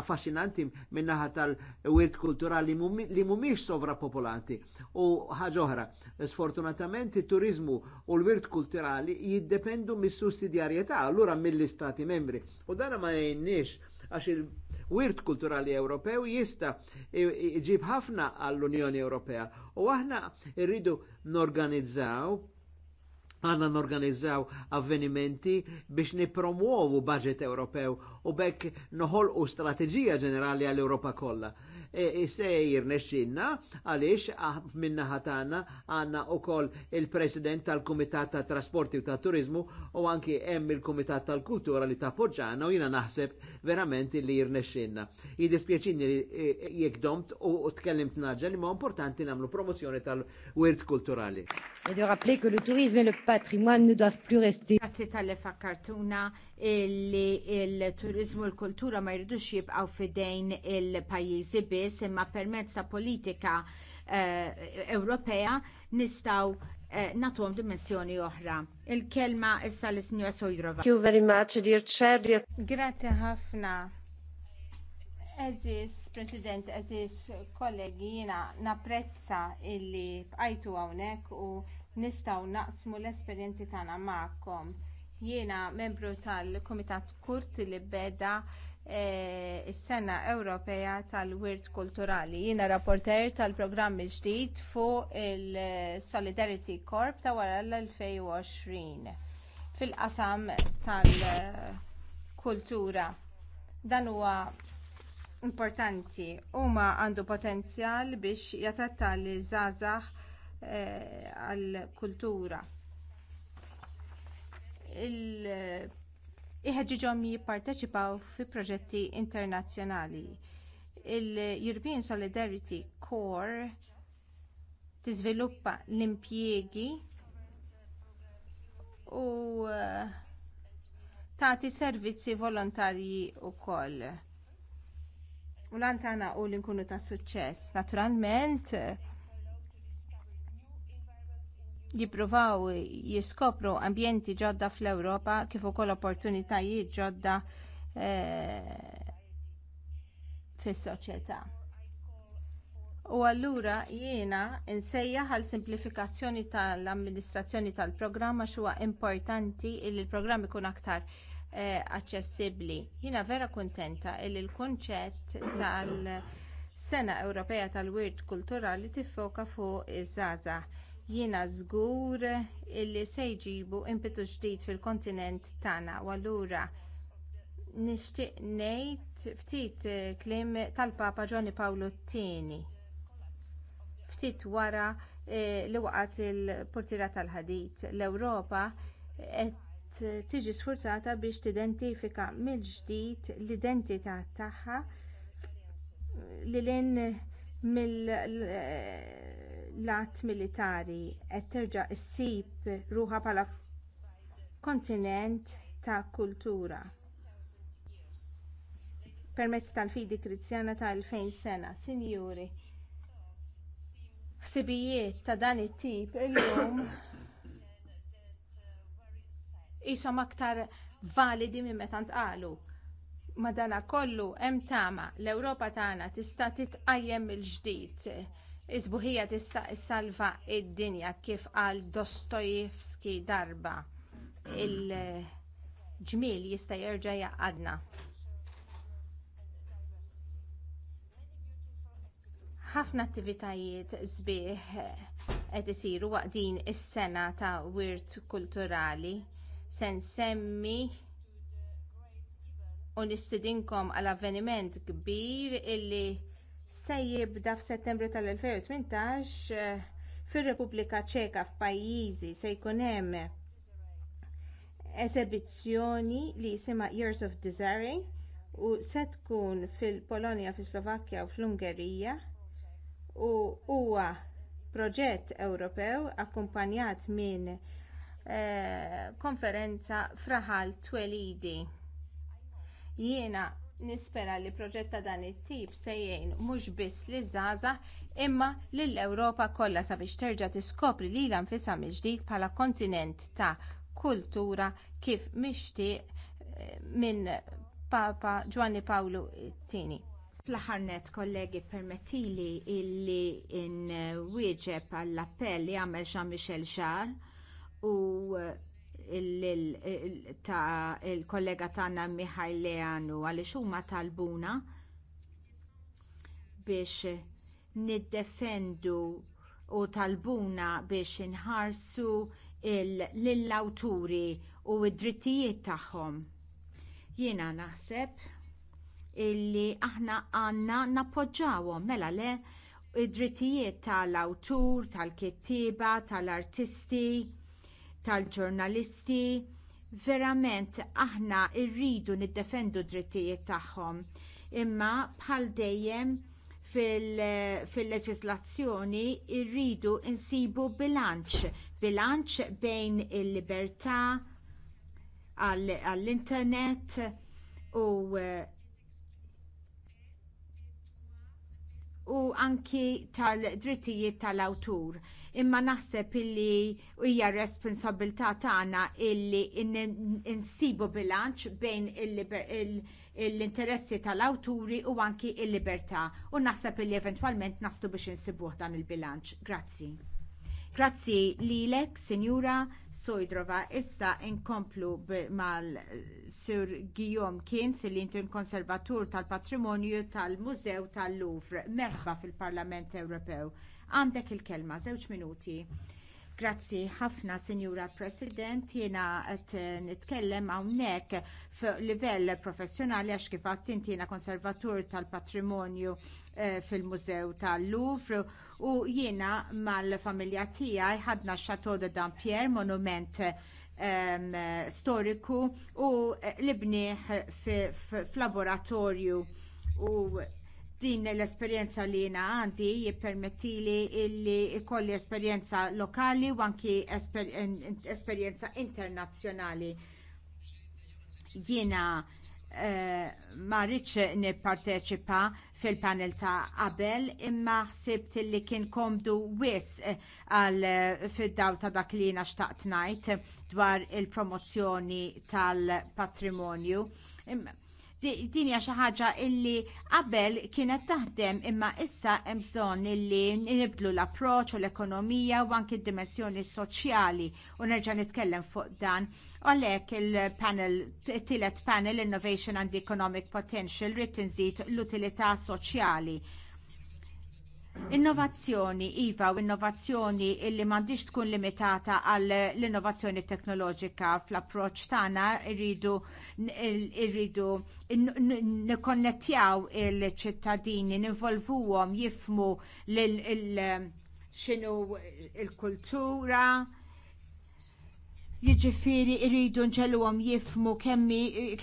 affaxxinanti minnaħa tal-wirt kulturali li mhumiex sovrapopolati. U ħaġa oħra, sfortunatament it-turizmu u l-wirt kulturali jiddependu mis-sussidjarjetà allura mill-istati membri. U dana ma jgħinniex għax il wirt kulturali Ewropew jista jġib ħafna għall-Unjoni Ewropea. U aħna rridu norganizzaw għanna norganizzaw avvenimenti biex nipromuovu budget Ewropew u bekk noħolqu strategija ġenerali għall-Europa kollha E, e, sejr nexxinna għaliex ah, minna ħatana għanna u koll il-president tal-Kumitat ta' Trasporti u ta' Turizmu u anki hemm il-Kumitat tal-Kultura li ta' poġġana u jina naħseb verament li jirnexxinna. Jidispjaċini li e, jek domt u tkellimt naġġa li ma' importanti namlu promozzjoni tal-wirt kulturali. Et de rappeler que le tourisme et le patrimoine ne doivent plus rester. Grazie tal fakkartuna li il-turizmu l-kultura ma jridux jibqaw fidejn il-pajjiżi biss imma permezz ta' politika eh, Ewropea nistgħu eh, nagħtuhom dimensjoni oħra. Il-kelma issa lis sinjora Sojrova. Thank you very much, dear chair. Dear... Grazie ħafna. Eżis, President, eżis, kollegi, jiena naprezza illi bqajtu hawnhekk u nistgħu naqsmu l-esperjenzi tagħna magħkom. Jiena membru tal-Kumitat Kurt li beda E, is-Sena Ewropea tal-Wirt Kulturali. Jiena rapporter tal-programm ġdid fuq il-Solidarity Corp ta' wara l-2020 fil-qasam tal-kultura. Dan huwa importanti huma għandu potenzjal biex jatratta li żgħażagħ e, għall-kultura iħeġġiġhom jipparteċipaw fi proġetti internazzjonali. Il-European Solidarity Corps tiżviluppa l-impjiegi u eh, tagħti servizzi volontarji wkoll. U l-antana u l-inkunu ta' suċċess. Naturalment, jippruvaw jiskopru ambjenti ġodda fl-Ewropa kif ukoll opportunitajiet ġodda eh, fis-soċjetà. U allura jiena insejjaħ għal simplifikazzjoni tal-amministrazzjoni tal-programma xuwa importanti li l-programm ikun aktar eh, aċċessibbli. Jiena vera kuntenta li l-kunċett tal- Sena Ewropea tal-Wirt Kulturali tiffoka fuq iż-żgħażagħ Jiena żgur illi se jġibu impetu ġdid fil-kontinent tagħna u allura nixtieq ngħid ftit kliem tal-Papa Ġoni Pawlu II. Ftit wara eh, li waqgħet il-portira tal-ħadit l-Ewropa qed tiġi sfurzata biex tidentifika mill-ġdid l-identità tagħha lil mill l-att militari qed terġa' ssib ruha bħala kontinent ta' kultura. Permezz tal-fidi Kristjana ta' 2000 sena, sinjuri. Ħsibijiet ta' dan it-tip illum ishom aktar validi minn meta ntqalu. Madana kollu hemm tama l-Ewropa tagħna tista' titqajjem mill-ġdid Iżbuħija tista' issalva id-dinja kif qal Dostojevski darba. Il-ġmiel jista' jerġa' jaqadna. Ħafna attivitajiet sbieħ qed isiru waqt din is-sena ta' wirt kulturali se nsemmi u nistidinkom għal avveniment kbir illi se jibda f'Settembru tal-2018 eh, fir-Repubblika Ċeka f'pajjiżi se jkun hemm eżebizzjoni li jisimha Years of Desire u se tkun fil-Polonja, fis-Slovakkja u fl-Ungerija u huwa proġett Ewropew akkumpanjat minn eh, konferenza fraħal twelidi. Jiena nispera li proġett ta' dan it-tip se jgħin mhux biss li żgħażagħ imma lill ewropa kollha sabiex terġa' tiskopri lilha nfisha mill-ġdid bħala kontinent ta' kultura kif mixtieq eh, minn Papa Giovanni Paolo II fl-ħarnet kollegi permettili illi nwieġeb għall-appell li għamel Jean-Michel Jarre u eh, ta' il-kollega tagħna Mihaj Leanu għaliex huma talbuna biex niddefendu u talbuna biex inħarsu lill-awturi u id-drittijiet tagħhom. Jiena naħseb illi aħna għandna nappoġġawhom mela le id-drittijiet tal-awtur, tal-kittieba, tal-artisti tal-ġurnalisti. Verament aħna rridu niddefendu drittijiet tagħhom. Imma bħal dejjem fil-leġislazzjoni fil rridu insibu bilanċ, bilanċ bejn il-libertà għall-internet u eh, u anki tal-drittijiet tal-awtur. Imma naħseb illi hija responsabilità tagħna illi insibu bilanċ bejn l-interessi tal-awturi u anki l libertà u naħseb illi eventwalment naslu biex insibuh dan il-bilanċ. Grazzi. Grazzi lilek, Signora Sojdrova. Issa inkomplu mal-Sur eh, Guillaume Kienz, li intu konservatur tal-patrimonju tal-Mużew tal-Louvre. Merħba fil-Parlament Ewropew. Għandek il-kelma, żewġ minuti. Grazzi ħafna, Sinjura President, jiena qed nitkellem hawnhekk fuq livell professjonali għax kif għadt inti jiena konservatur tal-patrimonju eh, fil-Mużew tal-Louvre u jiena mal-familja tiegħi ħadna x-Chateau de Dampierre, monument ehm, storiku u eh, libniħ fl-laboratorju u din l-esperienza li jina għandi jippermettili illi ikolli esperienza lokali u anki esperienza internazzjonali. Jiena eh, ma rridx nipparteċipa fil-panel ta' qabel imma ħsibt li kien komdu wis eh, għal eh, fid-daw ta' dak li jina xtaqt ngħid dwar il-promozzjoni tal-patrimonju. Din hija xi ħaġa illi qabel kienet taħdem imma issa hemm bżonn illi nibdlu l-approċċ u l-ekonomija u anki d-dimensjoni soċjali u nerġa' nitkellem fuq dan. Għalhekk il-panel, it-tielet panel Innovation and Economic Potential rid inżid l-utilità soċjali Innovazzjoni, Iva, u innovazzjoni illi mandiġ tkun limitata għall-innovazzjoni teknoloġika fl-approċ tagħna irridu irridu nikonnettjaw il-ċittadini, ninvolvuhom jifmu x'inhu il-kultura, jiġifieri irridu nġelluhom jifmu kemm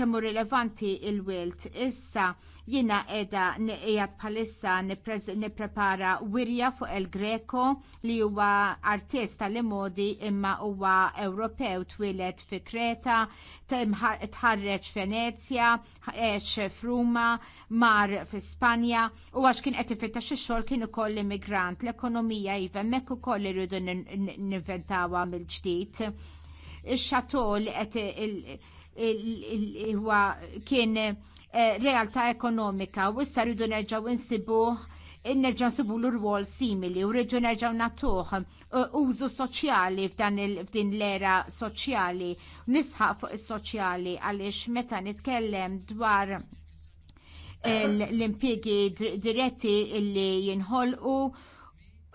kemmu rilevanti il-wilt. Issa Jina edha nejad palissa neprepara wirja fuq El Greco li huwa artista li modi imma huwa Ewropew twilet fi Kreta, tħarreġ Venezia, eċ f'Ruma, mar fi Spanja u għax kien qed fitta ix-xogħol kien ukoll immigrant. L-ekonomija iva hemmhekk ukoll irridu ninventawha mill-ġdid il-xatol huwa kien Eh, realtà ekonomika u issa rridu nerġgħu insibu nerġaw nsibu l-rwol simili u rridu nerġaw natuħ eh, użu soċjali f'din l-era soċjali, nisħaq fuq is-soċjali għaliex meta nitkellem dwar eh, l impiegi diretti illi jinħolqu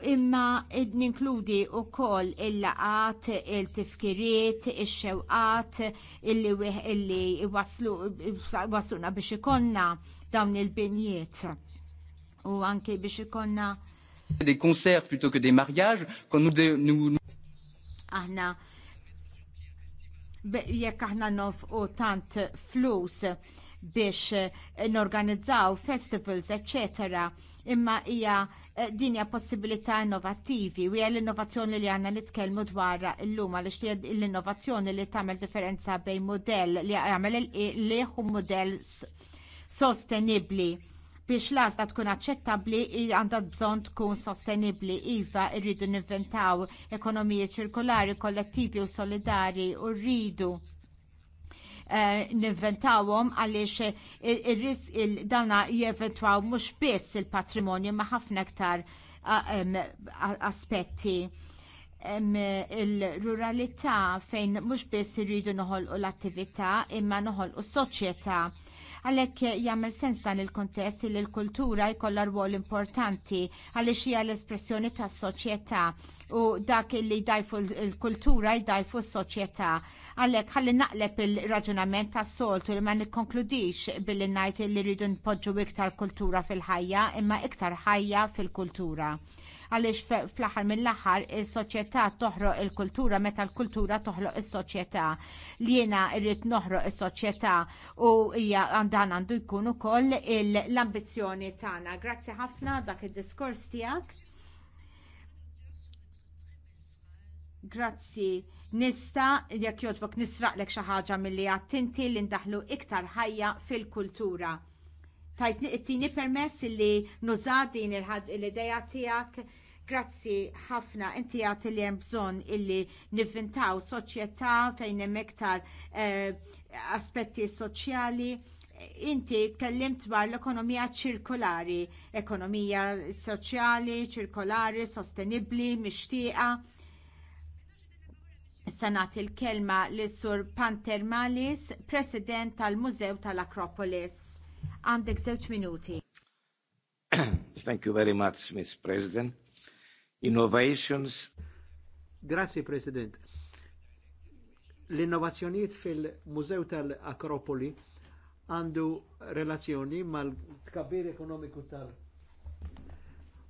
imma ninkludi u koll il-laqat, il-tifkiriet, il-xewqat, illi wasluna biex ikonna dawn il-binjiet. U anke biex ikonna. Dei concerts plutôt que dei mariages, kon nu. De, Aħna, jekk aħna nof u tant flus biex eh, norganizzaw festivals, etc. Imma hija eh, dinja possibilità innovativi u hija l-innovazzjoni li għandna nitkellmu dwar illum għaliex l-innovazzjoni li tagħmel differenza bejn modell li jagħmel liħ u modell sostenibbli biex l tkun aċċettabbli għandha bżonn tkun sostenibbli. Iva, rridu ninventaw ekonomiji ċirkolari, kollettivi u solidari u rridu Eh, ninventawhom għaliex ir-risk dawna jeventwaw mhux biss il-patrimonju ma' ħafna aktar aspetti il-ruralità fejn mhux biss irridu noħolqu l-attività imma noħolqu s-soċjetà Għalhekk jagħmel sens dan il-kontest li l-kultura jkollha rwol importanti għaliex hija l-espressjoni tas-soċjetà u dak li jdajfu l-kultura jdajfu s-soċjetà. Għalhekk ħalli naqleb il-raġunament tas-soltu li ma nikkonkludix billi najt li rridu npoġġu iktar kultura fil-ħajja imma iktar ħajja fil-kultura għaliex fl-aħħar mill-aħħar is-soċjetà toħroq il-kultura meta l-kultura toħloq is-soċjetà. Li jiena rrid noħroq is-soċjetà u hija għandu jkun ukoll l-ambizzjoni tagħna. Grazzi ħafna dak id-diskors tiegħek. Grazzi nista jekk jogħġbok nisraqlek xi ħaġa milli għattinti li ndaħlu iktar ħajja fil-kultura. Tajt it-tini permess li ħad l-ideja tijak. Grazzi ħafna, inti għat li hemm bżonn illi nivvintaw soċjetà fejn hemm iktar eh, aspetti soċjali. Inti tkellimt dwar l-ekonomija ċirkolari, ekonomija soċjali, ċirkolari, sostenibbli, mixtieqa. Sanat nagħti l kelma lis sur Panter Malis, President tal-Mużew tal-Akropolis. Għandek żewġ minuti. [CLEARS THROAT] Thank you very much, Ms. President. Innovations. Grazie, President. l innovazzjoniet fil-Mużew tal-Akropoli għandu relazzjoni mal tkabir ekonomiku tal-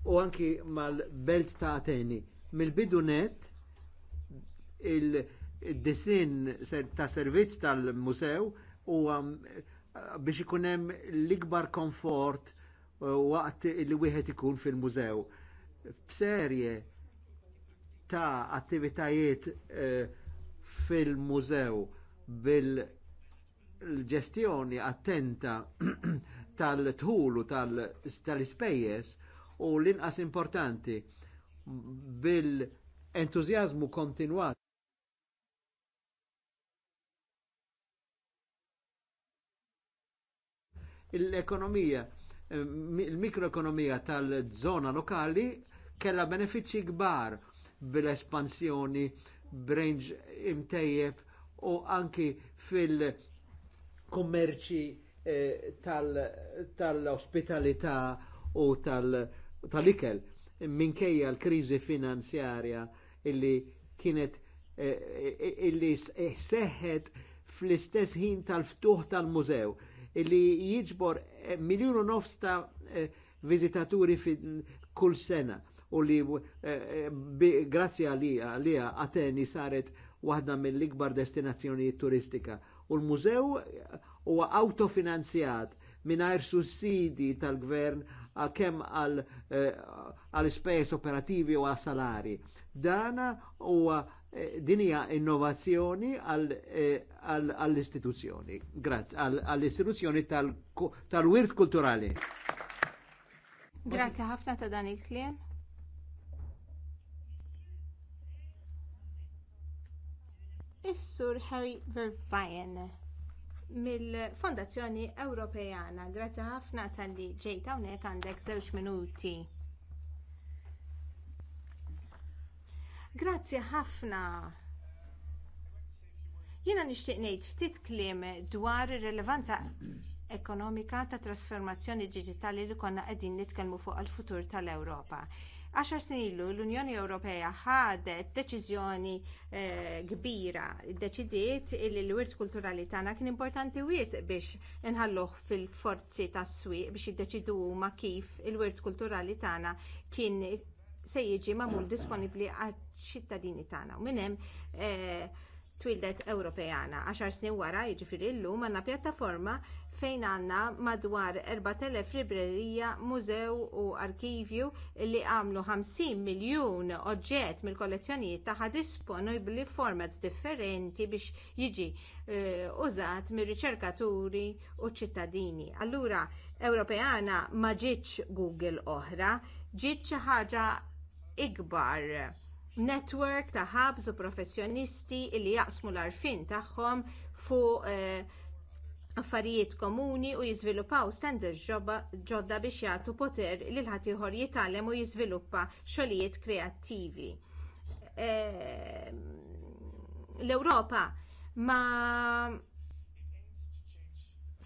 u anki mal-belt ta' Ateni. Mil-bidu net, il-disin ta' servizz tal mużew u biex ikunem l-ikbar komfort uh, waqt li wieħed ikun fil-mużew. B'serje ta' attivitajiet uh, fil-mużew bil-ġestjoni attenta [CLEARS THROAT] tal-tħulu tal-ispejjes u l-inqas importanti bil-entużjażmu kontinwat l-ekonomija, eh, l mikroekonomija tal-zona lokali kella benefiċċji kbar bil-espansjoni, b'range imtejjeb u anki fil-kommerċi eh, tal-ospitalità tal u tal-ikel tal minkejja l-krizi finanzjarja illi kienet eh, illi eh, seħħet fl-istess ħin tal-ftuħ tal-mużew li jiġbor eh, u nofs ta' eh, vizitaturi kull sena u li eh, grazzi għalija Ateni saret waħda mill-ikbar destinazzjoni turistika. U l-mużew huwa autofinanzjat mingħajr sussidi tal-gvern kemm għal ispejjeż operativi u għal salari. Dana huwa din hija innovazzjoni eh, għall-istituzzjoni. Grazzi, għall-istituzzjoni tal-wirt kulturali. Grazzi ħafna ta' dan il klien Is-Sur Harry Vervajen mill-Fondazzjoni Ewropejana. Grazzi ħafna tal-li ġejta hawnhekk għandek żewġ minuti. Grazzi ħafna. Jiena nixtieq ngħid ftit klim dwar ir relevanza ekonomika ta' trasformazzjoni digitali li konna qegħdin nitkellmu fuq għall-futur tal-Ewropa. Għaxar snin ilu l-Unjoni Ewropea ħadet deċiżjoni eh, kbira, ddeċidiet li l-wirt kulturali tagħna kien importanti wies biex inħalluh fil-forzi tas-swieq biex jiddeċidu ma' kif il-wirt kulturali tagħna kien se jiġi magħmul disponibbli għat ċittadini tagħna u minn hemm eh, twildet Ewropejana. Għaxar snin wara, jiġifieri llum għandna pjattaforma fejn għandna madwar 4,000 librerija, mużew u arkivju li għamlu 50 miljun oġġett mill-kollezzjonijiet tagħha disponibli formats differenti biex jiġi eh, użat mir riċerkaturi u ċittadini. Allura, Ewropejana ma ġietx Google oħra, ġiet xi ħaġa ikbar network ta' ħabs u professjonisti li jaqsmu l għarfien tagħhom fuq eh, affarijiet komuni u jiżviluppaw standards ġodda biex jagħtu poter lil ieħor jitgħallem u jiżviluppa xogħlijiet kreattivi. Eh, L-Ewropa ma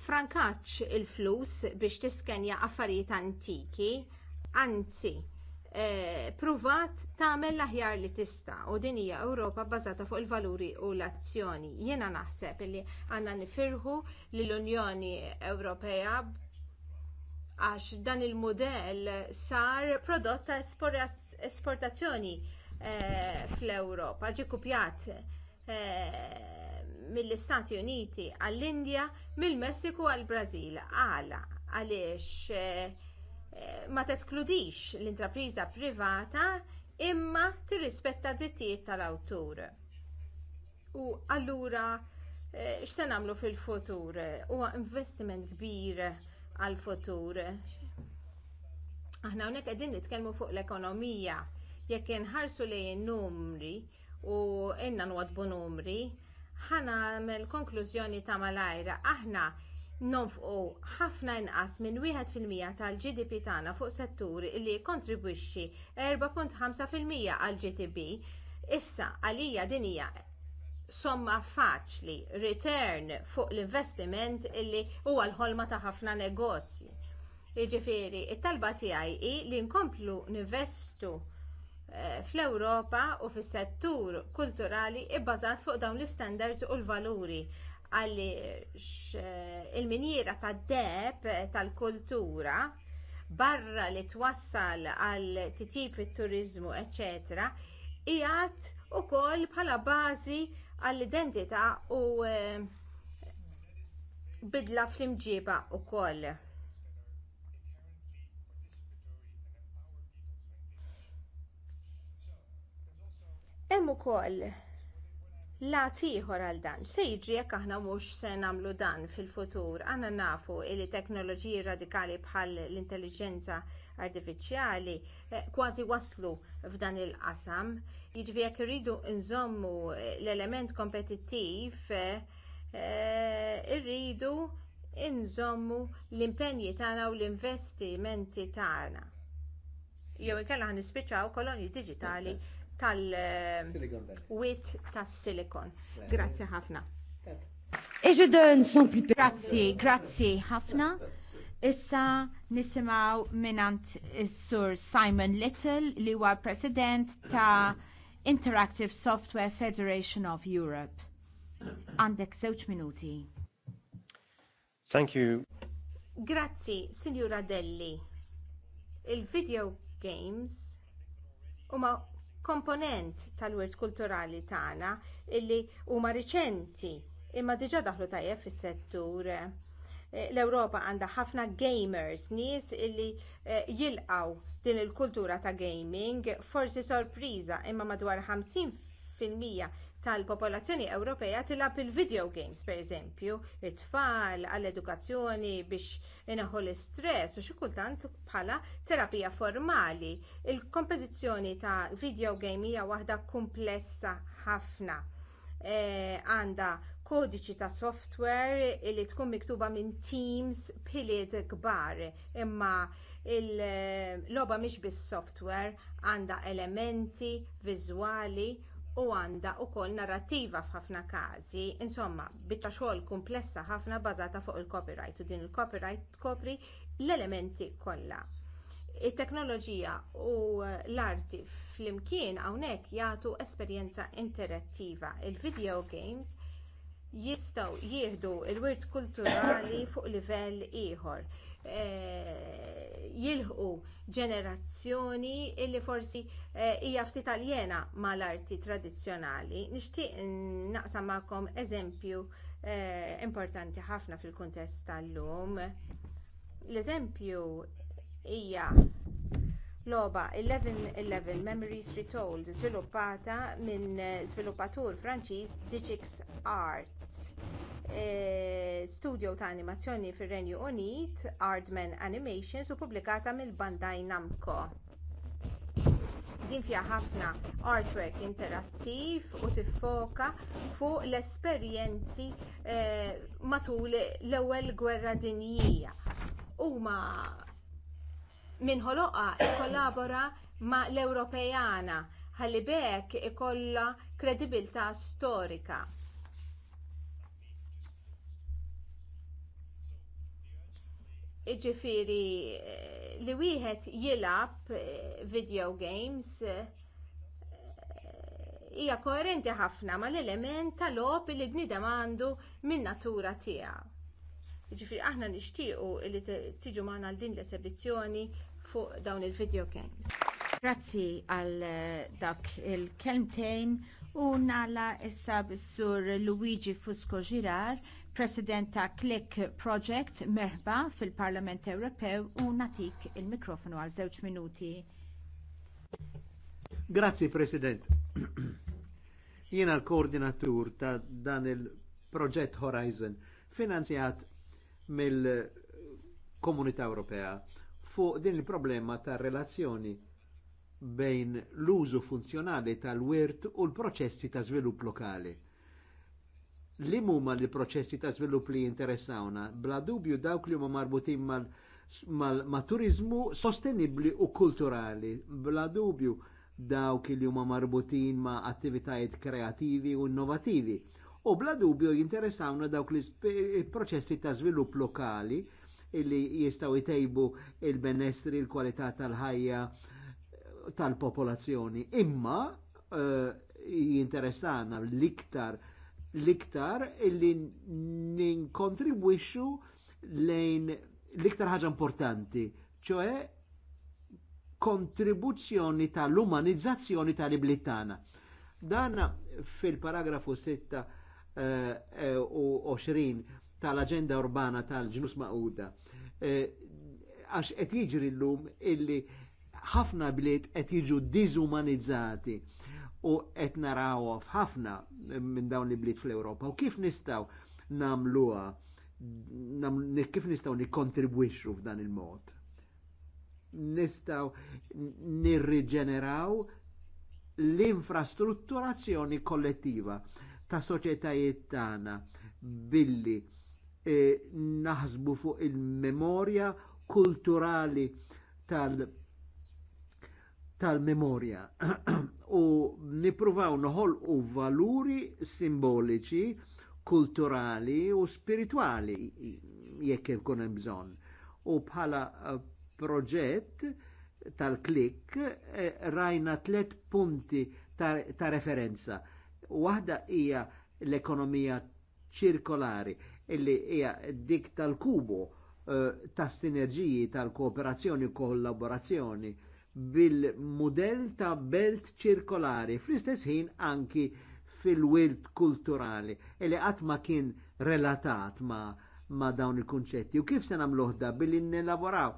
frankaċ il-flus biex tiskenja affarijiet antiki, anzi, Eh, pruvat tagħmel l-aħjar li tista' u din hija Ewropa bbażata fuq il-valuri u l-azzjoni. Jiena naħseb li għandna nifirħu lill unjoni Ewropea għax dan il mudell sar prodott ta' esportazzjoni eh, fl-Ewropa, ġie kupjat eh, mill-Istati Uniti għall-Indja, mill-Messiku għall-Brażil. Għala, għaliex ma teskludix l-intrapriża privata imma tirrispetta drittijiet tal-awtur. U allura eh, x'se nagħmlu fil-futur? Huwa investiment kbir għal-futur. Aħna hawnhekk qegħdin nitkellmu fuq l-ekonomija jekk inħarsu lejn numri u inna nwadbu numri, ħana konklużjoni ta' malajra, aħna nonfqu ħafna inqas minn wieħed fil-mija tal-GDP tagħna fuq settur li jikkontribwixxi 4.5% għall GDP. Issa għalija din hija somma faċli return fuq l-investiment illi huwa l-ħolma ta' ħafna negozji. Jiġifieri, t talba tiegħi hi li nkomplu ninvestu eh, fl-Ewropa u fis-settur kulturali bbażat fuq dawn l istandards u l-valuri Għallix eh, il-minjera tad deb eh, tal-kultura barra li twassal għal titjib fit turiżmu etc. ijat ukoll bħala bażi għall-identità u eh, bidla fl-imġiba wkoll. Hemm ukoll lat ieħor għal dan. Se jiġri jekk aħna mhux se nagħmlu dan fil-futur, għandna nafu li teknoloġiji radikali bħal l-intelligenza artifiċjali eh, kważi waslu f'dan il-qasam. Jiġri jekk irridu nżommu l-element kompetittiv, eh, irridu nżommu l-impenji tagħna u l-investimenti tagħna. Jew inkella ħanispiċċaw kolonji diġitali tal-wit tas-silikon. Grazzi ħafna. Iġudon sun Grazzi, grazie ħafna. Issa nisimaw minant sur Simon Little li huwa president ta' Interactive Software Federation of Europe. Għandek żewġ minuti. Thank you. Grazzi, Signora Delli. Il-video games huma komponent tal-wirt kulturali tagħna illi huma riċenti imma diġà daħlu tajjeb fis-settur. Eh, L-Ewropa għandha ħafna gamers, nies illi eh, jilqgħu din il-kultura ta' gaming, forsi sorpriża imma madwar 50% tal-popolazzjoni Ewropea tilab il-video games, pereżempju, it-tfal għall-edukazzjoni biex inaħu l-istress u xi kultant bħala terapija formali. Il-kompożizzjoni ta' video game hija waħda komplessa ħafna. Għandha e, kodiċi ta' software li tkun miktuba minn teams piliet kbar imma il-loba mhix bis-software għandha elementi viżwali u għandha wkoll narrattiva f'ħafna każi, insomma, biċċa xogħol komplessa ħafna bażata fuq il-copyright u din il-copyright tkopri l-elementi kollha. Il-teknoloġija u l-arti flimkien hawnhekk jagħtu esperjenza interattiva. Il-video games jistgħu jieħdu l wirt kulturali fuq livell ieħor Eh, jilħqu ġenerazzjoni illi forsi eh, hija ftit aljena mal-arti tradizzjonali. Nixtieq naqsam magħkom eżempju eh, importanti ħafna fil-kuntest tal-lum. L-eżempju hija logħba 11-11 Memories Retold, żviluppata minn sviluppatur Franċiż Digix Art E, studio ta' animazzjoni fir-Renju Unit, Ardman Animations, u pubblikata mill Bandai Namco. Din fiha ħafna artwork interattiv u tiffoka fuq l-esperjenzi e, matul l-ewwel gwerra dinjija. Huma minn ħoloqa kollabora ma' l-Ewropejana ħalli bekk ikollha kredibilità storika Iġifiri eh, li wieħed jilab eh, video games eh, hija koerenti ħafna mal-element tal-op li bnidem għandu minn natura tiegħu. Jiġifieri aħna nixtiequ li tiġu maħna din l esebizzjoni fuq dawn il-video games. Grazzi għal dak il-kelmtejn u nala issa bis-sur Luigi Fusco Girard President ta' Click Project merħba fil-Parlament Ewropew u natik il-mikrofonu għal żewġ minuti. Grazzi President. [CLEARS THROAT] Jiena l-koordinatur ta' dan il-proġett Horizon finanzjat mill-Komunità Ewropea fuq din il-problema ta' relazzjoni bejn l-użu funzjonali tal-wirt u l-proċessi ta' żvilupp lokali li huma li proċessi ta' svilupp li jinteressawna, bla dubju dawk li huma marbutin mal, mal ma turizmu sostenibli u kulturali, bla dubju dawk li huma marbutin ma' attivitajiet kreativi u innovativi. U bla dubju jinteressawna dawk li proċessi ta' svilupp lokali illi jistaw jtejbu il-benestri, il-kwalità tal-ħajja tal-popolazzjoni. Imma uh, eh, jinteressana l-iktar l-iktar illi ninkontribwixxu lejn l-iktar ħaġa importanti, ċoe kontribuzzjoni tal-umanizzazzjoni tal-iblitana. Dan fil-paragrafu 6 eh, eh, u uh, tal-Aġenda Urbana tal-Ġnus Mauda. Eh, għax qed jiġri llum illi ħafna bliet qed jiġu diżumanizzati u qed naraw f'ħafna minn dawn li bliet fl-Ewropa u kif nistgħu namluha nam, kif nistgħu nikkontribwixxu f'dan il-mod. Nistgħu nirriġeneraw l-infrastrutturazzjoni kollettiva ta' soċjetajiet tagħna billi eh, naħsbu fuq il-memorja kulturali tal- tal-memorja [CLEARS THROAT] u nipruvaw noħol u valuri simboliċi, kulturali u spirituali jekk ikun hemm bżonn. U bħala eh, proġett tal-klik eh, rajna tlet punti ta', referenza. Waħda hija l-ekonomija ċirkolari illi hija dik tal-kubo eh, tas sinerġiji tal-kooperazzjoni u kollaborazzjoni bil-modell ta' belt ċirkolari, fl-istess ħin anki fil-wilt kulturali, e li qatt ma kien relatat ma, ma dawn il-kunċetti. U kif se nagħmluħda billi nelaboraw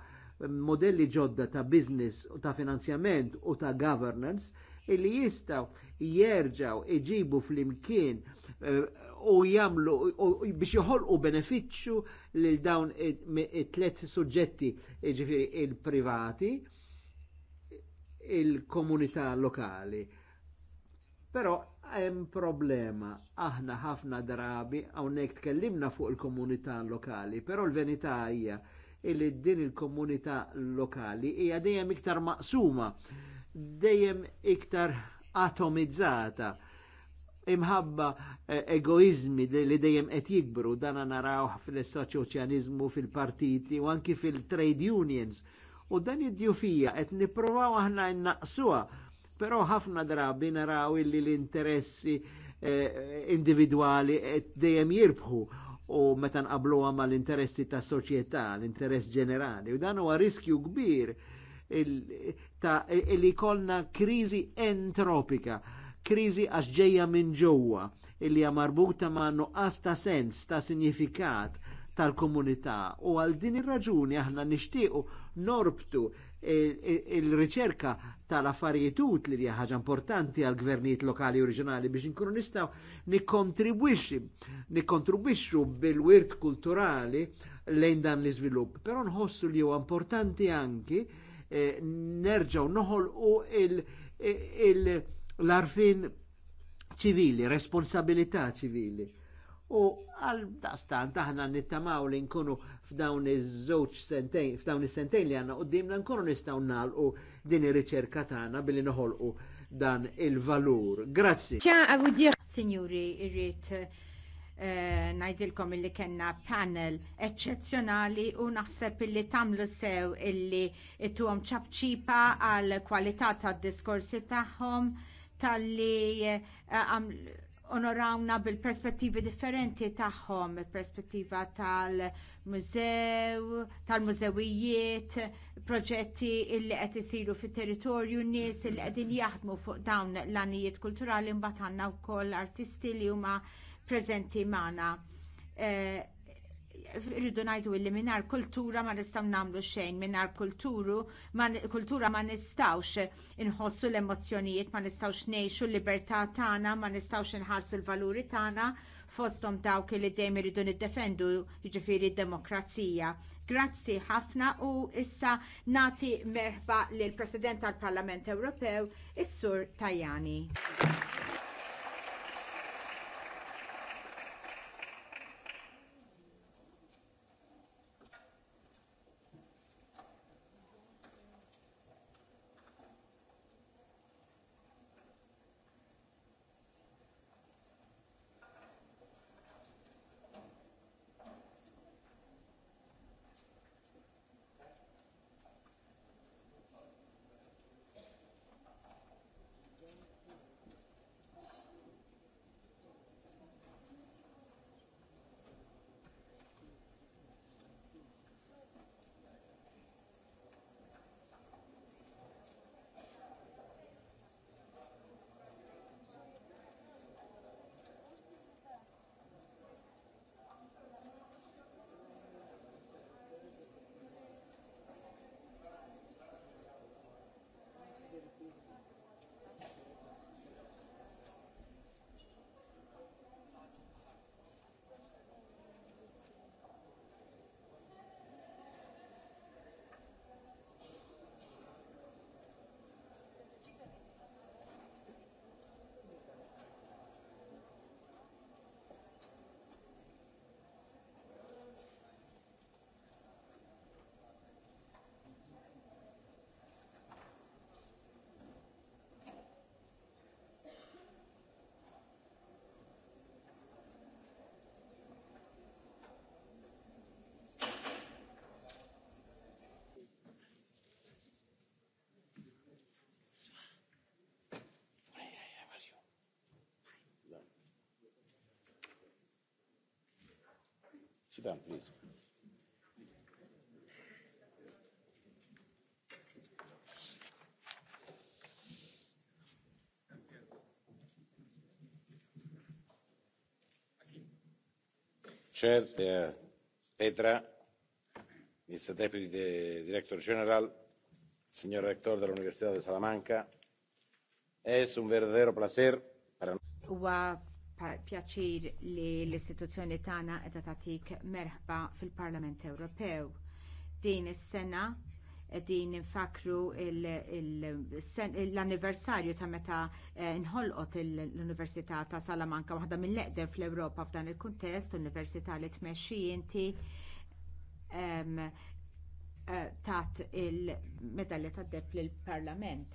modelli ġodda ta' business u ta' finanzjament u ta' governance illi jistaw jerġaw iġibu fl-imkien eh, u jamlu biex joħolqu benefiċċju lil dawn it-tlet suġġetti ġifiri il-privati, il-komunità lokali. Però hemm problema, aħna ħafna drabi hawnhekk tkellimna fuq il-komunità lokali, però l-verità hija li din il-komunità lokali hija dejjem iktar maqsuma, dejjem iktar atomizzata imħabba eh, egoizmi li dejjem qed jikbru dan narawh fil-soċjoċjanizmu fil-partiti u anki fil-trade unions U dan id-djufija qed nipprovaw aħna nnaqsuha, però ħafna drabi naraw illi l-interessi eh, individwali qed dejjem jirbħu u meta għama mal-interessi ta' soċjetà, l-interess ġenerali. U dan huwa riskju kbir li kolna kriżi entropika, kriżi għax ġejja minn ġewwa illi hija marbuta ma' nuqqas ta' sens, ta' sinifikat tal-komunità. U għal din ir-raġuni aħna nixtiequ norbtu il-riċerka tal-affarijiet utli li ħaġa importanti għal gvernijiet lokali u reġjonali biex inkunu nistgħu nikkontribwixxi, nikkontribwixxu bil-wirt kulturali lejn dan l-iżvilupp. Però nħossu li huwa importanti anki eh, nerġgħu noħolqu l-arfin ċivili, responsabilità ċivili. U għal dastan taħna nittamaw li nkunu f'dawn iż-żewġ sentejn, f'dawn is-sentejn li għandna qudiemna nkunu nistgħu nagħlqu din ir-riċerka tagħna billi noħolqu dan il-valur. Grazzi. Ċa à vous signori, irrit eh, najdilkom illi kena panel eċċezzjonali, u naħseb illi tamlu sew illi ittuhom ċabċipa għal kwalità tad-diskorsi tagħhom tal-li eh, onorawna bil-perspettivi differenti tagħhom, il-perspettiva tal-mużew, tal-mużewijiet, proġetti illi qed isiru fit-territorju nies illi qegħdin jaħdmu fuq dawn l-anijiet kulturali mbagħad għandna wkoll artisti li huma preżenti magħna. Eh, rridu najdu illi minnar kultura ma nistaw namlu xejn, minnar kulturu, kultura ma nistawx inħossu l-emozjonijiet, ma nistawx nejxu l-libertà tagħna, ma nistawx inħarsu l-valuri tagħna fostom dawk li dejjem irridu niddefendu jiġifieri d-demokrazija. Grazzi ħafna u issa nati merħba lill President tal-Parlament Ewropew, is-Sur Tajani. Sit down, please. Chair uh, Petra, Mr. Deputy the Director General, señor Rector de la Universidad de Salamanca. Es un verdadero placer para Huwa pjaċir li l-istituzzjoni tagħna qiegħda tagħtik merħba fil-Parlament Ewropew. Din is-sena din infakru l-anniversarju ta' meta eh, nħolqot l-Università ta' Salamanka waħda mill-eqdem fl-Ewropa f'dan il-kuntest, Università li tmexxi inti eh, tat il-medalja tad-deb lill-Parlament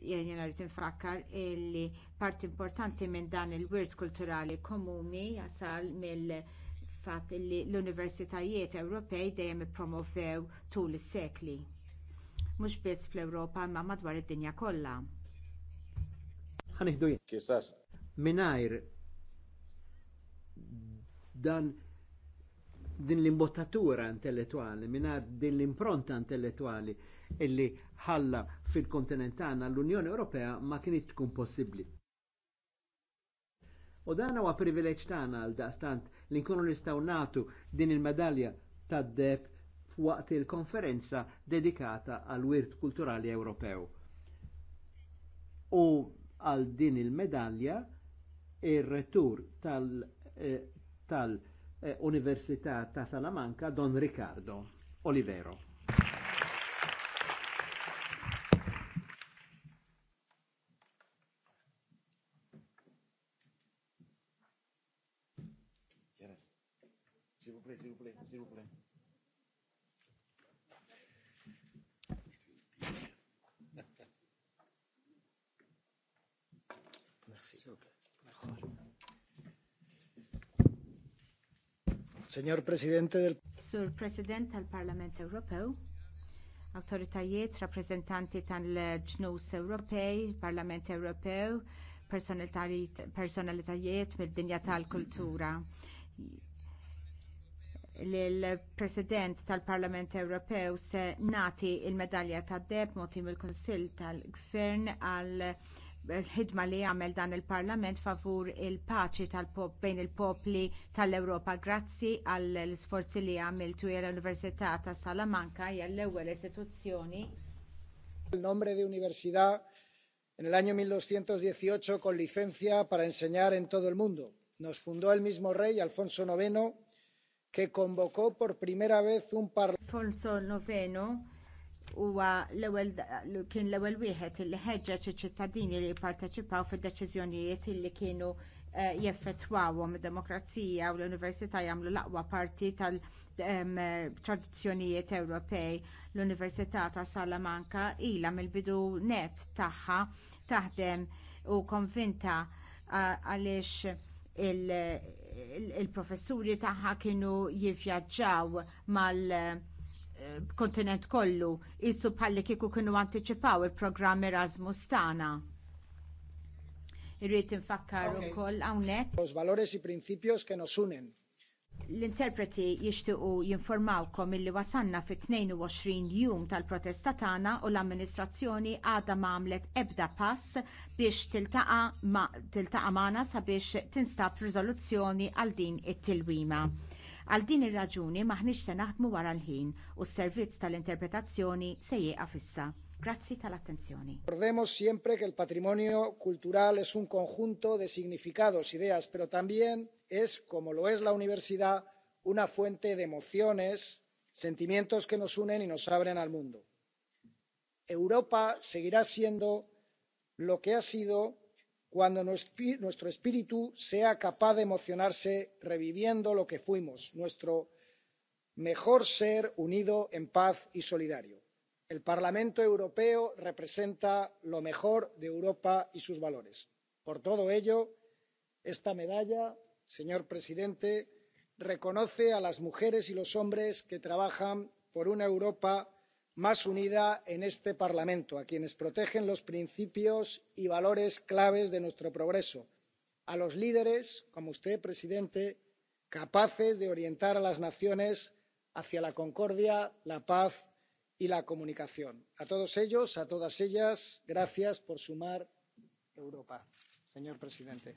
jen jena rrit infakkar illi parti importanti minn dan il-wirt kulturali komuni jasal mill fatt li l-Universitajiet Ewropej dejjem ippromovew tul is-sekli. Mhux biss fl-Ewropa imma madwar id-dinja kollha. Ħanieħdu Kisas. Minajr dan din l-imbottatura intellettuali, mingħajr din l-impronta intellettuali, illi ħalla fil-kontinent tagħna l-Unjoni Ewropea ma kienx tkun possibbli. U dan huwa privileġġ tagħna għal daqstant li nkunu nistgħu nagħtu din il-medalja tad-deb f'waqt il-konferenza dedikata għal wirt kulturali Ewropew. U għal din il-medalja ir-retur tal- eh, tal-Università eh, ta' Salamanca Don Riccardo Olivero. Presidente del Sur President tal-Parlament Ewropew, autoritajiet, rappresentanti tal-ġnus Ewropej, Parlament Ewropew, personalitajiet mid dinja tal-kultura l-President tal-Parlament Ewropew se nagħti l medalja tad deb moti mill kunsill tal-Gvern għal ħidma li għamel dan il-Parlament favur il-paċi bejn il-popli tal-Ewropa. Grazzi għall isforzi li għamiltu l università ta' Salamanca hija l-ewwel istituzzjoni. Il nombre di università en el año 1218 con licencia para enseñar en todo el mundo. Nos fundó el mismo rey Alfonso IX che convocò por primera vez un parlamento huwa l-ewwel kien l-ewwel wieħed li ħeġġeġ iċ-ċittadini li jipparteċipaw fid-deċiżjonijiet li kienu eh, jeffettwawhom id-demokrazija u l-università jagħmlu l-aqwa parti tal-tradizzjonijiet Ewropej. L-Università ta' Salamanka ilha mill-bidu net tagħha taħdem u konvinta għaliex il-professuri tagħha kienu jivvjaġġaw mal- eh, kontinent kollu, jissu bħalli kieku kienu antiċipaw il-programm Erasmus tagħna. Irrid infakkar ukoll hawnhekk. Los valores i principios que nos unen L-interpreti jixtiequ jinformawkom illi wasanna fit-22 jum tal-protesta tagħna u l-amministrazzjoni għadha ma għamlet ebda pass biex tiltaqa' ma tiltaqa' magħna sabiex tinstab riżoluzzjoni għal din it-tilwima. Għal din ir-raġuni maħniex se naħdmu wara l-ħin u s-servizz tal-interpretazzjoni se jieqa' issa. Grazzi tal-attenzjoni. Recordemos siempre patrimonio cultural es un conjunto de significados, ideas, pero también es, como lo es la universidad, una fuente de emociones, sentimientos que nos unen y nos abren al mundo. Europa seguirá siendo lo que ha sido cuando nuestro espíritu sea capaz de emocionarse reviviendo lo que fuimos, nuestro mejor ser unido en paz y solidario. El Parlamento Europeo representa lo mejor de Europa y sus valores. Por todo ello, esta medalla señor presidente reconoce a las mujeres y los hombres que trabajan por una europa más unida en este parlamento a quienes protegen los principios y valores claves de nuestro progreso a los líderes como usted presidente capaces de orientar a las naciones hacia la concordia la paz y la comunicación. a todos ellos a todas ellas gracias por sumar europa señor presidente.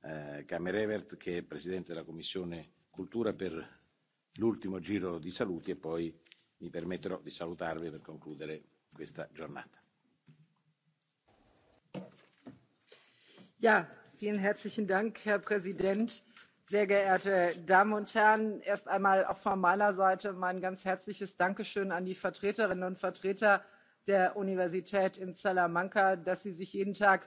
eh, Evert, che è Presidente della Commissione Cultura per l'ultimo giro di saluti e poi mi permetterò di salutarvi per concludere questa giornata. Ja, vielen herzlichen Dank, Herr Präsident. Sehr geehrte Damen und Herren, erst einmal auch von meiner Seite mein ganz herzliches Dankeschön an die Vertreterinnen und Vertreter der Universität in Salamanca, dass sie sich jeden Tag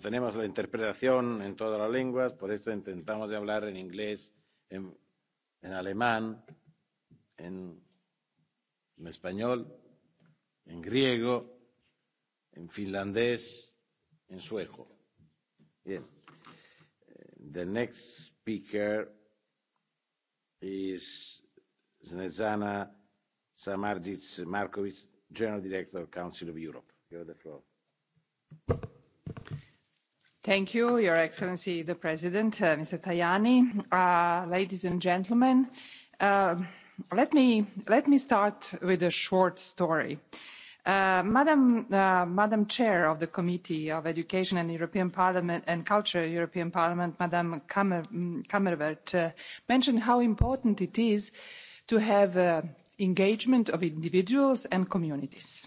tenemos la interpretación en todas las lenguas, por eso intentamos de hablar en inglés, en, en alemán, en, en español, en griego, en finlandés, en sueco. Bien. Eh, the next speaker is Snezana Samarjic Markovic, General Director, Council of Europe. You have the floor. Thank you, Your Excellency the President, uh, Mr. Tajani. Uh, ladies and gentlemen, uh, let, me, let me start with a short story. Uh, Madam, uh, Madam Chair of the Committee of Education and European Parliament and Culture, European Parliament, Madam Kammer, mm, Kammerwert, uh, mentioned how important it is to have uh, engagement of individuals and communities.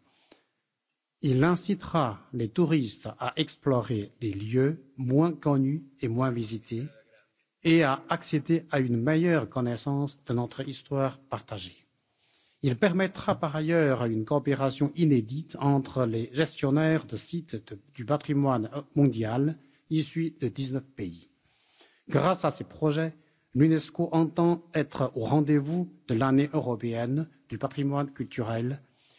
Il incitera les touristes à explorer des lieux moins connus et moins visités et à accéder à une meilleure connaissance de notre histoire partagée. Il permettra par ailleurs une coopération inédite entre les gestionnaires de sites de, du patrimoine mondial issus de 19 pays. Grâce à ces projets, l'UNESCO entend être au rendez-vous de l'année européenne du patrimoine culturel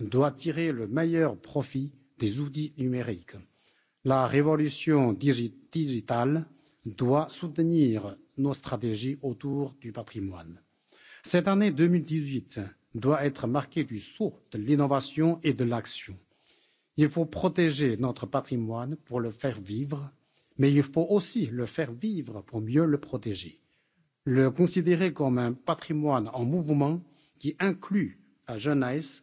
doit tirer le meilleur profit des outils numériques. La révolution digi digitale doit soutenir nos stratégies autour du patrimoine. Cette année deux mille dix huit doit être marquée du saut de l'innovation et de l'action. Il faut protéger notre patrimoine pour le faire vivre, mais il faut aussi le faire vivre pour mieux le protéger. Le considérer comme un patrimoine en mouvement qui inclut la jeunesse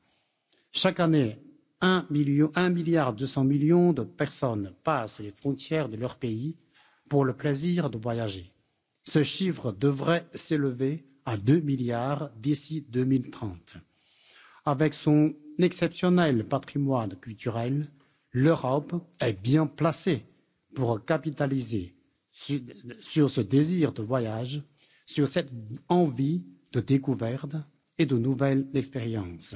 Chaque année, 1 milliard 200 millions de personnes passent les frontières de leur pays pour le plaisir de voyager. Ce chiffre devrait s'élever à 2 milliards d'ici 2030. Avec son exceptionnel patrimoine culturel, l'Europe est bien placée pour capitaliser sur ce désir de voyage, sur cette envie de découverte et de nouvelles expériences.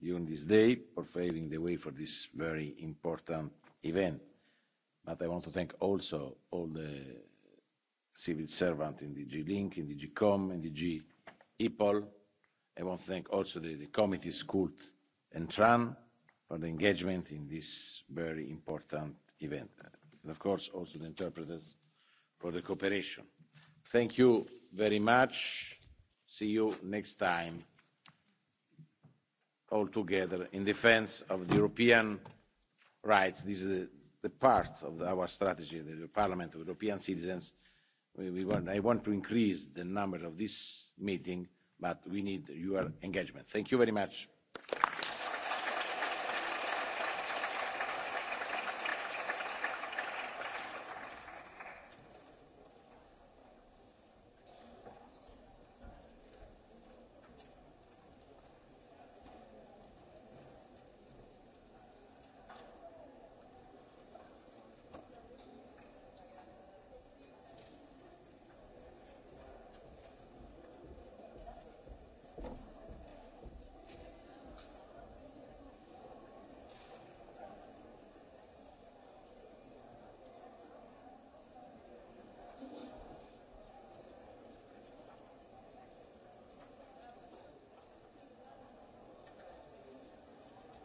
during this day for paving the way for this very important event. But I want to thank also all the civil servants in the G-Link, in the G-Com, in the G-EPOL. I want to thank also the, the committees CULT and TRAN for the engagement in this very important event. And of course also the interpreters for the cooperation. Thank you very much. See you next time all together in defense of the European rights. This is the, the part of the, our strategy, the Parliament of European citizens. We, we want, I want to increase the number of this meeting, but we need your engagement. Thank you very much.